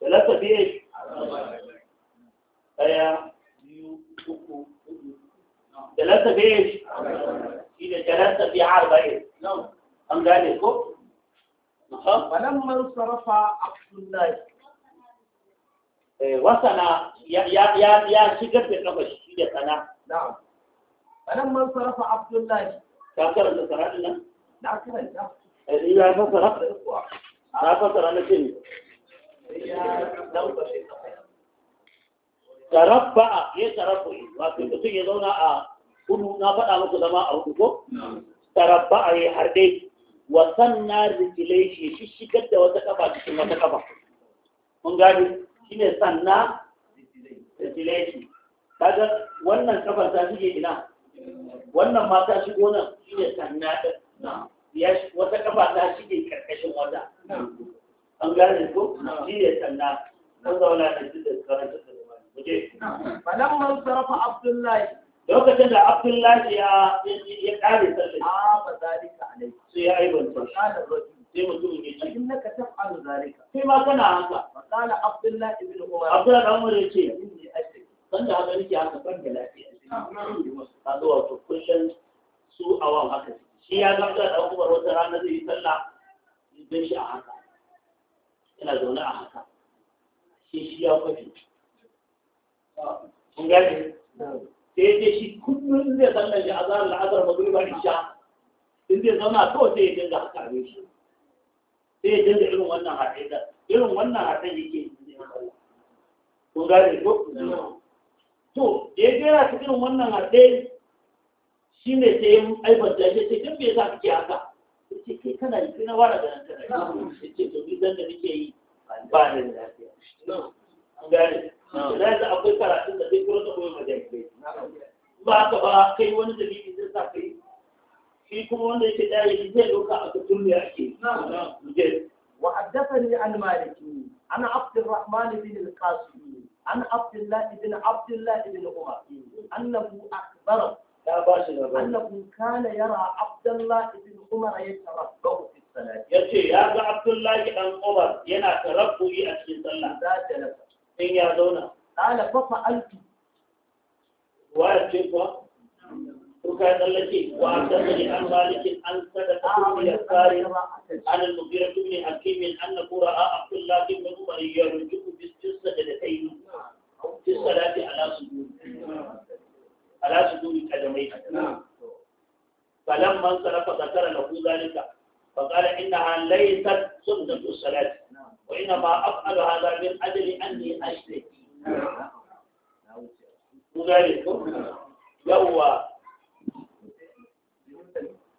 da lasar biya ɗaya biyu uku da lasar biya shi ne da lasar biya arba'in an gane ko فلما انصرف عبد الله Eh, wasana ya shigar da ɗaga shi da sana. Anan man sarrafa Abdullahi. Ka karanta ɗin nan? Na karanta. Eh, ya fasara? Na fasara na ce ne. Tarabba ya tarabba yi, wato mutum ya zauna a kudu na faɗa muku zama a hudu ko? Tarabba ya harde, wasan na rikilai shi shigar da wata kafa cikin wata kafa. Mun gani? shine sanna da silaishi kaga wannan kafar ta shige ina wannan ma ta shigo nan shine sanna din ya wata kafa ta shige karkashin wata an gane ko shine sanna an zauna da shi da karanta da muje falamma sarafa abdullahi lokacin da abdullahi ya ya kare sallah a fadalika alai sai ya aibanta sai mutum ya ce in naka taf'alu zalika sai ma kana haka fa qala abdullah ibn umar abdullah ibn umar yace inni ashrik san da haka nake haka ban da lafiya ka zo wato kullun su awan haka shi ya ga da umar wata rana zai yi sallah zai shi a haka yana zaune a haka shi shi ya kwafi kun gane sai dai shi kullum zai sallar shi azhar al-azhar magriba isha in sha in zai zauna kawai sai ya dinga haka abin shi sai ya canza irin wannan hatsai da irin wannan hatsai yake kun gane ko to da ya gera ta irin wannan hatsai shi ne sai ya aibanta ya ce kan me yasa kake haka ce kai kana yi na wara da nan tana yi ce to ni dan da nake yi ba ni da lafiya an gane na da akwai karatun da zai kura da koyon majalisai ba ka ba kai wani dalili zai sa kai shi kuma wanda yake ɗaya zai ɗauka a tutun da yake وحدثني عن مالك عن عبد الرحمن بن القاسم عن عبد الله بن عبد الله بن عمر انه اخبره انه كان يرى عبد الله بن عمر يتربع في الصلاه. يا يا عبد الله بن عمر ينا تربع في الصلاه. ذات لفظ. قال ففعلت. وقال وكان التي وعتمني عن مالك عن صدقة بن عن المغيرة بن حكيم أن قراء عبد الله بن عمر يرجو بالسجدتين في الصلاة على سجود على سجود قدميه فلما انصرف ذكر له ذلك فقال إنها ليست سنة الصلاة وإنما أفعل هذا من أجل أني أشتكي نعم. وذلك يوى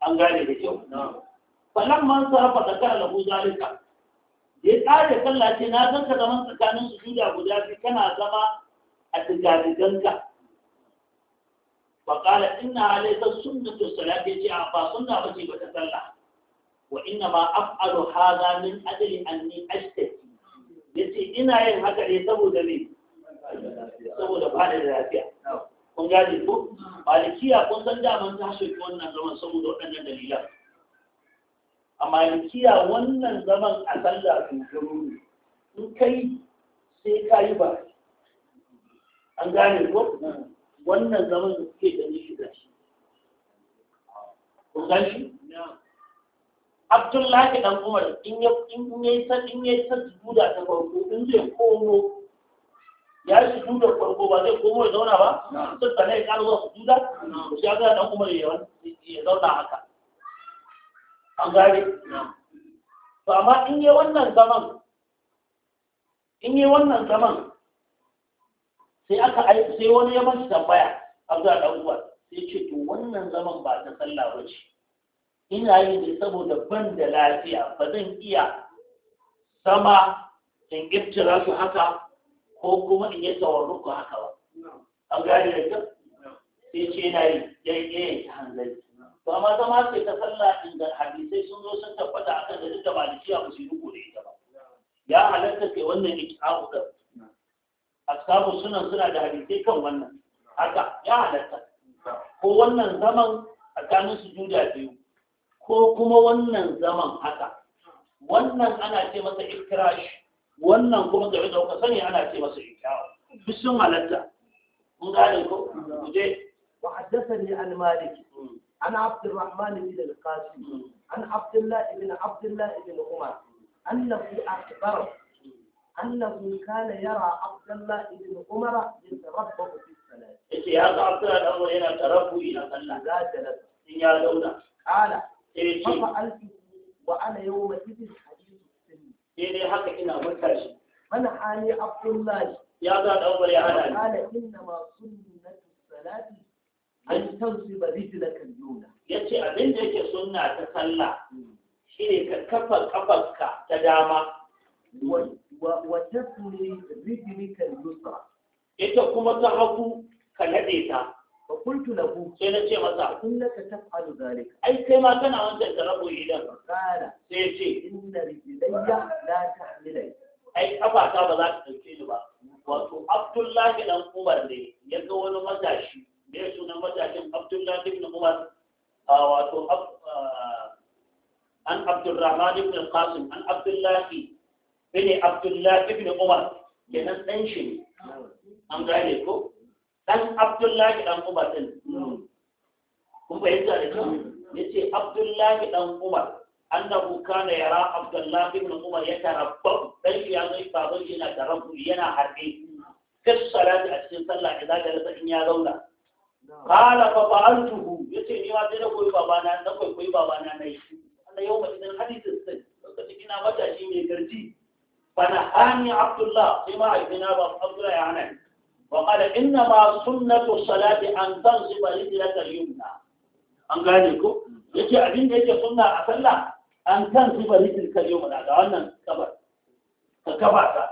an gane da kyau. Falan man su hafa da kan alabu zalika. Ya tsare ce na zanka zaman tsakanin su juda guda bi kana zama a tijadiganka. Fakala inna alaika sunnatu salati ce a ba sunna ba ce bata sallah. Wa inna ma af'alu hadha min ajli anni ashtaki. Yace ina yin haka ne saboda me? Saboda lafiya. kun gane ko malikiya kun san daman ta shi wannan zaman saboda waɗannan dalilan a malikiya wannan zaman a sallah dogaro ne in kai sai ka yi ba an gane ko wannan zaman da suke gani shi da shi kun gan shi Abdullahi dan Umar in ya yi ya ta in ya ta farko in zai komo ya yi su dudar farko ba zai komo ya zauna ba sun tsane ya ƙara zuwa su duda to sai ga dan umar ya zauna haka an gane to amma in yi wannan zaman in yi wannan zaman sai aka sai wani ya mashi tambaya abda dan uwa sai ce to wannan zaman ba ta sallah ba ce ina yi ne saboda ban da lafiya ba zan iya sama in giftira su haka ko kuma in yi tsawon tawarruku haka ba an gane da kyau sai ce na yi daidai ta hanzari Ba ma zama ce ta sallah inda hadisai sun zo sun tabbata akan da duka da ba su yi ruku da ita ba ya halatta kai wannan abu da ashabu sunan suna da hadisai kan wannan haka ya halatta ko wannan zaman a kanin su juda biyu ko kuma wannan zaman haka wannan ana ce masa ikirashi. wannan kuma game da kuka sani ana ce masa ikyawa duk sun halatta mun gane ko je wa haddathani an maliki hmm. an abdurrahman ibn al-qasim hmm. an abdullah ibn abdullah ibn umar annahu akbar hmm. annahu kana yara abdullah ibn umar yatarabbu fi salat yace ya ga abdullah dan umar yana tarabbu ila sallah Zata ta in ya zauna qala eh fa alfi wa ana yawma idin E, dai haka ina maka shi mana hali abdullahi ya ga dan ya hana ni ala inna ma sunnatu salati an tansiba rijlaka al Ya yace abin da yake sunna ta sallah hmm. shine ka kafa kafarka ta dama wa tasmi rijlika al-yusra ita kuma ta hagu ka naɗe ta fa qultu lahu sai na ce masa innaka taf'alu zalika ai kai ma tana wancan tarabo idan kana sai ya ce inna rijlayya la tahmilai ai kafata ba za ta dauke ni ba wato abdullahi dan umar ne ya ga wani matashi me sunan matashin abdullahi ibn umar wato an an abdullahi bin umar ko Abdullahi dan Umar din kun bayyana da kan yace Abdullahi dan Umar Annabu, kana yara Abdullahi ibn Umar ya tara, dan shi ya zai baban yana tarabbu yana harbe kas salati a cikin sallah idan da rasa in ya zauna qala fa fa'altuhu yace ni ma sai na koyi babana na koyi koyi babana nayi annabi yau mai idan hadisin sai lokacin ina matashi mai garji fa na hani Abdullah sai ma aibina ba Abdullah ya hana وقال إنما سنة الصلاة أن تنصب رجلك اليمنى an gane ko yace abin da yake sunna a sallah an kan zuba rijilka yumna ga wannan kabar ka kaba ta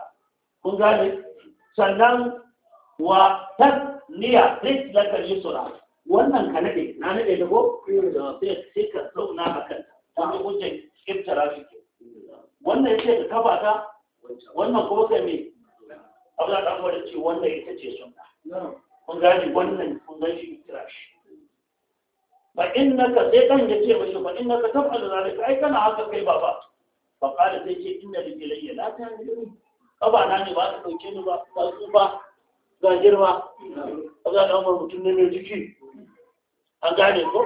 kun gane sannan wa niya rijilka wannan ka nade na nade da ko sai sai ka zauna a kan ta ta hujjar iftira shi wannan ka kaba ta wannan kuma kai me Allah ta gwada ce wanda ita ce sunna kun gani wannan kun gani shi kira shi Ba in naka sai kan ya ce mashi naka tabbar da zalika ai kana haka kai baba Ba qala sai ce inna li ilayya la Ka ba na ne ba ka dauke ni ba ba su ba ga girma kaza da umar mutum ne mai jiki an gane ko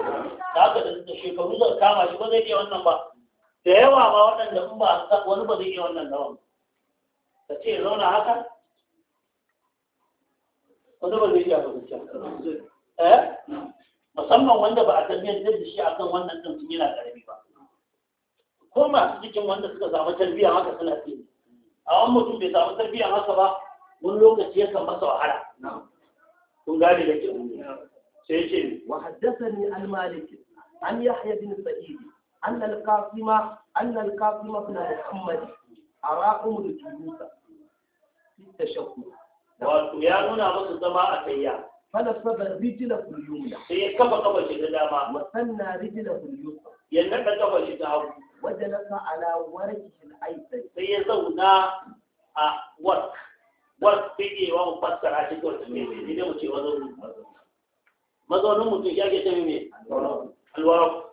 da haka da shekaru zan kama shi ba zai iya wannan ba da yawa ma waɗanda in ba wani ba zai iya wannan dawan ka ce zauna haka wanda ba zai iya ba gaskiya eh musamman wanda ba a tarbiyyantar da shi kan wannan din tun yana karami ba ko masu cikin wanda suka samu tarbiyya haka suna tsini a wani mutum bai samu tarbiyya haka ba wani lokaci ya yakan masa wahala kun gane da ke sai ce wa haddathani al-maliki an yahya bin sa'id أن القاسم suna da بن محمد أراهم الجلوس في التشهد wato ya nuna musu zama a tayya falasafa rijila kulyumna sai ya kafa kafa shi da dama musanna rijila kulyusa ya nada kafa shi ta hagu wajen sa ala warki al-aisai sai ya zauna a wark wark sai ke wa mu fassara shi mai, ne ne mu ce wazan mazaunin mutum ya ke tafi me alwarau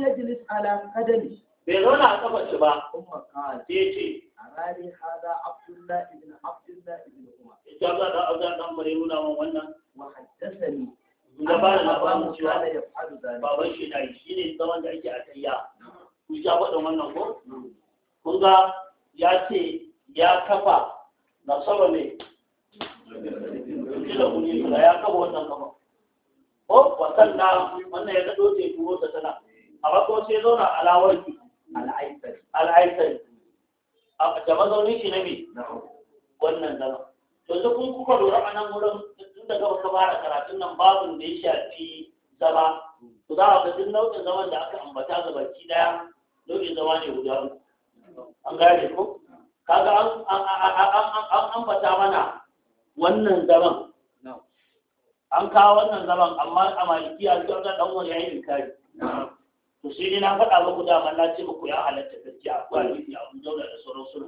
ya jilis ala قدمه bai zauna a kafar shi ba umma kan sai ce arari hada abdullah ibn abdullah ibn umar ce ba da azan dan bare nuna min wannan wa haddathani da ba na ba mu cewa da ya fadu da baban shi dai shine zaman da ake a kayya ku sha faɗin wannan ko kun ga ya ce ya kafa nasaba ne kila kuni sura ya kafa wannan kafa ko wasan da wannan ya gado ce tuwo ta tana a bako sai zauna alawar ki al'aisar da mazaunin shi na bi wannan zama yanzu kun kuka lura karatun nan da shafi zama ku da aka ambata an an mana wannan an kawo wannan zaman amma a maliki a cikin ɗan wani yayin kari to sai dai na faɗa muku dama na ce muku ya halatta gaskiya ko yi a mun daura da sauran suna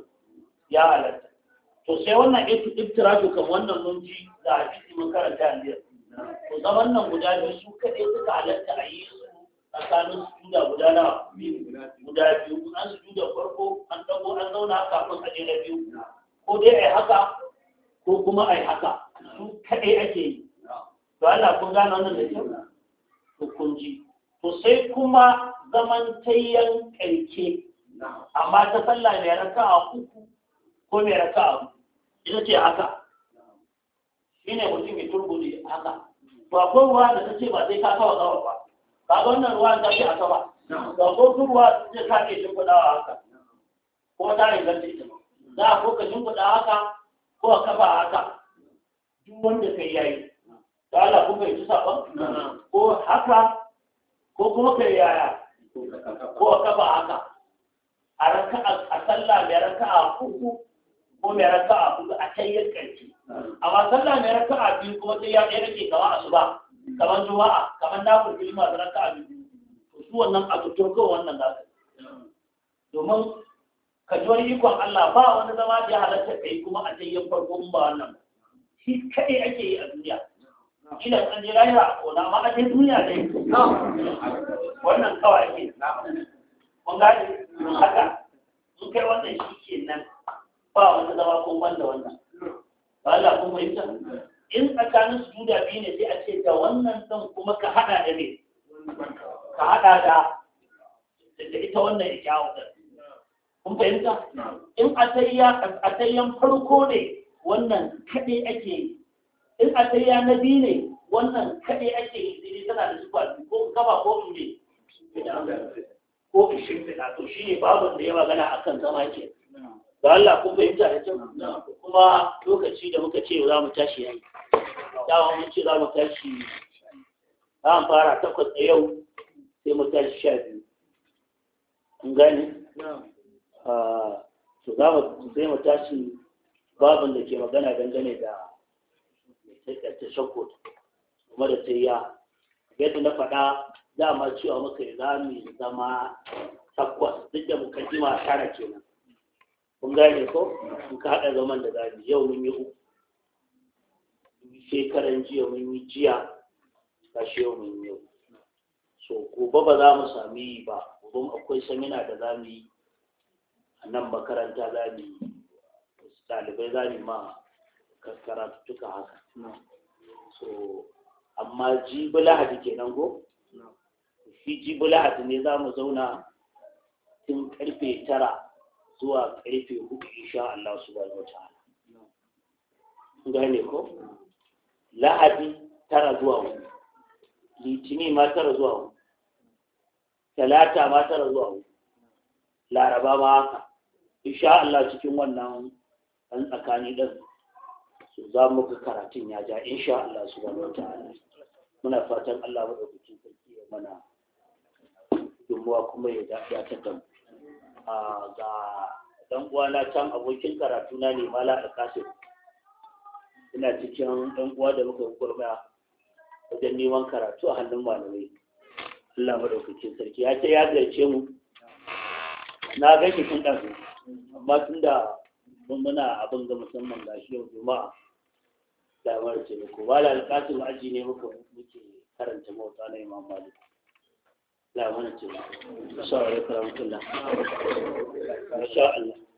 ya halatta to sai wannan iftiraju kan wannan mun ji da hadisi mun karanta jiya to zaman nan guda biyu su kaɗai suka halatta a yi su tsakanin sujuda guda na guda biyu an sujuda farko an dago an zauna kafin a jera na biyu ko dai a yi haka ko kuma a yi haka su kaɗai ake yi to Allah kun gane wannan da kyau to kun ji to sai kuma zaman tayyan ƙarke amma ta sallah mai raka a uku ko mai raka a ita ce haka shi ne mutum mai ne, haka to akwai ruwa da ta ce ba sai kasa wa kawo ba ba ga wannan ruwa ta ce a kawa ga ko ruwa ta ka ke shimfiɗawa haka ko ta yi zance ita ba za a ko ka shimfiɗa haka ko a kafa haka duk wanda ka yi yayi ta Allah kai yi sabon ko haka ko kuma kai yaya ko kafa haka a raka a sallah mai raka a uku ko mai raka a hudu a kai ya karki amma sallah mai raka a biyu kuma sai ya ɗaya rage kamar ba kamar juma'a kamar na kurkuri masu raka a biyu to su wannan a tuttun ko wannan za ka domin ka jori ikon Allah ba wani zama da ya halatta kai kuma a can ya farko ba wannan shi kai ake yi a duniya kila an je lahira a kona amma a cikin duniya ne wannan kawai ke mun gane haka in kai wannan shi ke nan ba wani zama ko wanda wannan ba Allah kun fahimta in tsakanin su juda biyu ne sai a ce da wannan dan kuma ka haɗa da ne ka haɗa da da ita wannan ikyawu din kun fahimta in a atayyan farko ne wannan kaɗai ake in a ya na biyu ne wannan kaɗe ake izini tana da zuba ko kafa ko in ne ko in shimfiɗa to shi ne babin da ya magana a kan zama ke ga Allah kun fahimta da kyau kuma lokaci da muka ce za mu tashi yayi dama mun ce za mu tashi za mu fara takwas da yau sai mu tashi sha biyu kun gane ah, to za mu sai mu tashi babin da ke magana dangane da ta shakko kuma da ta ya yadda na faɗa dama cewa maka ya yi zama takwas duk da mukaddima tara kenan kun gane ko muka haɗa zaman da yi yau mun yi uku shekaran jiya mun yi jiya ta shi yau mun yau so gobe ba za mu sami yi ba gobe akwai samina da za mu yi a nan makaranta za mu yi ɗalibai za mu yi ma cuka haka so amma jibi lahadi kenan go shi jibi lahadi ne za mu zauna tun karfe tara zuwa karfe hudu insha Allah subhanahu wa ta'ala gane ko lahadi tara zuwa hudu litini ma tara zuwa hudu talata ma tara zuwa hudu laraba ma haka insha Allah cikin wannan an tsakani ɗin za mu ga karatun ya ja insha Allah ga wataala muna fatan Allah madaukakin sarki ya mana gudunmuwa kuma ya daɗa ta mu a ga dan uwana can abokin karatu na ne mala kasir ina cikin dan uwa da muka gurbaya wajen neman karatu a hannun malamai Allah madaukakin sarki ya ce ya gaice mu na gaishe tun ɗansu amma tun da muna abin ga musamman gashi yau juma'a damar taimako ba da alƙasin aji ne muka muke karanta mota na imam malik damar taimako insha Allah